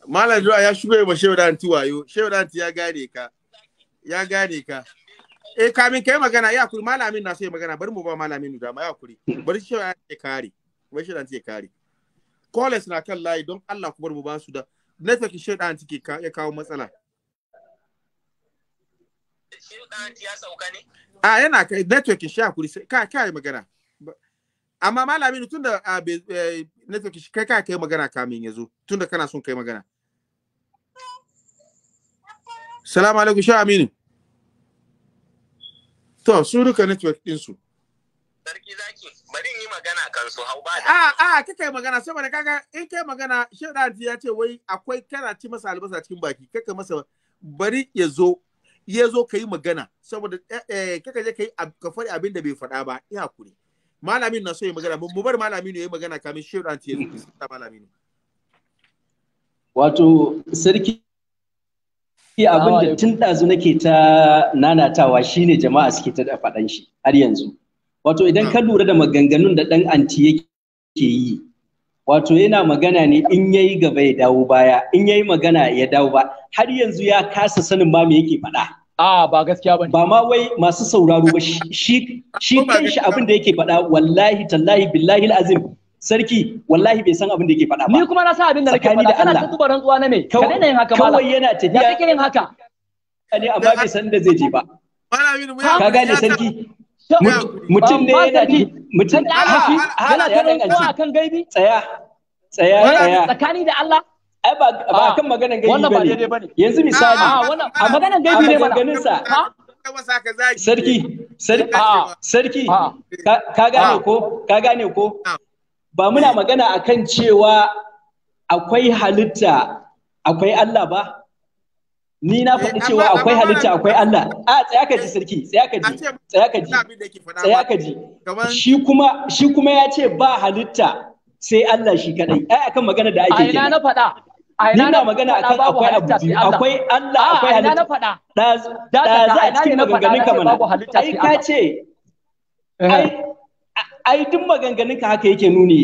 Malam Joa ya shigo ba Shehu Danti wayo. ya gane ka. Ya gane ka. Eh kamin kai magana ya kuri malamin na sai magana bari mu ba malamin mu ma ya kuri. Bari Shehu ya kare. Bari Shehu ya kare. College na kan layi don Allah ku bar mu ba su da network Shehu Danti ke ya kawo matsala. Shehu ya sauka ne? A yana kai network shi hakuri sai kai kai magana. amma malami tun da eh, network kai kai magana kamin ya zo tun da kana son kai magana salamu alaikum sha aminu to su duka network din su sarki zaki bari yi magana kan su hau ba a a ah, ah, kake magana saboda kaga in kai magana shi da ya ce wai akwai kana ci masa albasa cikin baki kaka masa bari ya zo ya zo ka yi magana saboda eh, eh, kaka je ka yi ka faɗi abin da bai faɗa ba ya kure, malamin na so ya magana mu bar malamin ya yi magana kamin shi da ya zo malami malamin. wato sarki Shi abin da tun ɗazu nake ta nanatawa shine jama'a suke ta da faɗan shi har yanzu. Wato idan ka hmm. lura da maganganun da ɗan anti yake yi, wato yana magana ne in yayi gaba ya dawo baya, in yayi magana ya dawo ba, har yanzu ya kasa sanin ma me yake faɗa. A ba gaskiya ba Ba ma wai masu sauraro ba shi shi kanshi abin da yake faɗa wallahi tallahi billahi azim sarki wallahi bai san abin da yake faɗa ba ni kuma na san abin da nake faɗa kana ta tuba rantsuwa na me ka daina yin haka kawai yana tafiya ya kake yin haka ne amma bai san da zai je ba ka gane sarki mutum ne yana ji mutum da yana ta rantsuwa akan gaibi tsaya tsaya tsaya tsakani da Allah ai ba ba ah, kan maganan gaibi bane yanzu ah, misali a ah, maganan gaibi ne mana ganin sa sarki sarki sarki ka gane ko ka gane ko ba muna magana akan cewa akwai halitta akwai Allah ba ni na faɗi eh, cewa akwai halitta akwai Allah a tsaya ka ji sarki tsaya ka ji tsaya ka ji tsaya ka ji shi kuma shi kuma ya ce ba halitta sai Allah shi kadai ai akan magana da ake ke. na faɗa ni na magana akan akwai abu akwai Allah akwai halitta da za a cikin maganganun ka mana eh. ai ka ce ai ai duk maganganun ka haka yake nuni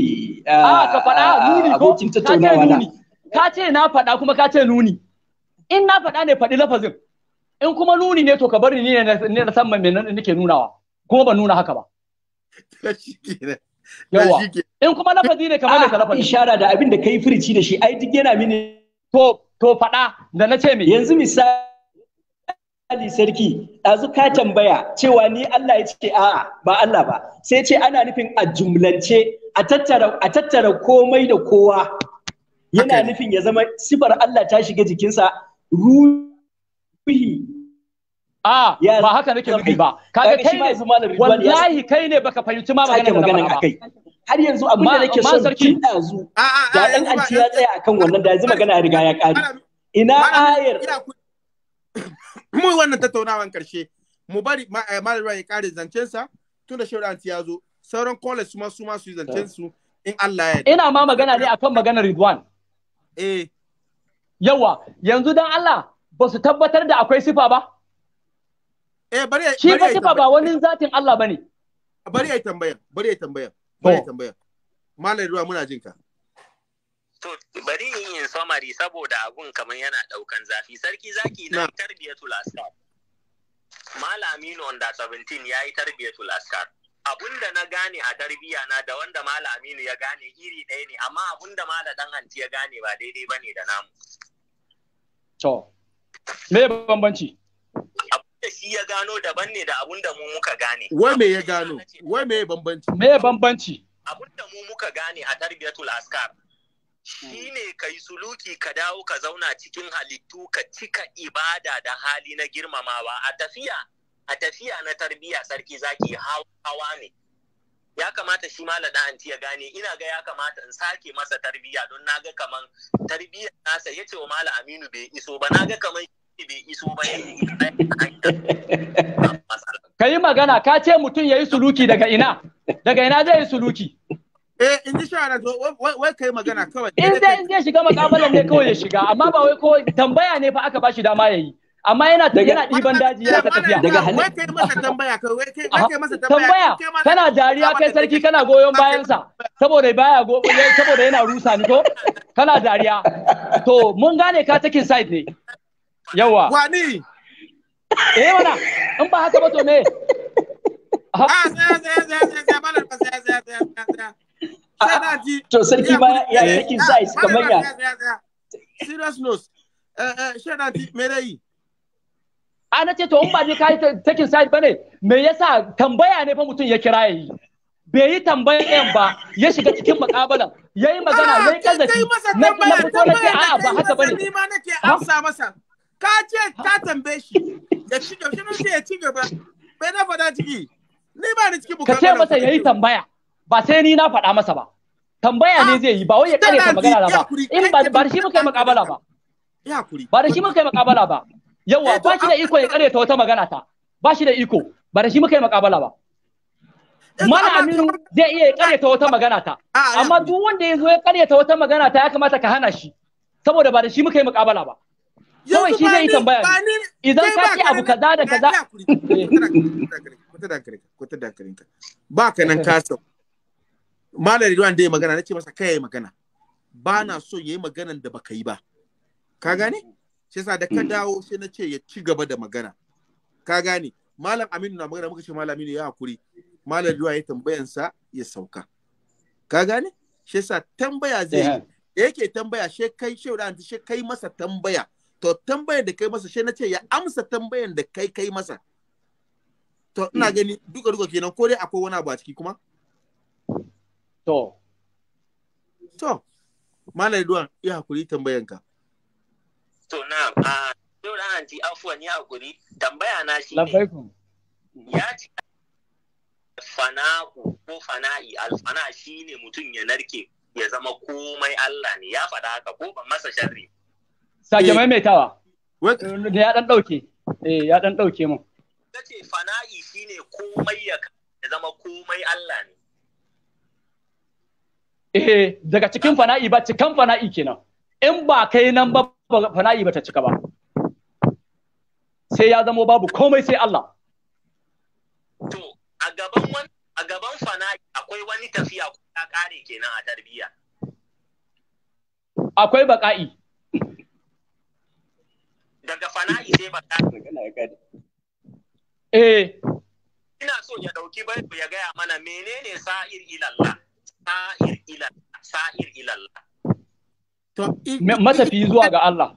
a ka ah, faɗa ah, nuni ko ka ce nuni ka ce na faɗa kuma ka ce nuni in na faɗa ne faɗi lafazin in kuma nuni ne to ka bari ni ne na san da nake nunawa kuma ban nuna haka ba yawa in kuma lafazi ne kamar ka ah, lafazi ishara da abin da kai firici da shi ai duk yana mini to to faɗa da na ce me yanzu misali Ali sarki ɗazu ka tambaya cewa ni Allah ya ce a'a ba Allah ba sai ce ana nufin a jumlance a tattara a tattara komai da kowa yana nufin ya zama sifar Allah ta shiga jikinsa ruhi a ba haka nake nufi ba kaga kai ne wallahi kai ne baka fahimci ma maganar kai har yanzu abin da nake son kin ɗazu da dan anci ya tsaya akan wannan da yanzu magana ya riga ya ƙare ina ayar mu wannan tattaunawan karshe mu bari eh, malam ya kare zancensa tun da shauran ya zo sauran college su ma su ma su yi zancen su in Allah ya ina ma magana ne akan maganar Ridwan eh yawa yanzu dan Allah ba su tabbatar da akwai sifa ba eh bari shi ba sifa ba wani zatin Allah bane bari ya tambaya bari ya tambaya bari ya tambaya malam Ruwa muna jinka To bari in yi samari saboda abun kamar yana daukan zafi. Sarki zaki na tarbiyatul askar. aminu on da 17 ya yi tarbiyatul askar. Abun da na gane a tarbiya na da wanda aminu ya gane iri ɗaya ne amma abun da mala dan hanci ya gane ba daidai bane da namu. To. Me bambanci? Abun da shi ya gano daban ne da abun da mu muka gane. Wai me ya gano? Wai me bambanci? Me bambanci? Abun da mu muka gane a tarbiyatul askar shi ne ka yi suluki ka dawo ka zauna cikin halittu ka cika ibada da hali na girmamawa a tafiya a tafiya na tarbiyya sarki zaki hawa ne ya kamata shi ma anti ya gane ina ga ya kamata in sake masa tarbiyya don na ga kaman tarbiyyar nasa ya ce wa mala aminu bai iso ba Na ga kaman bai iso ba ka yi magana ka ce mutum ya yi suluki daga ina daga ina zai yi suluki Eh, in ji shara wai kai magana kawai. In in zai shiga makabalan ne kawai ya shiga, amma ba wai kawai tambaya ne fa aka ba shi dama yayi. Amma yana yana ɗiban daji yana ta tafiya. Daga halin. Wai kai masa tambaya kai wai kai masa tambaya. Tambaya kana dariya kai sarki kana goyon bayansa saboda baya goyon, saboda yana rusa ni ko? Kana dariya. To mun gane ka cikin side ne. Yawa. Wani. Eh wana in ba haka ba to me? Ah, tsaya tsaya tsaya tsaya tsaya tsaya tsaya tsaya tsaya. To sarki ba ya yi eh, eh, A na to in ba je ka yi takin ba ne, me yasa tambaya ne fa mutum ya kira ya yi. bai yi tambayan ba ya shiga cikin ya yi magana ya ah, kazafi na fito na ce a'a bane ka ce ta tambaye shi ya ci gaba ya ci gaba bai na fada ciki ni ba ni ciki ka ce masa ya yi tambaya ba sai ni na faɗa masa ba tambaya ne zai yi ba wai ya kare ka magana ba in ba da shi muka yi makabala ba ba da shi muka yi makabala ba yawa ba shi da iko ya kare ta wata magana ta ba shi da iko ba da shi muka yi makabala ba mana aminu zai iya ya kare ta wata magana ta amma duk wanda ya zo ya kare ta wata magana ta ya kamata ka hana shi saboda ba da shi muka yi makabala ba kawai shi zai yi tambaya idan ka ce abu kaza da kaza ba ka nan ka Malam Ridwan yi magana nace masa kai magana. Ba na mm. so yayi maganan da baka yi ba. Ka gane? Shi yasa da ka mm. dawo sai na ce ya ci gaba da magana. Ka gane? Malam Aminu na magana muka ce Malam Aminu ya hakuri. Malam Ridwan ya tambayansa ya sauka. Ka gane? Shi yasa tambaya zai eh. Da yake tambaya she kai she da she kai masa tambaya. To tambayar da kai masa she na ce ya amsa tambayar da kai kai masa. To ina mm. gani duka duka kenan ko dai akwai wani abu a ciki kuma? To. To. Mala Duwan, iya hakuri tambayanka. To na, a ah, Dora Anti afuwa ya hakuri, tambaya na shi ne. Ya ce fana'u ko fana'i, alfana shi ne mutum ya narke ya zama komai Allah ne, ya faɗa haka ko ban masa sharri. Sake eh. maimaitawa. Da ya ɗan ɗauke, eh ya ɗan ɗauke mu. Ta ce fana'i shi ne komai ya zama komai Allah ne. eh daga cikin fana'i ba cikan fana'i kenan in ba kai nan ba fana'i ba ta cika ba sai ya zamo babu komai sai Allah to a gaban wani a gaban fana'i akwai wani tafiya ko ta kare kenan a tarbiyya akwai baka'i daga fana'i sai baka'i eh ina so ya dauki bai ya gaya mana menene sa'ir ilallah sa'ir ilallah sa'ir ilallah to matafi zuwa ga Allah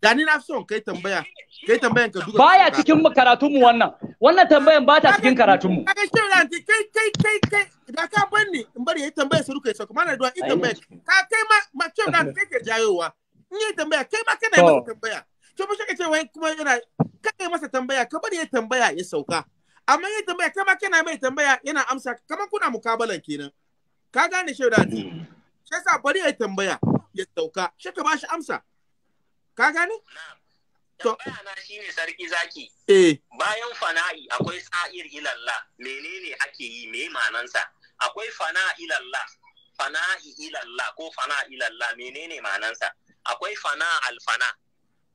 gani na son kai tambaya kai tambayan ka duka baya cikin karatun mu wannan wannan tambayan ba ta cikin karatun mu kaga shin ranti kai kai kai kai da ka banni in bari yayi tambaya su ruka yi sako mana duwa ita tambaya ka kai ma ma shin ranti kai ke jayowa in yayi tambaya kai ma kana masa tambaya to ba shi ce wai kuma yana kai masa tambaya ka bari yayi tambaya ya sauka amma yayi tambaya kai ma kana mai tambaya yana amsa kamar kuna mukabalan kenan ka gane shaidati mm. sai sa bari ya tambaya ya sauka sai ka bashi amsa ka gane tambaya na ne sarki zaki eh bayan fana'i akwai sa'ir ilalla menene ake yi me manansa akwai fana'i ilalla fana'i ilalla ko fana'i ilalla menene manansa akwai fana alfana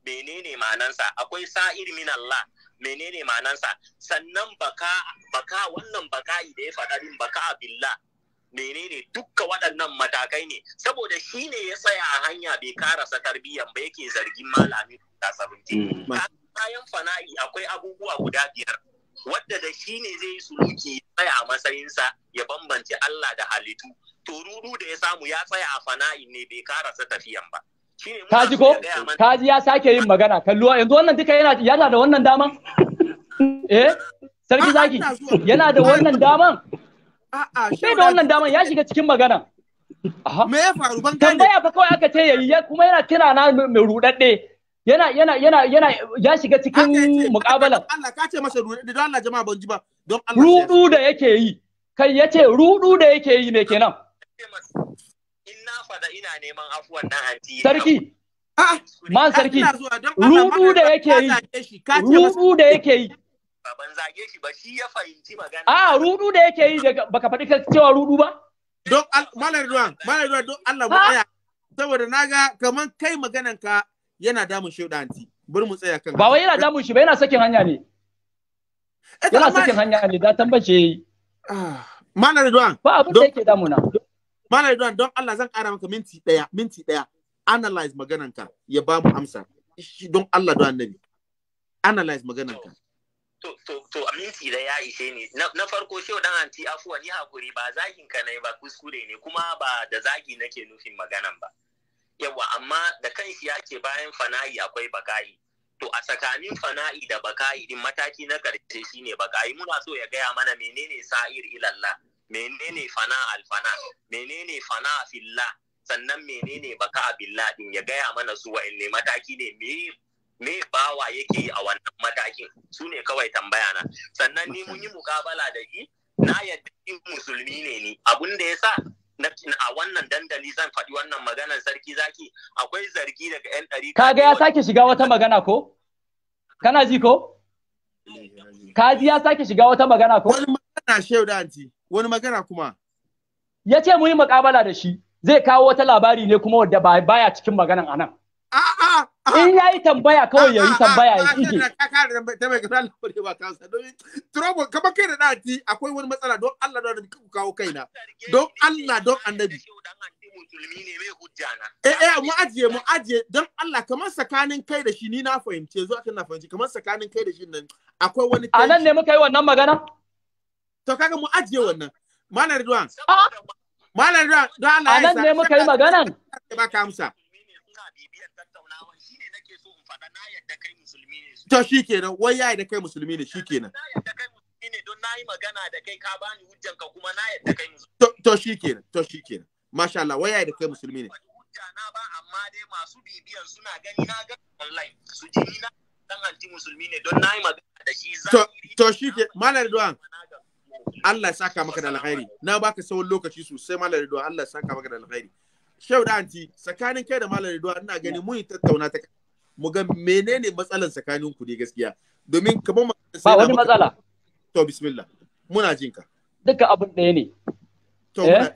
menene manansa akwai sa'ir minalla. menene manansa sannan baka baka wannan baka da ya faɗa din baka billah menene dukka waɗannan matakai ne saboda shi ne ya tsaya a hanya bai karasa tarbiyyan ba yake zargin malami da sabunti mm. kayan fana'i akwai abubuwa guda biyar wadda da shi ne zai suluki ya tsaya a matsayinsa ya bambance Allah da halittu to rudu da ya samu ya tsaya a fana'i ne bai karasa tafiyan ba kaji ko kaji ya sake yin magana kalluwa yanzu wannan duka yana yana da wannan daman eh sarki zaki yana da wannan daman A'a, shi da wannan damar ya shiga cikin magana. Me ya faru ban gane? Tambaya fa kawai aka ce yayi kuma yana kira na mai rudadde. Yana yana yana yana ya shiga cikin muƙabala. Allah ka ce masa rudadde don Allah jama'a ban ji ba. Don Allah. Rudu da yake yi. Kai ya ce rudu da yake yi me kenan? fada ina neman afuwan anti. Sarki. Man sarki. Rudu da yake yi. Rudu da yake yi. ba ban zage shi ba shi ya fahimci magana a ah, rudu da yake yi daga baka faɗi ka cewa rudu ba don malar duwan malar ruwan don Allah mu tsaya saboda ga kaman kai maganan ka yana damun shi da anti bari mu tsaya kan ba wai yana damun shi ba yana sakin hanya ne eh, yana sakin hanya ne da tambace ah, malar ruwan ba abin da yake damuna malar ruwan don Allah zan ƙara maka minti ɗaya minti ɗaya analyze maganan ka ya ba mu amsa don Allah don annabi analyze maganan ka to aminci da ya ishe ni na farko shehu dan anti afuwa ni hakuri ba zagin ka ne ba kuskure ne kuma ba da zagi nake nufin maganan ba yawa amma da kan shi yake bayan fana'i akwai baka'i to a tsakanin fana'i da baka'i din mataki na karshe ne baka'i muna so ya gaya mana menene sa'ir ilalla menene fana alfana menene fana fillah sannan menene baka billah din ya gaya mana su ne mataki ne me me bawa yake yi a wannan matakin su ne kawai tambaya na sannan ni mun yi mukabala da shi na yadda musulmi ne ni abun da ya sa a wannan dandali zan faɗi wannan maganar sarki zaki akwai zargi daga yan ɗari kaga ya sake shiga wata magana ko kana ji ko kaji ya sake shiga wata magana ko wani magana shehu da anti wani magana kuma ya ce mu yi mukabala da shi zai kawo wata labari ne kuma wadda baya cikin maganan anan A'a! In ya yi tambaya kawai ya yi tambaya ya shige. Trouble, kama kai da ɗati akwai wani matsala don Allah don ku kawo kaina. Don Allah don annabi. Eh eh mu ajiye mu ajiye don Allah kamar tsakanin kai da shi ni na fahimce zuwa akan na fahimce kamar tsakanin kai da shi nan akwai wani A nan ne muka yi wannan magana? To kaga mu ajiye wannan. Malam Ridwan. Malam Ridwan don Allah ya sa. A nan ne muka yi maganan? Ba ka amsa. na yadda kai musulmi ne to shi kenan, wai ya yadda kai musulmi ne shikenan na yadda kai musulmi ne don yi magana da kai ka bani hujjan ka kuma na yadda kai musulmi to shikenan to shikenan masha Allah wai ya yadda kai musulmi ne hujja na ba amma dai masu bibiyan suna gani na ga online su ji ni na dan anti musulmi ne don na yi magana da shi zahiri to shike malam duwan Allah ya saka maka da alkhairi na baka tsawon lokaci sosai malam Ridwan Allah ya saka maka da alkhairi Shau da anti tsakanin kai da malam Ridwan ina gani mun tattauna ta mu ga menene matsalan tsakanin ku ne gaskiya domin kamar ba wani matsala to bismillah muna jin ka duka abin ɗaya ne to muna eh?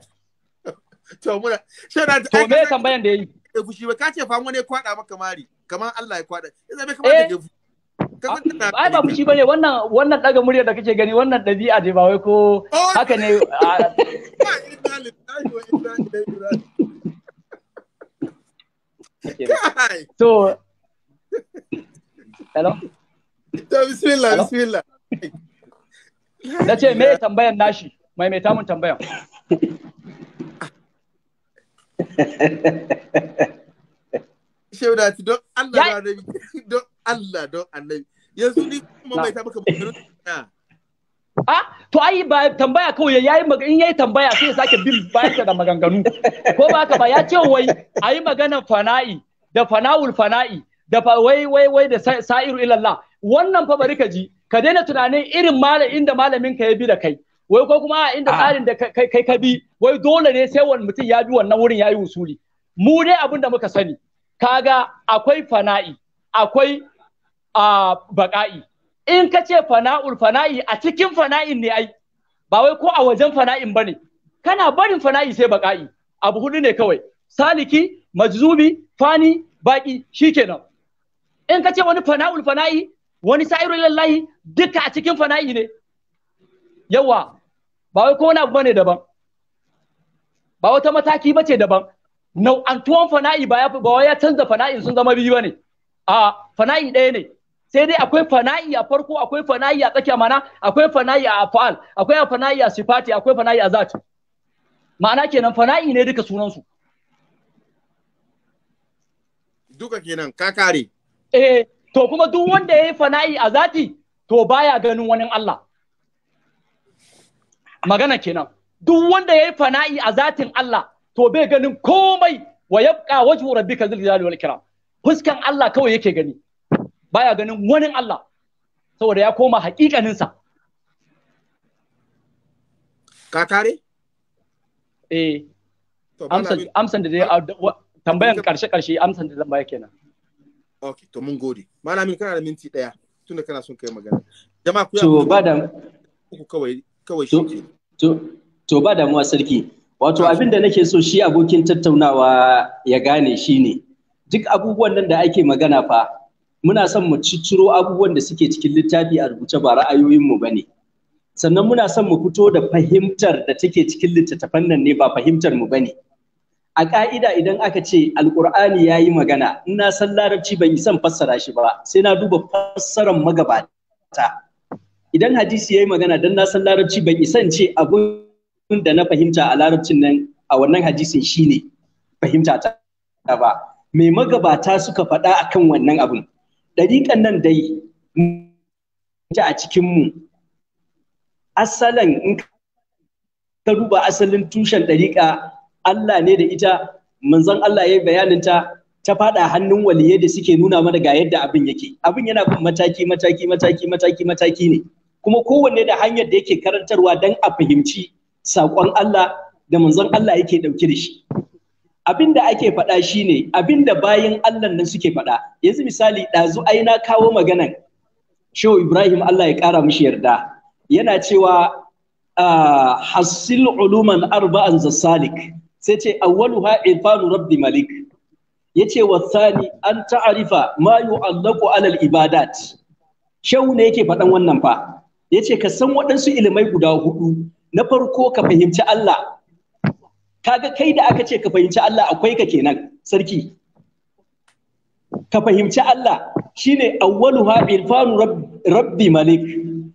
to muna shana to me tambayan da yayi e eh, fushi ba kace fa wani ne kwada maka mari kamar Allah ya kwada yanzu bai eh? kamar da ah, Ai ba fushi bane wannan wannan daga murya da kake gani wannan dabi'a ne ba wai ko oh, haka ne So ah. hello to bismillah bismillah na ce me nashi mai mai tamun tambayan ah, to ai ba tambaya kawai yayi in yayi tambaya sai ya sake bin da maganganu ko ba ka ba ya ce wai ayi magana fana'i da fana'ul fana'i da fa wai wai wai da sa'iru ilallah wannan fa bari ka ji ka daina tunanin irin malamin inda malamin ka ya bi da kai wai ko kuma a inda tsarin da kai ka bi wai dole ne sai wani mutum ya bi wannan wurin ya yi usuli mu dai abin da muka sani kaga akwai fana'i akwai baka'i. in ka ce fana'ul fana'i a cikin fana'in ne ai ba wai ko a wajen fana'in bane kana barin fana'i sai baka'i. abu hudu ne kawai saliki majzubi fani baki shikenan in ka ce wani fana'ul fana'i wani sa'iru lallahi duka a cikin fana'i ne yawa ba wai ko wani abu bane daban ba wata mataki bace daban nau'antuwan fana'i ba ya ba ya canza fana'in sun zama biyu bane a fana'i ɗaya ne sai dai akwai fana'i a farko akwai fana'i a tsakiya mana akwai fana'i a afal akwai fana'i a sifati akwai fana'i a zati ma'ana kenan fana'i ne duka sunansu duka kenan ka kare eh to kuma duk wanda ya yi fana'i a zati to baya ganin wani Allah magana kenan duk wanda ya yi fana'i a zatin Allah to bai ganin komai wa yabqa wajhu rabbika zil jalali wal ikram fuskan Allah kawai yake gani baya ganin wani Allah saboda ya koma hakikaninsa. sa ka kare eh amsan amsan da dai tambayan karshe karshe amsan da zan baya kenan ok to mun gode min kana da minti daya tunda kana son kai magana jama'a ku to ba da ku kawai kawai shi to to ba damuwa sarki wato abin da nake so shi abokin tattaunawa ya gane shi ne. duk abubuwan nan da ake magana fa muna son mu cicciro abubuwan da suke cikin littafi a rubuce ba ra'ayoyin mu ne sannan muna son mu fito da fahimtar da take cikin littattafan nan ne ba fahimtar mu bane ne a ƙa'ida idan aka ce Alƙur'ani ya yi magana ina san larabci ban yi son fassara shi ba sai na duba fassaran magabata idan hadisi ya yi magana don na san larabci ban yi isan ce abun da na fahimta a larabcin nan a wannan hadisin shine fahimta ta ba me magabata suka faɗa kan wannan abun ɗariƙan nan dai ta a cikinmu asalin in ka duba asalin tushen ɗariƙa Allah ne da ita manzon Allah ya yi bayanin ta ta faɗa hannun waliye da suke nuna mana ga yadda abin yake abin yana bin mataki mataki mataki mataki mataki ne kuma kowanne da hanyar da yake karantarwa don a fahimci sakon Allah da manzon Allah yake ɗauke da shi abin da ake faɗa shine abin da bayan Allah nan suke faɗa yanzu misali ɗazu ai na kawo maganan Shehu Ibrahim Allah ya ƙara mishi yarda yana cewa ah, hasil uluman arba'an zasalik sai ce awwaluha irfanu rabbi malik yace wasani an ta'arifa ma yu'allaqu alal ibadat shehu ne yake faɗan wannan fa yace ka san waɗansu ilimai guda hudu na farko ka fahimci Allah kaga kai da aka ce ka fahimci Allah akwai ka kenan sarki ka fahimci Allah shine awwaluha irfanu rabbi malik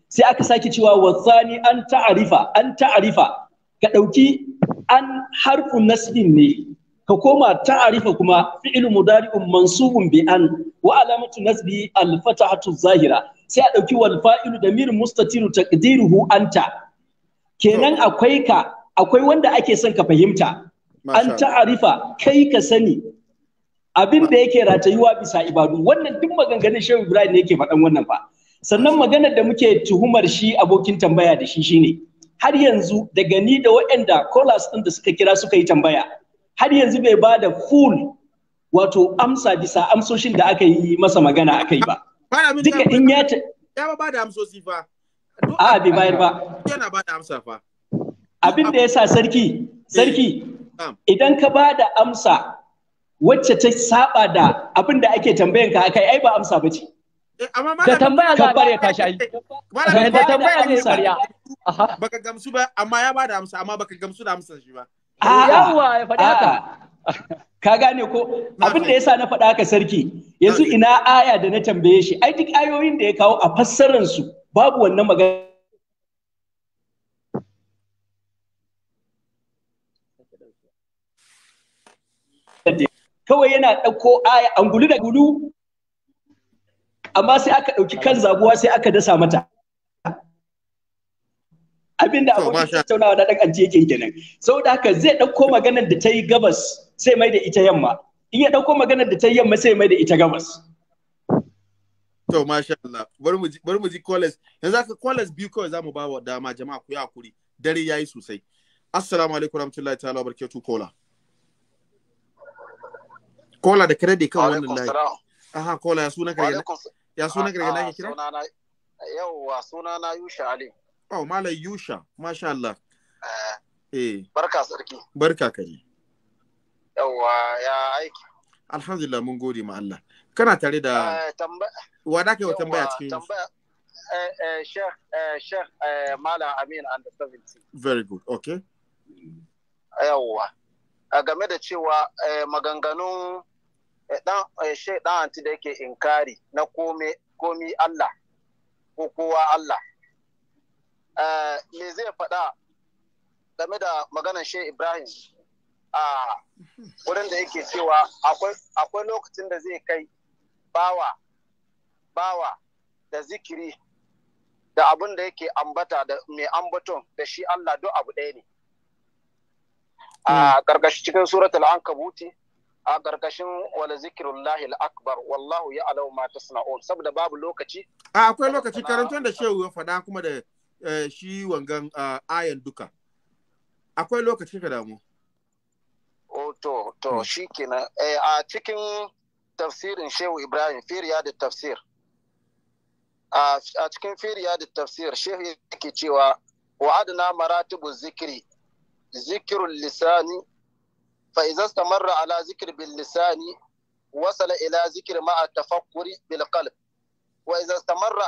sai aka sake cewa wasani an ta'arifa an ta'arifa ka ɗauki an harfu nasbin ne ka koma ta'arifa kuma fi'il mudari'un mansubun bi an wa alamatu nasbi al-fatahatu zahira sai a dauki wal fa'ilu da mir mustatiru taqdiruhu anta kenan akwai ka akwai wanda ake son ka fahimta an ta'arifa kai ka sani abin da yake ratayuwa bisa ibadu wannan duk maganganun shehu ibrahim ne yake faɗan wannan fa sannan maganar da muke tuhumar shi abokin tambaya da shi shine har yanzu daga ni da waɗanda callers ɗin da suka kira suka yi tambaya har yanzu bai ba da full wato amsa bisa amsoshin da aka yi masa magana yi ba. Duka in ya ta... Ya ba da amsoshi fa. A bai bayar ba. Yana ba da amsa fa. Abin da ya sa sarki, sarki, idan ka ba da amsa wacce ta saba da abin da ake tambayanka akai ai ba amsa ba ce. Eh, da tambaya za a kare ka shi da tambaya ne kariya baka gamsu ba amma ya bada amsa amma baka gamsu da amsa shi ba ah. yawa ya faɗi haka ka gane ko abin da yasa na faɗa haka sarki yanzu ina aya da na tambaye shi ai duk ayoyin da ya kawo a fassarar su babu wannan magana kawai yana ɗauko aya angulu da gulu amma sai aka ɗauki kan zabuwa sai aka dasa mata abin da abokin tattaunawa na ɗan yake kenan saboda haka zai ɗauko maganar da ta yi gabas sai mai da ita yamma in ya ɗauko maganar da ta yi yamma sai mai da ita gabas to masha Allah bari mu ji college yanzu aka college biyu kawai zamu ba wa dama jama'a ku yi hakuri dare yayi sosai assalamu alaikum warahmatullahi ta'ala wa barakatuh kola kola da kare da kan wannan layi aha kola ya ya suna gargada ah, ya kira yawwa suna na yusha ali oh malam yusha masha Allah eh, eh. barka sarki barka kare yawwa ya aiki alhamdulillah mun gode ma Allah kana tare da eh, wa da kai wa tambaya cikin tambaya eh, Sheikh Sheikh Malam Amin and the 70. Very good, okay. Yawwa. A game da cewa maganganun ɗan eh, eh, anti da yake inkari na komi Allah ko kowa Allah eh, me zai faɗa game da maganar Shehu Ibrahim a wurin da yake cewa akwai lokacin da zai kai bawa bawa da zikiri da abin da yake ambata da mai ambaton da shi Allah duk abu ɗaya ne a hmm. ƙarƙashin cikin suratul ankabuti a ƙarƙashin wala lahil akbar wallahu ya alau ma tasna'un saboda babu lokaci a akwai lokaci karantar da shehu ya faɗa kuma da eh, shi wangan ayan duka akwai lokaci ka damu o to to hmm. shikenan eh, a cikin tafsirin shehu ibrahim firiya da tafsir a cikin firiya da tafsir shehu yake cewa wa'adna maratibu zikiri zikirun lisani fa idza istamarra ala zikr bil lisani wasala ila zikr ma'a tafakkuri bil qalb wa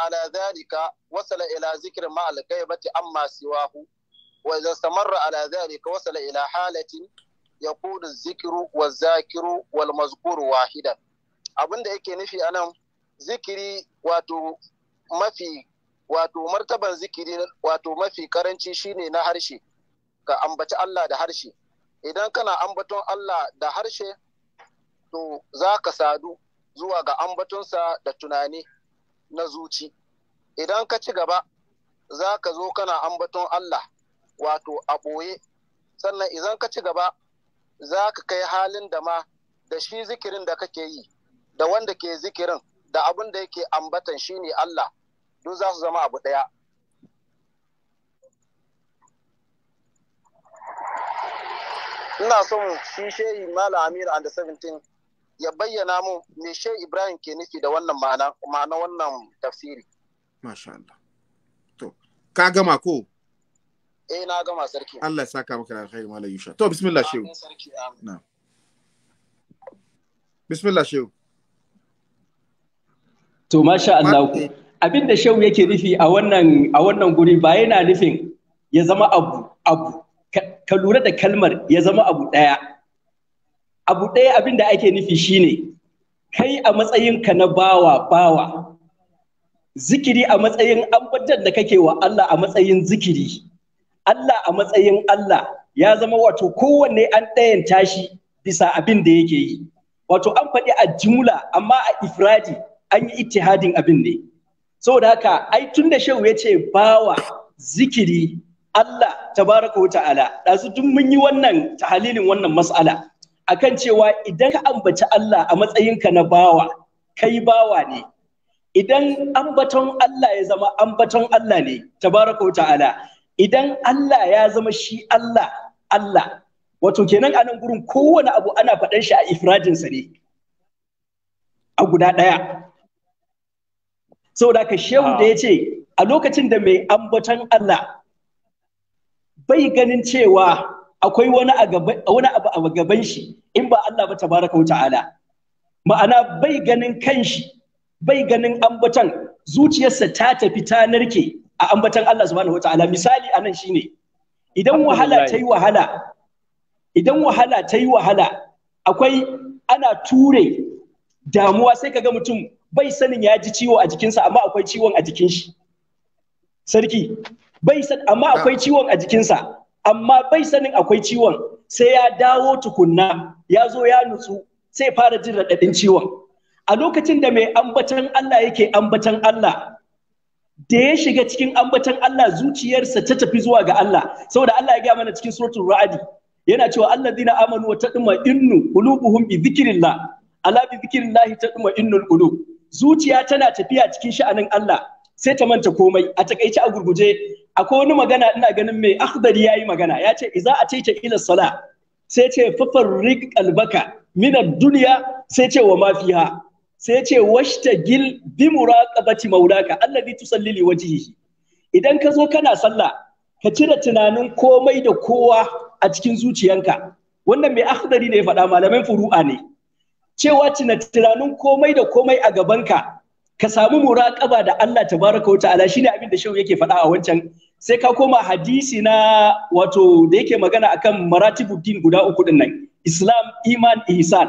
ala dhalika wasala ila zikr ma'a al ghaibati amma siwahu ala dhalika wasala ila halatin yakunu wa zakiru abinda yake nufi anan zikiri wato mafi wato martaban zikiri wato mafi karanci shine na harshe ka ambaci Allah da harshe idan kana ambaton Allah da harshe to za ka sadu zuwa ga ambatonsa da tunani na zuci idan ka ci gaba za ka zo kana ambaton Allah wato a ɓoye sannan idan ka ci gaba za ka kai halin da ma da shi zikirin da kake yi da wanda ke zikirin da abin da yake ambatan shi ne Allah duk za su zama abu ɗaya ina son shi shehi mala amir and 17 ya bayyana mu me shehi ibrahim ke nufi da wannan ma'ana ma'ana wannan tafsiri masha Allah to ka gama ko eh na gama sarki Allah ya saka maka alkhairi mala yusha to bismillah shehu na bismillah shehu to masha Allah abinda da shehu yake nufi a wannan a wannan guri ba yana nufin ya zama abu abu ka lura da kalmar ya zama abu ɗaya abu ɗaya abin da ake nufi shine kai a matsayinka na bawa bawa zikiri a matsayin abubuwan da kake wa Allah a matsayin zikiri Allah a matsayin Allah ya zama wato kowanne an ɗayan tashi bisa abin da yake yi wato an faɗi a jumla amma a ifradi an yi ittihadin abin ne saboda haka ai tun da shehu ya ce bawa zikiri Allah tabaraka wa ta'ala ɗazu tun mun yi wannan tahalilin wannan mas'ala akan cewa idan ka ambaci Allah a matsayinka na bawa kai bawa ne idan ambaton Allah ya zama ambaton Allah ne tabaraka wa ta'ala idan Allah ya zama shi Allah Allah wato kenan a nan gurin kowane abu ana faɗan shi a ifradinsa ne a guda ɗaya saboda ka shehu da ah. ya ce a lokacin da mai ambaton Allah bai ganin cewa akwai wani abu a gaban shi in ba Allah ba tabaraka wa ta'ala ma'ana bai ganin kanshi bai ganin ambatan zuciyarsa ta tafi ta narke a ambatan Allah subhanahu wa ta'ala misali anan shine idan wahala ta yi wahala idan wahala ta yi wahala akwai ana ture damuwa sai kaga mutum bai sanin ya ji ciwo a jikinsa amma akwai ciwon a jikin shi sarki bai san amma akwai ciwon a jikinsa amma bai sanin akwai ciwon sai ya dawo tukunna ya zo ya nutsu sai fara jin raɗaɗin ciwon a lokacin da mai ambatan Allah yake ambatan Allah da ya shiga cikin ambatan Allah zuciyarsa ta tafi zuwa ga Allah saboda Allah ya gaya mana cikin suratul ra'adi yana cewa alladina amanu wa tadma innu qulubuhum bi dhikrillah ala bi dhikrillah tadma innu qulub zuciya tana tafiya cikin sha'anin Allah sai ta manta komai a takaice a gurguje akwai wani magana ina ganin mai akhdari yi magana ya ce idza atita ila sala sai ce fafarrik qalbaka min ad-dunya sai ce wa mafiha sai ce washtagil bi muraqabati maulaka allazi tusalli li wajhihi idan ka zo kana sallah ka cire tunanin komai da kowa a cikin zuciyanka wannan mai akhdari ne ya faɗa malamin furu'a ne cewa tunanin komai da komai a gabanka ka samu muraqaba da Allah tabaraka wa ta'ala shine abin da shehu yake faɗa a wancan sai ka koma hadisi na wato da yake magana akan din guda uku din nan islam iman ihsan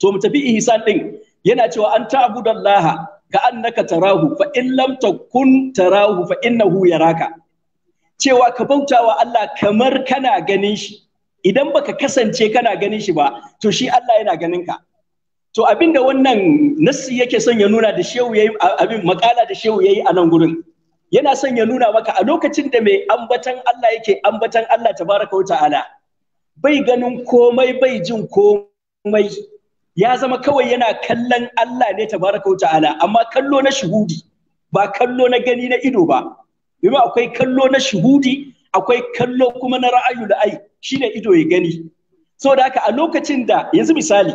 to mu tafi ihsan din yana cewa an abudallaha ka annaka tarahu fa in lam takun tarahu fa innahu yaraka cewa ka bautawa Allah kamar kana ganin shi idan baka kasance kana ganin shi ba to shi Allah yana ganin ka to abinda wannan nassi yake son ya nuna da shehu yayi abin makala da shehu yayi a nan gurin yana son ya nuna maka a lokacin da mai ambatan Allah yake ambatan Allah tabaraka ta'ala bai ganin komai bai jin komai ya zama kawai yana kallon Allah ne tabaraka ta'ala amma kallo na shuhudi ba kallo na gani na ido ba domin akwai kallo na shuhudi akwai kallo kuma na ra'ayu da shi shine ido ya gani so da haka a lokacin da yanzu misali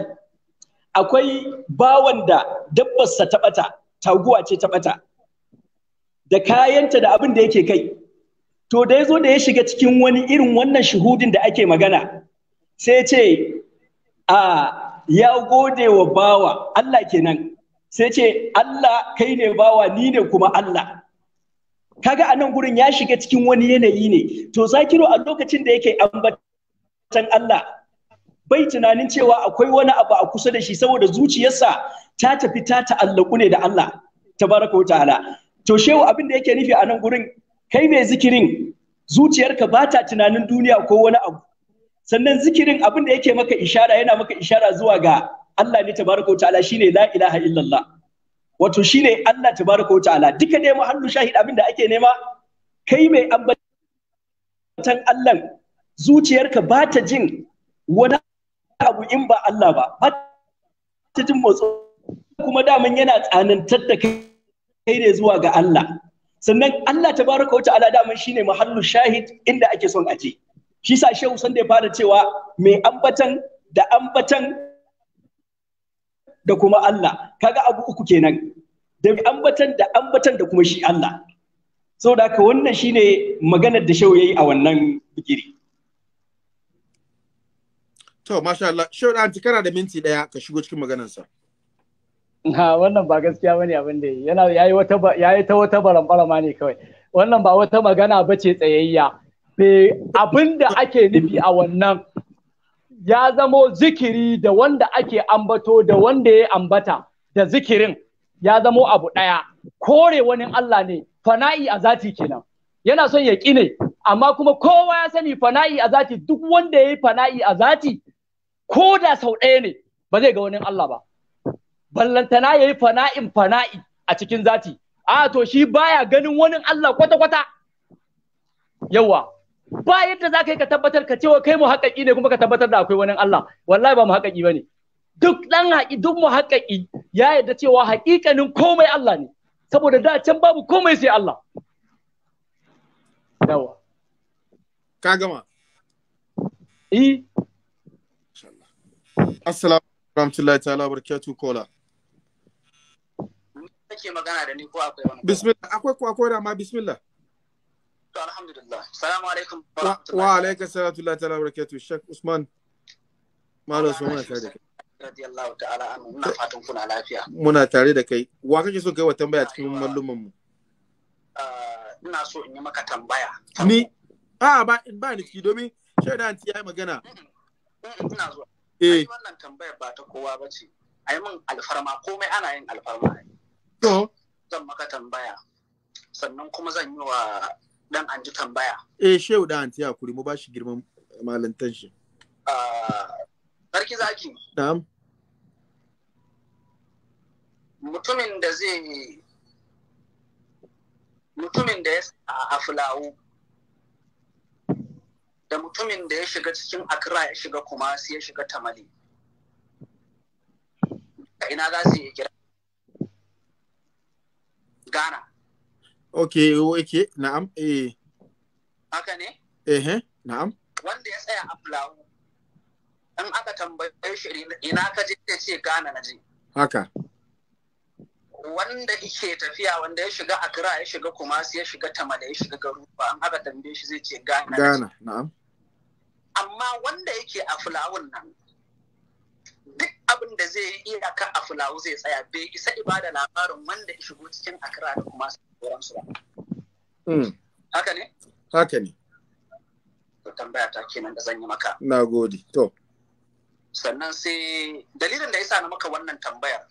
akwai bawan da dabbar sa ta bata taguwa ce ta bata da kayanta da abin da yake kai to da ya zo da ya shiga cikin wani irin wannan shahudin da ake magana sai ce a ya gode wa bawa Allah kenan sai ce Allah kai ne bawa ni ne kuma Allah kaga a nan gurin ya shiga cikin wani yanayi ne to zakiro a lokacin da yake ambatan Allah bai tunanin cewa akwai wani abu a kusa da shi saboda zuciyarsa ta tafi ta ta'allaku ne da Allah tabaraka wa ta'ala to shehu abin da yake nufi a nan gurin kai mai zikirin zuciyarka ba ta tunanin duniya ko wani abu sannan zikirin abin da yake maka ishara yana maka ishara zuwa ga Allah ne tabaraka ta'ala shine la ilaha illallah wato shine Allah tabaraka ta'ala duka ne muhallu shahid abin da ake nema kai mai ambatan Allah zuciyarka ba ta jin wani abu in ba Allah ba ba ta jin motsi kuma daman yana tsanantar da kai kai ne zuwa ga Allah sannan Allah tabaraka ala, ta'ala daman shine mahallu shahid inda ake son aje shi sa shehu san da ya fara cewa mai ambatan da ambatan da kuma Allah kaga abu uku kenan da mai ambatan da ambatan da kuma shi Allah saboda haka wannan shine maganar da shehu yayi a wannan bigiri to masha Allah shehu da kana da minti daya ka shigo cikin maganarsa sa na wannan ba gaskiya bane abin da yana yayi wata yayi ta wata barambarama ne kawai wannan ba wata magana ba ce tsayayya be abin da ake nufi a wannan ya zamo zikiri da wanda ake ambato da wanda ya ambata da zikirin ya zamo abu ɗaya kore wani Allah ne fana'i a zati kenan yana son ya ne amma kuma kowa ya sani fana'i a zati duk wanda ya yi fana'i a zati ko da sau ɗaya ne ba zai ga wani Allah ba ballantana yayi fana'in fana'i a cikin zati a to shi baya ganin wani Allah kwata kwata yawa ba yadda za ka yi ka tabbatar ka cewa kai mu haƙaƙi ne kuma ka tabbatar da akwai wani Allah wallahi ba mu haƙaƙi bane duk dan haƙi duk mu haƙaƙi ya yarda cewa haƙiƙanin komai Allah ne saboda da can babu komai sai Allah yawa ka gama eh assalamu alaikum warahmatullahi ta'ala barakatuh kola kake magana da ni ko akwai wani bismillah akwai ko akwai bismillah to alhamdulillah assalamu alaikum wa alaikum salatu lillahi ta'ala barakatuh shek usman malam muna tare da kai radiyallahu ta'ala anhu muna fatan kuna lafiya muna tare da kai wa kake so kai wa tambaya cikin malluman mu ah, ina so in yi maka tambaya ni a ba ba ni ciki domin shaida anti yayi magana ina zuwa eh wannan tambayar ba ta kowa bace ai mun alfarma komai ana yin alfarma zan maka tambaya sannan kuma zan yi wa dan anji tambaya eh shehu da anti hakuri mu bashi girman malantan shi ah, sarki zaki na'am mutumin da zai mutumin da ya a fulawu da mutumin da ya shiga cikin akira ya shiga kuma sai ya shiga tamali ina za su yi kira Ghana. Ok, ok, na'am, eh. Haka ne? Eh, eh, na'am. Wanda ya tsaya a Fulawu, in aka tambaye shi ina ka je zai ce Ghana na je. Haka. Wanda ke tafiya wanda ya shiga Accra, ya shiga Kumasi, ya shiga Tamale, ya shiga Garuba, in aka tambaye shi zai ce Ghana. Ghana, na'am. Amma wanda yake a Fulawun nan, abin da zai yi iyaka a fulawu zai tsaya bai isa ibada labarin wanda ya shigo cikin akira da kuma sauransu ba hmm. haka ne haka ne tambaya ta kenan da zan yi maka na gode to sannan sai dalilin da ya na maka wannan tambayar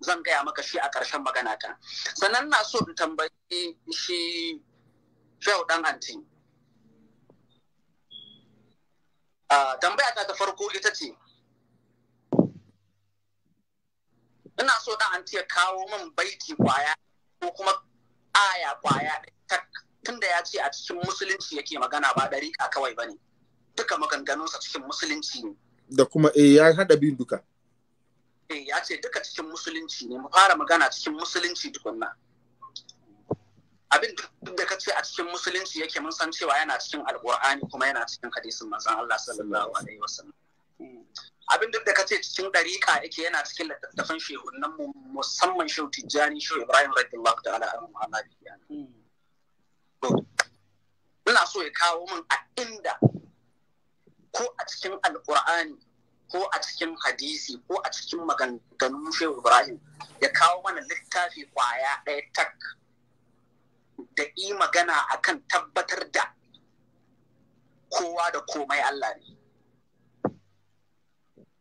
zan gaya maka shi a ƙarshen magana ta sannan na so in tambayi shi shehu dan anti ah, tambaya ta ta farko ita ce ina so da an ya kawo min baiti kwaya ko kuma aya kwaya tunda ya ce a cikin musulunci yake magana ba dariƙa kawai ba ne, duka maganganunsa cikin musulunci ne da kuma eh ya haɗa biyun duka eh ya ce duka cikin musulunci ne mu fara magana cikin musulunci tukunna abin duk da ce a cikin musulunci yake mun san cewa yana cikin Alƙur'ani kuma yana cikin hadisin manzon Allah sallallahu alaihi wasallam abin duk da kace cikin ɗariƙa yake yana cikin littattafan shehunan mu musamman shehu tijjani shehu ibrahim radiyallahu ta'ala anhu Allah ya ina so ya kawo min a inda ko a cikin alkur'ani ko a cikin hadisi ko a cikin maganganun shehu ibrahim ya kawo mana littafi kwaya ɗaya tak da yi magana akan tabbatar da kowa da komai allah ne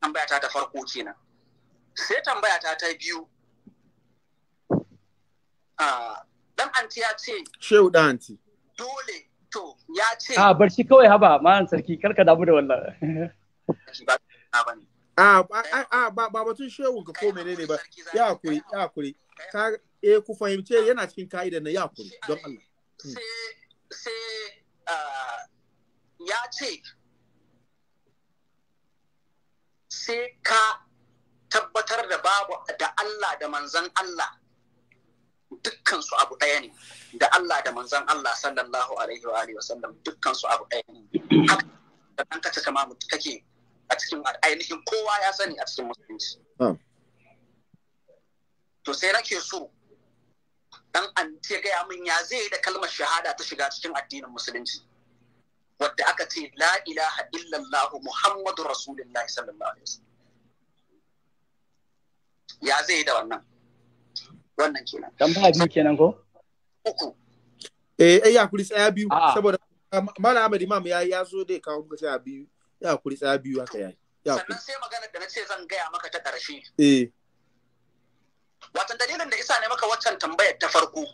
tambaya ta ta farko kenan sai tambaya ta ta biyu ah, dan anti ya ce shehu dan anti dole to ya ce a ah, bar shi kawai haba ma'an sarki karka damu da wannan a ba ah, ba ba batun shehu ga ko menene ba ya kuri ya kuri ka eh ku fahimce yana cikin ka'idar na ya kuri don Allah sai sai ya ce sai ka tabbatar da babu da Allah da manzan Allah dukkansu abu ɗaya ne da Allah da manzan Allah sallallahu alaihi wa alihi wasallam sallam su abu ɗaya ne haka da ka taka mamu kake a cikin ainihin kowa ya sani a cikin musulunci ah. to sai nake so dan an ce gaya min ya zai da kalmar shahada ta shiga cikin addinin musulunci wadda aka ce la ilaha illallahu muhammadu rasulullah sallallahu alaihi wasallam ya zai da wannan wannan kenan dan ba biyu kenan ko uku eh eh ya kuri tsaya biyu saboda ah, malam Ahmad Imam ya ya zo dai kawo ka tsaya biyu ya kuri tsaya biyu haka yayi sannan sai magana da na ce zan gaya maka ta ƙarshe eh watan dalilin da isa ne maka waccan tambayar ta farko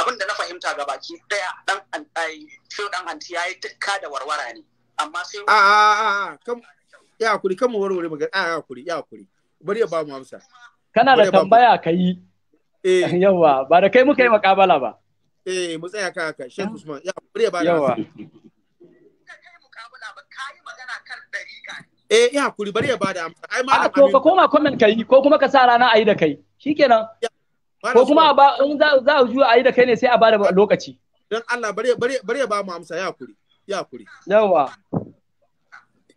abin da na fahimta ga baki daya dan sai dan anti yayi dukka da warwara ne amma sai a a a kam ya hakuri kan mu warware magana a hakuri ya hakuri bari ya ba mu amsa kana da tambaya ka yi eh yawa ba da kai muka yi makabala ba eh mu tsaya ka haka Sheikh ah. Usman ya eh, bari ya ba yawa Eh, ya kuri bari ya bada amsa. Ai ma ko ka koma comment kai ko kuma ka sa rana ayi da kai. Shikenan. ko kuma ba in za za juya ayi da kai ne sai a bada lokaci dan Allah bari bare ba mu amsa ya kuri ya kuri yawa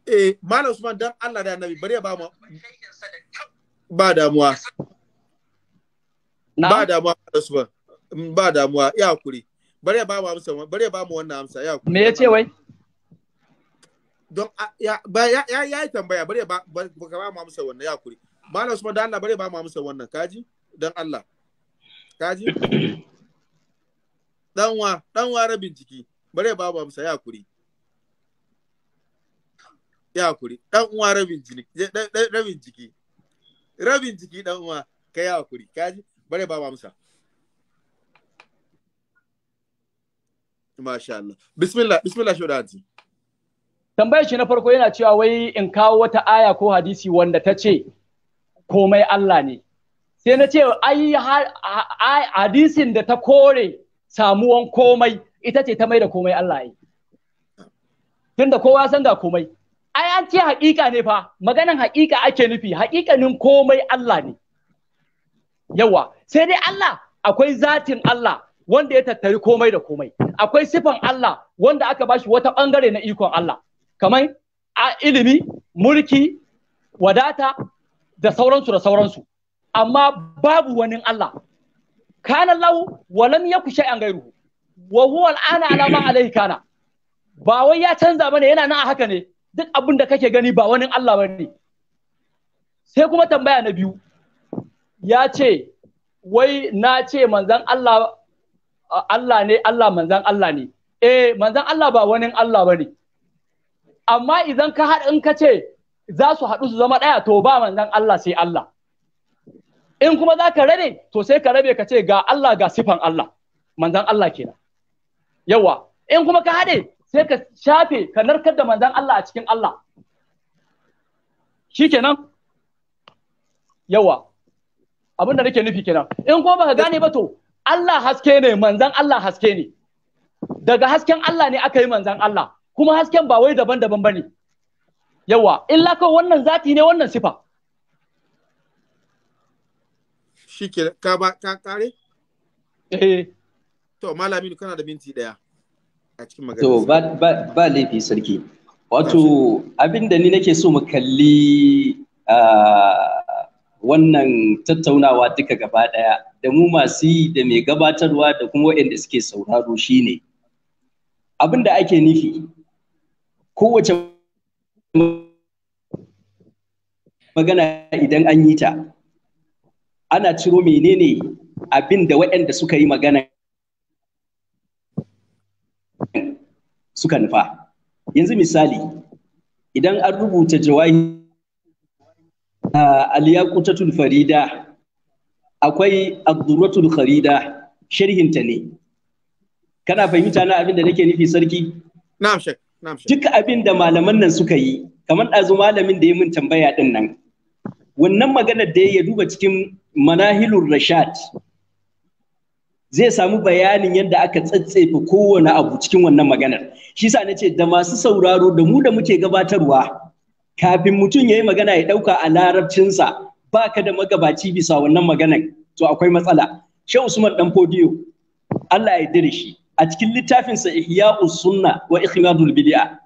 eh malam Usman dan Allah da Annabi ya ba mu ba damuwa ba damuwa Usman mm, ba damuwa ya kuri ya ba mu amsa ya ba mu wannan amsa ya kuri me yace wai don ya ya ya yi tambaya bari ya ba ka ba mu amsa wannan ya kuri malam Usman dan Allah ya ba mu amsa wannan kaji dan Allah kaji danwa danwa rabin jiki bare babu amsa ya kuri ya kuri dan uwa rabin jiki rabin jiki rabin jiki dan uwa kai ya kuri kaji bare babu amsa Masha Allah. Bismillah, bismillah shi Tambayar shi na farko yana cewa wai in kawo wata aya ko hadisi wanda ta ce komai Allah ne. sai na ce ai hadisin da ta kore samuwan komai ita ce ta mai da komai Allah yi tunda kowa san ga komai ai an ce haƙiƙa ne fa maganan haƙiƙa ake nufi haƙiƙanin komai Allah ne yawa sai dai Allah akwai zatin Allah wanda ya tattari komai da komai akwai sifan Allah wanda aka bashi wata bangare na ikon Allah kamar ilimi mulki wadata da sauransu da sauransu amma babu wani Allah kana lau walam yaku an gairu, wa huwa al'ana ala ma alayhi kana ba wai ya canza bane yana nan a haka ne duk abin da kake gani ba wani Allah bane sai kuma tambaya na biyu ya ce wai na ce manzan Allah Allah ne Allah manzan Allah ne eh manzan Allah ba wani Allah bane amma idan ka haɗa ka ce za su haɗu su zama ɗaya to ba manzan Allah sai Allah in kuma za ka rane to sai ka rabe ka ce ga Allah ga sifan Allah manzan Allah kenan yawa in kuma ka haɗe sai ka shafe ka narkar da manzan Allah a cikin Allah shi kenan yawa abin da nake nufi kenan in kuma baka gane ba to Allah haske ne manzan Allah haske ne daga hasken Allah ne aka yi manzan Allah kuma hasken ba wai daban-daban bane yawa illa kawai wannan zati ne wannan sifa shi ke ka ba ka kare? Eh. To malami kana da minti daya a cikin magana. To ba ba ba laifi sarki. Wato abin da ni nake so mu kalli wannan tattaunawa duka gaba daya da mu masu da mai gabatarwa da kuma waɗanda suke sauraro shine abin da ake nufi kowace magana idan an yi ta ana ciro menene abin da waɗanda suka yi magana suka nufa yanzu misali idan an rubuta jawahi aliyakutatul farida akwai abdurratul kharida sharhinta ne kana fahimta na abin da nake nufi sarki na'am shek na'am shek duk abin da malaman nan suka yi kamar ɗazu malamin da ya min tambaya din nan wannan maganar da ya duba cikin manahilur rashad zai samu bayanin yadda aka tsatsefe kowane abu cikin wannan maganar shi sa na ce da masu sauraro da mu da muke gabatarwa kafin mutum ya yi magana ya ɗauka a larabcinsa ba ka da magabaci bisa wannan maganar to akwai matsala shi usman dan fodiyo allah ya dire shi a cikin littafinsa ihya sunna wa ikhmadul bid'a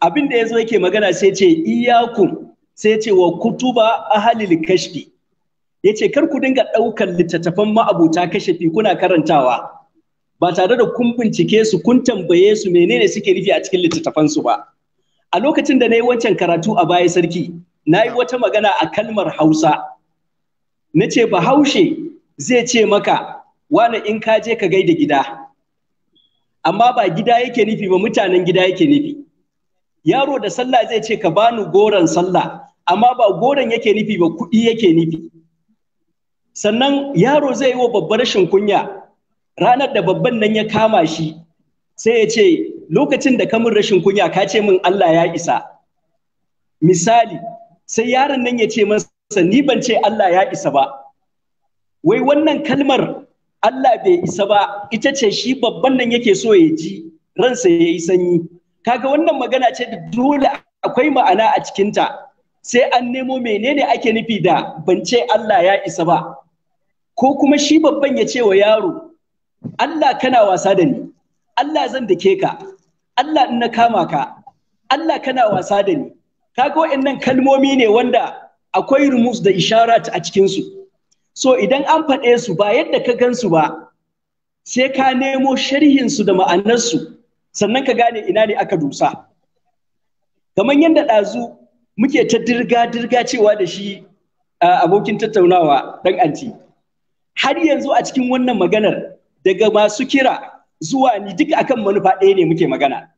abin da yazo yake magana sai ce iyakum sai ce wa kutuba ahlil kashfi yace kar ku dinga ɗaukar littattafan ma'abuta fi kuna karantawa ba tare da kun bincike su kun tambaye su menene suke nufi a cikin littattafan su ba a lokacin da na yi wancan karatu a baya sarki na yi wata magana a kalmar hausa na ce bahaushe zai ce maka wani in ka je ka gaida gida amma ba gida yake nufi ba mutanen gida yake nufi yaro da sallah zai ce ka bani goron sallah amma ba goron yake nufi ba kuɗi yake nufi sannan yaro zai yi wa babban rashin kunya ranar da babban nan ya kama shi sai ya ce lokacin da kamun rashin kunya ka ce min Allah ya isa misali sai yaron nan ya ce masa ni ban ce Allah ya isa ba wai wannan kalmar Allah bai isa ba ita ce shi babban nan yake so ya ji ransa ya yi sanyi kaga wannan magana ce da dole akwai ma'ana a cikinta sai an nemo menene ake nufi da ban ce Allah ya isa ba ko kuma shi babban ya ce wa yaro Allah kana wasa da ni Allah zan dake ka Allah in na kama ka Allah kana wasa da ni kaga waɗannan kalmomi ne wanda akwai rumus da ishara a cikin su so idan an faɗe su ba yadda ka gansu ba sai ka nemo sharhin su da ma'anar su sannan ka gane ina ne aka dusa kamar yadda ɗazu muke ta dirga dirga cewa da shi abokin tattaunawa ɗan anti har yanzu a cikin wannan maganar daga masu kira zuwa ni duk akan manufa ɗaya ne muke magana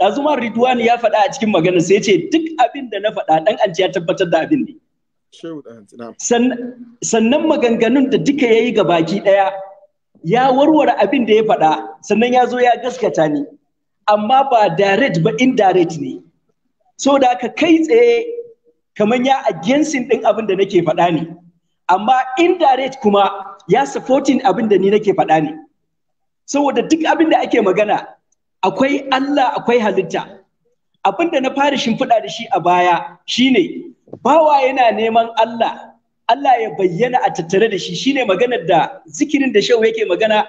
ɗazuman Ridwan ya faɗa a cikin maganar sai ce duk abin da na faɗa ɗan anci ya tabbatar da abin ne sannan maganganun da duka ya yi baki ɗaya ya warware abin da ya faɗa sannan ya zo ya gaskata ni amma ba direct ba indirect ne so da aka kai tsaye kamar ya agensin ɗin abin da nake faɗa ni, amma indirect kuma ya supporting abin da ni nake faɗa ne saboda duk abin da ake magana akwai Allah akwai halitta abin da na fara shimfiɗa da shi a baya shine bawa yana neman Allah Allah ya bayyana a tattare da shi shine maganar da zikirin da shehu yake magana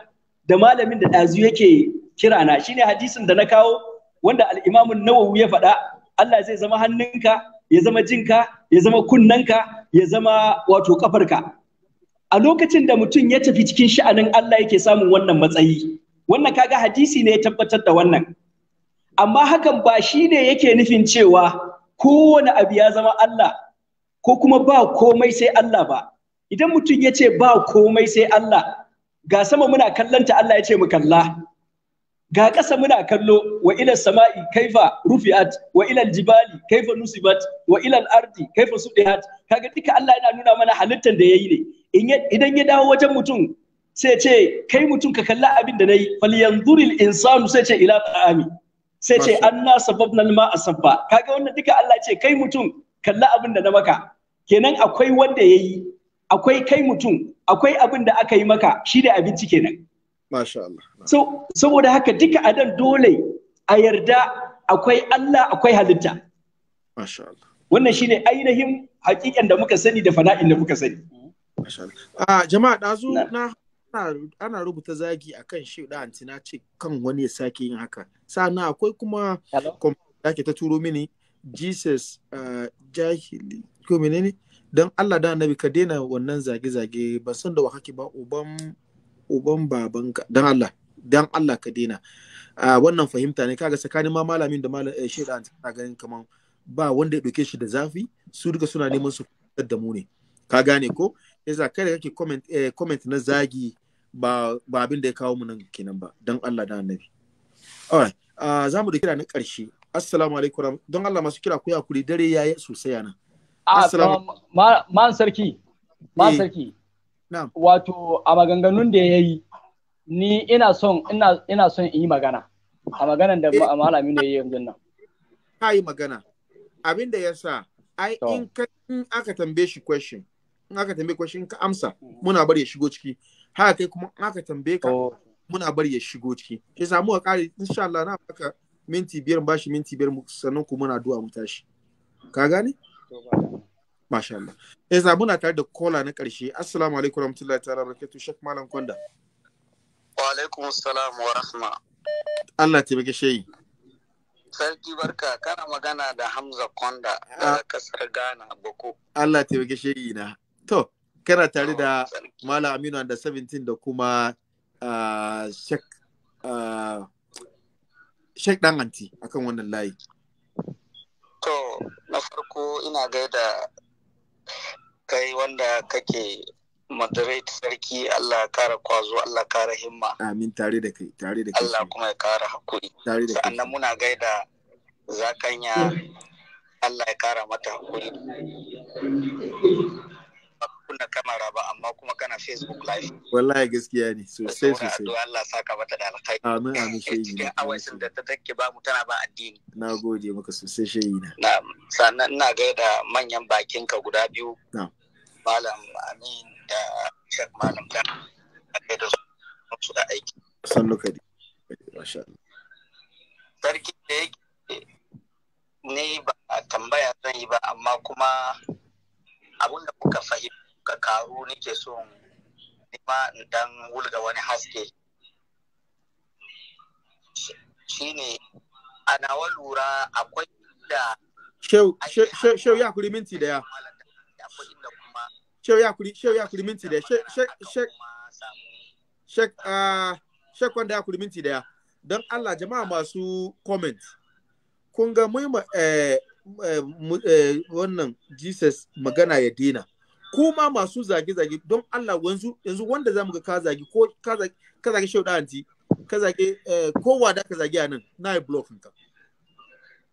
da malamin da ɗazu yake kirana shine hadisin da na kawo wanda al'imamun nawawi ya faɗa Allah zai zama hannunka ya zama jinka ya zama kunnanka ya zama wato kafarka a lokacin da mutum ya tafi cikin sha'anin Allah yake samun wannan matsayi wannan kaga hadisi ne ya tabbatar da wannan amma hakan ba shi ne yake nufin cewa kowane abu ya zama Allah ko kuma ba komai sai Allah ba idan mutum ya ce ba komai sai Allah ga sama muna kallanta Allah ya ce mu kalla ga ƙasa muna kallo wa ilal sama'i kaifa rufi'at wa ilal jibali kaifa nusibat wa ilal ardi kaifa sudihat kaga duka Allah yana nuna mana halittar da yayi ne idan ya dawo wajen mutum sai ce kai mutum ka kalla abin da nayi fal al insanu sai ce ila ta'ami sai ce anna sababnal ma asabba kaga wannan duka Allah ce kai mutum kalla abin da na maka kenan akwai wanda yayi akwai kai mutum akwai abin da aka yi maka shi da abinci kenan Masha Allah. saboda haka duka adan dole a yarda akwai Allah akwai halitta. Masha Allah. Wannan shine ainihin hakikan da muka sani da fana'in da muka sani. Ah, jama'a ɗazu na ana rubuta zagi a kan shi da anti na ce kan wani ya sake yin haka. Sana akwai kuma da ta turo mini Jesus ah, jahili ko menene don Allah da annabi ka daina wannan zage-zage ba san da wa ba uban uban ka don Allah don Allah ka daina ah, wannan fahimta ne kaga tsakanin ma malamin da malam eh, shi da anti ganin kaman ba wanda ya ɗauke shi da zafi su duka suna neman su da mu ne ka gane ko kai da kake comment eh, comment na zagi ba ba abin da ya kawo mu nan kenan ba don Allah da annabi alright uh, za mu da kira na ƙarshe assalamu alaikum don Allah masu kira ku ya kuri dare yayi sosai yana ah, assalamu ma, ma sarki Man eh, sarki na'am wato a maganganun da yayi ni ina son ina ina son in yi magana a maganan da eh. malami ne yayi yanzu nan ka yi magana abin da yasa ai in aka tambaye shi question in aka tambaye in ka amsa muna bari ya shigo ciki haka kai kuma in aka tambaye ka oh. muna bari ya shigo ciki ke samu ka kare insha Allah na baka minti biyar bashi minti biyar sannan ku muna du'a mu tashi ka gane masha Allah eza muna tare da kola na karshe assalamu alaikum warahmatullahi ta'ala barakatu shek malam kwanda wa alaikum assalam wa rahma Allah taimake shehi Sarki barka kana magana da Hamza Konda daga ah. kasar Ghana Boko. Allah taimake shehi na. To, kana tare da oh, Mala Aminu da 17 da kuma uh, Shek uh, Sheikh Dan Anti akan wannan layi. To, na farko ina gaida kai wanda kake moderate sarki Allah kara kwazo Allah kara himma. Amin tare da kai, tare da kai. Allah kuma ya kara hakuri. Tare da kai. Sa'annan muna gaida zakanya Allah ya kara mata hakuri. kunna kamera ba amma kuma kana facebook live wallahi gaskiya ne sosai sosai to Allah saka mata da alkhairi amin amin shehi cikin awaisin da ta take ba mu tana ba addini na gode maka sosai shehi na na'am sannan ina da manyan bakin ka guda biyu malam amin da shek malam da kai da su da aiki sannu ka di masha Allah sarki da yake ne ba tambaya zan yi ba amma kuma abin da kuka fahimta ka karu nake so nima dan wulga wani haske shine ana wa lura akwai da shau ya kuri minti daya shau ya kuri shau ya kuri minti daya shek shek wanda ya kuri minti daya don Allah jama'a masu comment kun ga mai eh, eh, eh, wannan Jesus magana ya dina kuma masu zage-zage don Allah yanzu yanzu wanda zamu ga ka zage ko ka zage ka zage da anti ka zage eh, ko wada ka zage anan na yi block ka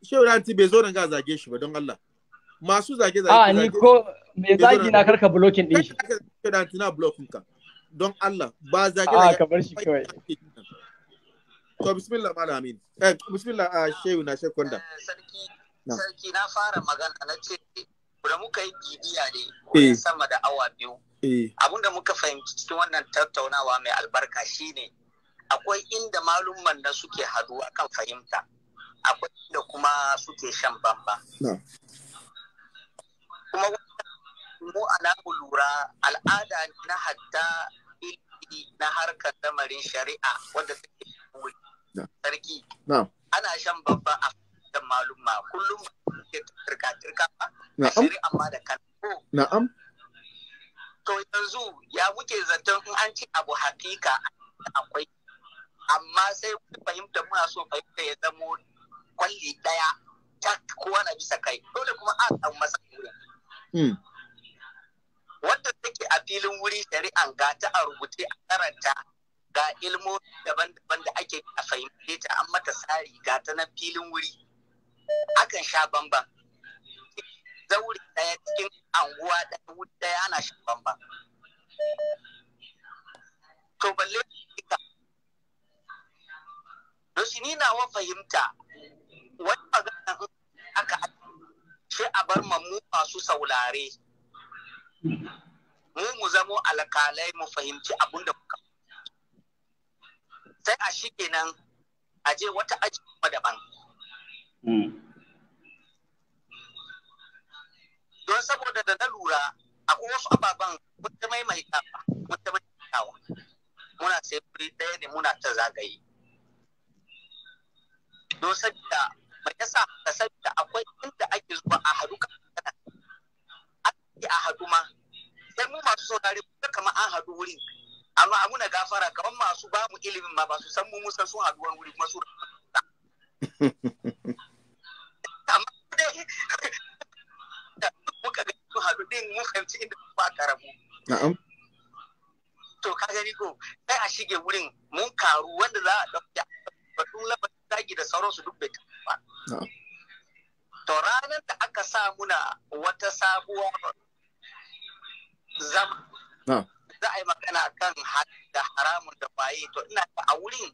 shau da anti bai zo nan ga zage shi ba don Allah masu zage zage a ah, ni ko me zagi na karka blocking din shi shehu da anti na block ka don Allah ba zage zage a ah, kamar shi kawai to bismillah Amin, eh bismillah ah, shehu na shekonda eh, sarki sarki na fara magana na ce da muka yi bibiya ne eh. sama da awa biyu eh. abin da muka fahimci cikin wannan tattaunawa mai albarka shine akwai inda malumman na suke haduwa kan fahimta akwai inda kuma suke shan bamba kuma mu ana lura al'ada na hatta na harkar lamarin shari'a wanda take sarki ana shan babba a malumma kullum suke turka-turka ba da shari'a da kalmo na'am to yanzu ya wuce zaton in an ce abu hakika akwai amma sai fahimta muna so fahimta ya zamo kwalli daya ta kowa na bisa kai dole kuma a samu matsalolin hmm. wanda take a filin wuri shari'an ga ta a rubuce a karanta ga ilmo daban-daban da ake a fahimce ta an mata tsari ga ta na filin wuri akan sha bamban zauri ɗaya cikin anguwa ɗaya wuri ɗaya ana sha bamban to balle don shi ni nawa fahimta wani magana aka shi a bar mu masu saulare mu mu zamo alkalai mu fahimci abun da muka sai a shi kenan a je wata aji daban. Don saboda da na lura akwai wasu ababen wata maimaita wata maimaitawa muna sai fili ɗaya ne muna ta zagaye. Don saboda mai yasa da saboda akwai inda ake zuwa a haɗu kan ake a haɗu ma sai mu masu saurari kuma kama an haɗu wurin amma a muna gafara kamar masu ba mu ilimin ma ba su san mu musa sun haɗuwar wuri kuma su dai muka ga su haɗu din mun fahimci inda ba karamu na'am to ka gani ko sai a shige wurin mun karu wanda za a ba batun labarin zagi da sauransu duk bai ba to ranar da aka sa muna wata sabuwar zama za a yi magana kan da haramun da baye to ina a wurin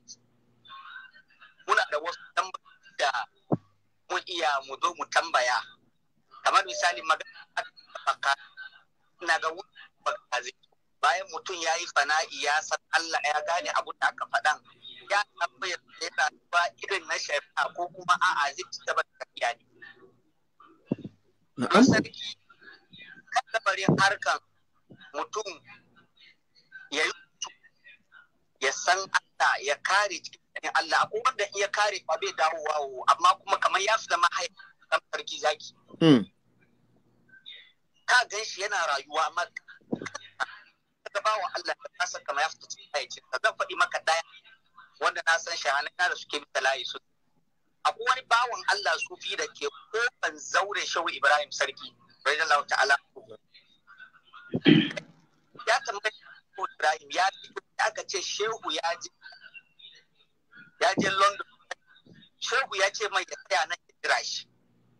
muna da wasu da mu iya mu zo mu tambaya kamar misali magana na ga wani bayan mutum ya yi fana'i ya san Allah ya gane abu da aka faɗan ya tambaya da ya ba irin na shari'a ko kuma a'a zai ta gaba da tafiya ne. Na'am. Sarki kan labarin harkan mutum ya yi ya san Allah ya kare cikin ne Allah akwai wanda iya kare ba bai dawo wawo amma kuma kamar ya su zama haifar sarki zaki hmm. ka gan shi yana rayuwa amma ka ba wa Allah ka kasa kamar ya fita cikin haicin ka zan faɗi maka daya wanda na san na da suke bita layi su akwai wani bawan Allah sufi da ke kofan zaure shawu Ibrahim sarki radiyallahu ta'ala ya tambaye Ibrahim ya ce shehu ya ji ya je london shehu ya ce mai ya tsaya nan ya jira shi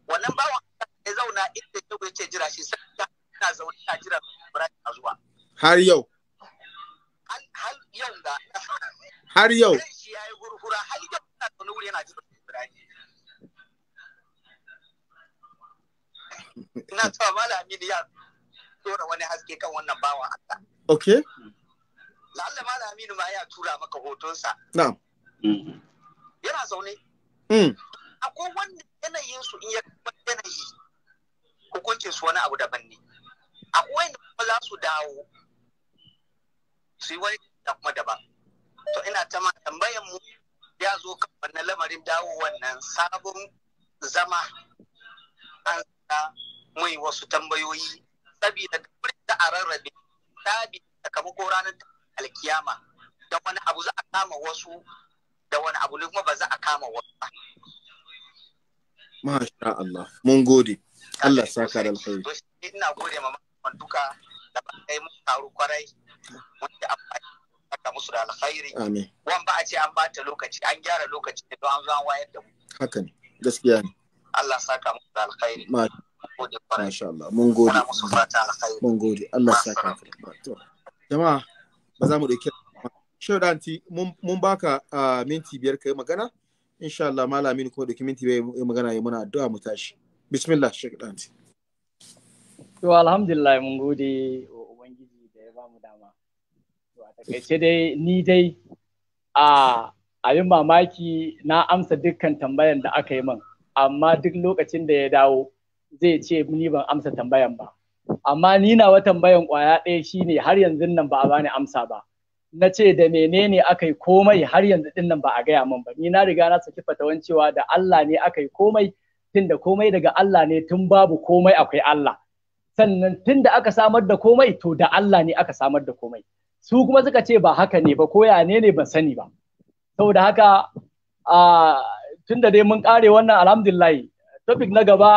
wannan bawan ya zauna inda shehu ya ce jira shi sai na zaune a jira ibrahim a zuwa har yau har yau da har yau shi yayi hurhura har yau ina zaune wuri yana jira ibrahim ina Malam Aminu ya tura wani haske kan wannan bawan Allah okay da Aminu ma ya tura maka hotonsa na'am yana zaune hmm. akwai wannan yanayin su in ya yanayi hukuncin su wani abu daban ne akwai da kuma za su dawo su yi wani da kuma daban to ina ta ma tambayan mu ya zo kan na lamarin dawo wannan sabon zama an sa mai wasu tambayoyi saboda kamar da a rarrabe tabi ko ranar alkiyama da wani abu za a kama wasu da wani abu ne kuma ba za a kama wani ba. Masha Allah, mun gode. Allah saka da alkhairi. Ina gode ma man duka da ba kai mun taru kwarai wanda an ba ka musu da alkhairi. Amin. Wan ba a ce an bata lokaci, an gyara lokaci ne don an zo an wayar da mu. Haka ne, gaskiya ne. Allah sa ka musu da alkhairi. Ma Masha Allah, mun gode. Mun gode, Allah saka. Jama'a, ba za mu ɗauki shaudanti mun baka minti biyar ka yi magana insha Allah malamin ko da minti biyar yi magana ya muna addu'a mu tashi bismillah shaudanti to alhamdulillah mun gode wa ubangiji da ya bamu dama to a takaice dai ni dai a abin mamaki na amsa dukkan tambayan da aka yi min amma duk lokacin da ya dawo zai ce ni ban amsa tambayan ba amma ni na wa tambayan kwaya ɗaya shine har yanzu nan ba a bani amsa ba na ce da menene aka yi komai har yanzu din nan ba a gaya min ba ni na riga na saki fatawan cewa da Allah ne aka yi komai tun da komai daga Allah ne tun babu komai akwai Allah sannan tun da aka samar da komai to da Allah ne aka samar da komai su kuma suka ce ba haka ne ba koya ne ne ban sani ba saboda haka a tun da dai mun kare wannan alhamdulillah topic na gaba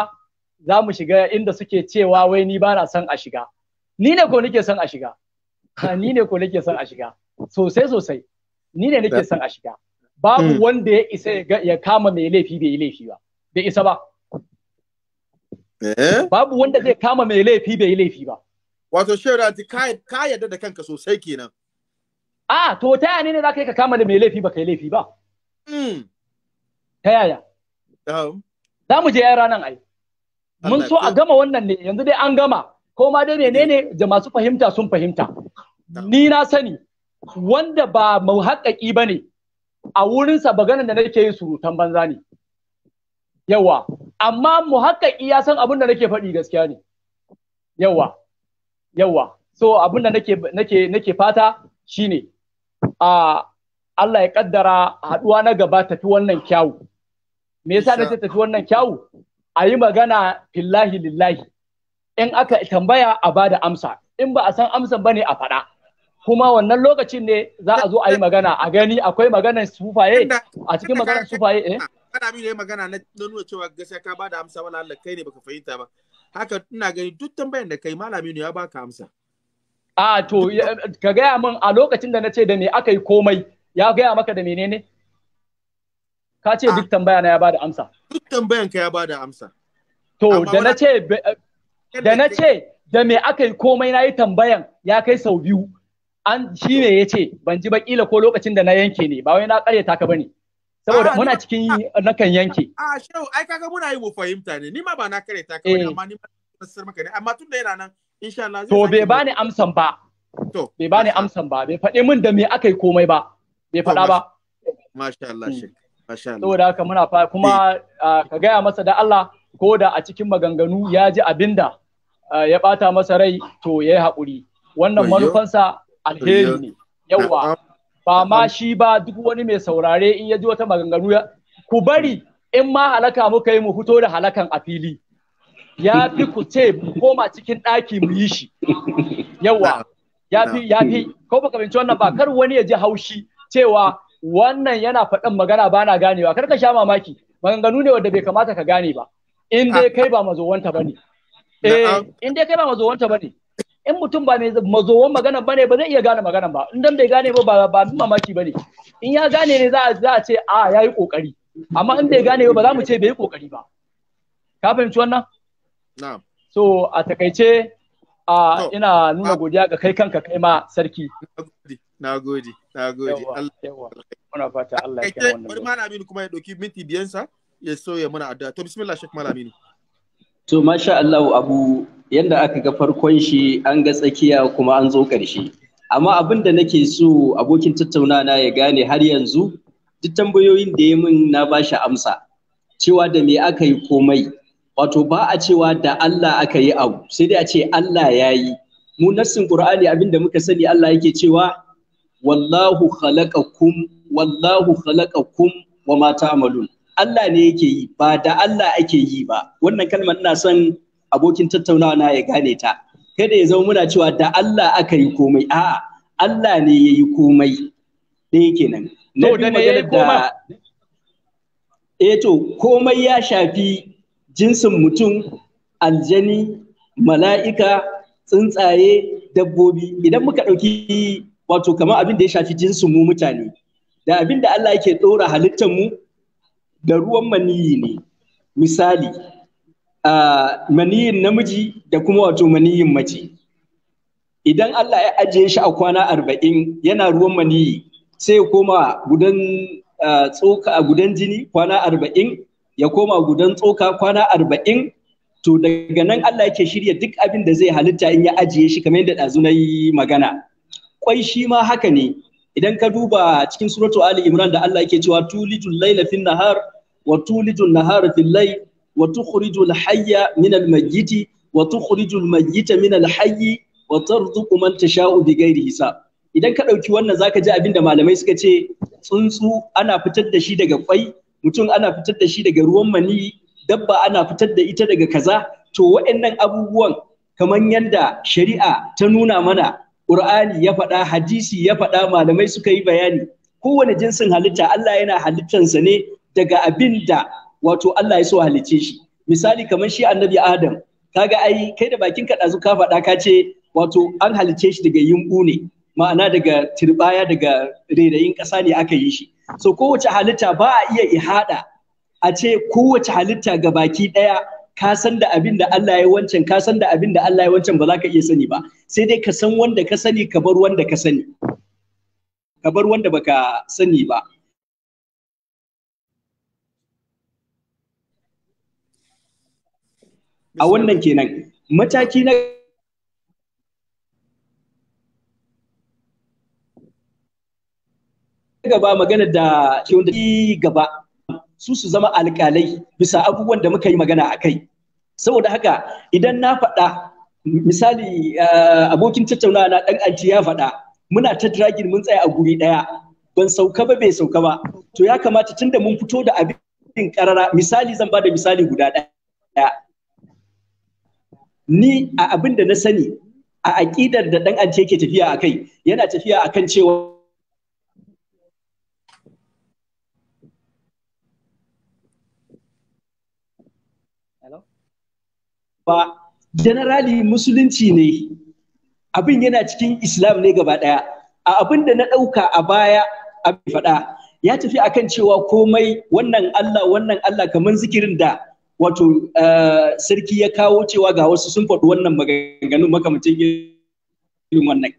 za mu shiga inda suke cewa wai ni ba na son a shiga ni ne ko nake son a shiga ni ne ko nake son a shiga sosai sosai ni ne nake son a shiga babu hmm. wanda ya isa ya kama mai laifi bai yi laifi ba bai isa ba eh? babu wanda zai kama mai laifi bai yi laifi ba wato shehraji ka yarda da kanka sosai kenan a to ta yaya ne za ka yi ka kama da mai laifi ba kai laifi ba hmm. ta yaya za mu je yan ranar ai mun so a gama wannan ne yanzu dai an gama ko ma dai menene da masu fahimta sun fahimta ni na sani wanda ba mu ba ne a wurinsa baganan da nake yin surutan banza ne yawa amma mu haƙaƙi ya san abin da nake faɗi gaskiya ne yawa yawa so abin da nake nake nake fata shine a Allah ya ƙaddara haɗuwa na gaba tafi wannan kyawu me yasa nace tafi wannan kyawu a yi magana fillahi lillahi in aka tambaya a bada amsa in ba a san amsan ne a faɗa kuma wannan lokacin ne za a zo a yi magana a gani akwai maganar sufaye a cikin maganar sufaye eh kada mu ne magana na nuna cewa gaskiya ka bada amsa wala Allah kai ne baka fahimta ba haka ina gani duk tambayar da kai malami ne ya baka amsa a to ka gaya min a lokacin da na ce da me aka yi komai ya gaya maka da menene ka ce ah. duk tambaya na ya bada amsa duk tambayan ka ya bada amsa to da na ce da na ce da me aka yi komai na yi tambayan ya kai sau biyu an shi ne ya ce ban ji baƙila ko lokacin da na yanke ne ba wai na karyata ka bane saboda muna cikin yi na kan yanke a shau ai kaga muna yi mu fahimta ne ni ma ba na karyata ka bane eh. amma ni ma fassar maka ne amma tun da yana nan insha Allah to bai bani amsan ba to bai bani amsan ba bai faɗi min da me aka yi komai ba bai faɗa ba masha Allah hmm. shi masha Allah saboda haka muna fa kuma eh. ka gaya masa da Allah ko da a cikin maganganu ya ji abinda ya bata masa rai to ya yi haƙuri wannan manufansa alheri ne yawa ba ma shi ba duk wani mai saurare in ya ji wata maganganu ya ku bari in ma halaka muka yi mu fito da halakan a fili ya fi ku ce mu koma cikin ɗaki mu yi shi yawa ya fi ya fi ko baka binci wannan ba kar wani ya ji haushi cewa wannan yana faɗin magana ba na ganewa kar ka sha mamaki maganganu ne wanda bai kamata ka gane ba in dai kai ba mazowanta bane eh in dai kai ba mazowanta bane in mutum ba mai mazowan magana bane ba zai iya gane magana ba in dan bai gane ba ba mamaki bane in ya gane ne za a za a ce ah, a yayi kokari amma in bai gane ba za mu ce bai yi kokari ba ka fahimci wannan na'am so a takaice a ina nuna godiya ga kai kanka kai ma sarki nagode nagode Allah muna fata Allah ya kiyaye wannan malamin Aminu kuma ya dauki minti biyansa ya so ya muna addu'a to bismillah shek malamin to masha Allah abu yadda aka ga farkon shi an ga tsakiya kuma an zo ƙarshe amma abin da nake so abokin tattaunana ya gane har yanzu duk tambayoyin da ya min na ba shi amsa cewa da me aka yi komai wato ba a cewa da Allah aka yi abu sai dai a ce Allah ya yi mu nassin ƙur'ani abin da muka sani Allah yake cewa wallahu khalaqakum wallahu khalaqakum wa mata ta'malun Allah ne yake yi ba da Allah ake yi ba wannan kalmar ina son abokin tattaunawa na ya gane ta kada ya zama muna cewa da Allah aka yi komai a'a Allah ne ya yi komai ɗaya nan, na biyu maganar da eh to komai ya shafi jinsin mutum aljani mala'ika tsuntsaye dabbobi idan muka ɗauki wato kamar abin da ya shafi jinsin mu mutane da abin da Allah yake ɗora halittar mu da ruwan maniyi ne misali maniyin namiji da kuma wato maniyin mace idan Allah ya ajiye shi a kwana arba'in yana ruwan maniyi sai ya koma gudan tsoka a gudan jini kwana arba'in ya koma gudan tsoka kwana arba'in to daga nan Allah yake shirya duk abin da zai halitta in ya ajiye shi kamar yadda ɗazu na yi magana kwai shi ma haka ne idan ka duba cikin suratu ali imran da Allah yake cewa tulijul laila fin nahar wa tulijul nahar fil layl wa tukhriju al-hayya min al-mayyiti wa tukhriju al-mayyita min al-hayyi wa tarzuqu man idan ka dauki wannan zaka ji abinda malamai suka ce tsuntsu ana fitar da shi daga kwai mutum ana fitar da shi daga ruwan mani dabba ana fitar da ita daga kaza to waɗannan abubuwan kamar yadda shari'a ta nuna mana Qur'ani ya faɗa hadisi ya faɗa malamai suka yi bayani kowane jinsin halitta Allah yana halittansa ne daga abin da wato Allah ya so halice shi misali kamar shi annabi Adam kaga ai kai da bakin ka dazu ka faɗa ka ce wato an halice shi daga yumbu ne ma'ana daga turbaya daga rairayin ƙasa ne aka yi shi so kowace halitta ba a iya ihada a ce kowace halitta ga baki ɗaya ka san da abin da Allah ya wancan ka san da abin da Allah ya wancan ba za ka iya sani ba sai dai ka san wanda ka sani ka bar wanda ka sani ka bar wanda baka sani ba a wannan kenan mataki na gaba magana da ke wanda gaba su su zama alƙalai bisa abubuwan da muka yi magana a kai saboda haka idan na faɗa misali eh, abokin tattaunawa na ɗan anti ya faɗa muna ta dragin mun tsaya a guri ɗaya ban sauka ba bai sauka ba to ya kamata tunda mun fito da abin karara misali zan ba da misali guda ɗaya ni a abin da na sani a aƙidar da ɗan ance ke tafiya a kai yana tafiya a kan cewa ba generally musulunci ne abin yana cikin islam ne gaba ɗaya a abin da na ɗauka a baya abin faɗa ya tafi akan cewa komai wannan allah wannan allah kamar zikirin da wato eh, sarki ya kawo cewa ga wasu sun faɗi wannan maganganun makamancin irin wannan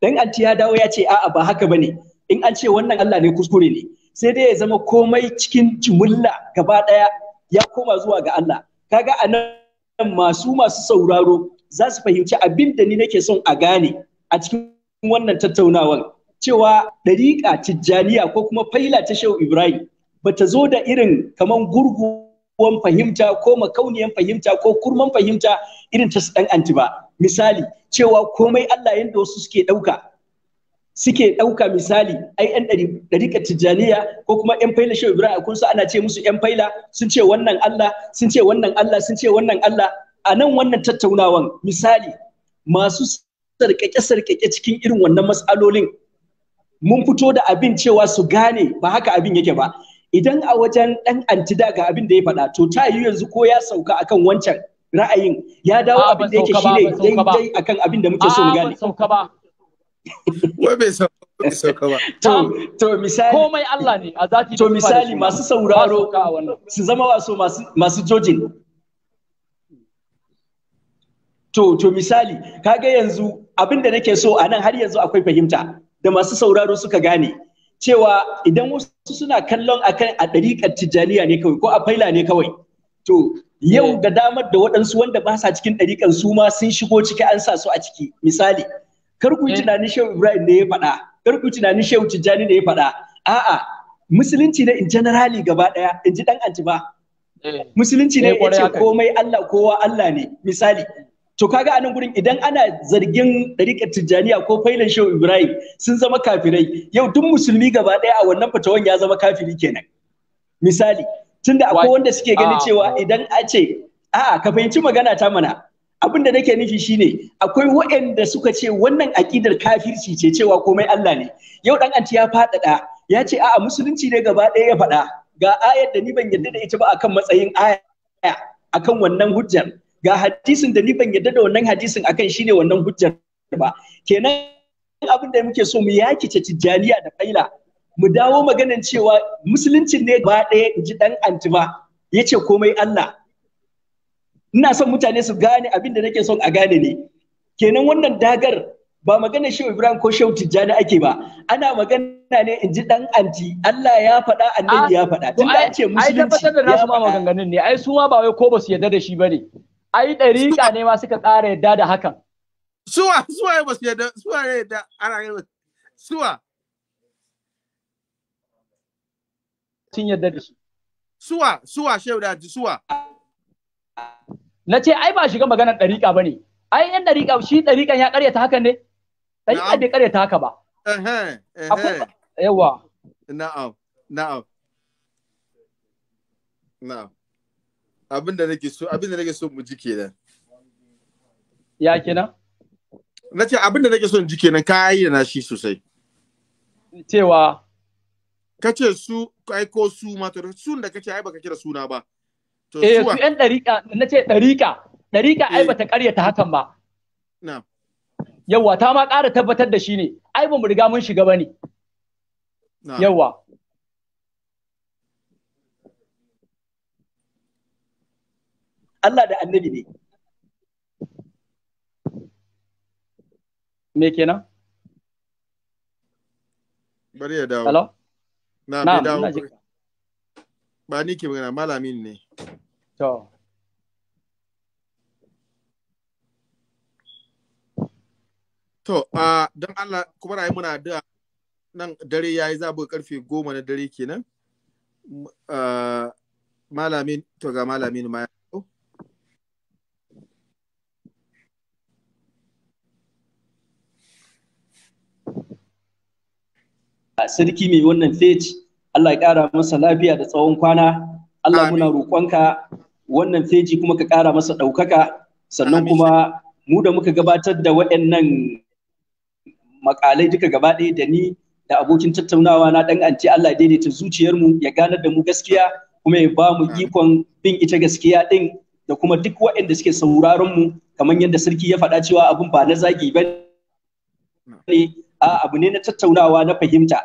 dan anti ya dawo ya ce a'a ba haka bane in an ce wannan Allah ne kuskure ne sai dai ya zama komai cikin jumulla gaba daya ya koma zuwa ga Allah kaga anan masu masu sauraro za su fahimci abin da ni nake son a gane a cikin wannan tattaunawar cewa dariƙa tijjaniya ko kuma faila ta shehu ibrahim bata zo da irin kaman gurguwan fahimta ko makauniyan fahimta ko kurman fahimta irin ta su dan anti ba misali cewa komai Allah yanda wasu suke dauka suke dauka misali ai yan dariƙar tijaniya ko kuma yan faila shehu ibrahim kun ana ce musu yan faila sun ce wannan Allah sun ce wannan Allah sun ce wannan Allah a nan wannan tattaunawan misali masu sarkake-sarkake cikin irin wannan matsalolin mun fito da abin cewa su gane ba haka abin yake ba idan a wajen ɗan antida ga abin da ya faɗa to ta yi yanzu ko ya sauka akan wancan ra'ayin ya dawo abin da yake shi ne daidai akan abin da muke so mu gane. Wai bai sauka ba. To, to misali. Komai Allah ne a zati To misali masu sauraro su zama waso masu jojin. To, to misali, kaga yanzu abin da nake so a nan har yanzu akwai fahimta da masu sauraro suka gane. cewa idan wasu suna kallon akan a ɗariƙar tijjaniya ne kawai ko a faila ne kawai to yau ga eh. damar da waɗansu wanda ba sa cikin ɗariƙar su ma sun shigo ciki an sa su a ciki misali kar ku eh. tunanin shehu ibrahim ne ya faɗa kar ku tunanin shehu tijjani ne ya faɗa a'a musulunci ne in generali gaba ɗaya in ji ɗan antiba eh. musulunci ne ya ce komai allah kowa allah ne misali to kaga anan gurin idan ana zargin ɗariƙar tijjaniya ko failan shehu ibrahim sun zama kafirai yau duk musulmi gaba ɗaya a wannan fatawan ya zama kafiri kenan misali tunda akwai wanda suke gani cewa idan a ce a'a ka fahimci magana ta mana abin da nake nufi shine akwai waɗanda suka ce wannan aƙidar kafirci ce cewa komai Allah ne yau dan anti ya faɗaɗa ya ce a musulunci ne gaba ɗaya ya faɗa ga ayar da ni ban yarda da ita ba akan matsayin aya akan wannan hujjar ga hadisin da ni ban yadda da wannan hadisin akan shine wannan hujjar ba kenan abin da muke so mu yakice tijjaniya da faila mu dawo maganan cewa musuluncin ne ba ɗaya in ji ɗan ba. ya ce komai Allah ina son mutane su gane abin da nake son a gane ne kenan wannan dagar ba magana shehu ibrahim ko shehu tijjani ake ba ana magana ne in ji dan anti Allah ya faɗa annabi ya faɗa tun da ce musulunci ai tabbatar da nasu ma maganganun ne ai su ma ba wai ko ba su yarda da shi bane ai ɗariƙa ne ma suka ƙara yadda da hakan. Suwa, suwa ya basu yadda, suwa ya yadda ana yi suwa. Sun yadda da su. Suwa, suwa shehu ji suwa. Na ce ai ba shiga maganar ɗariƙa ba ne. Ai yan ɗariƙa shi ɗariƙan ya ƙaryata hakan ne? Ɗariƙa bai ƙaryata haka ba. Akwai yawa. Na'am, na'am. Na'am. abin da nake so abin da nake so mu ji kenan ya kenan Nace abin da nake so ji kenan ka yi na shi sosai cewa ka ce su kai ko su ma to sun da kace ai baka kira suna ba to eh su yan dariƙa nace ce dariƙa dariƙa ai eh. bata ƙaryata hakan ba na'am yawa ta ma ƙara tabbatar da shi ne ai ba mu riga mun shiga bane yawa Allah da annabi ne me kenan bari ya dawo hello na bai dawo ba ni ke magana malamin ne to to a don Allah kuma rayu muna da nan dare yayi zabu karfe goma na dare kenan malamin to ga malamin ma sarki mai wannan fej. Allah ya ƙara masa lafiya da tsawon kwana Allah muna roƙonka wannan feji kuma ka ƙara masa ɗaukaka sannan kuma mu da muka gabatar da waɗannan makalai duka gaba ɗaya da ni da abokin tattaunawa na ɗan anti Allah daidaita zuciyarmu ya ganar da mu gaskiya kuma ya ba mu ikon bin ita gaskiya ɗin da kuma duk waɗanda suke sauraron mu kamar yadda sarki ya faɗa cewa abin ba na zagi ba ne a abu ne na tattaunawa na fahimta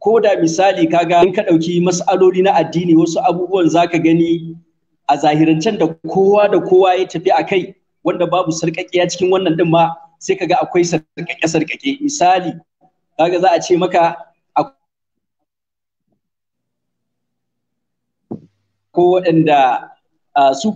ko da misali kaga in ka ɗauki mas'aloli na addini wasu abubuwan za ka gani a zahirancen da kowa da kowa ya tafi a kai wanda babu sarƙaƙiya cikin wannan ɗin ma sai kaga akwai sarƙaƙe-sarƙaƙe misali kaga za a ce maka ko waɗanda su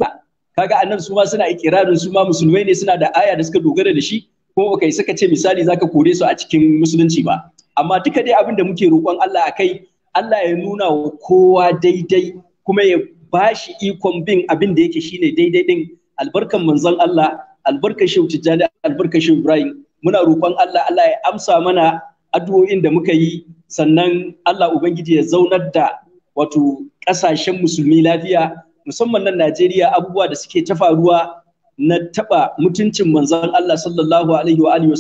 kaga annan su ma suna ikirarin su ma musulmai ne suna da aya da suka dogara da shi ko baka yi suka ce misali zaka kore su a cikin musulunci ba amma duka dai abin da muke roƙon Allah akai Allah ya nuna wa kowa daidai kuma ya bashi ikon bin abin da yake shine daidai din albarkan manzon Allah albarkan Shehu Tijjani albarkan Shehu Ibrahim muna roƙon Allah Allah ya amsa mana addu'o'in da muka yi sannan Allah ubangiji ya zaunar da wato ƙasashen musulmi lafiya musamman nan Najeriya abubuwa da suke ta faruwa na taɓa mutuncin manzon Allah sallallahu alaihi wa alihi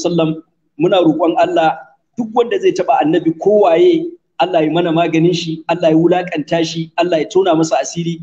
muna roƙon Allah duk wanda zai taɓa annabi kowaye Allah ya mana maganin shi Allah ya wulakanta shi Allah ya tona masa asiri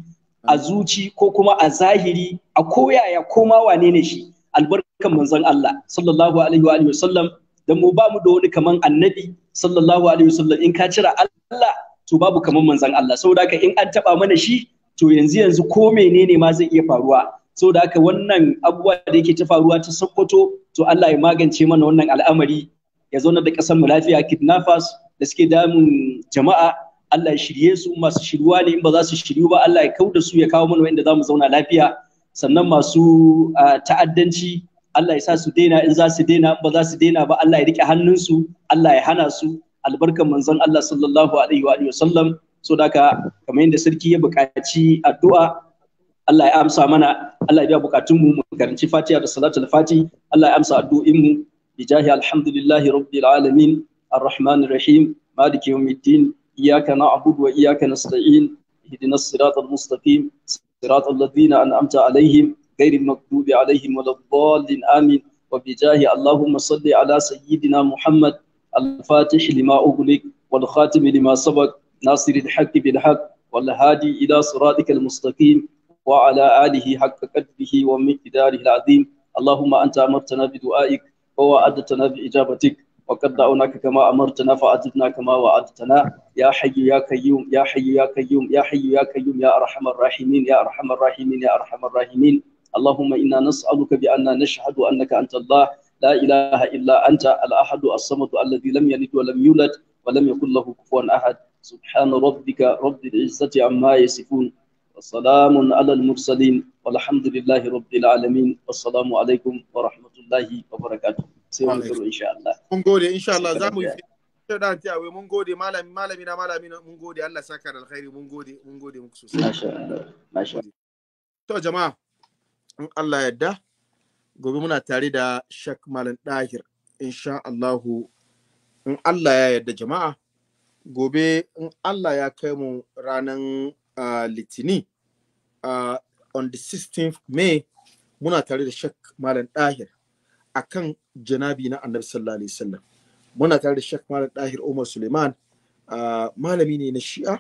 a zuci ko kuma a zahiri a koyaya ko ma wane ne shi albarkan manzon Allah sallallahu alaihi wa alihi dan mu ba mu da wani kaman annabi sallallahu alaihi wa sallam in ka cira Allah to babu kaman manzon Allah saboda haka in an taɓa mana shi to yanzu yanzu ko menene ma zai iya faruwa so da haka wannan abubuwa da yake ta faruwa ta Sokoto to Allah ya magance mana wannan al'amari ya zauna da kasar mu lafiya kidnappers da suke damun jama'a Allah ya shirye su masu shiruwa ne in ba za su shiryu ba Allah ya kauda su ya kawo mana wanda za mu zauna lafiya sannan masu ta'addanci Allah ya sa su daina in za su daina ba za su daina ba Allah ya rike hannun su Allah ya hana su albarkan manzon Allah sallallahu alaihi wa sallam so da kamar yadda sarki ya buƙaci addu'a Allah ya amsa mana Allah ya biya bukatunmu mu karanci Fatiha da salatul Fati Allah ya amsa addu'inmu bijahi alhamdulillahi rabbil alamin arrahmanir rahim maliki yawmiddin iyyaka na'budu wa iyyaka nasta'in ihdinas siratal mustaqim siratal ladzina an'amta alaihim ghairil maghdubi alaihim waladdallin amin وبجاه اللهم صل على سيدنا محمد الفاتح لما أغلق والخاتم لما سبق ناصر الحق بالحق والهادي إلى صراطك المستقيم وعلى آله حق قدره ومقداره العظيم اللهم أنت أمرتنا بدعائك ووعدتنا بإجابتك وقد دعوناك كما أمرتنا فأجبنا كما وعدتنا يا حي يا قيوم يا حي يا قيوم يا حي يا قيوم يا أرحم الراحمين يا أرحم الراحمين يا أرحم الراحمين اللهم إنا نسألك بأن نشهد أنك أنت الله لا إله إلا أنت الأحد الصمد الذي لم يلد ولم يولد ولم يكن له كفوا أحد سبحان ربك رب العزة عما يصفون وسلام على المرسلين والحمد لله رب العالمين والسلام عليكم ورحمة الله وبركاته sai إن شاء insha Allah إن شاء insha Allah za mu مونغودي مالا مالا مينا مالا مينا مونغودي الله سكر الخير مونغودي مونغودي Allah ما شاء الله ما شاء الله تو جماعة الله يدا Allah Allah in Allah gobe muna tare da Shak Malam Dahir insha Allah in Allah ya yarda jama'a gobe in Allah ya kai mu ranar litini uh, on the 16th May muna tare da Sheikh Malam Dahir akan janabi na Annabi sallallahu alaihi wasallam. Muna tare da Sheikh Malam Dahir Umar Suleiman uh, malami ne na Shi'a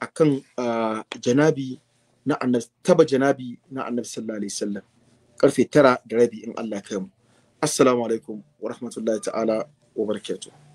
akan uh, janabi na Annabi taba janabi na Annabi sallallahu alaihi wasallam. Karfe tara da rabi in Allah ya kai mu. Assalamu alaikum wa rahmatullahi ta'ala wa barakatuh.